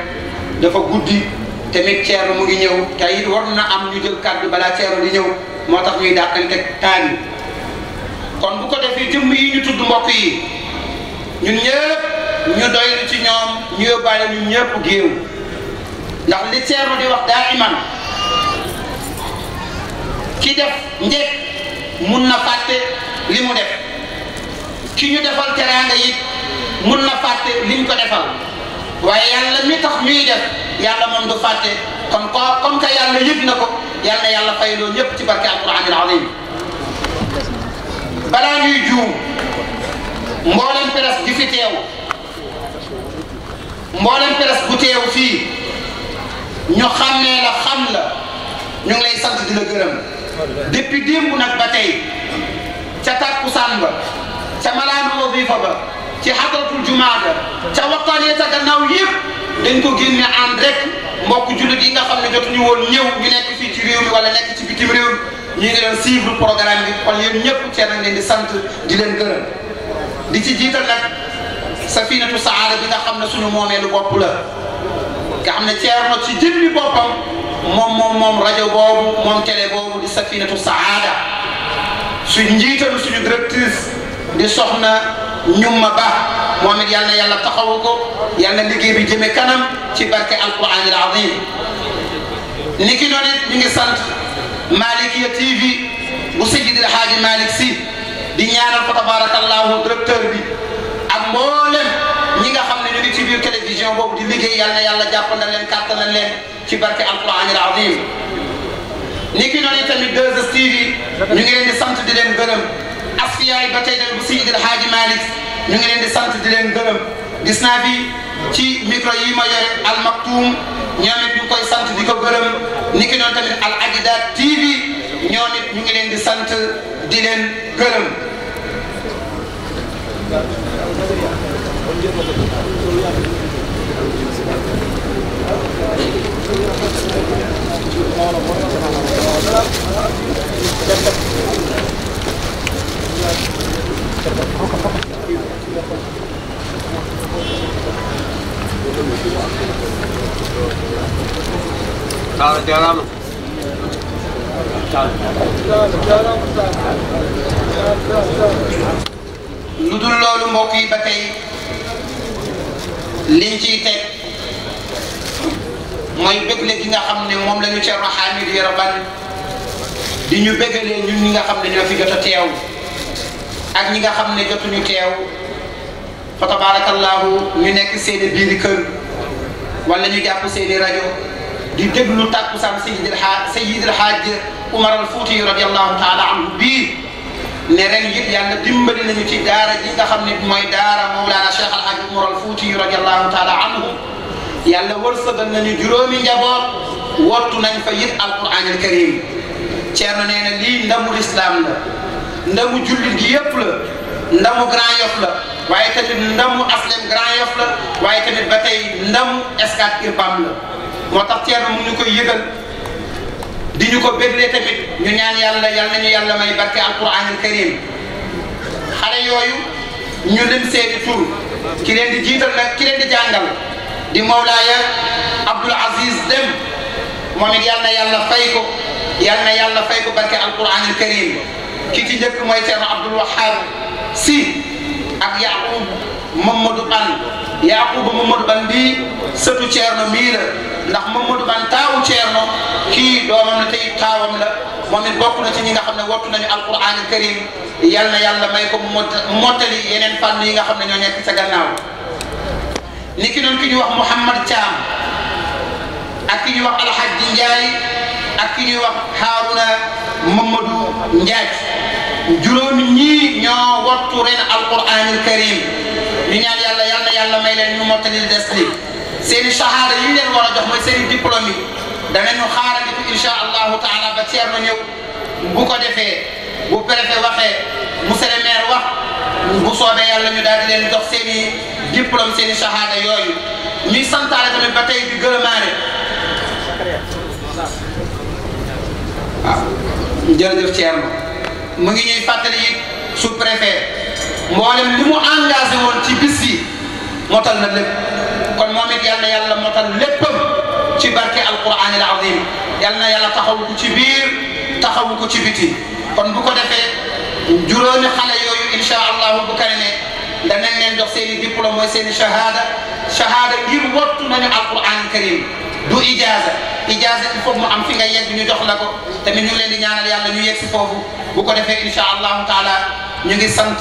Speaker 2: dafa guddi tamit Thierno mu ngi ñëw te it war na am ñu jël kàddu balaa Thierno di ñëw moo tax ñuy dàqante taan yi kon bu ko defee jëmm yi ñu tudd mbokk yi ñun ñëpp ñu doylu ci ñoom ñu yóbbaale ñun ñëpp géew ndax li Thierno di wax daa iman ki def njëkk mun na fàtte li mu def ki ñu defal teraanga it mun na fàtte liñ ko defal waaye yàlla mi tax ñuy def yàlla moom du fàtte kon ko comme que yàlla yëg na ko yàlla na yàlla fayloo ñëpp ci barke alquran al azim balaa ñuy juum mboolem presse gi fi teew mboolem presse bu teew fii ñu xàmmee la xam la ñu ngi lay sant di la gërëm depuis démb nag ba tey ca tàkkusaan ba ca malaanu wazifa ba ci xadatul jumaa ba ca waxtaan ya ca gannaaw yëpp dañ ko génne ànd rek mbokk jullit yi nga xam ne jotuñu woon ñëw ñu nekk fii ci réew mi wala nekk ci bitim réew ñu ngi leen suivre programme bi kon yéen ñëpp cee nañ leen di sant di leen gërëm. di ci jiital nag safinatu saada bi nga xam ne suñu moomeelu bopp la nga xam ne Ceerno ci jëmmi boppam moom moom moom rajo boobu moom télé boobu di safinatu saada suñ njiitalu suñu directrice di soxna ñumma ba moom it yal na yàlla taxawu ko yal na liggéey bi jëme kanam ci barke alquran al azim ni ki noonu it ñu ngi sant Malikia TV bu Seydi El Hadji Malick Sy di ñaanal fa tabarakallahu directeur bi ak mboolem ñi nga xam ñu ci biir télévision boobu di liggéey yàlla na yàlla jàppandal leen kàttanal leen ci barke alquran al azim ni ki noonu tamit 2STV ñu ngi leen di sant di leen gërëm asfiyaay ba tey bu Seydi El Hadji Malick ñu ngi leen di sant di leen gërëm gis naa fi ci micro yi ma yore Al Maktoum ñoom ñu koy sant di ko ni ki noonu tamit Al Agidat TV ñoom ñu ngi leen di sant dilen leen gërëm
Speaker 10: Kalau jalan
Speaker 2: lu dul loolu mbokk yi ba tey liñ ciy teg mooy bégle gi nga xam ne moom lañu ñu Cerno Hamidou Yero di ñu bégalee ñun ñi nga xam ne ñoo fi jot a teew ak ñi nga xam ne jotuñu teew fa tabarakallahu ñu nekk seeni biiri kër wala ñu jàpp seeni rajo di déglu tàkkusaan sayid alxaaj sayid alxaaj Umar al futi radiyallahu taala anhu bi ne ren yit yàlla dimbali nañu ci daara ji nga xamni moy daara mawlana Cheikh Al Hadj Umar al futi radiyallahu taala anhu yàlla wërsëgal nañu juróomi njaboot wottu nañ fa yit al qur'an al karim cierno neena li ndamu islam la ndamu jullit gi yep la ndamu Grand yof la waye tamit ndamu aslem Grand yof la waye tamit batay ndamu Scat Urbam la. moo tax Thierno mu ñu koy yëgal di ñu ko béglee tamit ñu ñaan yàlla yàlla nañu yàlla may barke alquranil karim xale yooyu ñu lim seeni tur ki leen di jiital nag ki leen di jàngal di Mawlaaya Abdul Aziz Dem moom it yàlla na yàlla fay ko yàlla na yàlla fay ko barke alquranil karim ki ci njëkk mooy Thierno Abdul Wahab si ak Yaqub Mamadou Ban Yaqub Mamadou Ban bii sëtu Thierno mii la. ndax Mamadou Ban taawu Ceerno kii doomam la tey la moom it bokk na ci ñi nga xam ne wattu nañu alquran karim yal na yàlla may ko mottali yeneen fànn yi nga xam ne ñoo nekk sa gannaaw ni ki doon ki ñuy wax Mouhamad Thiam ak ki ñuy wax Alhaji Ndiaye ak ki ñuy wax Haaruna Mamadou Ndiaye juróomi ñii ñoo wattu ren alquran karim ñu ñaan yàlla yal na yàlla may leen ñu mottali des li سيري شهادة يمين ورا جه مي سيري دبلومي دهنا نو خارج إن شاء الله تعالى بتصير من يو بوكا دفع بوبر دفع وخي مسلم يروى بوسوا بيار لم يدار لين جه سيري دبلوم سيري شهادة يوي مي سنت على تمن بتي بيجول ماري جل جل تيار مغني يفتري سوبر دفع مولم نمو أنجازه ونتبسي مطلنا لك kon moom it yal na yàlla motal léppam ci barke alquran al azim yal na yàlla taxawu ko ci biir taxawu ko ci biti kon bu ko defee juróomi xale yooyu incha allahu bu ne danañ leen jox seen i diplôme mooy seen i shahada shahada ngir wottu nañu alquran karim du ijaaza ijaaza il mu am fi nga yegg ñu jox la ko tamit ñu ngi leen di ñaanal yàlla ñu yegg si foofu bu ko defee incha allahu taala ñu ngi sant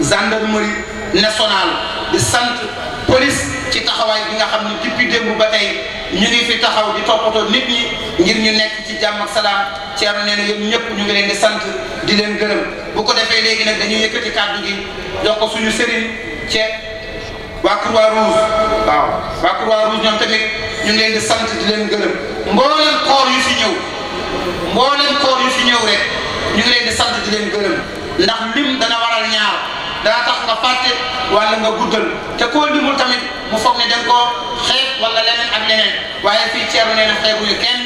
Speaker 2: gendarmerie. nationale di sant police ci taxawaay bi nga xam ne depuis démb ba tey ñu ngi fi taxaw di toppatoo nit ñi ngir ñu nekk ci jàmm ak salaam Thierno nee na yéen ñëpp ñu ngi leen di sant di leen gërëm bu ko defee léegi nag dañuy yëkkati kàddu gi jox ko suñu sëriñ ceeb waa Croix-Rouge ñoom tamit ñu ngi leen di sant di leen gërëm mbooleem koor yu fi ñëw mbooleem koor yu fi ñëw rek ñu ngi leen di sant di leen gërëm ndax lim dana waral ñaar. dana tax nga fàtte wala nga guddal te koo limul tamit mu foog ne dañ koo xeeb wala leneen ak leneen waaye fii ceeru nee na xeebuñu kenn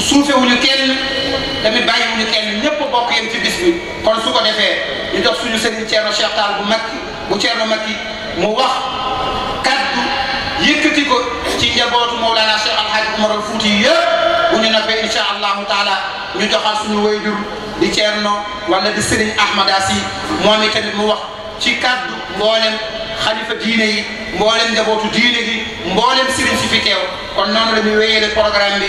Speaker 2: suufewuñu kenn tamit bàyyiwuñu kenn ñëpp bokk yem ci bis bi kon su ko defee ñu jox suñu sëriñ Ceerno Cheikh Tall bu Makki bu Ceerno Makki mu wax kaddu yëkkati ko ci njabootu Mawlana Cheikh Alhaji Umar al Fuuti yëpp bu ñu noppee incha allahu taala ñu joxal suñu waajur Thierno wala di Serigne Ahmada Sy moom itamit mu wax ci kàddu mboolem xalifa diine yi mboolem njabootu diine gi mboolem Serigne si fi teew kon noonu la ñu wéyale programme bi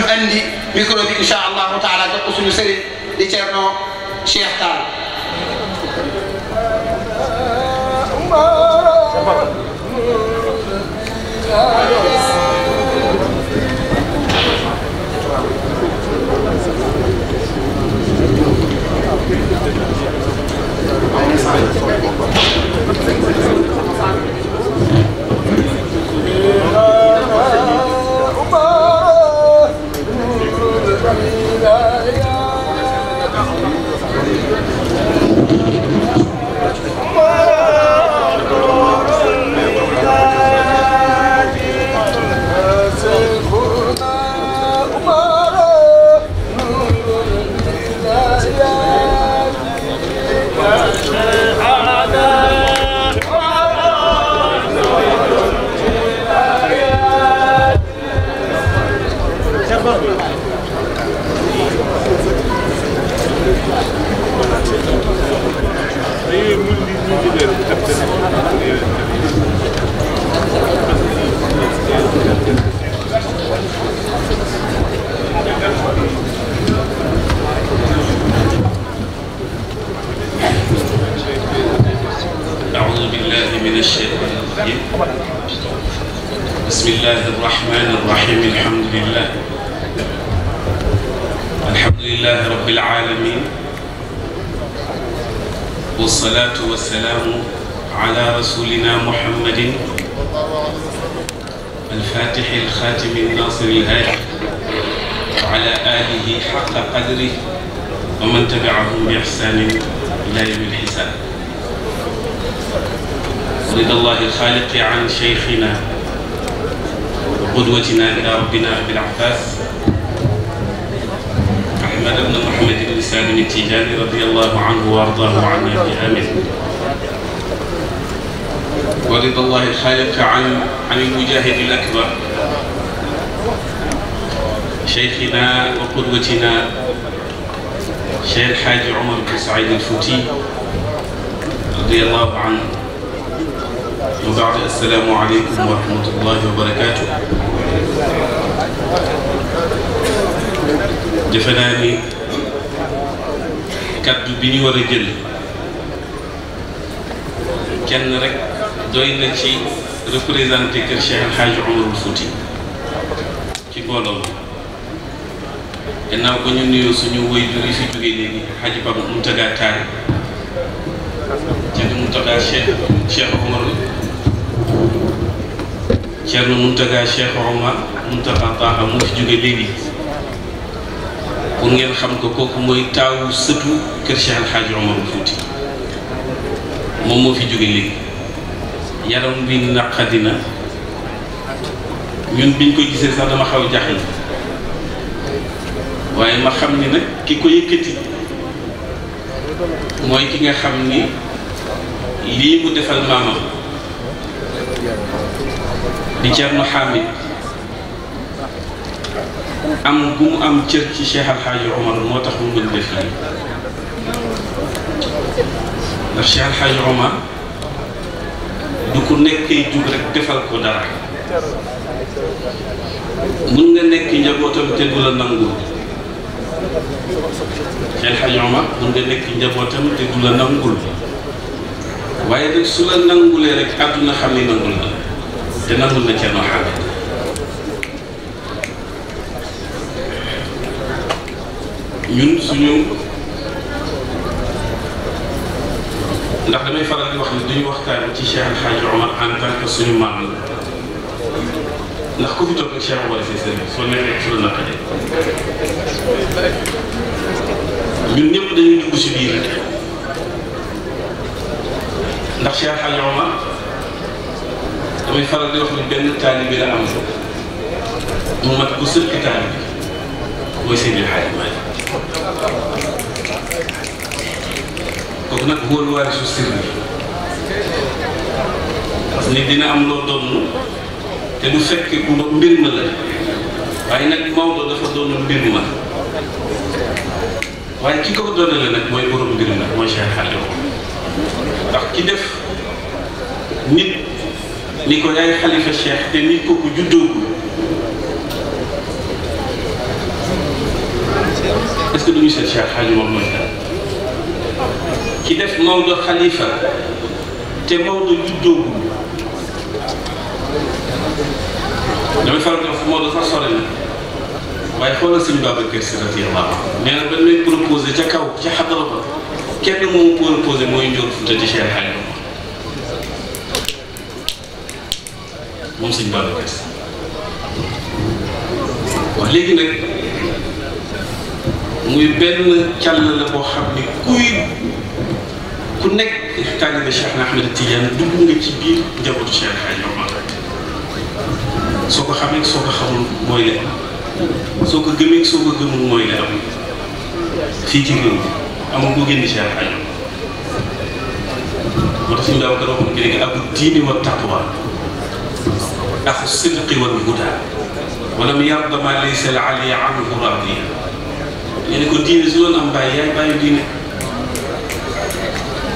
Speaker 2: ñu andi micro bi incha allahu taala jox ko suñu Serigne di Thierno Cheikh Tall.
Speaker 3: بسم الله الرحمن الرحيم الحمد لله الحمد لله رب العالمين
Speaker 4: والصلاة والسلام على رسولنا محمد الفاتح الخاتم الناصر الهادي
Speaker 3: وعلى آله حق قدره ومن تبعهم بإحسان إلى يوم الحساب رضا الله الخالق عن شيخنا قدوتنا إلى ربنا أبي العباس أحمد بن محمد بن سالم التيجاني رضي الله عنه وأرضاه عنا امن ورضى الله الخالق عن عن المجاهد الأكبر شيخنا وقدوتنا شيخ حاج عمر بن سعيد الفوتي رضي الله عنه
Speaker 4: وبعد السلام عليكم ورحمة الله وبركاته
Speaker 3: defe naa bi ñu war a jël kenn rek doy na ci représenté kër Cheikh El Hadj Omarul Fouti ci mbooloo
Speaker 4: mi gannaaw ba ñu nuyoo suñu waajur yi fi jógee léegi Hadj Baba Mountaga Taal Thierno Mountaga Cheikh Cheikh Omar Thierno Mountaga Cheikh Omar Mountaga Taha mu fi
Speaker 3: jógee léegi. pour ngeen xam ko kooku mooy taawu sëtu kër Cheikh El Hadj Omar Fouti moom moo fi jóge léegi yaram bi naqadi na ñun biñ ko gisee sax dama xaw jaxle waaye ma xam ni nag ki ko yëkkati mooy ki nga xam ni lii mu defal maamam di Thierno Hamid am bu mu am cër ci Cheikh Al Hadj moo tax mu mën def lii ndax Cheikh Al Hadj du ku
Speaker 4: nekkee jug rek defal ko dara mun nga nekk njabootam te du la
Speaker 3: nangul Cheikh Al Hadj Omar mun nga nekk njabootam te du la nangul
Speaker 4: waaye nag su la nangulee rek àdduna xam nangul na te nangul na Thierno Hamid.
Speaker 3: ñun suñu ndax damay faral di wax ni duñu waxtaan ci Cheikh El Hadj Omar en tant que suñu maam la ndax ku fi toog ak Cheikh Omar si sëriñ soo nekkee
Speaker 11: su
Speaker 2: la naqaree ñun ñëpp dañuy dugg si biir
Speaker 4: ndax Cheikh El Hadj Omar damay faral di wax ni benn taalibe bi la am mu mat ku sëkk taalibe bi mooy Seydi El Hadj Malick kooku nit dina am loo doon te du fekk mbir ma la waaye nag
Speaker 3: Maodo dafa doon mbir ma waaye ki ko doonale nag mooy borom mbir ma mooy Cheikh Xalifa ndax ki def nit ni ko yaay xalifa Cheikh te nit kooku juddoogul
Speaker 4: est-ce que du ñu seet Cheikh Xalifa mooy kan ki def Maodo xalifa te Maodo juddoogul damay faral di wax Maodo sax sore na
Speaker 6: waaye xoolal sëñ Babacar Si radiyallaahu
Speaker 3: anhu nee na ba may ca kaw ca xadara ba kenn moomu proposé mooy Njool Fuuta di Cheikh Xaaj
Speaker 4: moom sëñ Babacar Si wax léegi muy benn càll la boo xam ne
Speaker 3: kuy
Speaker 6: ku nekk taalibe Cheikh Ahmed Tidiane dugg nga ci biir njabootu Cheikh Hadj Omar soo ko xamee soo ko xamul mooy la am
Speaker 4: soo ko gëmee soo ko gëmul mooy la am fii ci réew mi amul ku génn
Speaker 6: Cheikh Hadj Omar moo tax suñu daaw dara waxoon léegi ak diini wa taqwa ak sidqi wal huda walam yarda ma laysa
Speaker 3: al ali anhu radiya ñu ne ko diine su doon am bàyyi yaay bàyyi diine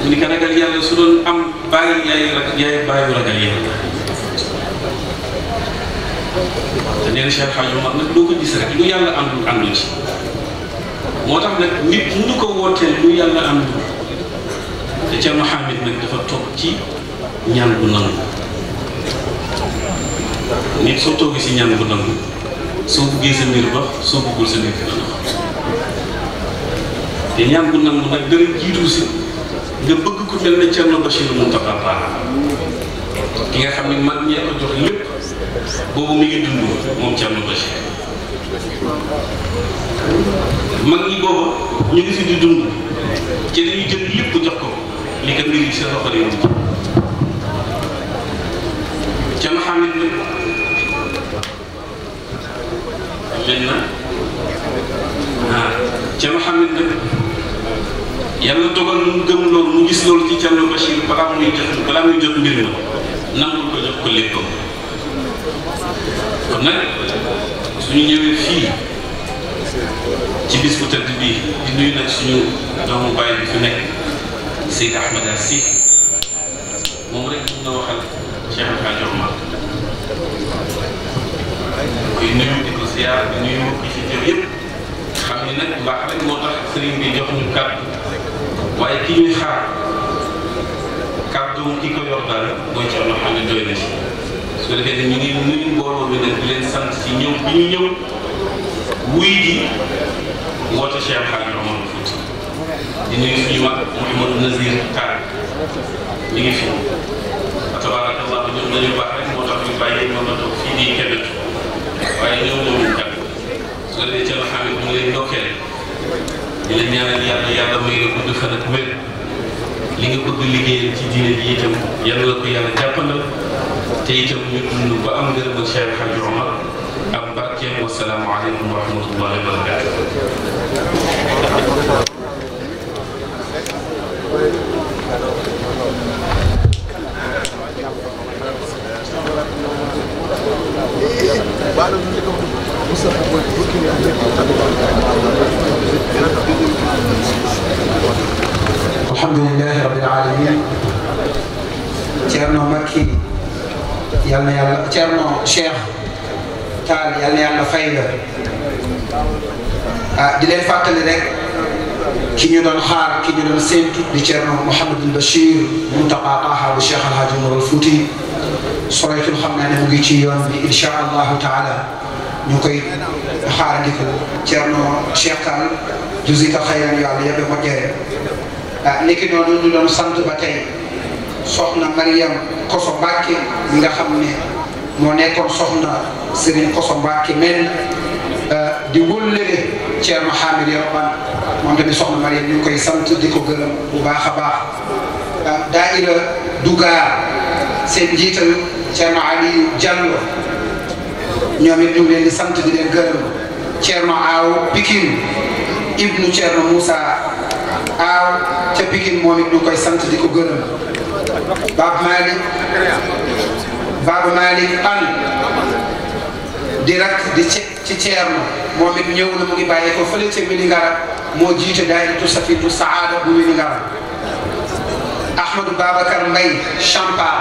Speaker 3: mu ni ko ragal yàlla su doon am bàyyi yaayu ragal yaayu bàyyi ragal
Speaker 6: nag lu yàlla àndul àndu moo tax nag nit mënu ko wooteel lu yàlla
Speaker 4: àndul te ca Mohamed nag dafa toog ci
Speaker 6: ñaan bu nangu
Speaker 4: nit soo toogee si ñaan bu nangu soo buggee sa mbir soo buggul sa mbir te ñaan bu nangu nag dana jiitu si nga bëgg ku mel ne Thierno Bachir Mountakha Bara ki nga xam ne mag ñee ko jox lépp boobu mi ngi dund moom Thierno Bachir mag ñi booba ñu ngi fi di dund ci dañuy jël lépp jox ko li nga mbiri sa loxo yi mujj Thierno Hamid
Speaker 2: nag
Speaker 6: mel na ah Thierno yàlla dogal mu gëm loolu mu gis loolu ci Thierno Bachir balaa muy jot balaa muy jot mbir mi nangul ko jox ko léppam kon nag
Speaker 4: suñu ñëwee fii ci bis bu tëdd bii di nuyu nag suñu doomu bàyyi bi
Speaker 3: fi nekk Seyd Ahmada Sy moom rek mun na waxal Cheikh El Hadj Omar koy nuyu di ko ziar di
Speaker 6: nuyu mbokk yi ci jëf yëpp xam ne nag mbaax rek moo tax sëriñ bi jox ñu kàddu waaye ki ñuy xaar kàddu ki ko yor daal mooy ci loo xam ne doy na ci su defee ne ñu ngi nuyu mbooloo bi nag di leen sant ci ñëw
Speaker 4: bi ñu ñëw
Speaker 3: wuy ji woote Cheikh Xaadim Omar Fouti di nuyu
Speaker 4: suñu mag Mouhamadou Nazir Tall mi ngi fi wa tabarakallah
Speaker 3: ñoom dañu baax rek moo tax ñu bàyyi mën na toog fii nii kenn waaye ñëw ñëw ñu jàpp su defee ci loo xam ne mu ngi leen ndokkeel di la ñaanal yàlla yàlla may la gudd fan ak wér li nga bëgg liggéeyal ci diine ji itam yàlla la ko yàlla jàppandal te itam ñu dund ba am ngërëmal Cheikh Hadj Omar am barkeem wa salaamu aleykum wa rahmatullahi wa barakatuh Bala ñu ko الحمد
Speaker 2: لله رب العالمين تيرنو مكي يالنا يالنا تيرنو شيخ تعال يالنا يالنا فايدة دلين فاتل لك كي نيو دون حار كي نيو دون سنت دي تيرنو محمد البشير منتقى طاها والشيخ الحاج نور الفوتي صليت الحمد لله نبغي تيون ان شاء الله تعالى نكوي حار ديكو تيرنو شيخ كامل jusika xayran yàlla yëpp ko jëre ah niki noonu ñu doon sant ba soxna Mariam Koso Mbacke mi nga xam ne moo nekkoon soxna Serigne Koso Mbacke mel ah, di wëllële Thierno Hamid Yoroban moom tamit soxna Mariam ñu koy sant di ko gërëm bu baax a baax ah, daayira Dugaar seen njiital Thierno Aliou Diallo ñoom it ñu sant di leen gërëm Thierno Aw Pikine ibnu Thierno Moussa Aw ca Pikine moom it ñu koy sant di ko gërëm Bab Malick Bab Malick Anne di rak di ci Thierno moom it ñëw na mu ngi bàyyi ko fële ca Vélingara moo jiite daayiratu Safinatou Saada bu Vélingara Ahmadou Babacar Mbaye Champal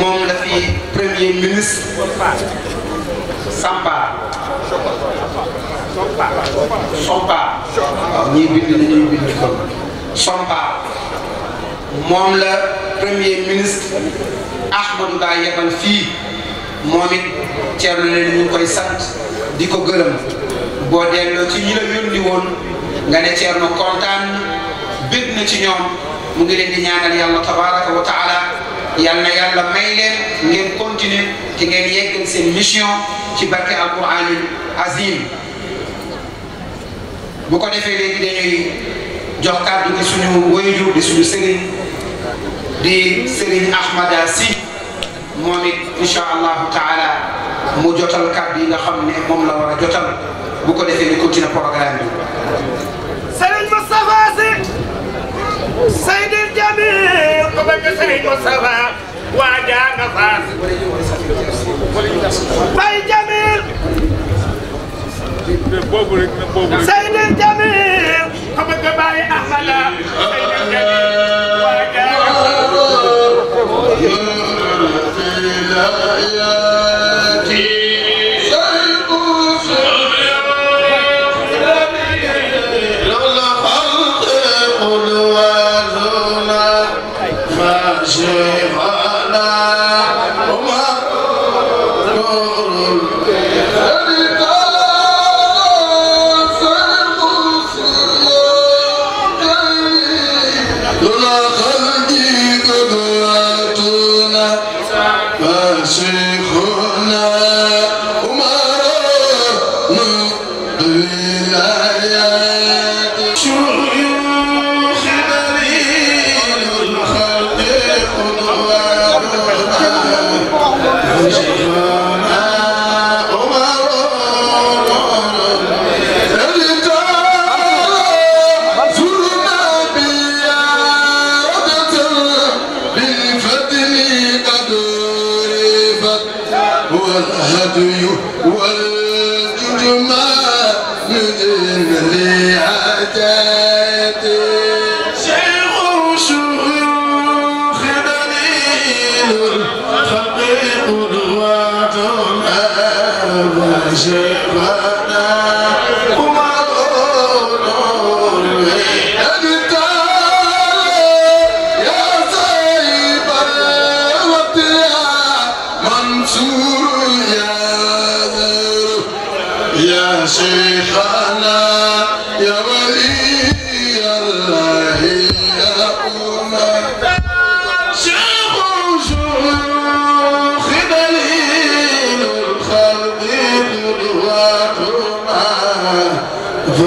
Speaker 2: moom la fi premier ministre Sampal Sompa
Speaker 1: waaw ñii bind na ñuy bind kon Sompa moom la premier ministre
Speaker 6: Ahmadou Ba yebal fii moom it Thierno leen ñu ngi koy sant di ko
Speaker 2: gërëm boo delloo ci ñi la yónni woon nga ne Thierno kontaan bég na ci ñoom mu ngi leen di ñaanal yàlla tabaraka wa taala yàlla na yàlla may leen ngeen continuer te ngeen yeggal seen mission ci barke alquranil azim bu ko defee léegi dañuy jox kàddu gi suñu wayjur di suñu sëriñ di sëriñ Ahmada Si moom it incha allahu taala mu jotal kàddu yi nga xam ne moom la jotal bu ko defee ñu continuer programme bi.
Speaker 1: sëriñ Moustapha Si
Speaker 2: Seydil Jamil ko bëgg sëriñ Moustapha waa jaa nga Bay Jamil.
Speaker 10: boobu rek na boobu rek. Seydil
Speaker 2: Jamil xam nga bàyyi Ahmada
Speaker 1: Seydil Jamil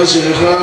Speaker 1: 是。合。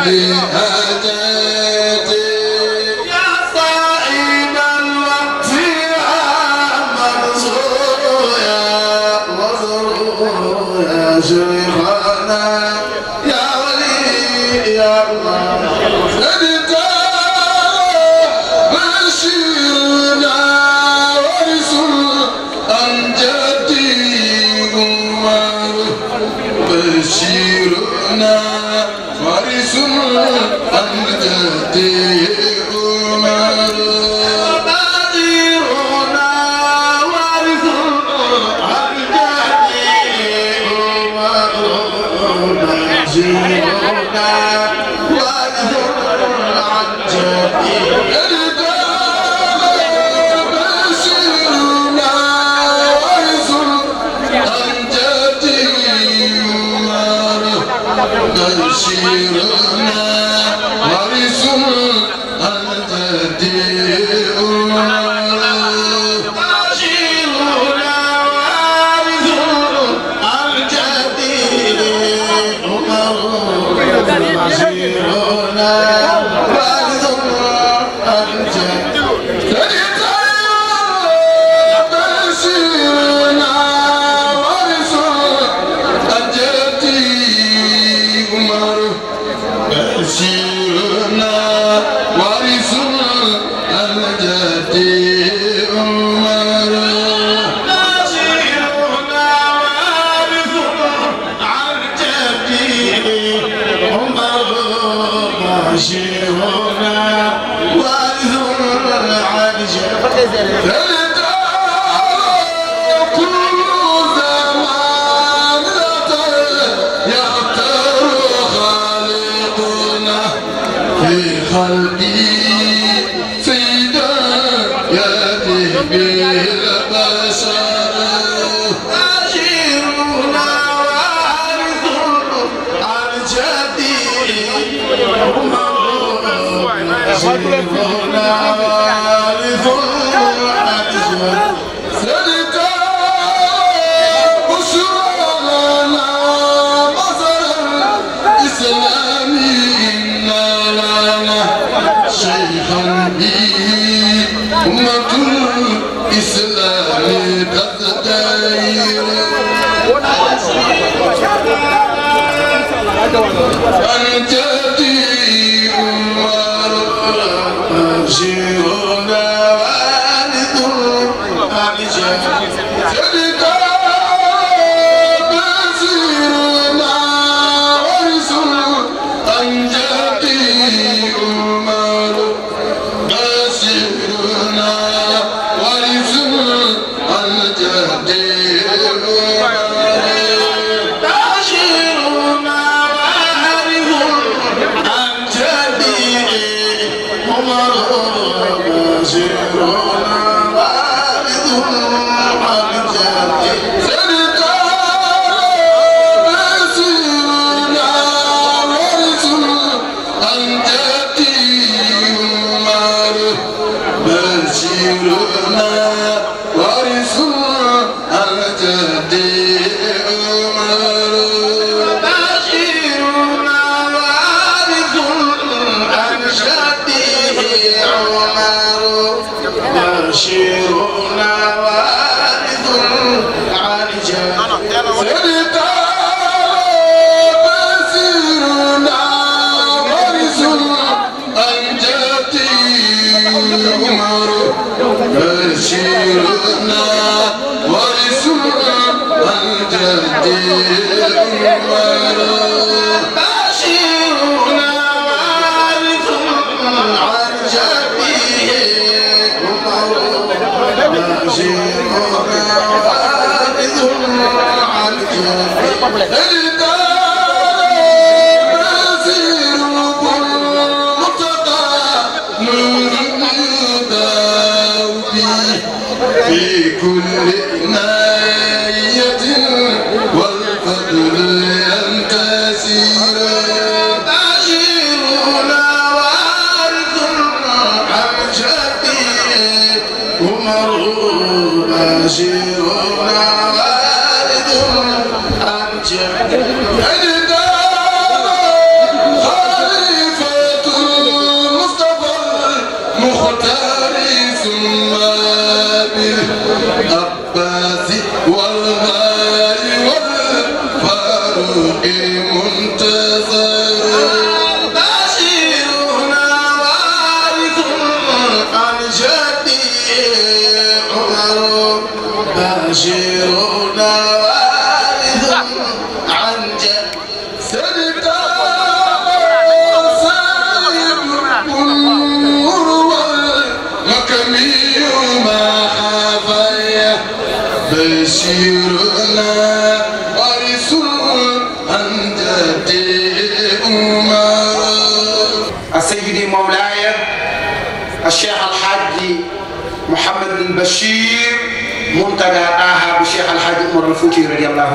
Speaker 1: عليها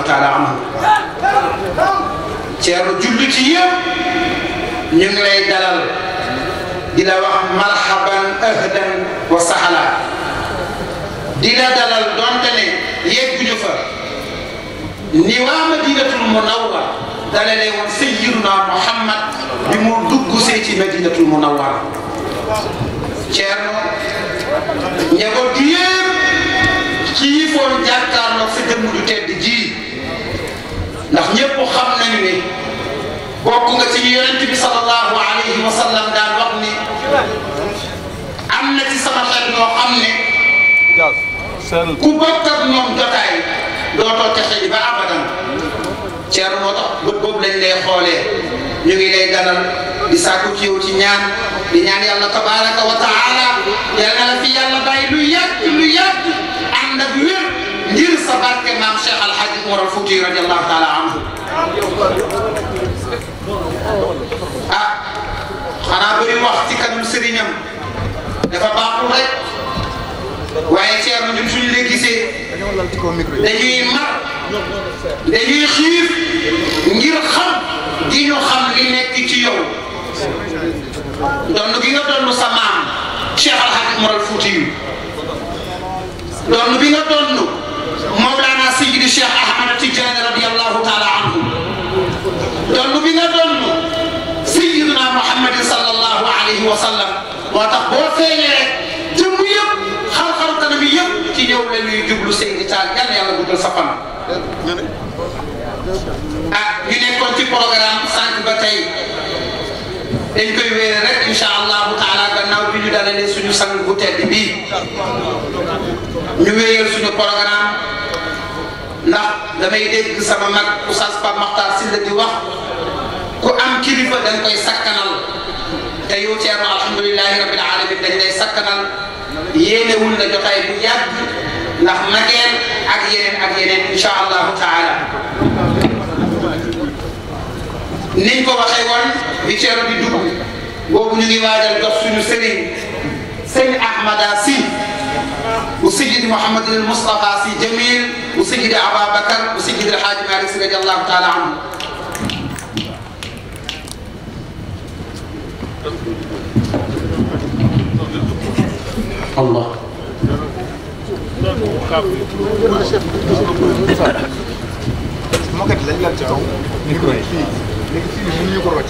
Speaker 2: taala anhu ceeru julli ci yëpp ñu ngi dalal di la wax marhaban ahlan wa sahla di dalal donte ne yegguñu ni waa madinatul munawwara dalalee woon sayyiduna Muhammad bi mu dugg see ci madinatul munawwara ceerno njaboot gi yëpp ci yi foon jàkkaarloo sa jëmm ju tedd xam nañu ne bokk nga ci yonent bi sallallahu alayhi wa sallam daan wax ni am na ci sama xel ñoo xam ne ku bokk ak ñoom jotaay dootoo texe ji ba abadan ceer moo tax bët boobu lañ lay xoolee ñu ngi lay ganal di sàkku ci yow ci ñaan di ñaan yàlla tabaraka wa taala yàlla na la fi yàlla bàyyi lu yàgg lu yàgg ànd ak wér ngir sa barke maam Cheikh Al Hadj Umar Al Fouti radiyallahu taala anhu ah xanaa bëri wax ci kanam sëriñam dafa baaxul rek waaye Thierno ñun suñu la gisee dañuy mar dañuy xiir ngir xam di ñu xam li nekk ci yow donn gi nga donn sa maam Cheikh Al Hadj Moral Fouti yu donn bi nga alayhi wa tax boo feeñee rek jëmm yëpp xar-xar kanam bi yëpp ci yow la ñuy jublu Seydi Tall yal na yàlla guddal sa fan. ah ñu nekkoon ci programme sànq ba tey dañ koy wéere rek incha allahu taala gannaaw bi ñu dalalee suñu sang bu tedd bii ñu wéyal suñu programme ndax damay dégg sama mag Oustaz Pape Makhtar Sylla di wax ku am kilifa dañ koy sakkanal. te yow Thierno alhamdulilahi rabbil alamin dañ lay sakkanal yéenewul la jotaay bu yàgg ndax mageen ak yeneen ak yeneen incha allahu taala niñ ko waxee woon bi Thierno di dugg boobu ñu ngi waajal jox suñu sëriñ sëñ Ahmada si bu sijidi Mouhamadul Moustapha si Jamil bu sijidi Ababacar bu sijidi Alhaji Malick si radiallahu taala anhu moket lañ laal ci kaw. micro yi fii léegi fii nii mënuñu ko rocc.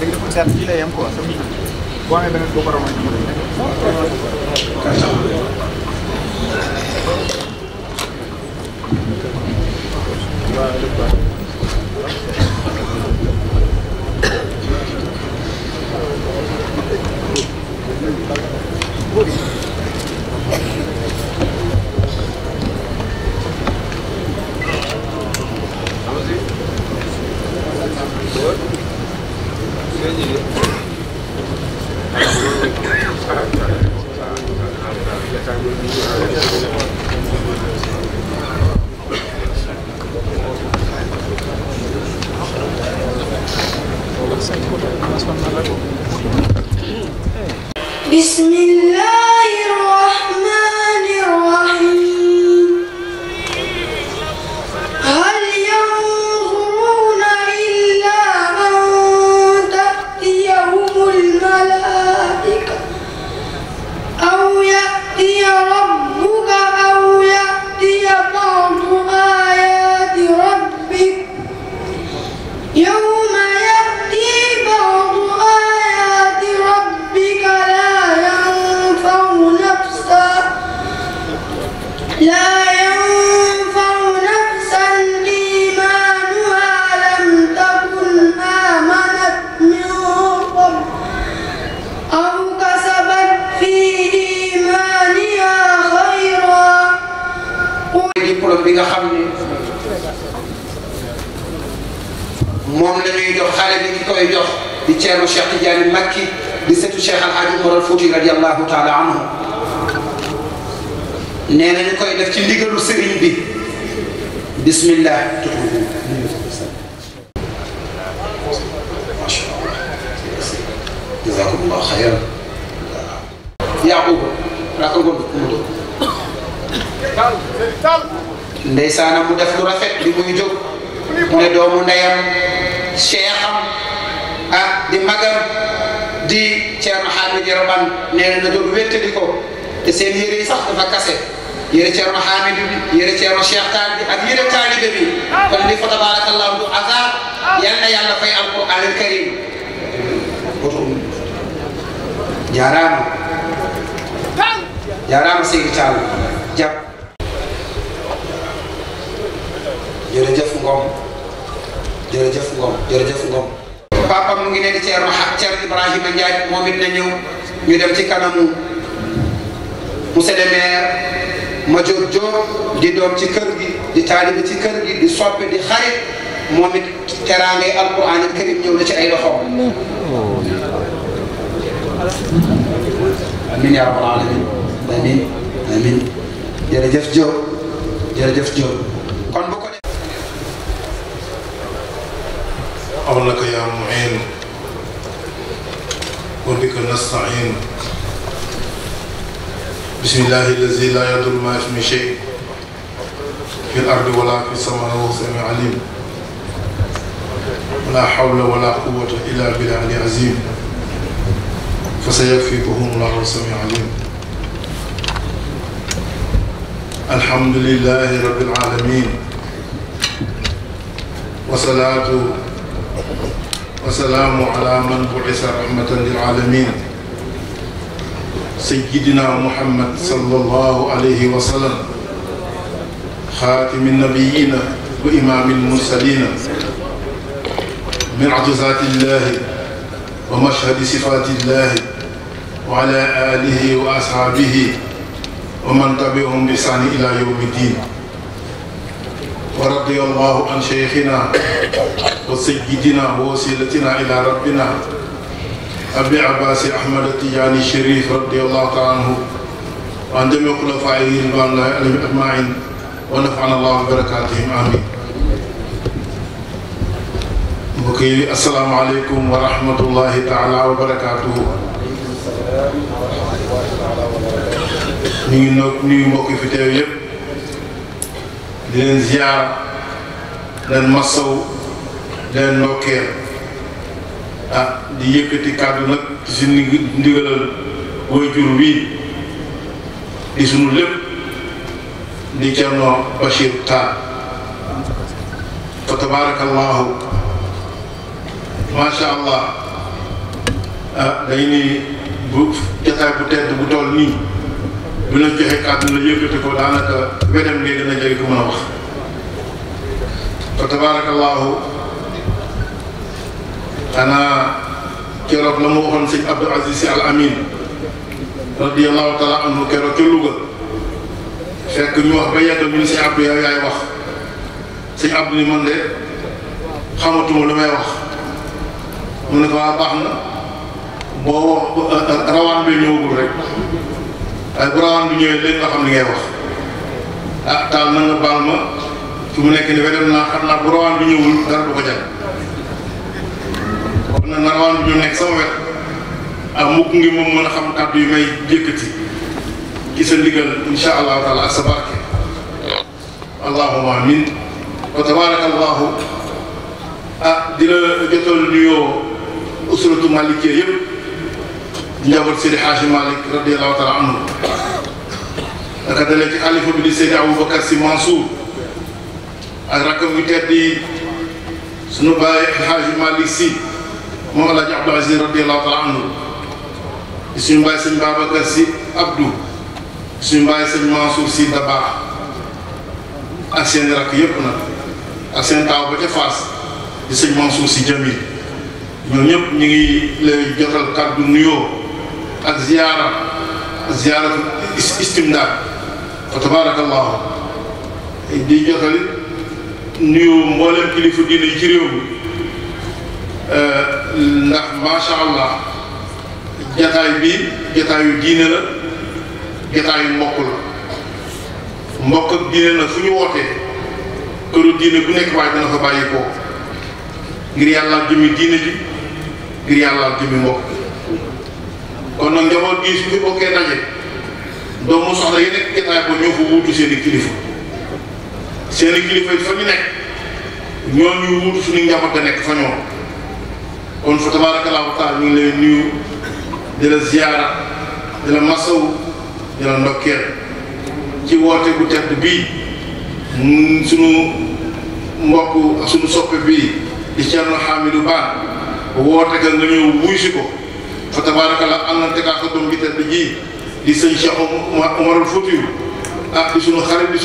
Speaker 2: léegi dafa daal fii lay yem quoi sa micro. boo amee beneen boo ko romal ñu
Speaker 11: Thank you.
Speaker 1: Bismillah.
Speaker 2: xutba bi nga xam ni moom la ñuy jox xale bi ki koy jox di ceerno Cheikh Tidiane Makki di setu Cheikh Al Hadj Umar Al Fouti radiyallahu taala anhu nee na ñu koy def ci ndigalu sëriñ bi bismillah. jazakumullah xayran. Yaquba. ndeysaanam mu def rafet bi muy jóg mu ne doomu ndeyam seexam ah di magam di Ceerno Hamid Yoroban nee na doon wéttali ko te seen yére yi sax dafa kase yére Ceerno Hamid bi yére Ceerno Cheikh Taal bi ak yére taalibe bi kon li fa tabarakallahu du hasard yal na yàlla fay alquran al karim jaaraama jaaraama Seydi Taal jàpp
Speaker 6: jërëjëf Ngom jërëjëf Ngom jërëjëf Ngom.
Speaker 2: papa mu ngi ne di Thierno Thierno Ibrahima Ndiaye moom it na ñëw ñu dem ci kanamu monsieur le maire Madiop Diop di doom ci kër gi di ci kër gi di soppi di xarit moom it teraangay alquran ak karim ñëw na ci ay loxo.
Speaker 10: amiin yaa rabbal aalamiin amiin amiin jërëjëf Diop jërëjëf Diop kon. حولك يا معين
Speaker 11: وبك نستعين بسم الله الذي لا يضر ما اسم شيء في الأرض ولا في السماء وهو سميع عليم ولا حول ولا قوة إلا بالله العظيم فسيكفيكهم الله السميع عليم الحمد لله رب العالمين وصلاته وسلام على من بعث رحمة للعالمين سيدنا محمد صلى الله عليه وسلم خاتم النبيين وإمام المرسلين من عجزات الله ومشهد صفات الله وعلى آله وأصحابه ومن تبعهم بإحسان إلى يوم الدين ورضي الله عن شيخنا وسيدنا ووسيلتنا إلى ربنا أبي عباس أحمد التجاني الشريف رضي الله تعالى عنه وعن جميع خلفائه رضوان الله عليهم أجمعين ونفعنا الله ببركاتهم آمين بكي السلام عليكم ورحمة الله تعالى وبركاته ñu ngi nuyu mbokk fi teew yëpp di leen ziyaar di leen masaw di leen ndokkeel ah di yëkkati kàddu nag ci si ndigalal waajur bii di sunu lépp di Cerno Bachir Tall fa allah ah dañu bu jataay bu tedd bu toll nii bu leen joxe kàddu la yëkkati ko daanaka wedem léegi na njëriñ ko mën a wax fa tabaarakallaahu xanaa keroog la ma waxoon sëñ Abdou Aziz Sy Al Amin radiyallaahu taala anhu keroog ca Louga fekk ñu wax ba yegg ñu ne sëñ Abdou wax sëñ Abdou ni man de xamatuma lu may wax mu ne ko waa baax boo wax rawaan bi ñëwagul rek waaye bu rawaan bi ñëwee léegi nga xam li ngay wax ah taal na nga baal ma fi mu nekk ni wetam naa xam naa bu rawaan bi ñëwul dara du ko jàpp kon na rawaan bi ñu nekk sama wet ah mukk ngi moom mën a xam kàddu yi may jékkati ci sa ndigal insha allahu taala allahuma amin wa ah di la jotal nuyoo usratu malikiya yëpp ci njaboot Seydi Hadji Malick radiyallahu taala anhu naka dalee ci alifa bi di Seydi Aboubacar Sy Mansour ak rakkam yu tedd yi sunu baay Hadji Malick Sy moom El Hadj Abdou Aziz radiyallahu taala anhu di suñu mbaay sëñ Babacar Sy Abdou suñu mbaay sëñ Mansour Sy Dabakh ak seen rakk yëpp nag ak seen taaw ba ca Fass di sëñ Mansour Sy Jamil ñoom ñëpp ñu ngi lay jotal kàddu nuyoo. ak ziyaara ziyaaratu istimdaad fa tabaraka di jotali nuyu mboolem kilifa diine yi ci réew mi eh, ndax macha allah jataay bi jataayu diine la jataayu mbokk la mbokk ak diine la fu ñu këru diine bu nekk waaye dana fa bàyyi ko ngir yàlla jëmi diine ji ngir yàlla jëmi mbokk kon nag njaboot gi su fi bokkee doomu soxla yi nekk jotaay ñoo ko wuutu seen kilifa seen kilifa yi fa ñu nekk ñoo ñu suñu njaboot ga nekk fa ñoom kon fa tabaarakallaahu taala ñu ngi lay nuyu di la ziyaara di la masawu di ci woote bu tedd bii suñu mbokk ak suñu soppe bii di Thierno Hamidou Ba woote ga nga ñëw wuy ko. fa tabaarakallaa am na tegaa ko doom bi tedd di sëñ Cheikh Omarul Foutiou ah di suñu xarit di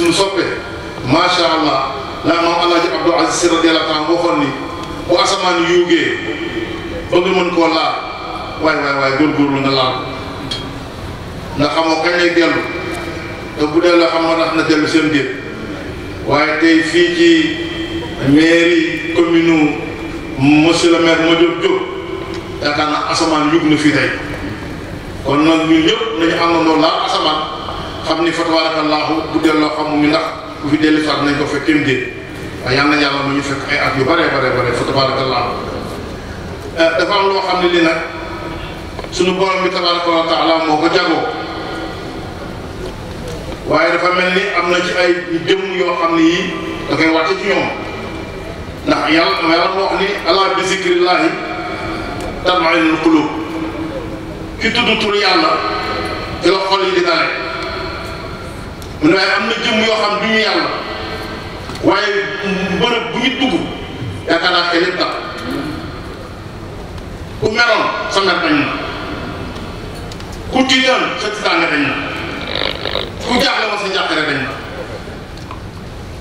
Speaker 11: yaakaar naa asamaan yóbbu na fii tey kon nag xam ni fa tabaarakallaahu bu delloo xam fi dellu sax nañ ko fekk kenn yu bëree bare bare eh, am ne lii nag suñu borom bi tabaaraka wa moo ko jagoo waaye dafa mel ni am na ci ay jëmm yoo xam ne yii da koy wàcce ci ñoom ndax yàlla yàlla moo wax ni ala bi zikrillahi tatma'innul quluub ki tudd tur yàlla ci xol yi di dale mu ne am na jëmm yoo xam duñu yàlla waaye bërëb bu ñu dugg yaakaar naa xel ku meroon sa mer ku tiitoon sa tiitaange dañ na ku jaaxle woon sa jaaxle dañ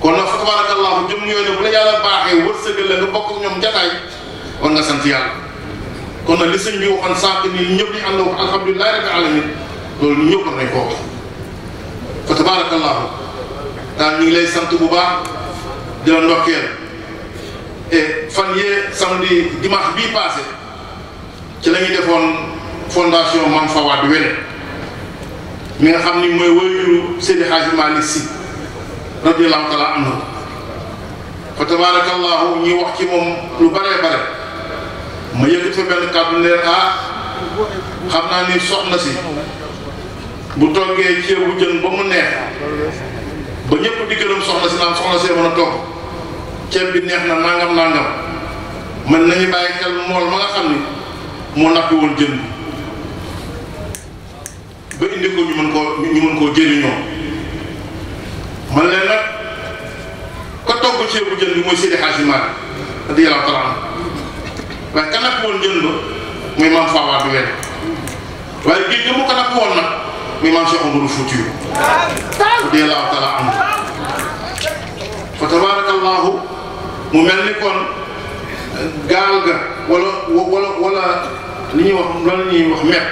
Speaker 11: kon nag fa tabaarakallahu jëmm yooyu ne la yàlla baaxee wërsëgal la nga bokk ñoom jataay war nga sant yàlla. kon nag li sëñ bi waxoon sànq ni ñu ñëpp ñu ànd wax alhamdulilah rabbil alamin loolu ñu ñëpp nañ koo fa tabarakallahu daal ñu ngi lay sant bu baax di la ndokkeel et fan yee samedi dimanche bii passé ci la ñu defoon fondation Mame Fawade Wele mi nga xam ni mooy wëyuru Seydi Hadji Malick Sy radiyallahu taala anhu fa tabarakallahu ñuy wax ci moom lu bare bare ma yëkkati fa benn kàddu ne ah xam naa ni soxna si bu toggee ceebu jën ba mu neex ba ñëpp di gërëm soxna si naan soxna see mën a togg ceeb bi neex na nangam nangam man nañu bàyyi xel mool ma nga xam ni moo nappi woon jën bi ba indi ko ñu mën koo ñu mën koo jëriñoo man leen nag ko togg ceebu jën bi mooy Seydi Hadji Malick radiyallahu taala waaye ka napp woon jën ba muy maam Fawaa bi weer waaye géej gi mu ka napp nag muy maam Cheikh Omarou Foutiyou radiyallaahu taala anhu fa tabaarakallaahu mu mel ni kon gaal ga wala wala wala ñuy wax lan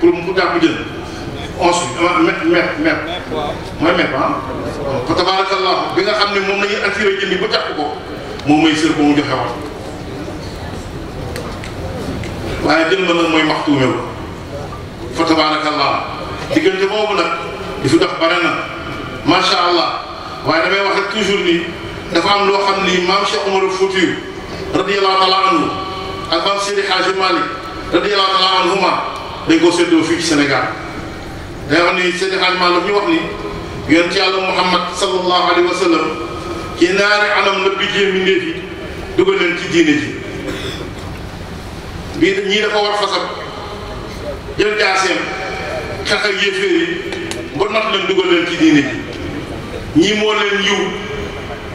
Speaker 11: pour mu jàpp jën onze mètre mètre mètre mooy mètre ah fa tabaarakallaahu bi nga xam ne moom la ñuy attiré jën yi jàpp ko moom mooy sër ba mu joxe waaye jël ma nag mooy maxtuume fa tabaarakallah diggante boobu nag di fi dox bare na macha allah waaye damay wax rek toujours ni dafa am loo xam ni maam Cheikh Omar Foutiyou radiyallahu taala anhu ak maam Seydi Hadji Malick radiyallahu taala anhuma dañ koo séddoo fii ci Sénégal day wax ni Seydi Hadji Malick ñu wax ni yonent yàlla Muhammad sallallahu alayhi ci naari anam la bijjee mbindéef dugal leen ci diine bii ñii dafa war fasam jël jaaseem xeex ak yéeféer yi ba not leen dugal leen ci diine ñii moo leen yiw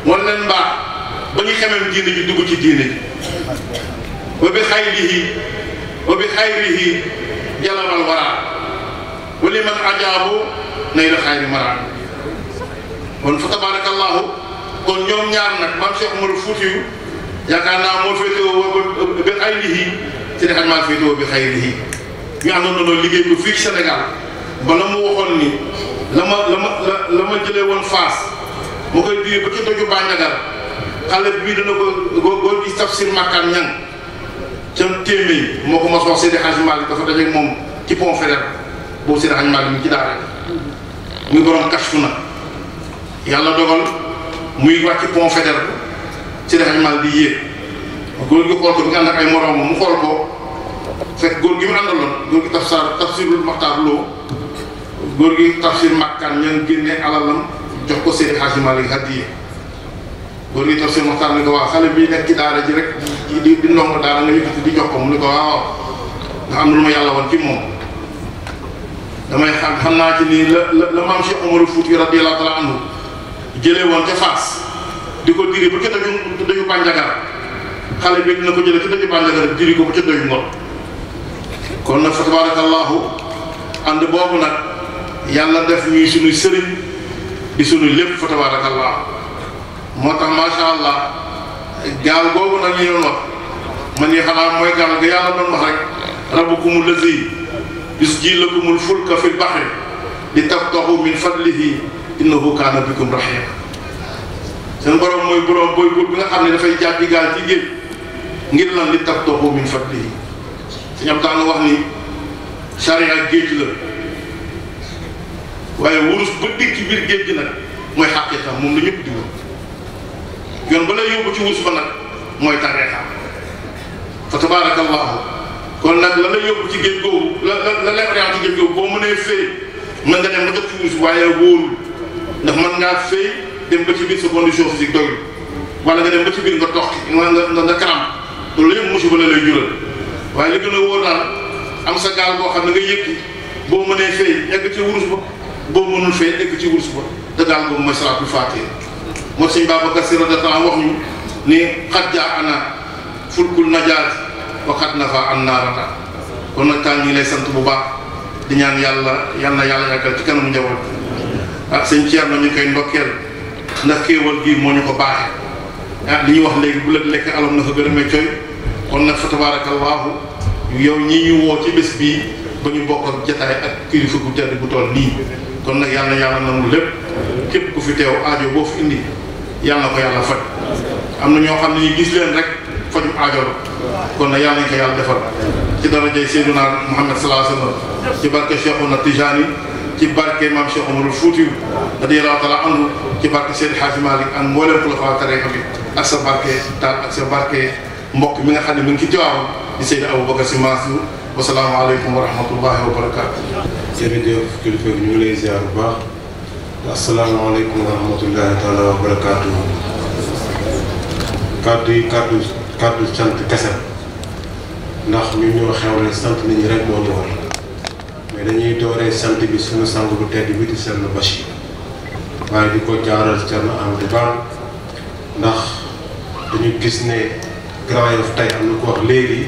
Speaker 11: moo leen mbaax ba ñu xemem diine ji dugg ci diine ji wa bi xayrihi wa bi xayrihi jalabal waraa wa li man ajaabu nay la xayri maraa kon fa tabaarakallaahu kon ñoom ñaar nag maam Cheikh Umar Fuutiyu yaakaar naa moo féetewoo ba bi xayrihi ci dexal maa fii doo bi xëy na ñu àndoon loolu liggéey ko fii ci Sénégal ba la mu waxoon ni la ma la ma la ma jëlee woon Faas ma koy duy ba ci doju Bandagar xale bii dana ko góor gi tafsir Makkaan ñan ca téeméer moo ko mos wax Seydi Hadji Malick dafa dajeeg moom ci pont Faidherbe boobu Seydi Hadji Malick mi ci muy borom kashfu na yàlla dogal muy wàcc pont Faidherbe Seydi Hadji Malick yéeg. góor gi xol ko bi nga ànd ay morom mu xol ko fek góor gi mu àndaloon góor gi tafsir tafsirul maxtaar lo góor gi tafsir makkan ñan genné alalam jox ko seen xaasi malik hadiya góor gi tafsir maktar ni ko wax xale bi nek ci daara ji rek di di ndongo daara nga yëkkati di jox ko mu ne ko waaw ndax am lu ma yalla won ci mom damay xam xam ci ni la mam Cheikh Omar Fouti radiyallahu taala anhu jele won ci fas diko diri bu ke dañu dañu bànjagar xale bi dina ko jëlee ci dëkk bànneex rek doy ngor kon fa tabaarakallaahu ànd boobu nag yàlla def ñuy suñuy sëriñ di suñu lépp fa tabaarakallaahu moo tax macha allah gaal boobu nag ñu doon wax man yi xanaa mooy gaal ga yàlla doon wax rek rabbukumul lazi yusjilukumul fulka fil bahri li tabtaxu min fadlihi innahu kaana bikum rahim seen borom mooy borom booy buur bi nga xam ne dafay jàppi gaal ci ngir lan li tax toxu min fadlihi sëñ am daana wax ni sariya géej la waaye wurus ba dikk biir géej gi nag mooy xàqiqa moom la ñëpp di wër yoon ba lay yóbbu ci wurus ba nag mooy tariqa fa tabaraka allahu kon nag la lay yóbbu ci géej googu la la la leer ci géej googu boo mënee fay mën nga dem ba dëkk ci wurus waaye wóorul ndax mën ngaa fay dem ba ci biir sa condition physique doyul wala nga dem ba ci biir nga tox nga nga nga karam loolu yëpp musiba la lay jural waaye li gën a wóor daal am sa gaal boo xam ne nga yëkki boo mënee fay egg ci wurus ba boo mënul fay egg ci wurus ba te daal boobu mooy salaatul faatiha moo Si radiyallaahu wax ñu ni xat jaa kon nag taan lay sant bu baax di ñaan yàlla yal na yàlla yàggal ci kanamu njaboot ak sëñ Thierno ñu koy ndokkeel ndax kéewal bii moo ñu ko baaxee. ah li ñuy wax léegi bu leen lekk alam na fa gën a may cooy kon nag fa tabaarakallaahu yow ñi ñu woo ci bii ba ñu bokk ak ak kilifa gu tedd bu toll nii kon nag yàlla yàlla nangu lépp képp ku fi teew aajo boo indi yàlla ko yàlla am na ñoo xam ne ñu gis leen rek faju aajo la kon nag yàlla nañ ko yàlla defal ci darajay Seydina Muhammad sallallahu alayhi wa sallam ci barke Cheikhuna Tijani ci barke maam Cheikh Omarul Fuutiyu ci barke Seydi Haaji Malick ak mboolem ak sa barke taal ak sa barke mbokk mi nga xam ne mi ngi ci jawaaram di Seydou Aboubacar Sy Mansour
Speaker 10: wasalaamaaleykum wa rahmatullahi wa barakaatu. jërëjëf kilifa bi ñu ngi lay ziar bu baax asalaamaaleykum wa rahmatullahi taala wa barakaatu. yi kàddu sant kese ndax ñu ñoo xewle sant nit ñi rek moo ñu mais dañuy dooree sant bi suñu sang tedd bi di Serigne Bachir waaye di ko jaaral Thierno Amadou Ba ndax. dañu gis ne Grand Yoff tey am na ko wax léegi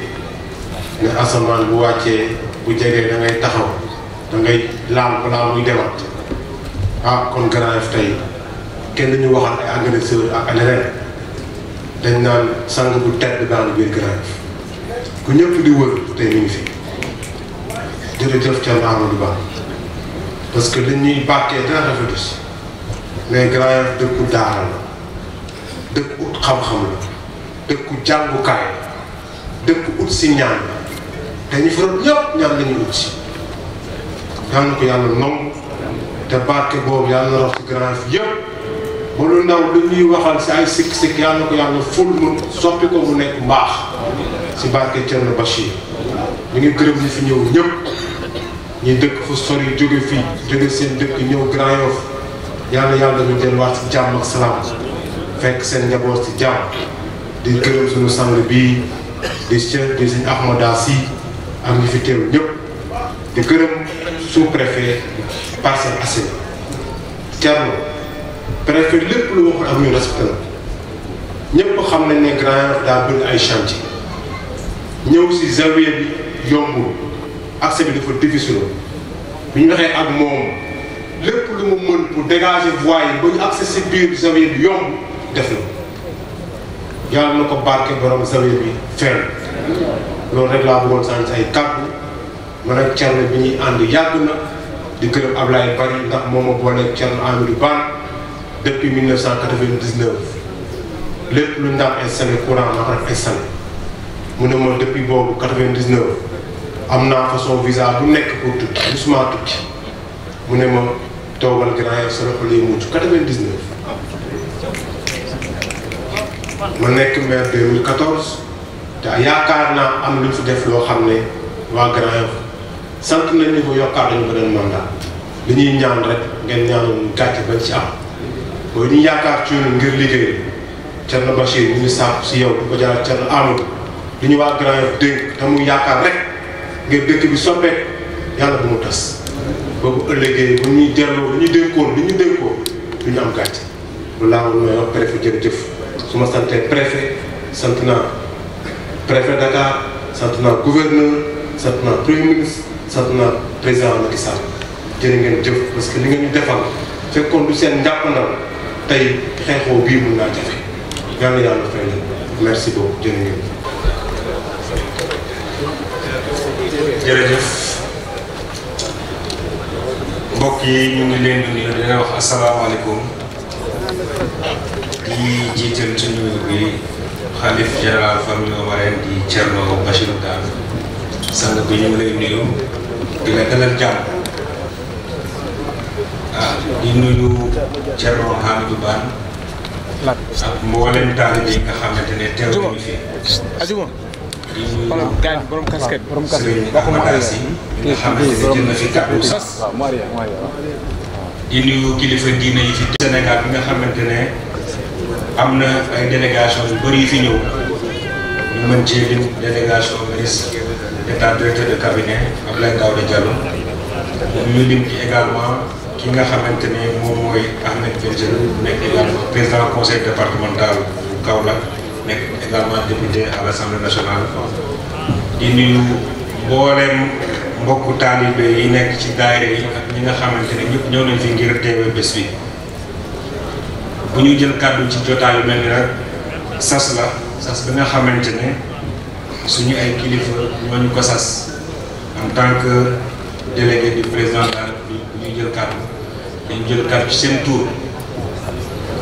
Speaker 10: ne asamaan bu wàccee bu jegee da ngay taxaw da ngay laal balaa muy demaat ah, kon Grand Yoff tey kenn ñu waxal ay agresseur ak leneen dañ naan sang bu tedd daal biir Grand Yoff ku ñëpp di wër tey ñu ngi fi jërëjëf Thierno Amadou Ba parce que li ñuy bàkkee dina rafetu si mais Grand Yoff dëkku daara la. dëkk ut xam-xam la dëkku jàngukaay dëkk ut si ñaan la te ñu fa doon ñëpp ñaan la ut si yal na ko yàlla nangu te barke boobu yàlla na rox ci grand yëpp ba lu ndaw lu ñuy waxal si ay sikk-sikk yàlla ko yàlla ful mu soppi ko mu nekk mbaax si barke Thierno Bachir ñu ngi gërëm ñi fi ñëw ñëpp ñi dëkk fu sori jóge fii jóge seen dëkk ñëw Grand Yoff yàlla yàlla ñu delluwaat si jàmm ak salaam fekk seen njaboot ci jàmm di gërëm suñu sang bii di chef di sëñ Ahmada Si ak ñi fi teew ñëpp di gërëm sous-préfet Parcelles Assainies Thierno préfet lépp lu waxoon ak ñu respecté la xam nañ ne Grand Yoff daa bëri ay chantier ñëw si zawiya bi yombul accès bi dafa difficile bi waxee ak moom lépp lu mu mën pour dégager voie yi ba ñu accès si biir zawiya bi yomb def na yàlla na ko barke borom zawiya bi fenn loolu rek laa bëggoon sànni say kàddu man ak Thierno bi ñuy ànd yàgg na di gërëm Ablaye Bari ndax moom ma booleeg Thierno Amidou Ba depuis 1999 lépp lu ñu daan installé courant ma ko installé mu ne ma depuis boobu 99 am naa façon visa bu nekk pour tukki doucement tukki mu ne ma toogal grand sa loxo lay mucc 99. ma nekk maire 2014 te yaakaar naa am lu fi def loo xam ne waa Grand Yoff sant nañ ni ko yokkaat dañu beneen mandat li ñuy ñaan rek ngeen ñaanoon gàcce bañ ci am mooy ñu yaakaar ci yoonu ngir liggéey Thierno Bachir ñu ngi sàpp si yow di ko jaar waa Grand Yoff dénk te mu yaakaar rek ngir dëkk bi soppeeku yàlla bu mu tas boobu ëllëgee bu ñuy delloo li ñu dénkoon li ñu dénkoon du ñu am gàcce lu laa woon may wax préfet jërëjëf su ma santee préfet sant naa préfet Dakar sant naa gouverneur sant naa premier ministre sant naa président Macky Sall jërë ngeen jëf parce que li ngeen ñu defal fekkoon du seen njàppandal tey xeexoo bii mun naa jafe yàlla yàlla
Speaker 6: fay leen merci beaucoup jërë ngeen jërëjëf mbokk yi ñu ngi leen di nuyu dina wax asalaamaaleykum di jiital ci nuyu bi xalif général famille Omarienne di Thierno Bachirou Tall sang bi ñu lay nuyu di la dalal jàmm ah di nuyu Thierno Hamidou Bane ak mboolem taalibe yi nga xamante ne teew nañu fi. di nuyu Serigne Amady Sy nga xamante ne jël kilifa diine yi fi Sénégal bi nga xamante ne. am na ay délégation yu bëri fi ñëw ñu mën ci lim délégation ministre d'état directeur de cabinet Abdoulaye Daouda Diallo ñu lim ci également ki nga xamante ne moom mooy Ahmed Benjelou nekk également président conseil départemental Kaolack nekk également député à l'Assemblée nationale di nuyu mbooleem mbokku yi nekk ci daayira yi ak ñi nga xamante ne ñëpp ñëw nañ fi ngir teewe bés bi bu ñu jël kàddu ci jotaayu mel ni rek sas la sas bi nga xamante ne suñu ay kilifa ñoo ko sas en tant que délégué du président de la République bu ñu jël kàddu dañu jël kàddu ci seen tour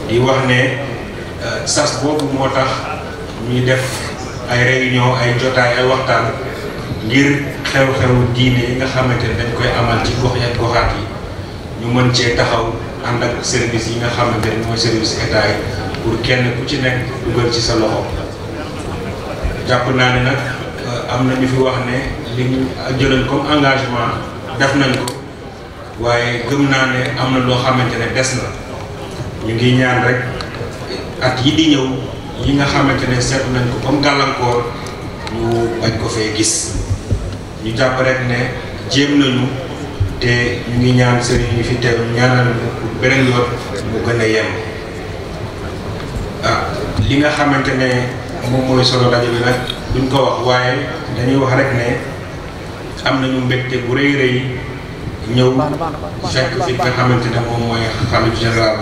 Speaker 6: di wax ne euh, sas boobu moo tax ñuy def ay réunion ay jotaay ay waxtaan ngir xew-xewu diine yi nga xamante ne dañ koy amal ci gox yi ak goxaat yi ñu mën cee taxaw ànd ak service yi nga xamante ne mooy service état pour kenn ku ci nekk dugal ci sa loxo jàpp naa ne nag euh, am na ñu fi wax ne li ñu jëlañ comme engagement def nañ ko waaye gëm naa ne am na loo xamante ne des na ñu ngi ñaan rek at yi di ñëw yi nga xamante ne seetlu nañ ko comme gàllankoor ñu bañ ko fee gis ñu jàpp rek ne jéem nañu. te ñu ngi ñaan sëriñ ñu fi teew ñaanal ñu pour beneen yoon mu gën a yem ah li nga xamante ne moom mooy solo rajo bi nag duñ ko waaye dañuy wax rek ne am nañu mbégte bu rëy rëy ñëw xamante ne moom mooy xalifa général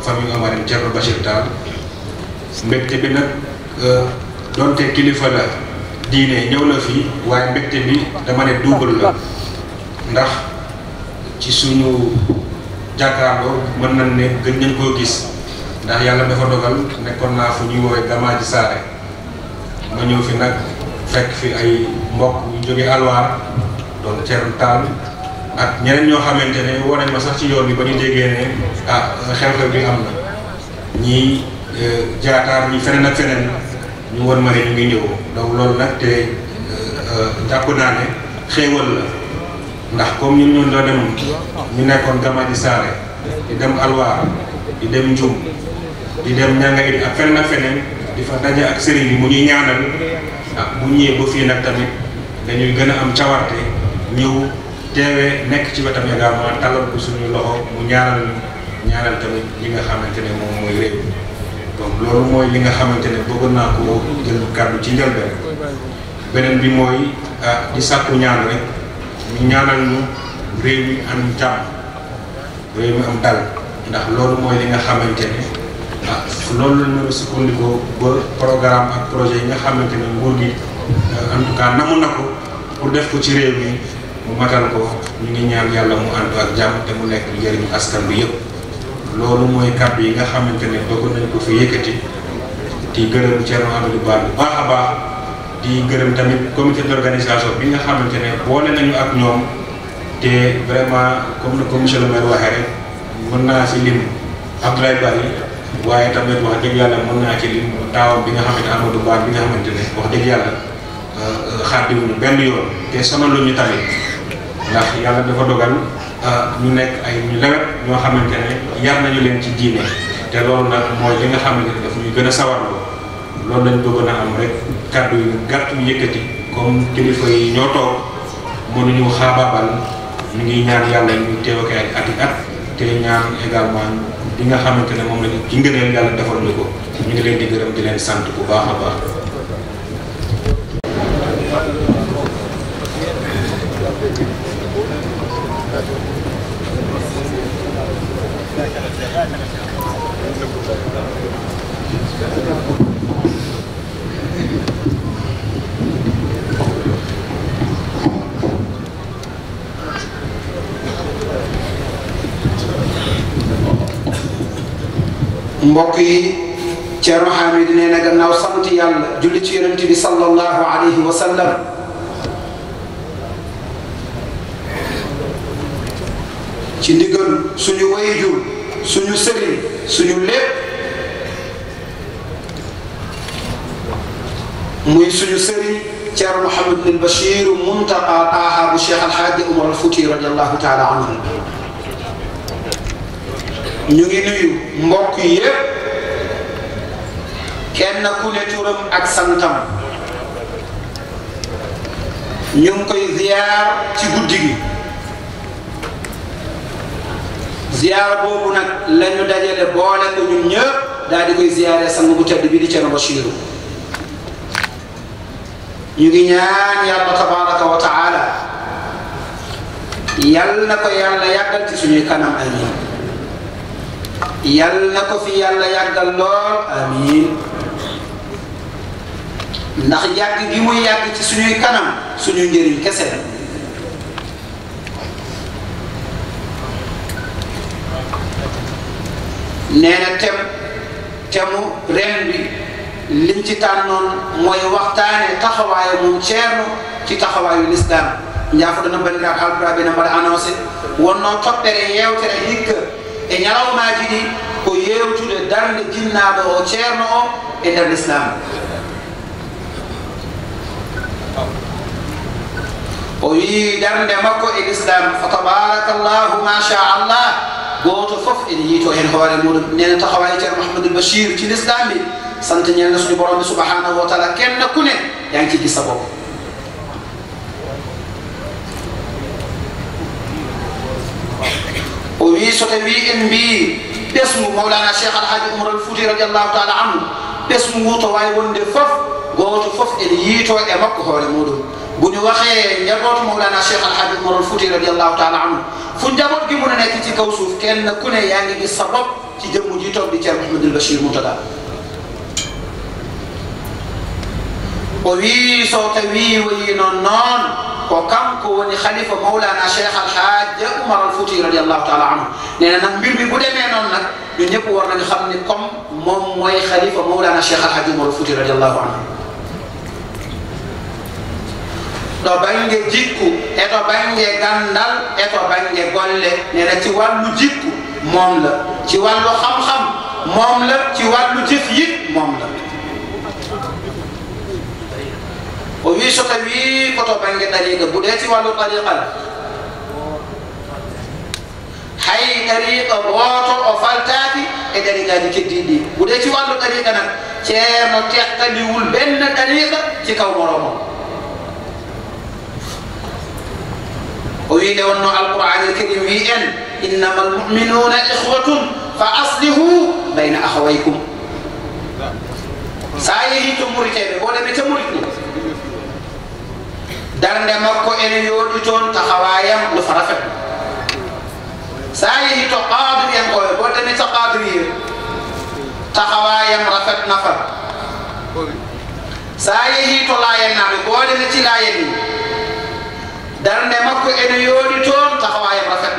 Speaker 6: famille Omarine Thierno bi nag euh, donte kilifa la diine ñëw la fii waaye mbégte bi dama ne double la ndax ci suñu jàkkaarloo mën nañ ne gën nañ koo gis ndax yàlla dafa dogal nekkoon naa fu ñuy woowee Gamaaji Saare ma ñëw fi nag fekk fi ay mbokk yu jóge alwaar doon Thierno taal ak ñeneen ñoo xamante ne woo nañ ma sax ci yoon bi ba ñu déggee ne ah xew-xew bi am na ñii euh, jaataar ñi feneen ak feneen ñu won ma ne ñu ngi ñëw donc loolu nag te euh, euh, jàpp naa ne xéewal la. ndax comme ñu ñun doo dem ñu nekkoon Gamadi Saare di dem Alwaar di dem Njum di dem Ñangay ak fenn ak feneen di fa daje ak sëriñ bi mu ñuy ñaanal ah bu ñëwee ba fii nag tamit dañuy gën a am cawarte ñu teewee nekk ci wetam également talal ko suñu loxo mu ñaanal ñaanal tamit li nga xamante ne moom mooy réew donc loolu mooy li nga xamante ne bëgg naa ko jël kàddu ci njëlbeen beneen bi mooy ah di sàkku ñaan rek. ñu ñaanal ñu réew mi am jàmm réew mi am dal ndax loolu mooy li nga xamante ne ah loolu la ñu sukkandikoo ba programme ak projet yi nga xamante ne nguur gi euh, en tout cas namu na ko pour def ko ci réew mi mu matal ko ñu ngi ñaan yàlla mu ànd ak jàmm te mu nekk njëriñu askan bi yëpp. loolu mooy kàddu yi nga xamante ne dogal nañ ko fi yëkkati di gërëm Thierno Amadou Ba bu baax a baax. di gërëm tamit comité d'organisation bi nga xamante ne boole nañu ak ñoom te vraiment comme na ko monsieur le maire waxee rek mën naa si lim Abdoulaye Bari waaye tamit wax dëgg yàlla mën naa ci lim taawam bi nga xamante ne Amadou Ba bi nga xamante ne wax dëgg yàlla euh, xàddiwuñu benn yoon te sonaluñu tamit ndax yàlla dafa dogal euh, ñu nekk ay ñu lewet ñoo xamante ne yar nañu leen ci diine te loolu nag mooy li nga xamante ne daf ñuy gën a sawarloo loolu lañ bëggoon a am rek kàddu yu gàtt yu yëkkati comme kilifa yi ñoo toog mënuñu xaabaabal ñu ngi ñaan yàlla ñu teew ak ay at te ñaan également li nga xamante ne moom lañu ci ngëneel yàlla defal ñu ko ñu ngi leen di gërëm di leen sant bu baax a baax.
Speaker 2: مبكي تيرو حامد نينا غناو سانت يالا جولي تي صلى الله عليه وسلم تي ديغل سونو ويجول سونو سيرين سونو ليب موي سونو سيرين محمد بن بشير منتقى طه ابو شيخ الحاج عمر الفتي رضي الله تعالى عنه ñu ngi nuyu mbokk yi yépp kenn ku ne turam ak santam ñu ngi koy ziyaar ci guddi gi ziyaar boobu nag lañu dajale boole ko ñun ñëpp daal di koy ziyaare sang bu tedd bi di Thierno Bachirou ñu ngi ñaan yàlla tabaraka wa taala yàlla ko yàlla yàggal ci suñuy kanam amin yàlla na ko fi yàlla yàggal lool amiin ndax yàgg gi muy yàgg ci suñuy kanam suñu njëriñ kese la nee na tem temu ren bi liñ ci tànnoon mooy waxtaane taxawaayu moom ceerno ci taxawaayu lislaam njaafu dana bari ak alxuraan bi na mën a annoncé wan noo toppere yeewtere hikka e ñalawmaji ɗi ko yewtude darde jinnaɗo o ceerno o e nder l'islam o wi darde makko e l'islam fa tabarakallahu macha allah goto foof ene yiito hen hoore muɗum nene taxawaye ceerno mahamadou bachir ci l'islam bi sant ñalne suñu borom bi subhanahu wa taala kenn ku ne yaa ngi ci gis sa bopp Wow. وبي سوتي بي ام بي اسم مولانا شيخ الحاج عمر الفوتي رضي الله تعالى عنه اسم غوتو واي وند فوف غوتو فوف ال ييتو اي ماك هول مودو بو ني واخي نياغوت مولانا شيخ الحاج عمر الفوتي رضي الله تعالى عنه فو جابوت كي مونا نيك تي كوسوف كين كوني يعني ياغي دي سبب تي جيمو جي توب دي تشيخ محمد البشير متدا o wi sowto wi woyi noon noon ko kanko woni khalifa mawlana cheikh alhaji oumar al fouti radiallahu taala anhu nena nag mbir mi bu demee noon nag ñun ñëpp war nañu xam ni comme moom mooy khalifa mawlana cheikh alhaji oumar al fouti radiallahu anhu to bange jikku e to bange gandal e to bange golle nena ci wàllu jikku moom la ci wàllu xam-xam moom la ci wàllu jëf yit moom la o wi soka wi koto bange tariqa bu dee ci wàllu tariqa la hay tariqa gooto o faltaaki e tariqaaji keddiɗi bu dee ci wàllu tariqa nag ceerno teqaniwul benn tariqa
Speaker 10: ci kaw moromom
Speaker 2: o wiide wonno alqouranil karim wi en innama almuminuna ihwatum fa aslihu bayna ahawaykum sa yehi to muriteɓe bo ɗeɓe to murit ni darnde makko ene yooɗi toon taxawaayam lu fa rafet saa yehi to qaadir en koye boo demee ca qaadiriye rafet na fa saa yehi to laayen naaɓe boo demee ci laayen yi darnde makko ene yooɗi toon taxawaayam rafet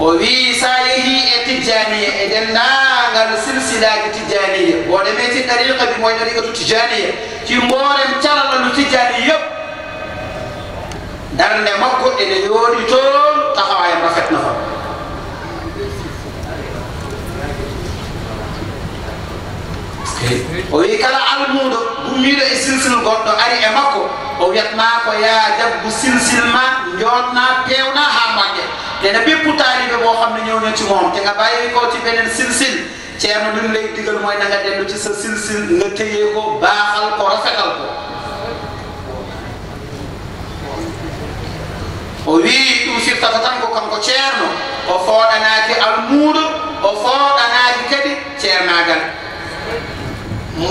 Speaker 2: Ovi o wi eden e tijaniya e dendagal silsilaji tijaniya wode meti tariqa bi moy tariqa tu tijaniya ci ti calalalu tijani yépp darnde makko ene yooɗi toon taxawaayam
Speaker 1: rafet na fa o
Speaker 2: Ovi kala almuɗo gummiɗo isil e silsil goɗɗo ari e ovi at wiyatma ko ya gusil sil ma na peo na té na bép talibé bo xamné ñëw na ci mom té nga bayé ko ci beneen silsil ceerno lu lay digal moy na nga dellu ci sa silsil nga téyé ko baaxal ko rafetal ko o wii ɗum firtata tan ko ko ceerno o al almuuɗo o fooɗanaaki kadi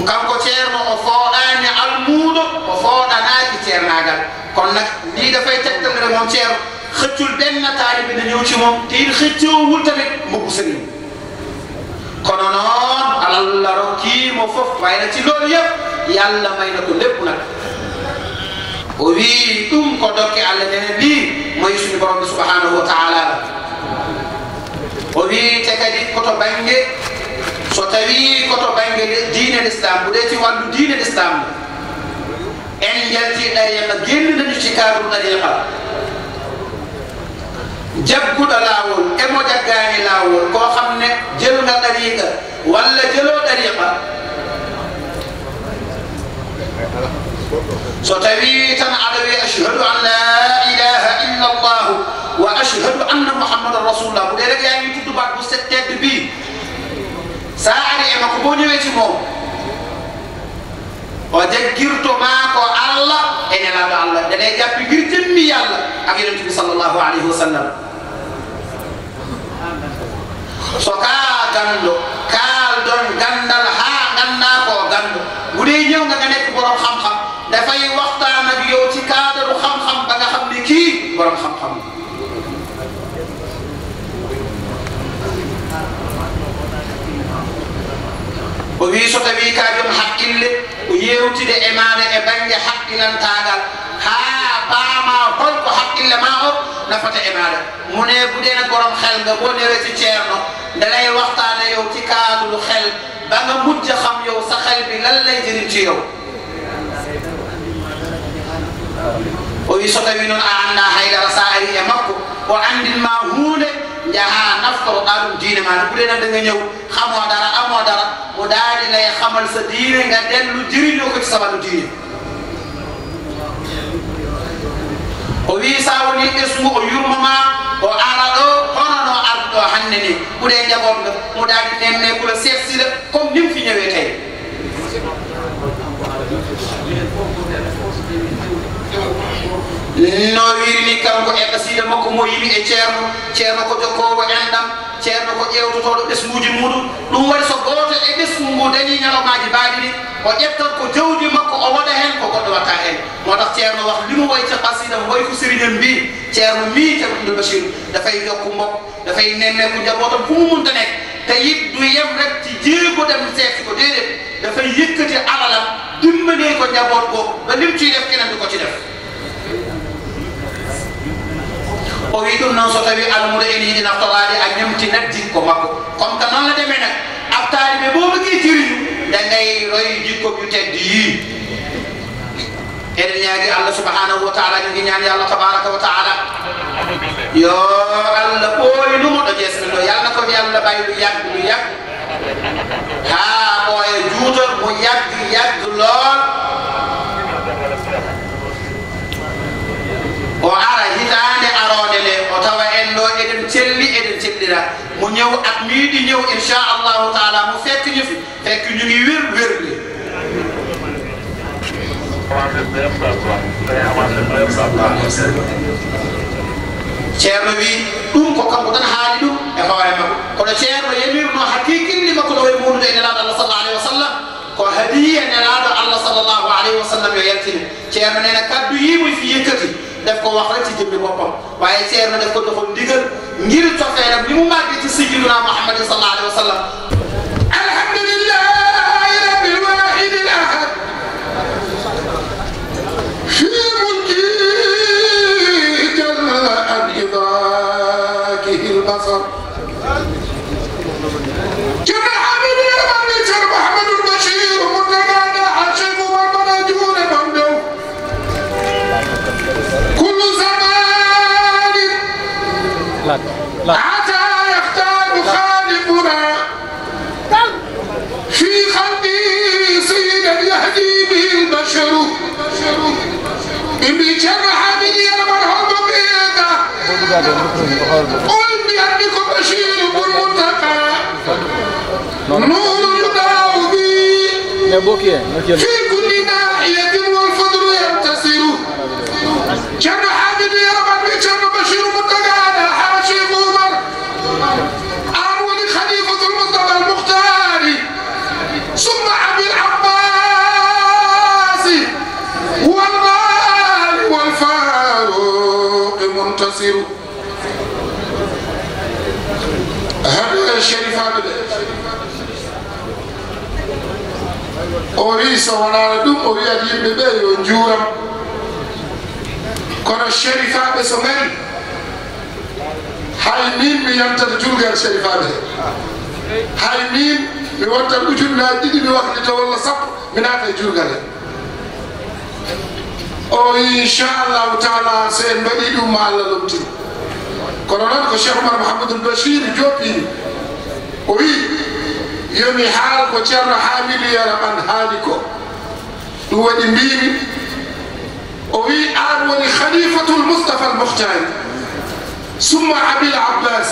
Speaker 2: kam ko ceerno o al almuuɗo o gal kon nak li da fay tektal rek mom ceerno xëccul benn taalibe na ñëw ci moom te it xëccoowul tamit mbokku sëriñ kono noon alal la rokkii mo fof waaye nag ci loolu yëpp yàlla may na ko lépp nag o wii ɗum ko dokke allah nene lii moye suñu borom bi subhanahu wa taala o wiite kadi koto bange so tawi koto bange diine l' islam bu dee ci wàllu diine l' islam en jalti ɗariqa génn nañu ci kaarul ɗariqa jagguɗo laawol e mo jaggaani laawol koo xam ne jël nga dariiqa walla jëloo dariiqa so tawii tan aɗa wii ashhadu an la ilaha illa allahu wa ashhadu anna mouhammadan rasulullah bu dee rek yaa ngi tudd baat bu set tedd bii saa ari e makko boo ñëwee ci moom o jaggirtomaa ko allah e nelaaɗo allah ene jàppi ngir jëmmi yàlla ak yonent bi sallallahu alayhi wa sallam so kaa ganndo kaalɗon ganndal haa nganndaa ko ganndo wudee ñëwnga nga nekk xam-xam dafay waxtaan
Speaker 1: ak yow xam-xam ba xam ni
Speaker 2: kii borom xam-xam o wi so tawi ka hakkille ko yewtide e maɗa e bange hakkilantagal ha paama holko hakkille ma o dafa te ibaada mu ne bu dee nag borom xel nga boo newee ci ceerno dalay waxtaane yow ci kaadulu xel ba nga mujj xam yow sa xel bi lan lay jëriñ ci yow ويسوكوين أعنا هيدا رسائل يمكو وعند المعهود جاها نفتر قالوا دين ما نقولنا دنجو خمو دارا أمو دارا وداري لا يخمل سدين غدل جري لوكت سبب دين o wi sawoni esgu o yurmoma o ara ɗo honono arɗo hannde ni ɓuure jaɓonɗo muɗani nenne ɓuura sersida comme min fi ñewe tawi no wirni kanko e ɓasiida makko mo yimi e ceerno ceerno ko jokkowo enɗam ceerno ko ƴewtotoɗo ɓesguji muɗum ɗum waɗi so gooto e ɓesgu ngu dañi ñalomaji baaɗi ɗi o ƴettan ko jawdi makko o waɗa hen ko goɗɗo watta hen mo tax ceerno wata limo way cabas itam way ko sëriñam bii ceeru mii ceeru Abdul Bachir dafay yokk mbokk dafay nemmeeku njabootam fu mu munta nekk te it du yem rek ci jéego dem seet ko déedéet dafay yëkkati alalam dimbalee ko njaboot boobu ba lim ciy def du ko ci def o wi ɗum noon so tawi almuɗo en yiɗina tolade a ñamtinat jikko makko comme que noon la demee nag ab taalibe boobu gi jiriñu da ngay roy jikko yu tedd yii eɗen ñaagi allah subahanahu wa taala jogi ñaan yo allah tabaraka wa taala yo allah ɓooyi lumo ɗo jeesmen ɗo yalna komi allah ɓay ɗu yagg ɗu yagg haa ɓooya juutol mo yagg yagg lool o ara hitaande aroonde nde o tawa en ɗo eɗen celli eɗen cellira mo ñew at miiɗi ñew inchallahu taala mo fekk ñu fi fekk ñu ngi wir wirde ceerno wi ɗum ko kanko tan haali ɗum e hoore makko kono ceerno yemirno hakkikilli makko no way muɗude e nelaɗo allah sallah alayhi wa sallam ko hadiya nelaɗo allah sallllahu alayhi wa sallam yo yaltini ceerno nena kaddu yimo fi yekkati def ko wax rek ci jëmmi boppam waaye ceerno def ko doxol ndigal
Speaker 5: ngir cofeeram li mu màgg ci sayyidina muhammadin sallah alayhi wa sallam
Speaker 1: عسى
Speaker 2: يختار خالقنا في خلقي صيدا يهدي به البشر إني جرح بي المرحوم بيده
Speaker 1: قل
Speaker 2: بأنكم بشير المنتقى
Speaker 4: نعم. نور
Speaker 2: يداوي في كل o wi so wonano ɗum o wiyat yimɓe ɓe yo juuram kono sherifaɓe so ngari hay min mi yamtata julgal sherifaɓe he hay min mi wontat ujunnaji ɗiɗi mi waklita walla sappo mi naata e julgal he o wi inchallahu taala so en mbaɗi ɗum ma allah lomtini kono noon ko cheikh oumar mouhamadoul bachir joppini o wi يومي حال كو تشارو حامل يا ربان هاليكو هو دمبيني وفي آر ولي خليفة المصطفى المختار ثم أبي العباس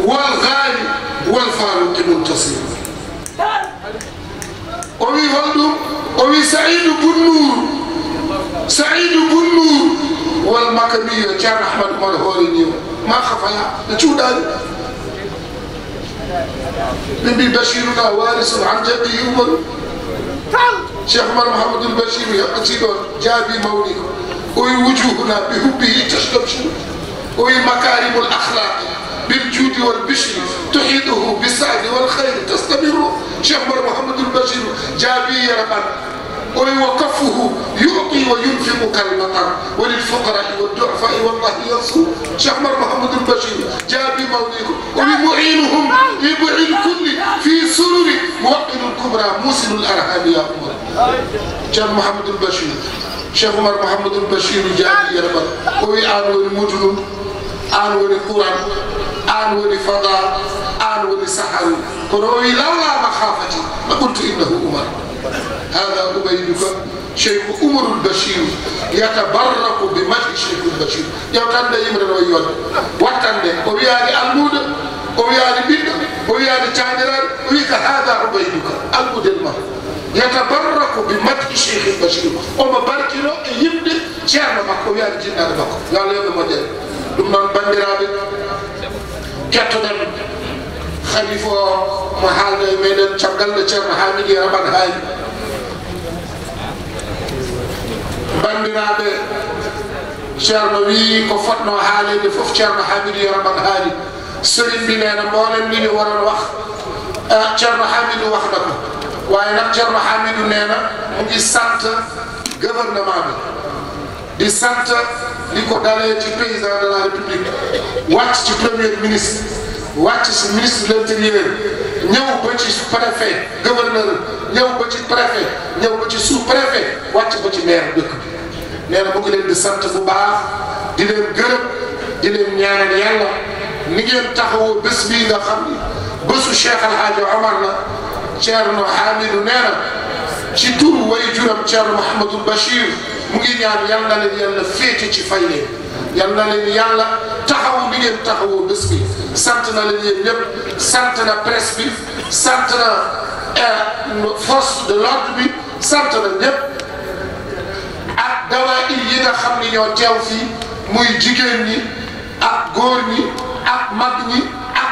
Speaker 2: والغالي والفاروق المنتصر وفي هولدو وفي سعيد بن نور سعيد بن نور والمكبير كان أحمد مرهور اليوم ما خفايا نتشو نبي بشير وارث عن جدي يوبل شيخ عمر محمد البشير يقصد جابي مولي وي وجوهنا بحبه تشتمشو وي مكارم الاخلاق بالجود والبشر تحيده بالسعد والخير تستمر شيخ عمر محمد البشير جابي يا رب ويوقفه يعطي وينفق كالمطر وللفقراء والضعفاء والله ينصر شيخ عمر محمد البشير جاء بموليكم ويعينهم يبعي الكل في سرور موقن الكبرى موسم الارهاب يا امور شيخ محمد البشير شيخ عمر محمد البشير جاء يربط ويعان المجنون آن ولي قرآن آن ولي فضاء آن ولي لا قروي لولا مخافتي لقلت إنه أمر hada ubaiduka cheikhu umaru lbashir yatabaraku bi mati cheikhu lbashir ƴewtande yimretowa yode wattande o wiyaade anndude o wiyaade ɓiɗɗo o wiyaade cañiraade o wi ka hada ubaiduka anndudel ma yatabaraku bi mati cheikhu lbashir omo barkiro e yimde ceerno makko o wiyaade jinnaade makko yaalewɓe moƴƴere ɗum noon banndiraaɓe kettoɗen halifo mo haalde e meɗen caggal nde ceerno hamidi rabane haali bandiraɓe ceerno wi ko fotno haalede fof ceerno hamidou yaraman haali sëriñ bi nee na mboolem li ñu waroon wax ceerno hamidou wax na ko waaye nag ceerno hamidou nee na mu ngi sant gouvernement bi di sant li ko dalee ci président de la république wàcc ci premier ministre wàcc si ministre de l'intérieur ñëw ba ci préfet gouverneur ñëw ba ci préfet ñëw ba ci sous préfet wàcc ba ci maire dëkk bi nee na mu ngi leen di sant bu baax di leen gërëm di leen ñaanal yàlla ni ngeen taxawoo bés bii nga xam ni bésu Cheikh El Hadj Omar la Thierno Hamidou nee na ci tur way juram Thierno Mouhamadou Bachir mu ngi ñaan yal na leen yàlla féete ci fay leen yal na leen yàlla taxawu ni ngeen taxawoo bés bi sant na leen yéen ñëpp sant na presse bi sant na force de l'ordre bi sant na ñëpp. ak dawaa il yi nga xam ni ñoo teew fii muy jigéen ñi ak góor ñi ak mag ñi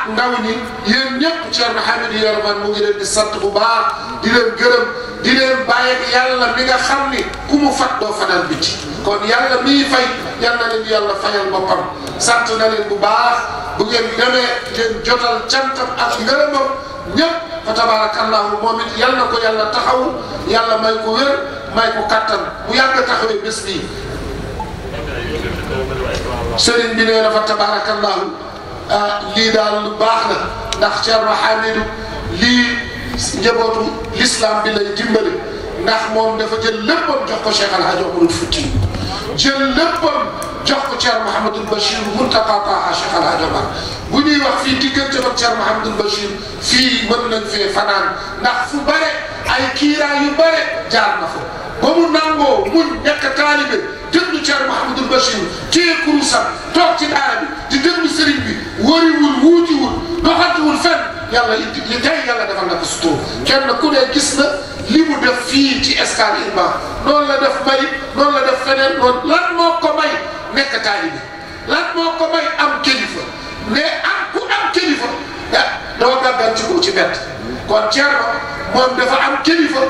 Speaker 2: ah ndaw ñi yéen ñëpp Thierno Hamidou Yero man mu ngi leen di sant bu baax di leen gërëm di leen bàyyi ak mi nga xam ni ku mu fat doo fanal biti kon yàlla miy fay yal na leen yàlla fayal boppam sant na leen bu baax bu ngeen jot ngeen jotal cantam ak ngërëmam ñëpp fa tabarakallahu moom it yal na ko yàlla taxawu yàlla may ko wér may ko kattan bu yàgg taxawee bés bii bi nee na fa tabarakallahu Ah, lii daal lu baax na ndax Thierno Hamidou lii njabootu l'islam bi lay dimbali ndax moom dafa jël léppam jox ko Cheikh Al Hadj Omarul Fouti jël léppam jox ko Thierno Mouhamadul Bachir Mountakha Taha Cheikh Al Hadj Omar bu ñuy wax fii diggante ak Thierno Mouhamadul Bachir fii mën nañ fee fanaan ndax fu bare ay kiiraay yu bare jaar na fa ba mu nangoo muñ nekk taalibe déglu Thierno Mouhamadul Bachir téye kurusam toog ci daara bi di déglu sëriñ bi wariwul wuutiwul doxantuwul fenn yàlla li li tey yàlla defal na ko sutur kenn ku ne gis na li mu def fii ci Escale Imba noonu la def Mali noonu la def feneen lan moo ko may nekk taalibe lan moo ko may am kilifa mais am ku am kilifa ah doo gàggal ci ko ci bett kon Thierno moom dafa am kilifa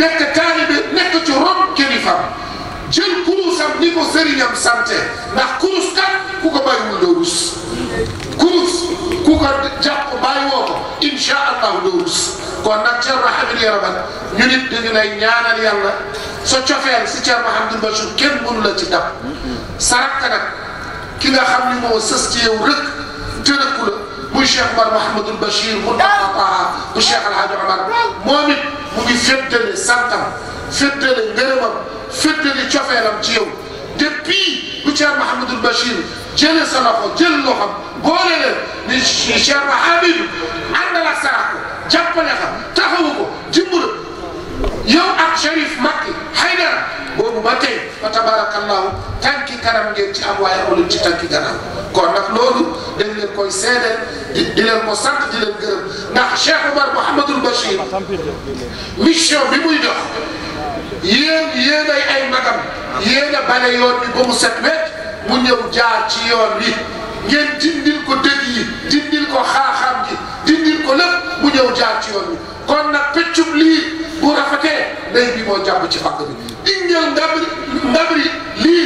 Speaker 2: nekk taalibe nekk ci ron kilifaam. jël kurusam ni ko sëriñam sante ndax kurus kat ku ko bàyyiwul doo rus kurus ku ko jàpp bàyyiwoo ko incha allahu doo rus kon nag Thierno Hamidou Yaraban ñu nit dañu lay ñaanal yàlla sa cofeel si Thierno Hamidou Bachir kenn mënu la ci dab sa rakk nag ki nga xam ni moo sës ci yow rëkk tërëkku la. الشيخ عمر محمود البشير مرتضى طه آه. والشيخ الحاج عمر مؤمن آه. مو فدل سانتام فدل غرم فدل تشوفيرام تيو ديبي الشيخ محمود البشير جل سنخو جل لوخم بولل الشيخ حامد عندنا سراكو جابنا خا تخوكو جمبر yow ak Cherif Makki Haydara boobu ba tey fa tabarakallahu tànki kanam ngeen ci am waaye amul ci tànki gannaaw kon nag loolu dañ leen koy seedeel di di leen ko sant di leen gërëm ndax Cheikh Omar Mouhamadul Bachir mission bi muy dox yéen yéen ay ay magam yéen a mu ñëw jaar ci yoon wi ngeen dindil ko dëgg yi dindil ko xaaxaam ji dindil ko lépp mu ñëw jaar ci yoon wi. kon na peccum lii bu rafetee day bi moo jàpp ci fàgg bi ingeel ndabri ndabri lii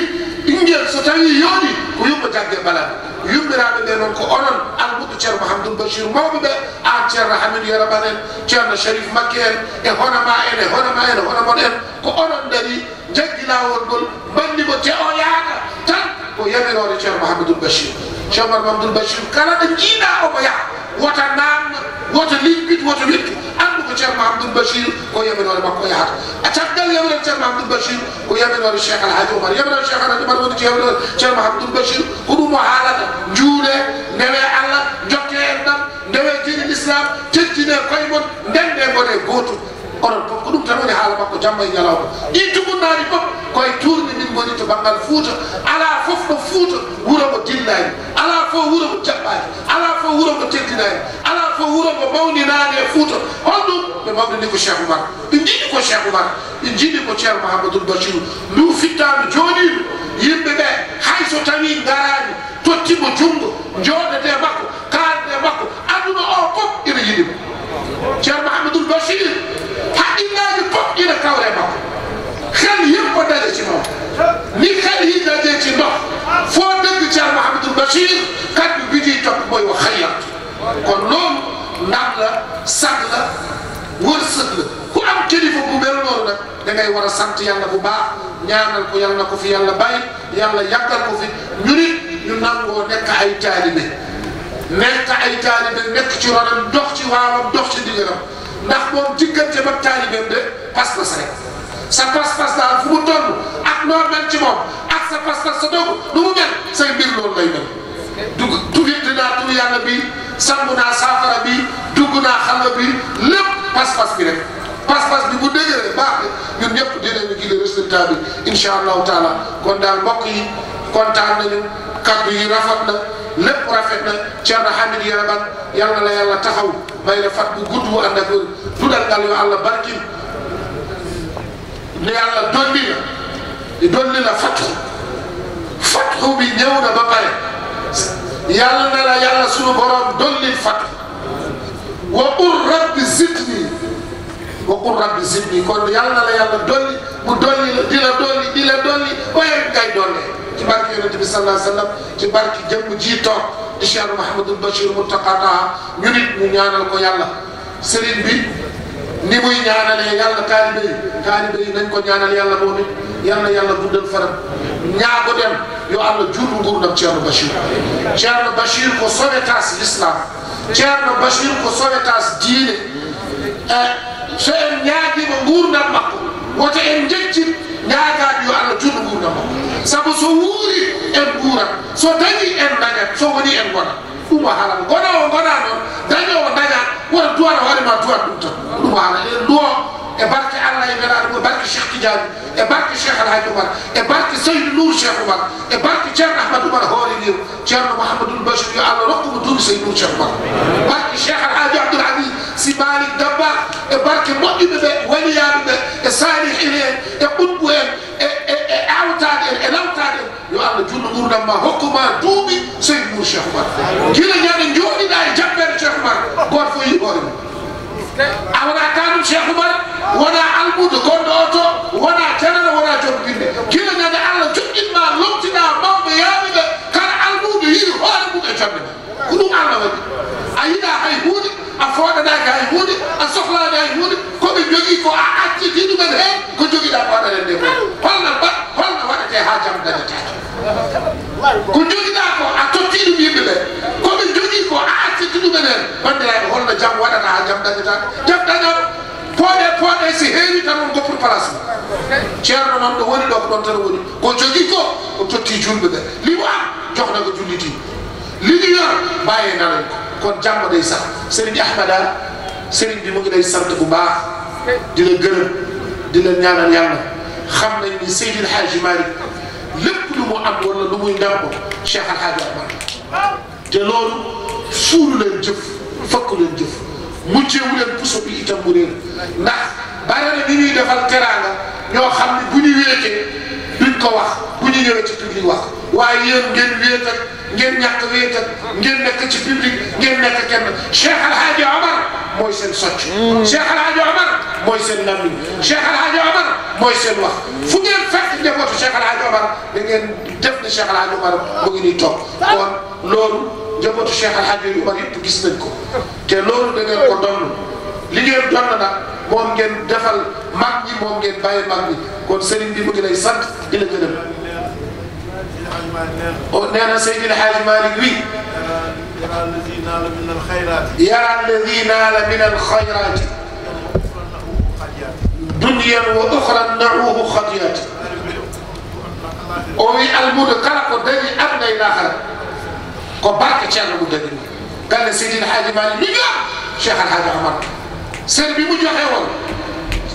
Speaker 2: ingeel so tawi yooni ko yumma jagge balaɗe yummiraɓe ɓe noon ko onon almuɗɗo ceerno mahamadou bachir mawɓeɓe an ceerno hamidou yaraban en ceerno sharif makke en e honoma en e honoma en e honomon en ko onon dari jaggi lawol ngol bandi ko te o yaaka tan ko yamirore ceerno mouhamadoul bachir ceerno mouhamadoul bachir kala ɗo jiiɗa omo yaha wota namna wota limbit wota wittu andu ko ceerno mouhamadoul bachir ko yamirore makko yahata a caggal yamirore ceerno mouhamadoul bachir ko yamirore cheikh alhaji oumar yamirore cheikh alhaji oumar woni yamirore ceerno mouhamadoul bachir ko ɗum o haalata juule newe allah jokke en ɗam ndewe jeni l'islam teddine koye mon ndende gone gotum onon fof ko ɗum tan woni haala makko jamma e ñalawma ɗin tugunnaani fof koye tuurde min ngoni to banngal fuuta alaa fof ɗo fuuta wuro ngo dillaani alaa fof wuro ngo jaɓɓaani alaa fof wuro ngo teddinaani alaa fof wuro ngo mawninaani e fuuta hol ɗum ɓe mawnini ko cheikh oumar ɓe njiɗi ko cheikh oumar ɓe njiɗi ko ceer mahamadoul bacirou ndu fittaandu jooɗiiɓe yimɓe ɓee hay so tawii ngaraani tottimo junngo jooɗetee makko kaalde makko aduna o fof ina yiɗimo ceer mahamadoul bacir imaani bopp gi la kawle ma xel yëpp ko daje ci moom li ci ndox foo dëgg Cheikh Mahamadou Bachir kàddu bi ciy topp mooy wax xëyat kon loolu ndam la sag la wërsëg ku am kilifa bu mel noonu nag war a sant yàlla bu baax ñaanal ko yàlla na fi yàlla bàyyi yàlla yàggal ko fi ñu nit ñu nangoo nekk ay taalibe nekk ay taalibe ci ronam dox ci waawam dox ci ndigalam ndax moom diggante ba taalibeem de pas-pas rek sa pas-pas daal fu mu toll ak noo mel ci moom ak sa pas-pas sa doog say mbir loolu lay mel. dugg tuggit naa tur yàlla bi sàmm naa saafara bi dugg naa xàll bi lépp pas-pas bi pas-pas bi bu dëgëree baax na ñun ñëpp dinañu gis le résultat bi incha allahu taala kon daal mbokk yi kontaan nañu kàddu yi rafet na lépp rafet na Thierno Hamid Yaraban yal na la yàlla taxaw may la fat bu gudd bu ànd ak du dal dal yu àlla barki ne yàlla dolli la dolli la fattu fattu bi ñëw na ba pare yàlla na sunu borom dolli fattu wa ur rabbi zidni wa qul rabbi zidni kon yàlla na la yàlla dolli mu dolli la di la dolli di la kay dolli ci barke yonente bi sallallahu alayhi wa sallam ci barke jëmm ji toog di Cheikh Mouhamadul Bachir Mountakha Taha ñu nit ñu ñaanal ko yàlla sëriñ bi ni muy ñaanalee yàlla taalibe yi taalibe yi nañ ko ñaanal yàlla moom it yàlla yàlla guddal faram ñaa ko dem yoo am na juutu nguur nag Thierno Bachir Thierno Bachir ko sauvetage l'islam Thierno Bachir ko sauvetage diine so en ñaagiima nguurdam makko woto en jejjit ñaagaaɓe yo allah juɗɗo nguurdam makko sabu so wuuri en nguurat so dañi en dañat so woni en gona ɗum o halan gona o gona noon daño o daña wona duwata hoore ma duwat ɗum tan ɗum o hala en duwo e barke allah e welaɗo mum e barke cheikh tidiani e barke cheikh alhaji oumar e barke seydou nour cheikh oumar e barke ceerno ahmad oumar hoore ndiw ceerno mouhamadoul bachir yo allah rokkumo duuri seydou nour cheikh oumar barke cheikh alhaji abdoul aziz si malik dabba e barke moƴƴuɓe ɓe waliyaɓe ɓe e salihin en e ɓutbu en e awtaɗe en e lawtaɗe en yo allah julɗo ɓurdam ma hokkuma duuɓi soyi mur cheikh oumar gila ñande jooɗiɗa e jabbere cheikh oumar goto fo yiɓore mum a wona kanum cheikh oumar wona almudo gonɗo o to wona janana wona joom binde gila ñande allah joƴƴinma lomtiɗa mawɓe yaaɓe ɓe kala almudo yii hoore mum e jamde ko ɗum allah waɗi a yiɗa hay huunde a fooɗanaake hay huunde a sohlaade hay huunde ko ɓe jogii ko a accitii ɗumen heen ko jogiɗaa ɓooɗanen nde holno ba holno waɗetee haa jam dañetaake ko jogiɗaa ko a tottii ɗum yimɓe ɓee ko ɓe jogii ko a accitti ɗumen heen banndiraaɓe holno jam waɗata haa jam dañetaake jam dañaa pooɗe pooɗe si heewi tan on goppru place ceerno noon ɗo woni ɗo ko ɗon tan woni ko jogii ko o tottii julɓe ɓee liwaam joknako jullitii li ñu yor bàyyee naa kon jàmm day sax Serigne Ahmada Serigne bi mu ngi lay sant bu baax di la dina di la xam nañ ni Seydil Hadji Malick lépp lu mu am wala lu muy ndàmp Cheikh Al Hadji Omar te loolu suulu leen jëf fakku leen jëf mujjeewu leen puso bi itam bu réer ndax bare na ni ñuy defal teraanga ñoo xam ne bu ñu duñ ko wax bu ñu ñëwee ci public wax waaye yéen ngeen wéet ak ngeen ñàkk wéet ak ngeen nekk ci public ngeen nekk kenn Cheikh El Hadj Omar mooy seen socc. Cheikh El Hadj Omar mooy seen làmmiñ Cheikh El Hadj Omar mooy seen wax fu ngeen fekk njabootu Cheikh El Hadj Omar da ngeen def ni Cheikh El Hadj Omar mu ngi nii toog kon loolu njabootu Cheikh El Hadj Omar yëpp gis nañ ko te loolu da ngeen ko doon. liggéeyam jot na nag moom ngeen defal mag ñi moom ngeen bàyyi mag ñi kon sëriñ bi mu ngi lay sant di la gërëm nee na Seydi El Hadj Malick wi
Speaker 11: yara alladi naala min alxayraati
Speaker 2: dunyan wa uxran nauhu xadiyaati o wi almudo kala ko dañi aduna e lahara ko barke ceerno mum dañi galle Seydi El Hadj Malick mi ga Cheikh Alhaji Amar sër bi mu joxe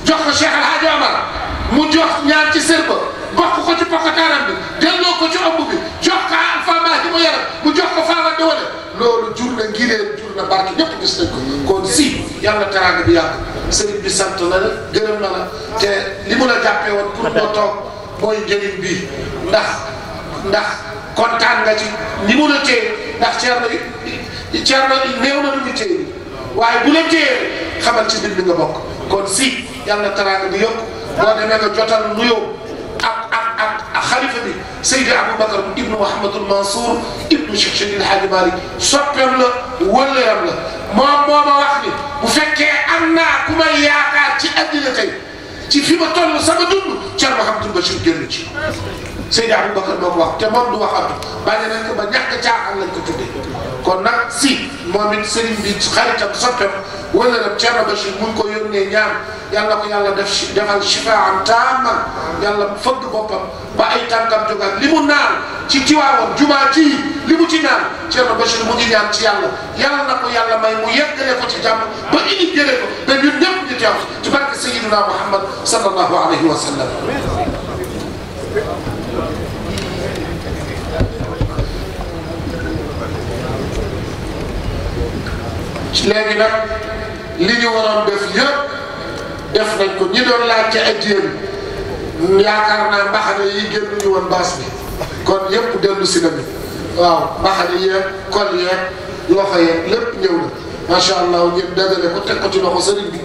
Speaker 2: jox ko Cheikh El mu jox ñaar ci sër ba bokk ko ci pokkataaram bi delloo ko ci ëmb bi jox ko alphabet bi mu yaram mu jox ko faama doole loolu jur na ngiree jur na barke ñëpp gis ko kon si yàlla teraanga bi yàgg sëriñ bi sant na la gërëm na la te li mu la jàppee woon pour nga toog mooy njëriñ bi ndax ndax kontaan nga ci ni mu la téye ndax ceerno ceerno néew na lu ñu téye waaye bu la téye xamal ci nit ñi nga bokk kon si yàlla teraanga bi yokk boo demee nga jotal nuyoo ak ak ak ak xalifa bi Seydi Aboubacar ibnu Mouhamadul Mansour ibnu Cheikh Seydil Hadji Malick soppeem la wëllëram la moom moo ma wax ni bu fekkee am naa ku may yaakaar ci addina tey ci fi ma toll sama dund Thierno Mouhamadul Bachir génn ci. Seydi Aboubacar moo ko wax te moom du wax bàyyi nañ ko ba ñàkk caaxaan lañ ko tuddee kon nag si moom it sëriñ bi xaritam soppeem wala nag Thierno Bachir mu ngi ko mu ñaan yàlla ko yàlla def si defal shifaan taaman yàlla fëgg boppam ba ay tànkam jógaat li mu naan ci Tiwaawan jumaa ji li mu ci naan Thierno Bachir mu ngi ñaan ci yàlla yàlla na ko yàlla may mu yeggale ko ci jàmm ba indi jëlee ko te ñun ñëpp ñu teew ci barke Seydina Muhammad sallallahu alayhi wa sallam. léegi nag li ñu waroon def yëpp def nañ ko ñi doon laaj ci ay jéem yaakaar naa mbaxane yi génnuñu woon baas bi kon yëpp dellu si nañu waaw mbaxane yeeg kol yeeg loxo yeeg lépp ñëw na macha allah ngeen dagale ko teg ko ci loxo sëriñ bi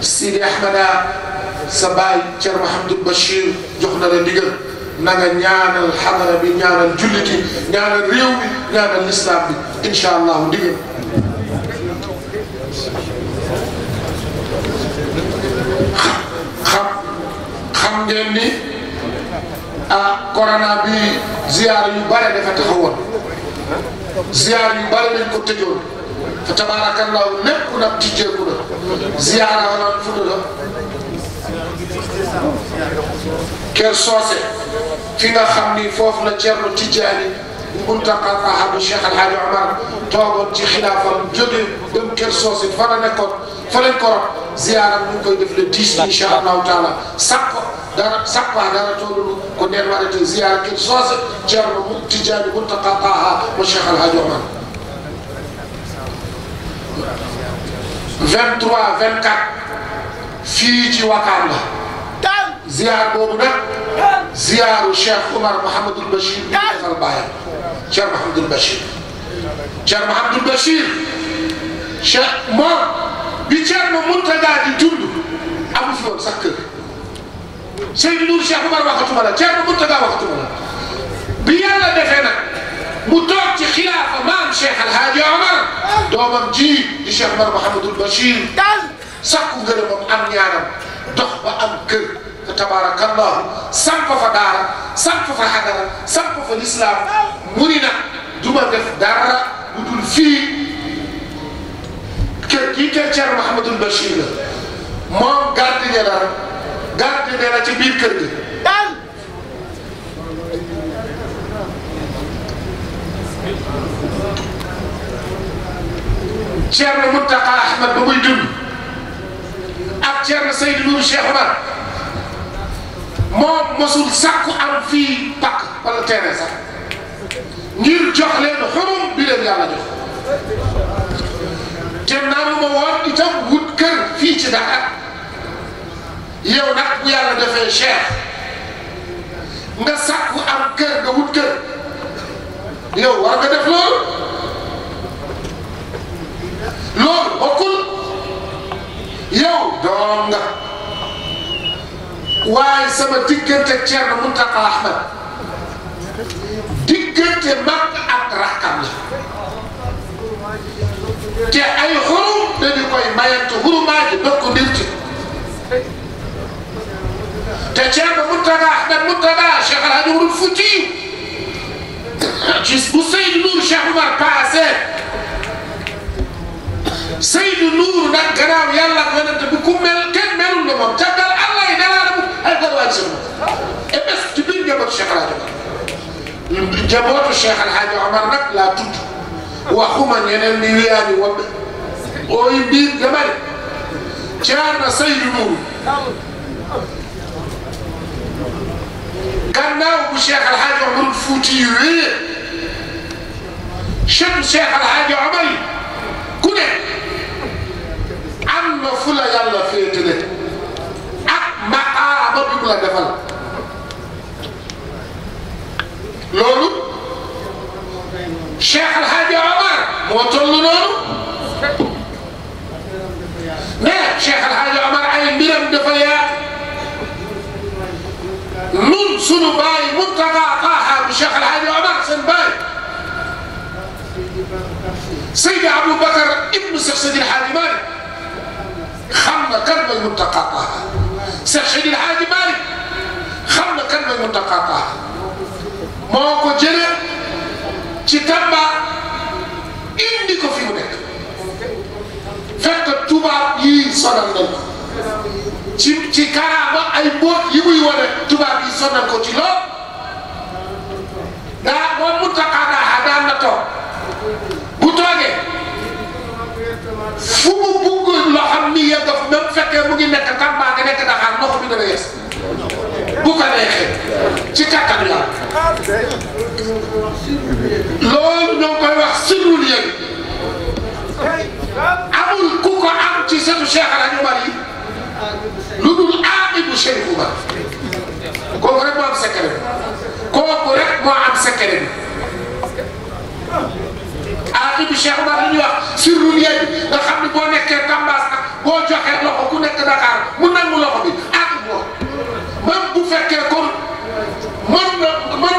Speaker 1: Sidi Ahmada sa baay Thierno Mahamadou Bachir
Speaker 2: jox na la ndigal. na nga ñaanal xadara bi ñaanal jullit yi ñaanal réew mi ñaanal lislaam bi incha allahu ndigal xam xam ngeen ni ah bi ziar yu bare dafa taxawoon ziar yu bare dañ ko tëjoon fa tabaarakallahu lépp nag tijjeeku na ziar wala fu كير سوسي فينا خمني فوف لا تيرلو تيجاني بونتا قفا حد الشيخ الحاج عمر توغون تي خلافا جودي دم كير سوسي فانا نيكون فلان كورو زياره نون في ديف لو 10 ان شاء الله تعالى ساكو دارا ساكو دارا تولو كو وارد زياره كير سوسي تيرلو تيجاني بونتا قفا الشيخ الحاج عمر 23 24 في تي وكان زيار بوبنا زيار الشيخ عمر محمد البشير في البايه شيخ محمد البشير شيخ محمد البشير شيخ ما بيشر منتدى دي جند ابو سوق سك سيد نور الشيخ عمر وقت ما شيخ منتدى وقت ما بيالا دفنا متوق في خلاف امام شيخ الهادي عمر دوم جي الشيخ عمر محمد البشير سكو غرمم ام نيارم دوخ ام كير tabaarakallahu samp fa daara samp fa xadara samp fa lislaam mu ni nag du ma def dara lu dul fii kër kii kër Thierno Mahamadul Bachir la moom gardien la gardien la ci biir kër gi Thierno Mountakha Ahmed ba muy dund ak Thierno Seydou Nourou Cheikh Omar moom mosul sàkku am fii pàkk wala terrain sax ngir leen xurum bi leen yàlla jox te naamu ma woon itam wut kër fii ci Dakar yow nag bu yàlla defee cher nga sàkku am kër nga wut kër yow war nga def loolu loolu bokkul yow doom nga. waaye sama diggante Thierno Mountakha Ahmed diggante mag ak rakkam la te ay xurum dañu koy mayante xurumaaji bokk ndir ci te Thierno Mountakha Ahmed Mountakha Cheikh El Hadj Oumar Foutiyou gis bu Seydou Nour Cheikh Oumar passé Seydou Nour nag gannaaw yàlla ak yonent bi ku mel kenn melul ne moom ca dal Basiru MS ci biir njabootu Cheikh El Hadj Omar njabootu Cheikh El Hadj Omar nag laa tudd waxuma ñeneen ni wiyaani wobbe ooyi mbiir gamari ceerno Seydou Nourou gannaaw bu Cheikh El Hadj Omar Fuuti yu wéyee chetu Cheikh El Hadj Omar yi ku ne am na fu la yàlla féetale ak mag bopp bi ku la defal loolu Cheikh El Hadj Omar moo toll noonu mais Cheikh El Hadj Omar ay mbiram dafa yaatu ñun sunu baay Mountaga Taaha bu Cheikh El Hadj Omar seen baay Seydi Aboubacar ibnu Cheikh Seydi El Hadj Malick xam na kan mooy Mountaga Taaha Cheikh Seydi El Hadji Malick xam kan mooy Mountakha Tall moo ko jëlee ci Tamba indi ko fi mu nekk fekk tubaab yi sonal nañ ko ci ci ay mbóot yi muy wane tubaab yi sonal ko ci lool daa moom Mountakha Tall fu mu buggul loo xam ni ya dof même fekkee mu ngi nekk kan baa nga nekk Dakar ndox bi dana yees bu ko neexee ci kàttan la
Speaker 1: loolu ñoo koy wax
Speaker 2: sirrul yéen amul ku am ci setu Cheikh El Hadj Omar yi lu dul aamibu Cheikh Oumar kooku rek moo am secret kooku rek moo am secret ànd bi Cheikh Oumar li ñuy wax sirrul bu fekkee kon mën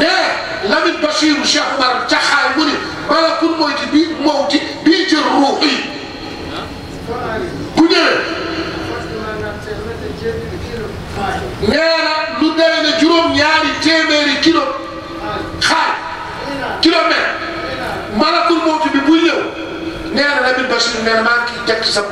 Speaker 2: na Lamine Bachirou Cheikh Omar Caxaay mu ni malakul mawti bii mawti bii jël ruux yi bu ñëwee nee lu nee na juróom-ñaari kilo xaar kilomètre malakul mawti bi buy ñëw nee na Lamine Bachirou nee na maa ngi ciy teg ci sa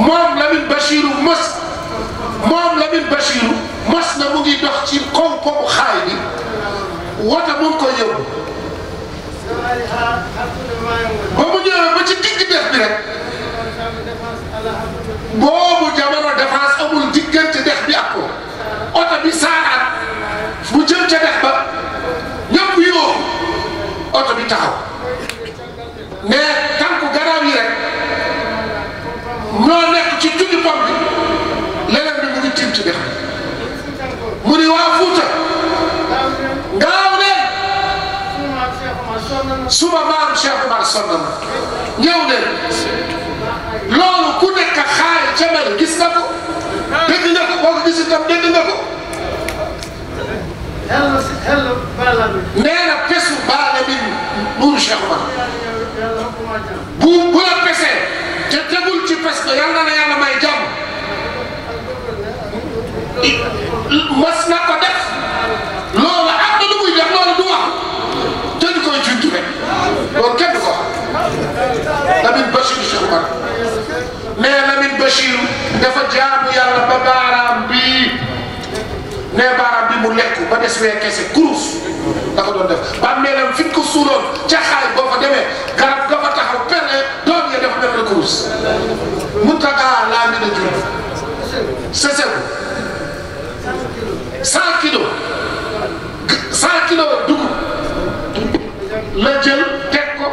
Speaker 2: moom Lamine Bachiru mos moom Lamine Bachiru mos na mu ngi dox ci kaw kaw xaay bi wota mu ngi koy yóbbu ba mu ñëwee ba ci digg def bi rek boobu jamono défense amul diggante dex bi ak oto bi saaraat bu jëm ca dex ba ñëpp oto bi taxaw. mais tànku garaaw yi rek ñoo nekk ci junni bopp bi leneen mu ngi tiim ci dex mu ni waa Fuuta ngaaw suba maam Cheikh Omar sonn na ku nekk xaay ca mel gis na ko dégg nga ko boo ko nee na pesu baale bi nuuru Cheikh Omar ku ku la pese te tegul ci pes ko yàlla na yàlla may jàmm mas na ko def loolu am na lu muy def loolu du wax te du koy juntu rek loolu kenn du ko wax Lamine Bachir Cheikh Omar mais Lamine Bachir dafa jaamu yàlla ba baaraam bii ne baaraam bi mu lekk ba des wee kese kurus da ko doon def bàmmeelam fi ko suuloon ca xaay boo fa demee garab ga fa taxaw perne doom ya dafa mel ne kurus Mountaga Lamine Diop Sesegu 100 kilos 100 kilos dugub la jël teg ko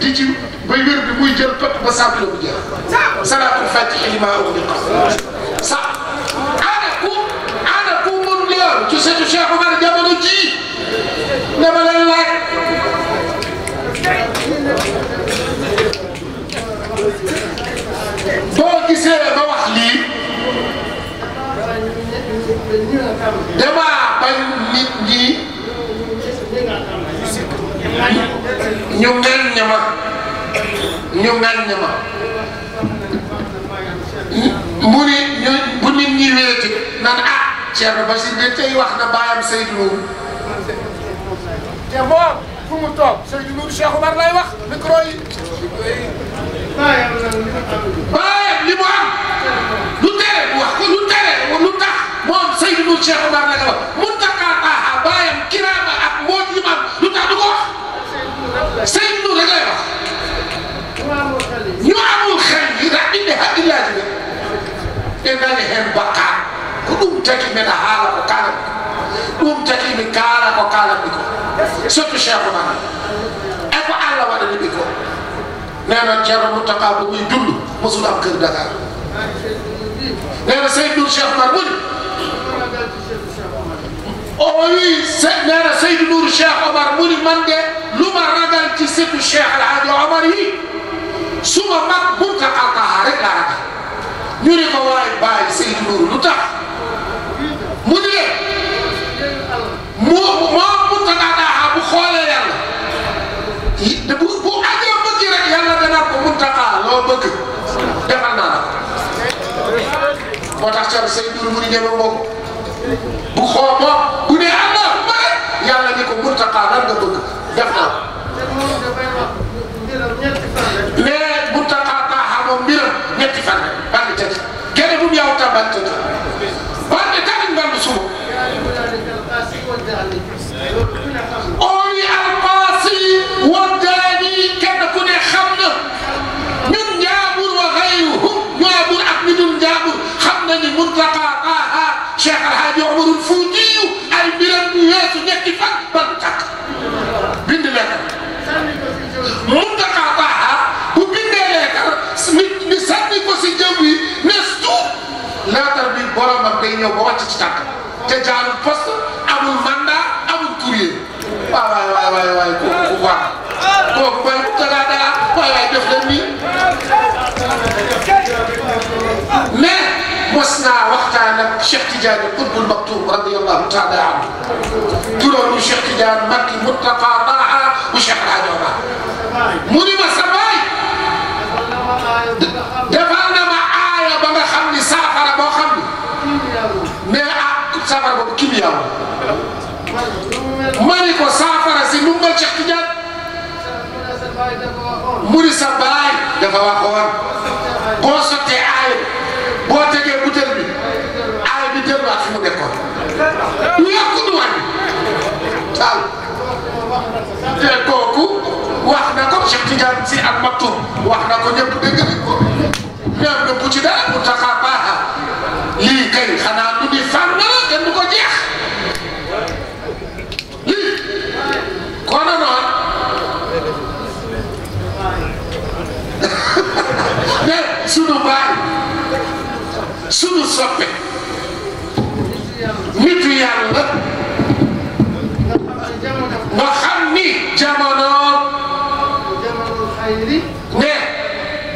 Speaker 2: di ci bay wér bi muy jël pët ba 100 kilos bu jeex salaatul fatihi lima ughliqa sa aada ku aada ku mënul yor ci seetu Cheikh Omar jamono ji dama leen laaj boo gisee ba wax lii
Speaker 1: dama bañ
Speaker 2: nit ñi ñu ŋaññ ma ñu ŋaññ ma mu ni ñu bu nit ñi wéeti naan ah Thierno Bachir wax na baayam Seydou Loum te moom fu mu toog Seydou Nourou Cheikh Omar lay wax micro yi. bàyyam li mu am lu tere wax ko lu tere lu tax moom Seydou Nourou Cheikh Omar la wax mun taxaa taaxa bàyyam kiraama ak mboot li mu am lu tax du ko
Speaker 1: wax
Speaker 2: Seydou Nourou wax. ñu amul xel yi ndax indi xa illaahi la. te naa ku dum tekki mel ne xaaral ɓumtatimi kaala ko kaalanmi ko surtout cheikh oumar e ko allah waɗanimi ko neena ceerno moutaka bu muy dund mosul am kër dakar
Speaker 1: neena seydou cheikh oumar
Speaker 2: woni o wi neena seydou nour cheikh oumar woni man de lu ma ragal ci sëtu cheikh alhaji omar yi suma mag bunta alkaha rek laa ragal ñu ne ko waay bàyyi seydou nour lu tax
Speaker 1: mu ne mu moom mu taqaanaaxa bu
Speaker 2: xoolee yàlla bu bu ajoo bëgg rek yàlla danaa ko mu taqaa loo bëgg defal naa la moo tax Thierno Seydou mu ngi ñeme moom bu xoo moom bu ne am na ma rek yàlla ni ko mu taqaa lan nga bëgg def naa mais mu taqaa taaxa moom mbiram ñetti fan rek bàyyi tëdd gene bu mu yow tàmbali tëdd njaabur xam na ni Muntaqa ah ah Cheikh El Hadj Omarul Fuutiyu ay mbiram bu weesu ñetti fan ba mu tàkk bind leetar
Speaker 1: Muntaqa ah, ah
Speaker 2: bu bindee leetar mi sànni ko si jëm yi nees tuut leetar bi boromam day ñëw ba wàcc ci tàkk te jaarul poste amul mandat amul courrier waaw waay waay waay waay kooku bu baax kooku mooy Muntaqa dara waay waay def leen nii بوسنا وقتا شيخ تجاني قلب المكتوب رضي الله تعالى عنه ترون شيخ تجاني مكي متقى طاعة وشيخ العجوة
Speaker 1: مني ما سباي دفعنا معايا بما خمي
Speaker 2: سافر بما خمي ما سافر بما كمي يوم
Speaker 1: مالك وسافر زي
Speaker 2: نمال شيخ تجاني مني سباي دفعوا خوان قصة عائل boo tegee butéel bi aay bi delluwaat fi mu nekkoon yokk wax na ko Cheikh Tidiane si ak wax na ko ñëpp dégg nañ ko même ne bu ci lii kay xanaa du di fànn la kenn du ko jeex lii kono noon sunu baay sunu soppe nitu yàlla nga xam ni jamono ne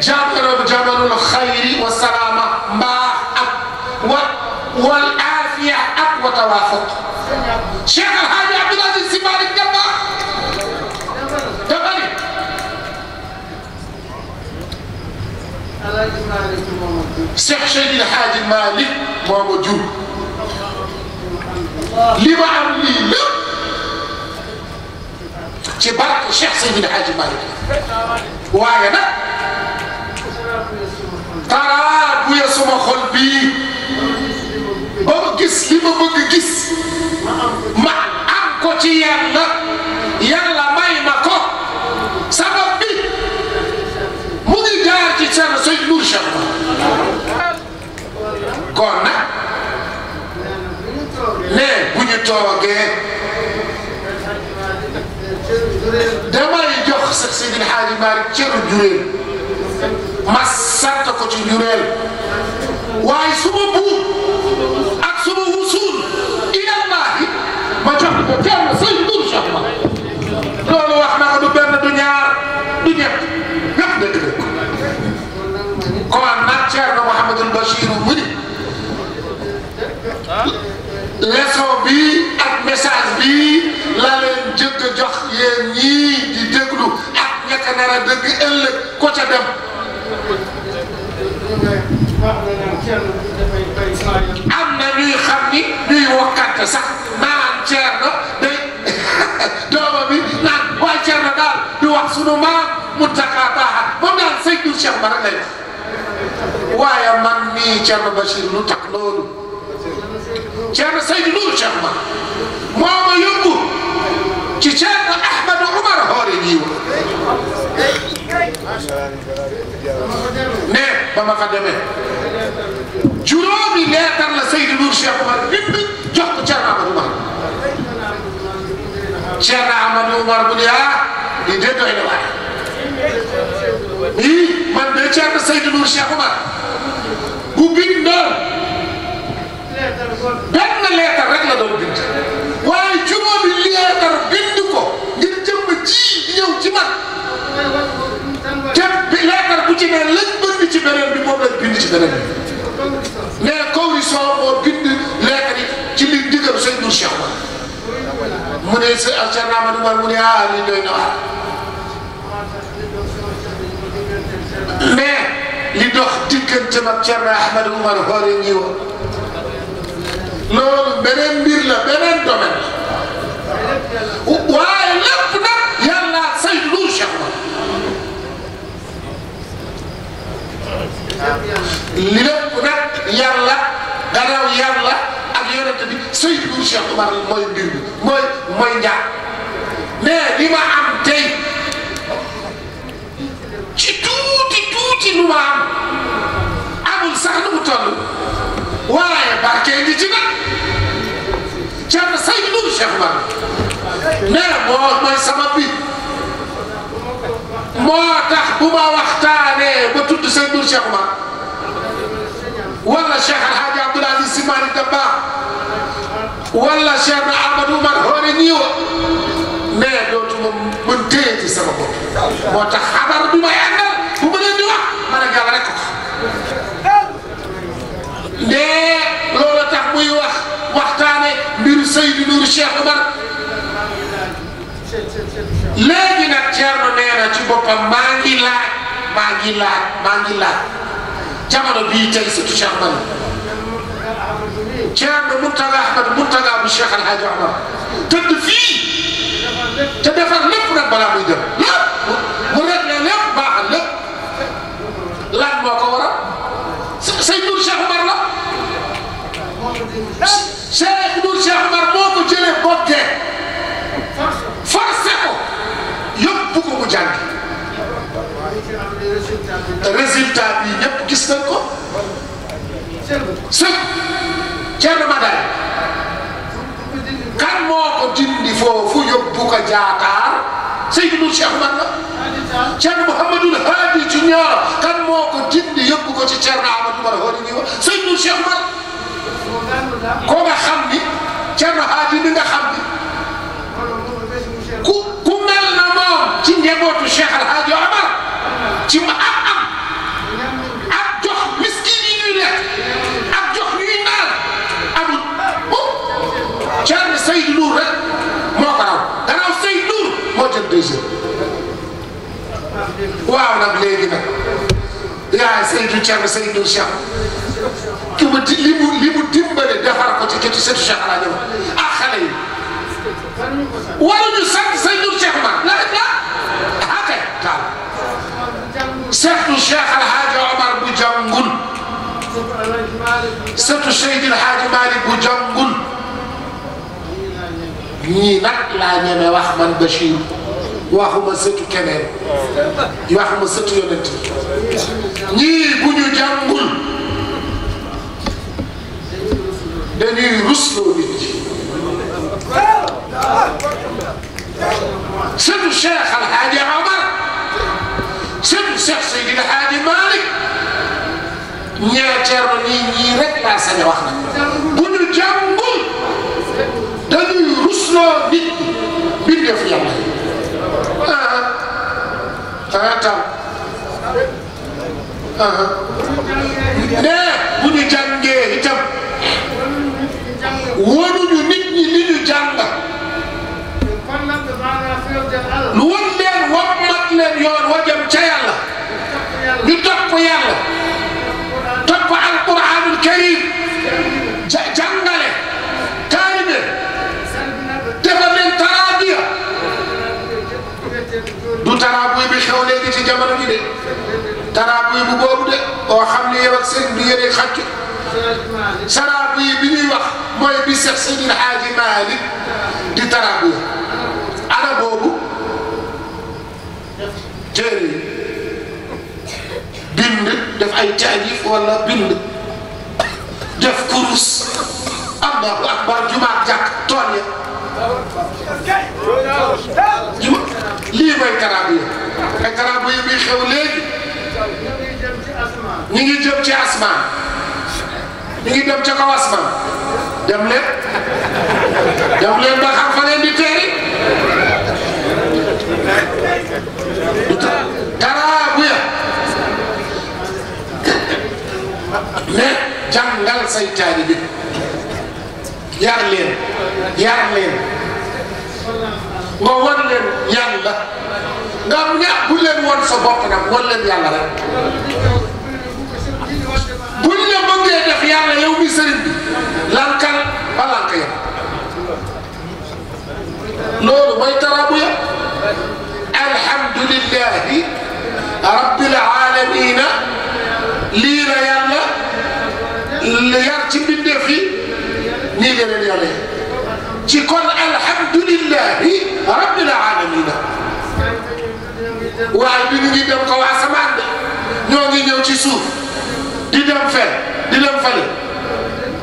Speaker 2: jamono jamonul xayri wa salaama mbaax ak wa wal aafiya ak wa tawaafuq Cheikh El Hadj Abdoul Aziz Sy Malick dafa ni Cheikh Seydil Hadji Malick moo ma jur li ma am lii lépp ci barke Cheikh Seydil Hadji Malick waaye nag taraa bu ya suma xol bii ba gis li ma bëgg gis ma am ko ci yàlla yàlla may ma ko sabab bi mu ngi jaar ci seen sëñ Nour Cheikh koor nag ne bu ñu toogee damay jox sa Seydil Haaji Maalik cëru Njuréel ma sant ko ci Njuréel waaye su ma buur ak su ma wusuul ilallaahi ma jox ko teel na say ndur jox ma loolu wax na du benn du ñaar du ñett ñëpp dëgg-dëgg kon nag Ceerno Mouhamadul Bachir mu ni leçon bi ak message bi la leen jëkk jox yéen ñii di déglu ak ñaka nar a dëgg ko ca dem. am na ñuy xam ni ñuy wokkante sax maanaam Thierno day dooma bi naan waaye Thierno daal di wax sunu maam Mountakha Baaxa moom daal sëñ bi Cheikh Bara lay wax waaye man mii Thierno Bachir lu tax loolu. Ceerno Saydu Nuuru Cheikh Umar moo ma ci Ceerno Ahmadu Umar Hoore Ñiiwa ne ba ma fa demee juróomi leetar la Saydu Nuuru Cheikh Umar bind jox ko Ceerno Ahmadu Umar Ceerno Ahmadu Umar bu ne ah lii de ii man de Ceerno Saydu Nuuru Cheikh Umar bu
Speaker 1: benn leetar rek la
Speaker 2: doon bind waaye juróomi leetar bind ko ngir jëmm ji ñëw ci man
Speaker 1: te bi leetar bu
Speaker 2: ci ne lañ bind ci beneen bi moom lañ bind ci beneen bi mais Kowrison moo bind leetar yi ci biir digal sëñ Nour Cheikh mu ne sëñ Cheikh Amadou Mar mu ne ah lii doy na waar mais li dox diggante mag Thierno Ahmed Oumar Hoore ñii woon loolu beneen mbir la beneen domaine la waaye lépp nag yàlla say lu chama lépp nag yàlla gannaaw yàlla ak yonent bi say lu Cheikh Omar mooy mbir bi mooy mooy njaar mais li ma am tey ci tuuti tuuti lu ma am amul sax nu mu waaye barke ngi ci nag Thierno Seydou Nourou Cheikh Omar nee na moo mooy sama bi moo tax bu ma waxtaanee ba tudd Seydou Nourou Cheikh Omar wala Cheikh El Hadj Abdoul Aziz Sy Malick Dabakh wala Cheikh na Amadou Oumar Hoore ñiiwa nee dootuma mën téye ci sama bopp moo tax xabaar bi may àndal bu ma leen di wax ma ne yàlla rek. dee loola tax muy wax waxtaane mbiru Seydou Nourou Cheikh Omar léegi nag Thierno nee na ci boppam maa ngi laaj maa ngi laaj maa ngi laaj jamono bii tey surtout Cheikh Omar Thierno Mountaga Ahmad Mountaga bu Cheikh Alhaji Omar tëdd fii te defar lépp nag balaa muy dem. Cheikh Ndour Cheikh Omar moo ko jëlee botte forcé ko yóbbu mu jàng résultat bi ñëpp gis nañ ko sëñ Thierno Madal kan moo ko dindi foofu yóbbu ko jaataar Seydou Ndour Cheikh Omar la Thierno Mouhamadul Hadi ci ñaar kan moo Mar
Speaker 1: ko nga xam
Speaker 2: ni Thierno Hady bi nga xam ni
Speaker 1: ku ku mel na moom ci
Speaker 2: njabootu Cheikh El Hadj Omar ci ma am am ak jox miskin
Speaker 1: yi ñuy lekk ak jox ñuy naan amul oh
Speaker 2: Thierno Seydou Nour rek moo ko raw gannaaw Seydou Nour moo jël deuxième waaw nag léegi nag yaa Seydou Thierno Seydou Cheikh ki ma di li mu li dimbale defar ko ci ci sëtu Cheikh Alaaji ak xale yi
Speaker 1: ñu sax sëñ Nour Cheikh ma la rek la ta kay taal sëtu Cheikh Alaaji Omar
Speaker 2: bu jàngul
Speaker 1: sëtu
Speaker 2: al Alaaji malik bu jàngul ñi nak la ñeme wax man bashir waxuma sëtu keneen waxuma sëtu yonent ñi bu ñu jàngul dañuy rusloo nit ñi sëtu Cheikh Al Hadj Omar sëtu Cheikh Seydina Hadj Malick ñaar ceerno nii ñii rek laa sañ a wax nag bu ñu jàngul dañuy rusloo nit ñi bindeef yàlla ah ah tam ah, ah. nee bu ñu jàngee itam. wanuñu nit ñi li ñu jàng.
Speaker 1: lu won leen war mat
Speaker 2: leen yoon wa jëm ca yàlla.
Speaker 1: ñu topp yàlla. topp
Speaker 2: alquranul karim ja jàngale. taalibe.
Speaker 1: defal leen taraabiya. du taraabuy bi
Speaker 2: xew léegi ci jamono bi de. taraabuy bu boobu de. oo xam ne yow ak sëñ bi yëre xàcc. saraabu bi ñuy wax mooy bi Seex Sidil Haaji Maalik di taraabu yi ana boobu téere bind def ay taalif wala bind def kurus allahu akbar jumaat jàkk tool lii mooy taraabu ay taraabu yi xew léegi ñu ngi jëm ci asmaan ñu ngi dem ca kaw asamaan dem leen dem ba xam fa leen di teeri du tax dara bu ya say taalibe bi yar leen yar leen nga wan leen yàlla nga am ñaar bu leen wan sa bopp nag wan leen yàlla buñ la bëggee def yàlla yow mi sëriñ bi lànkal ba lànk ya loolu mooy taraabu ya alhamdulillahi rabbil alamina lii la yàlla li yar ci mbindeef yi ci kon alhamdulillahi rabbil alamina
Speaker 1: waaye bi ñu ngi dem ko waa asamaan
Speaker 2: de ci suuf di dem fen di dem fale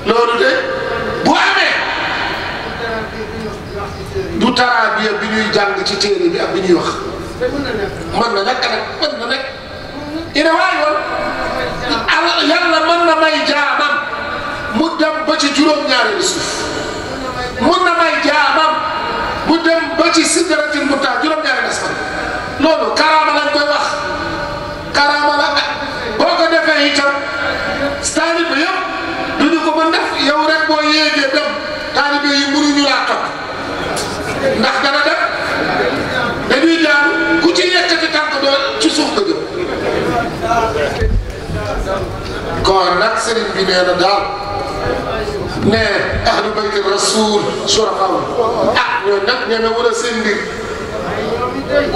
Speaker 2: loolu de
Speaker 1: bu amee du
Speaker 2: taraabiya bi ñuy jàng ci téere bi ak bi ñuy wax
Speaker 1: mën na nekk na nekk
Speaker 2: na may jaamam mu dem ba ci juróom-ñaareelu suuf mën na may jaamam mu dem ba ci sidratil muntaha juróom-ñaareelu asamaan loolu karaama lañ koy wax karaama boo ko defee itam loolu yéegee dem taalibe yi mënuñu laa topp ndax dana dem dañuy jaar ku ci yekkati tànk doon ci suuf dëgg kon nag sëriñ bi nee na daal ne ahlu bayti rasul surafaw ah ñoo nag ñeme wala seen mbir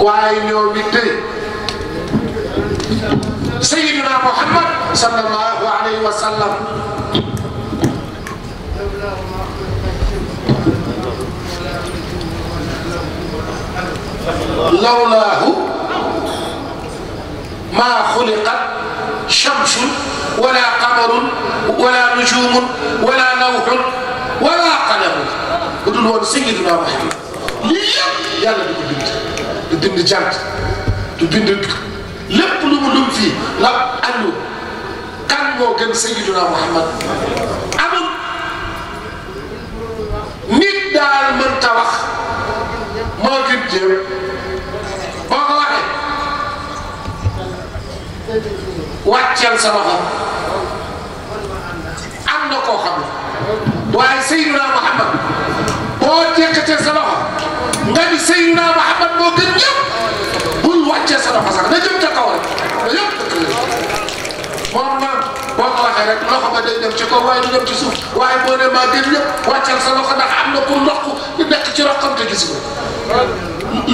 Speaker 2: waaye ñoo mi tey sayyidina Muhammad sallallahu alayhi wa sallam لولاه ما خلقت شمس ولا قمر ولا نجوم ولا نوح ولا قلم ودول وان سيدنا محمد ليب يلا دي بنت دي بنت جانت دي بنت لب لوم لوم في لب ألو كان مو كان سيدنا محمد أمم نيت دار من توخ moo gën jéem boo ko waxee wàcceel sa loxo am na koo xam ne waaye Seydina Muhammad boo jekkatee sa loxo nga ni Seydina Muhammad moo gën ñëpp bul wàccee sa loxo sax na jëm ca kaw rek moom naan boo ko waxee rek loxo ba day dem ci kaw waaye du dem ci suuf waaye boo ne maa gën ñëpp wàccal sa loxo ndax am na ku ndox ku nekk ci roqam te gis ko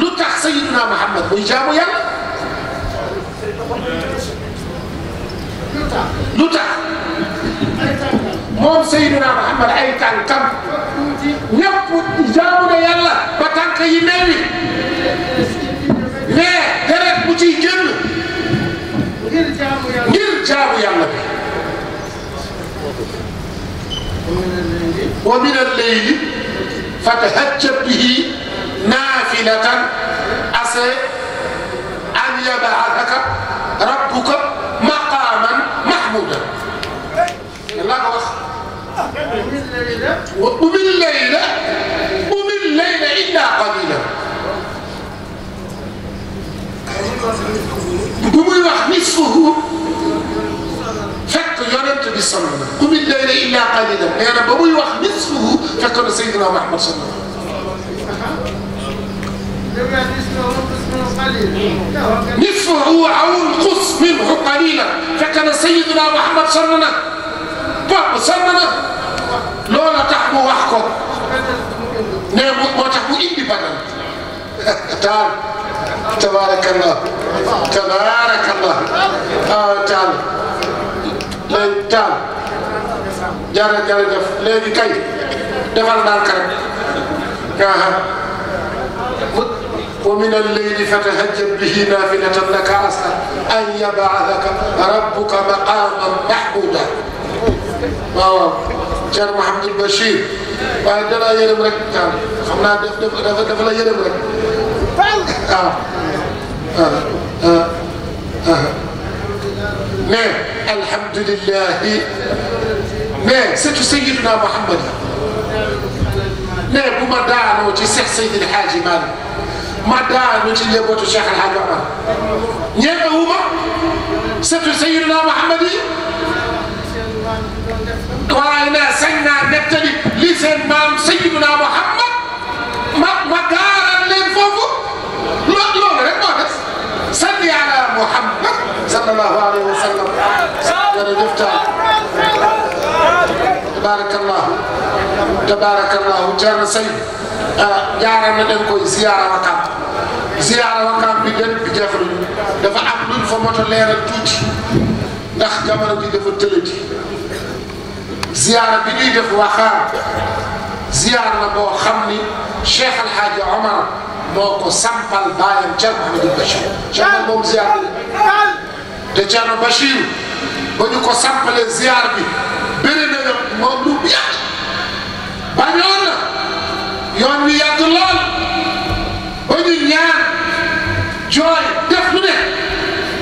Speaker 2: lu tax Sayyidna Muhammad muy jaamu yàlla lu tax moom Sayyidna Muhammad ay tànkam ñëpp jaamu na yàlla ba tànk yi néewi mais deret bu ciy génn. ngir jaamu yàlla ngir jaamu yàlla bi. wa min al-layli fatahajjab bihi naafilatan asaa an yab'athaka rabbuka maqaaman mahmuudan. yàlla ko wax. wa min al-layli wa min al-layli illa qaliilan bu muy wax nisfuhu fekk yonent bi sallallahu alayhi wa sallam qum al-layla illa qalila nee na ba muy wax nisfuhu fekk na Seydina Muhammad sallallahu نصفه او انقص منه قليلا فكان سيدنا محمد صلنا بابا صلنا لولا تحمو وحكم نعم وتحمو إني بدل تعال تبارك الله تبارك الله آه تعال لين تعال جرى جرى جف لين كي دفعنا ناكر كاها ومن الليل فتهجد به نافلة لك عسى أن يبعثك ربك مقاما محمودا ما هو محمد البشير وعندنا يلم رك خمنا دف دف فهمت؟ اه اه اه اه مين؟ الحمد لله مين؟ ست سيدنا محمد مين؟ وما دانو تي سيخ سيد الحاج مالك ما دانو تي ليبوتو شيخ الحاج مالك نيبا هما؟ ست سيدنا محمد وانا سنة نبتلي لسان مام سيدنا محمد ما ما كان صلي على محمد صلى الله عليه وسلم تبارك الله تبارك الله جانا سيد يارا آه، ندن كوي زياره وكام زياره وكام بي دن بي جافر دا فا ام لون فا موتو ليرال توتي داخ جامانو دي دافا تلتي زياره بي ني داف وخام زياره بو خامني شيخ الحاج عمر moo ko sampal baayam Thierno Mouhamadou Bachir Thierno moom ziar bi te Thierno Bachir ba ñu ko sampalee ziar bi bëri na yoon moom lu yàgg bañoon na yoon wi yàgg lool ba ñu ñaan jooy def lu ne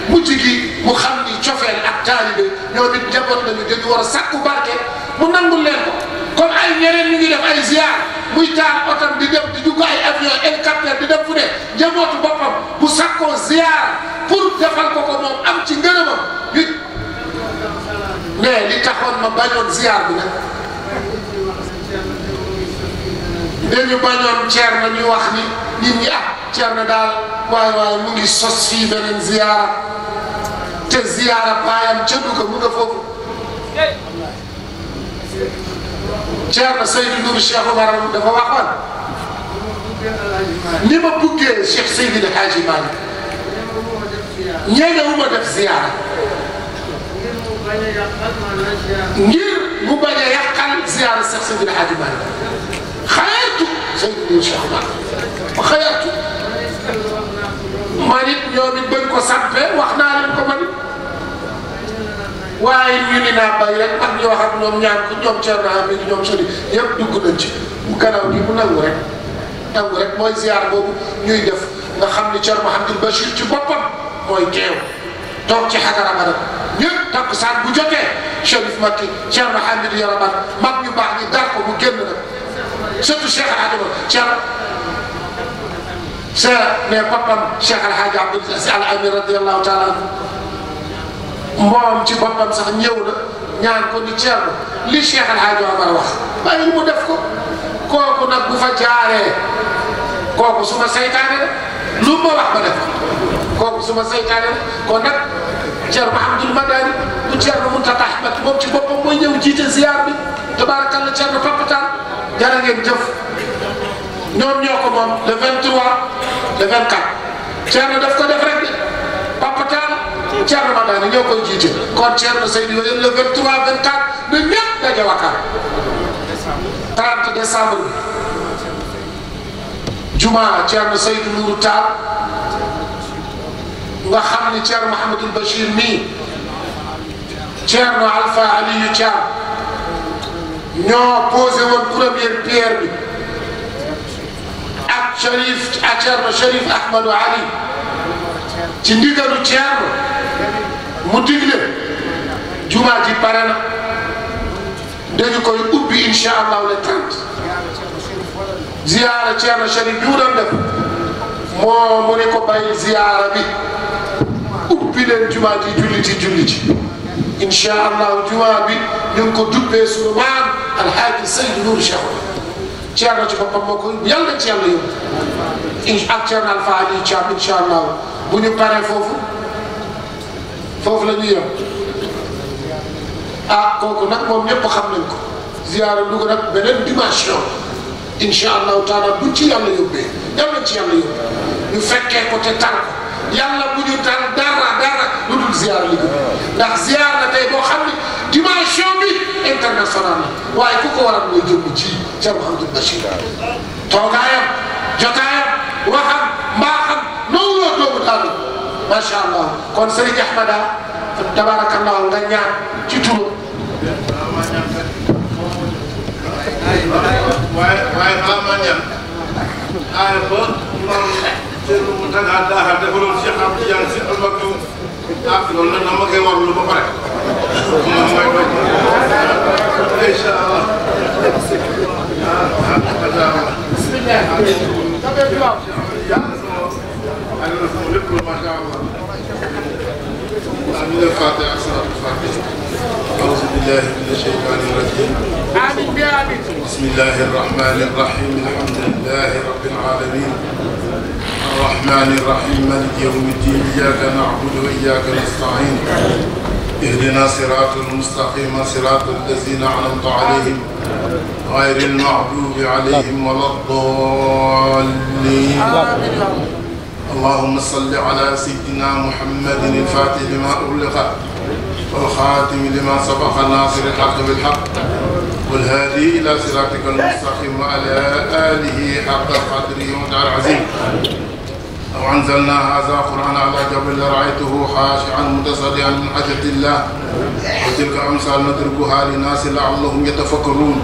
Speaker 2: mujj gi mu xam ni cofeel ak taalibe ñoom it njaboot nañu dañu war a sàkku barke mu nangul leen ko. kon ay ñeneen ñu ngi def ay ziar muy taal otam di dem di dugg ay avion hélicoptère di dem fu ne njabootu boppam bu sakkoo ziar pour defal ko ko moom am ci ngërëmam ñu mais li taxoon ma bañoon ziar bi nag dañu bañoon Thierno ñu wax ni nit ñi ah Thierno daal waaye waaye mu ngi sos fii beneen ziara te ziara baayam ca Louga mu nga foofu. Thierno Seydou Nourou Cheikh Omar dafa waxoon ni ma buggee Cheikh Seydil Hadji Malick ñeene wu ma def ziyaara ngir mu bañ a yàqal ziyaara Cheikh Seydil Hadji Malick xayatu Seydou Nourou Cheikh Omar ma
Speaker 1: xayatu man
Speaker 2: it ñoom it bañ ko sampee wax naa leen ko man it waaye ñu ni naa bay rek ak ñoo xam ñoom ñaan ko ñoom Thierno Hamidou ñoom Sodi yëpp dugg nañ ci bu gannaaw gi mu nangu rek nangu rek mooy ziar boobu ñuy def nga xam ni Thierno Mouhamadou Bachir ci boppam mooy teew toog ci xadara ba nag ñëpp takk saan bu jotee Chérif Makki Thierno Hamidou Yaramat mag ñu baax ñi dar ko mu génn nag surtout Cheikh Adama Thierno. sa ne papam Cheikh Al Hadj Abdoulaye Sy Al Amir radiyallahu taala anhu moom ci boppam sax ñëw na ñaan ko ni ceerno li Cheikh El Hadj Omar wax bàyyi mu def ko kooku nag bu fa jaaree kooku su ma saytaane la lu ma wax ma def ko kooku su ma saytaane la kon nag ceerno Mahamadul mu bu ceerno Muntaqa Ahmad moom ci boppam mooy ñëw jiite ziar bi tabaarakalla ceerno Papataan jërë ngeen jëf ñoom ñoo ko moom le 23 le 24 ceerno daf ko def Thierno Madani ñoo koy jiite kon Thierno Seydou Wéye le 23 24 na ñëpp daje wakar 30 décembre juma Thierno Seydou Nourou Tall nga xam ni Thierno Mouhamadul Bachir mii Thierno Alpha Aliou Thiam ñoo posé woon première pierre bi ak Sharif, ak Thierno Cherif Ahmadou Ali ci ndigalu Thierno mu digle jumaa ji pare na dañu koy ubbi incha allahu le ziyaara Ceerno Cherif bi mu doon moo ne ko bàyyi ziyaara bi ubbi leen jumaa ji julli ci jumaa bi ñu ngi ko dubbee suñu maam alhaaji Seydou Nourou Cheikh Ceerno ci boppam moo ko yàlla ci yàlla yóbbu ak Ceerno Alfa bu ñu paree foofu. foofu la ñuy yem ah kooku nag moom ñëpp xam nañ ko ziyaara dugg nag beneen dimension incha allahu taala bu ci yàlla yóbbee yàlla ci yàlla yóbbee ñu fekkee ko te tar ko yàlla bu ji tar dara dara lu dul ziyaara li gën ndax ziyaara la tey boo xam ne dimension bi international la waaye ku ko waral mooy jëmm ci Cheikh Mouhamadou Bachir toogaayam waxam mbaa macha allah kon Serigne Ahmada tabarakallah nga ñaan ci turu. waaye waaye balaa maa ñaan
Speaker 11: aaya ba noonu seen mu tagaa daaxal defaloon Cheikh Abdou Diagne si albatu ah loolu nag dama koy warlu ba pare moom mooy doon incha allah
Speaker 2: ah ah بسم
Speaker 11: الله الرحمن الرحيم الحمد لله رب العالمين الرحمن الرحيم مالك يوم الدين إياك نعبد وإياك نستعين اهدنا صراط المستقيم صراط الذين أنعمت عليهم غير المغضوب عليهم ولا الضالين آمين اللهم صل على سيدنا محمد الفاتح لما أغلق والخاتم لما سبق ناصر الحق بالحق والهادي إلى صراطك المستقيم وعلى آله حق قدره ومدار العزيز لو أنزلنا هذا القرآن على جبل لرأيته خاشعا متصدعا من حجة الله وتلك أمثال نتركها للناس لعلهم يتفكرون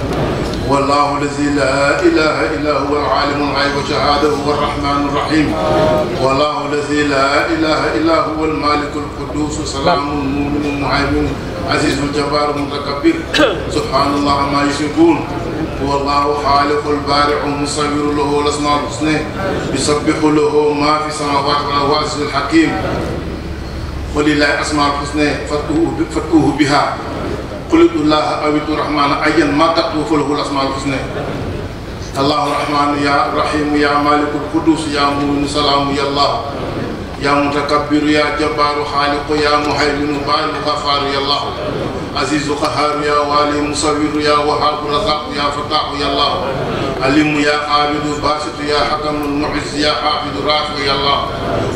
Speaker 11: هو الله الذي لا إله إلا هو العالم الغيب وشهاده هو الرحمن الرحيم هو الله الذي لا إله إلا هو المالك القدوس سلام المؤمن المهيمن عزيز الجبار المتكبر سبحان الله ما يشركون هو الله خالق البارع المصور له الاسماء الحسنى يسبح له ما في السماوات والارض الحكيم ولله الاسماء الحسنى فاتقوه بها قل الله أبيت الرحمن أين ما تطلب له الأسماء الحسنى الله الرحمن يا رحيم يا مالك القدوس يا مولى سلام يا الله يا متكبر يا جبار خالق يا مهيمن بارك غفار يا الله عزيز قهار يا والي مصور يا وهاب رزاق يا فتاح يا الله علم يا قابل باسط يا حكم المعز يا حافظ رافع يا الله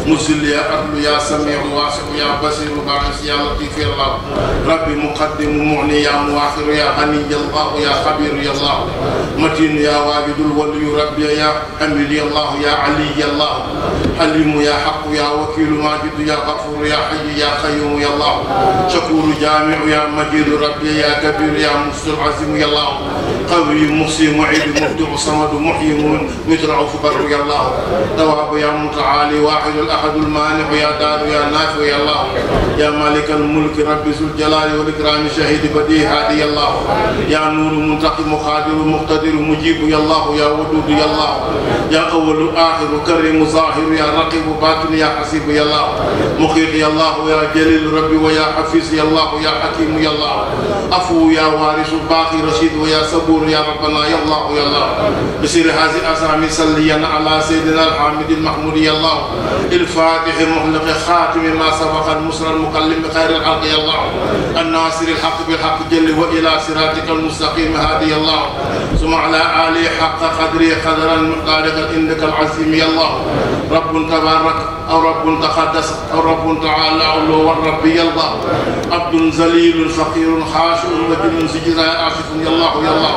Speaker 11: مسل يا عدل يا سميع واسع يا بصير باعث يا لطيف يا الله ربي مقدم معني يا مؤخر يا غني يا الله يا خبير يا الله متين يا واجد الولي ربي يا حميد يا الله يا علي يا الله حليم يا حق يا وكيل ماجد يا غفور يا حي يا قيوم يا الله شكور جامع يا مجد قدير ربي يا كبير يا مصدر عظيم يا الله قوي مصي معيد مفتوح صمد محيي مترع فقر يا الله تواب يا متعالي واحد الاحد المانع يا دار يا نافع يا الله يا مالك الملك رب ذو الجلال والاكرام شهيد بديع هادي يا الله يا نور منتقم قادر مقتدر مجيب يا الله يا ودود يا الله يا اول اخر كريم ظاهر يا رقيب باطن يا حسيب يا الله مخيط يا الله يا جليل ربي ويا حفيظ يا الله يا حكيم يا الله الله عفو يا وارث باقي رشيد ويا صبور يا ربنا يا الله يا الله بسير هذه الأسامي صليا على سيدنا الحامد المحمود يا الله الفاتح المحلق خاتم ما سبق المسر المكلم بخير الحق يا الله الناصر الحق بالحق جل وإلى صراطك المستقيم هادي الله ثم على آلي حق قدري قدرا مقدارك إنك العظيم يا الله رب تبارك أو رب تقدس أو رب تعالى علو والرب يا الله عبد ذليل فقير فقير خاشع وجل سجدا عاصف يا الله يا الله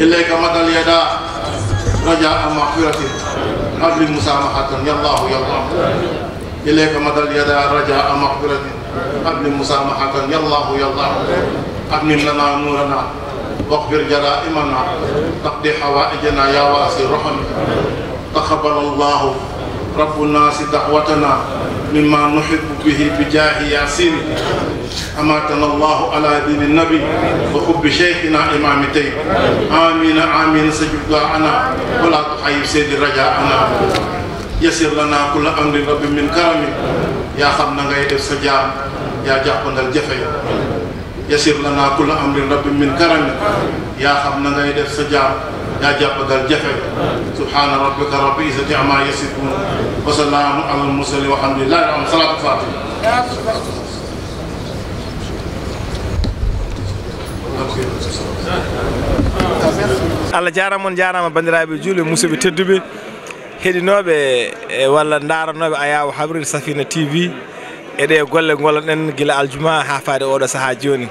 Speaker 11: إليك مدى اليدا رجاء مغفرته أجل مسامحة يا الله يا الله إليك مدى اليدا رجاء مغفرته أجل مسامحة يا الله يا الله أغنم لنا نورنا واغفر جرائمنا تقضي حوائجنا يا واسع الرحم تقبل الله ربنا دعوتنا مما نحب به بجاه ياسين أماتنا الله على دين النبي وحب شيخنا إمام تيم آمين آمين سجد دعانا ولا تحيب سيد رجاءنا يسر لنا كل أمر رب من كرم يا خمنا غير السجام يا جعبنا الجفين يسير لنا كل امر رب من كرم يا خبنا غير السجار يا جاب الجفع سبحان ربك رب عزة عما يصفون وسلام على المرسلين والحمد لله رب صلاة
Speaker 1: الفاتحة
Speaker 5: ala jarama on jarama bandiraɓe juulo musidɓe tedduɓe heɗinoɓe walla daranoɓe ayaw habrir safina tv eɗe golle golloɗen guila aljuma ha faade oɗo saaha joni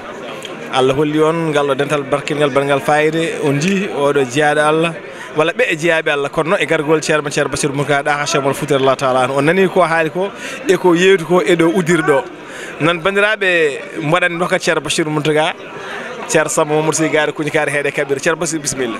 Speaker 5: allah holli on ngal ɗo dental barkingal banngal fayide o ji oɗo jeyaɗo allah walla ɓe e jeyaɓe allah kono e gargol ceerno ceerno basir mouka ɗaka chemol futere allah taala an o nani ko haali ko e ko yeewti ko e ɗo udirɗo nan bandiraɓe mbaɗan doka ceerno basir mountaga ceer samma mamoudo sy gaari kuñikaari heeɗe kaɓir ceer basir bisimilla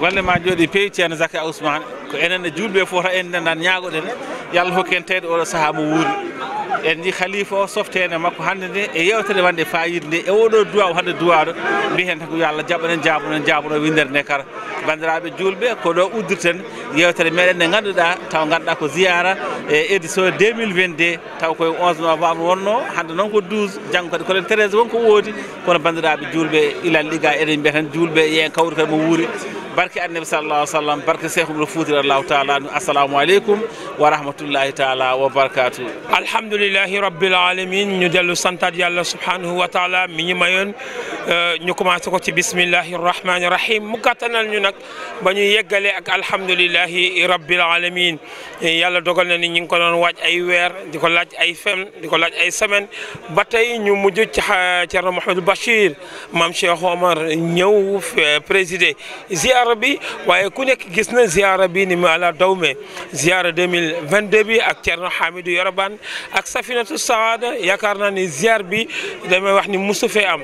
Speaker 5: golle ma jooɗi pey ceerno zaka ousmane ko enen e julɓe fota en nan ñaagoɗen yo allah hokki en teede oɗo saaha mo wuuri en ji khalifa o softene makko hande nde e yewtere wande fayide nde e oɗo duwa hande duwaɗo
Speaker 3: mbi hen tan ko yo allah jaɓanen jabanen jabano windere nde kara bandiraɓe julɓe koɗo uddirten
Speaker 5: yewtere meɗen nde ganduɗa taw ganduɗa ko ziyara e édition 2022 taw koye 11 novembre wonno hande noon ko 12 janggo kadi kolen 13 wonko woodi kono bandiraɓe julɓe ilal liga eɗen mbiya tan julɓe yeen kawri kadi mo wuuri barke annabi salallah ai sallam barke cheikhumno fuutir
Speaker 3: allahu taala assalamu aleykum wa rahmatullahi taala wa barkatu alhamdulillah alhamdulilahi rabbil alamin ñu dellu santaat yàlla subhanahu wa taala mi ñu mayoon ñu commencé ko ci bismillahi rahmani rahim mu gàttanal ñu nag ba ñu yeggale ak alhamdulilahi rabbil alamin yàlla dogal na ni ñu ngi ko doon waaj ay weer di ko laaj ay fem di ko laaj ay semaine ba tey ñu mujj ci Thierno Mouhamadou Bachir maam Cheikh Omar ñëw présider ziara bi waaye ku nekk gis na ziara bi ni mu ala dawme ziara 2022 bi ak Thierno Hamidou Yoroban ak safinatu sawaada yaakaar naa ne ziar bi damay wax ni musu fee am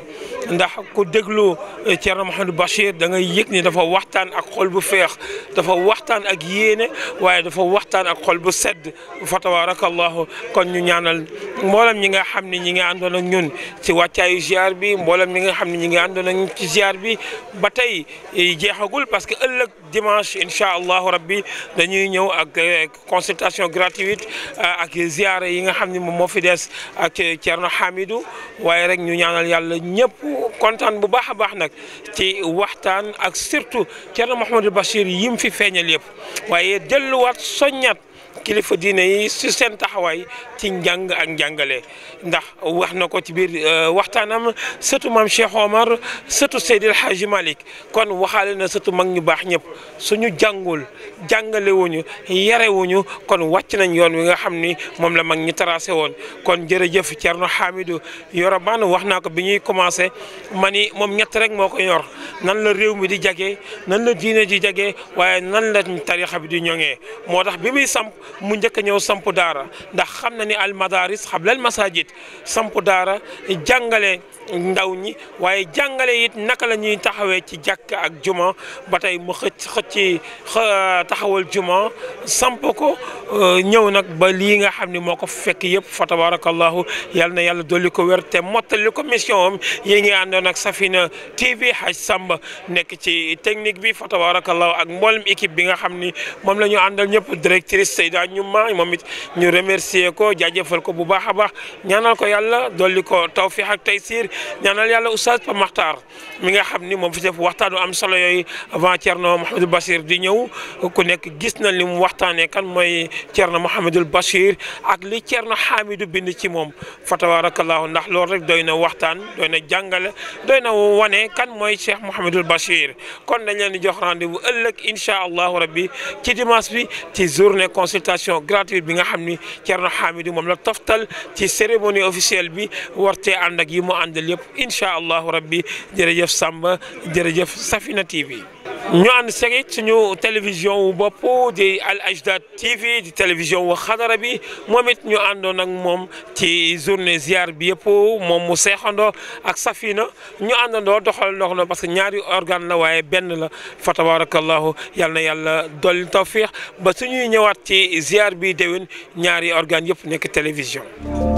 Speaker 3: ndax ku déglu Thierno Mouhamadou Bachir da ngay yëg ni dafa waxtaan ak xol bu feex dafa waxtaan ak yéene waaye dafa waxtaan ak xol bu sedd fa kon ñu ñaanal mboolem ñi nga xam ñi nga àndoon ak ñun ci wàccaayu ziar bi mboolem ñi nga xam ne ñi nga àndoon ak ñun ci ziar bi ba jeexagul parce que ëllëg dimanche incha rabbi dañuy ñëw ak consultation gratuite ak ziar yi nga xam ni moom moo fi des ak Thierno Hamidou waaye rek ñu ñaanal yàlla ñëpp kontaan bu baax a baax nag ci waxtaan ak surtout Thierno Mouhamadou Bachir yi mu fi feeñal yëpp waaye delluwaat soññat kilifa diine yi su sen taxaway ci njang ak njàngale ndax wax na ko ci bir euh, waxtanam sëtu mam Cheikh Omar Seydil malik kon waxale na sëtu mag ñu bax ñep suñu jangul jàngale wuñu yare wuñu kon wacc nañ yoon wi nga xamni mom la mag ñi tracé won kon jërëjëf Thierno Hamidou Yoroban wax naa ko bi ñuy commencé mani mom ñet rek moko ñor nan la rew mi di jage nan la diine di jage waye nan la tariikha bi di ñongé motax bi muy samp mu njëkk a ñëw sampu daara ndax xam na ni al madaris xablal masajid samp daara jàngale ndaw ñi waaye jàngale it naka la ñuy taxawee ci jàkk ak juma ba tey mu xëcc xëcc taxawal juma samp ko euh, ñëw nag ba lii nga xam ne moo ko fekk yëpp fa tabarakallahu yal na yàlla dolli ko wér te mottali ko mission am yi ngi àndoon ak Safina TV Haj Samba nekk ci technique bi fa tabarakallahu ak mboolem équipe bi nga xam ni moom la ñu àndal ñëpp directrice Seyda ñu ma moom it ñu remercier ko jaajëfal ko bu baax a baax ñaanal ko yàlla dolli ko tawfiq ñaanal yàlla oustaz Pa Makhtar mi nga xam ni moom fi def waxtaanu am solo yooyu avant Thierno Mouhamadul Bachir di ñëw ku nekk gis na li mu waxtaanee kan mooy Thierno Mouhamadul Bachir ak li Thierno Hamidou bind ci moom fa tabarakallahu ndax loolu rek doy na waxtaan doy na jàngale doy na wane kan mooy Cheikh Mouhamadul Bachir kon dañ leen di jox rendez-vous ëllëg incha allahu rabbi ci dimanche bi ci journée consultation gratuite bi nga xam ni Thierno Hamidou moom la toftal ci cérémonie officielle bi warte ànd ak yi mu àndal waajal yëpp incha allahu rabbi jërëjëf Samba jërëjëf Safina TV. ñu ànd seeg suñu télévision wu bopp di Al Ajdad TV di télévision wu xadara bi moom it ñu àndoon nag moom ci journée ziar bi yëpp moom mu seexandoo ak safina ñu àndandoo doxal ndox na parce que ñaari organe la waaye benn la fa tabarakallahu yal na yàlla dolli tawfiix ba suñuy ñëwaat ci ziar bi déwén ñaari organe yëpp nekk télévision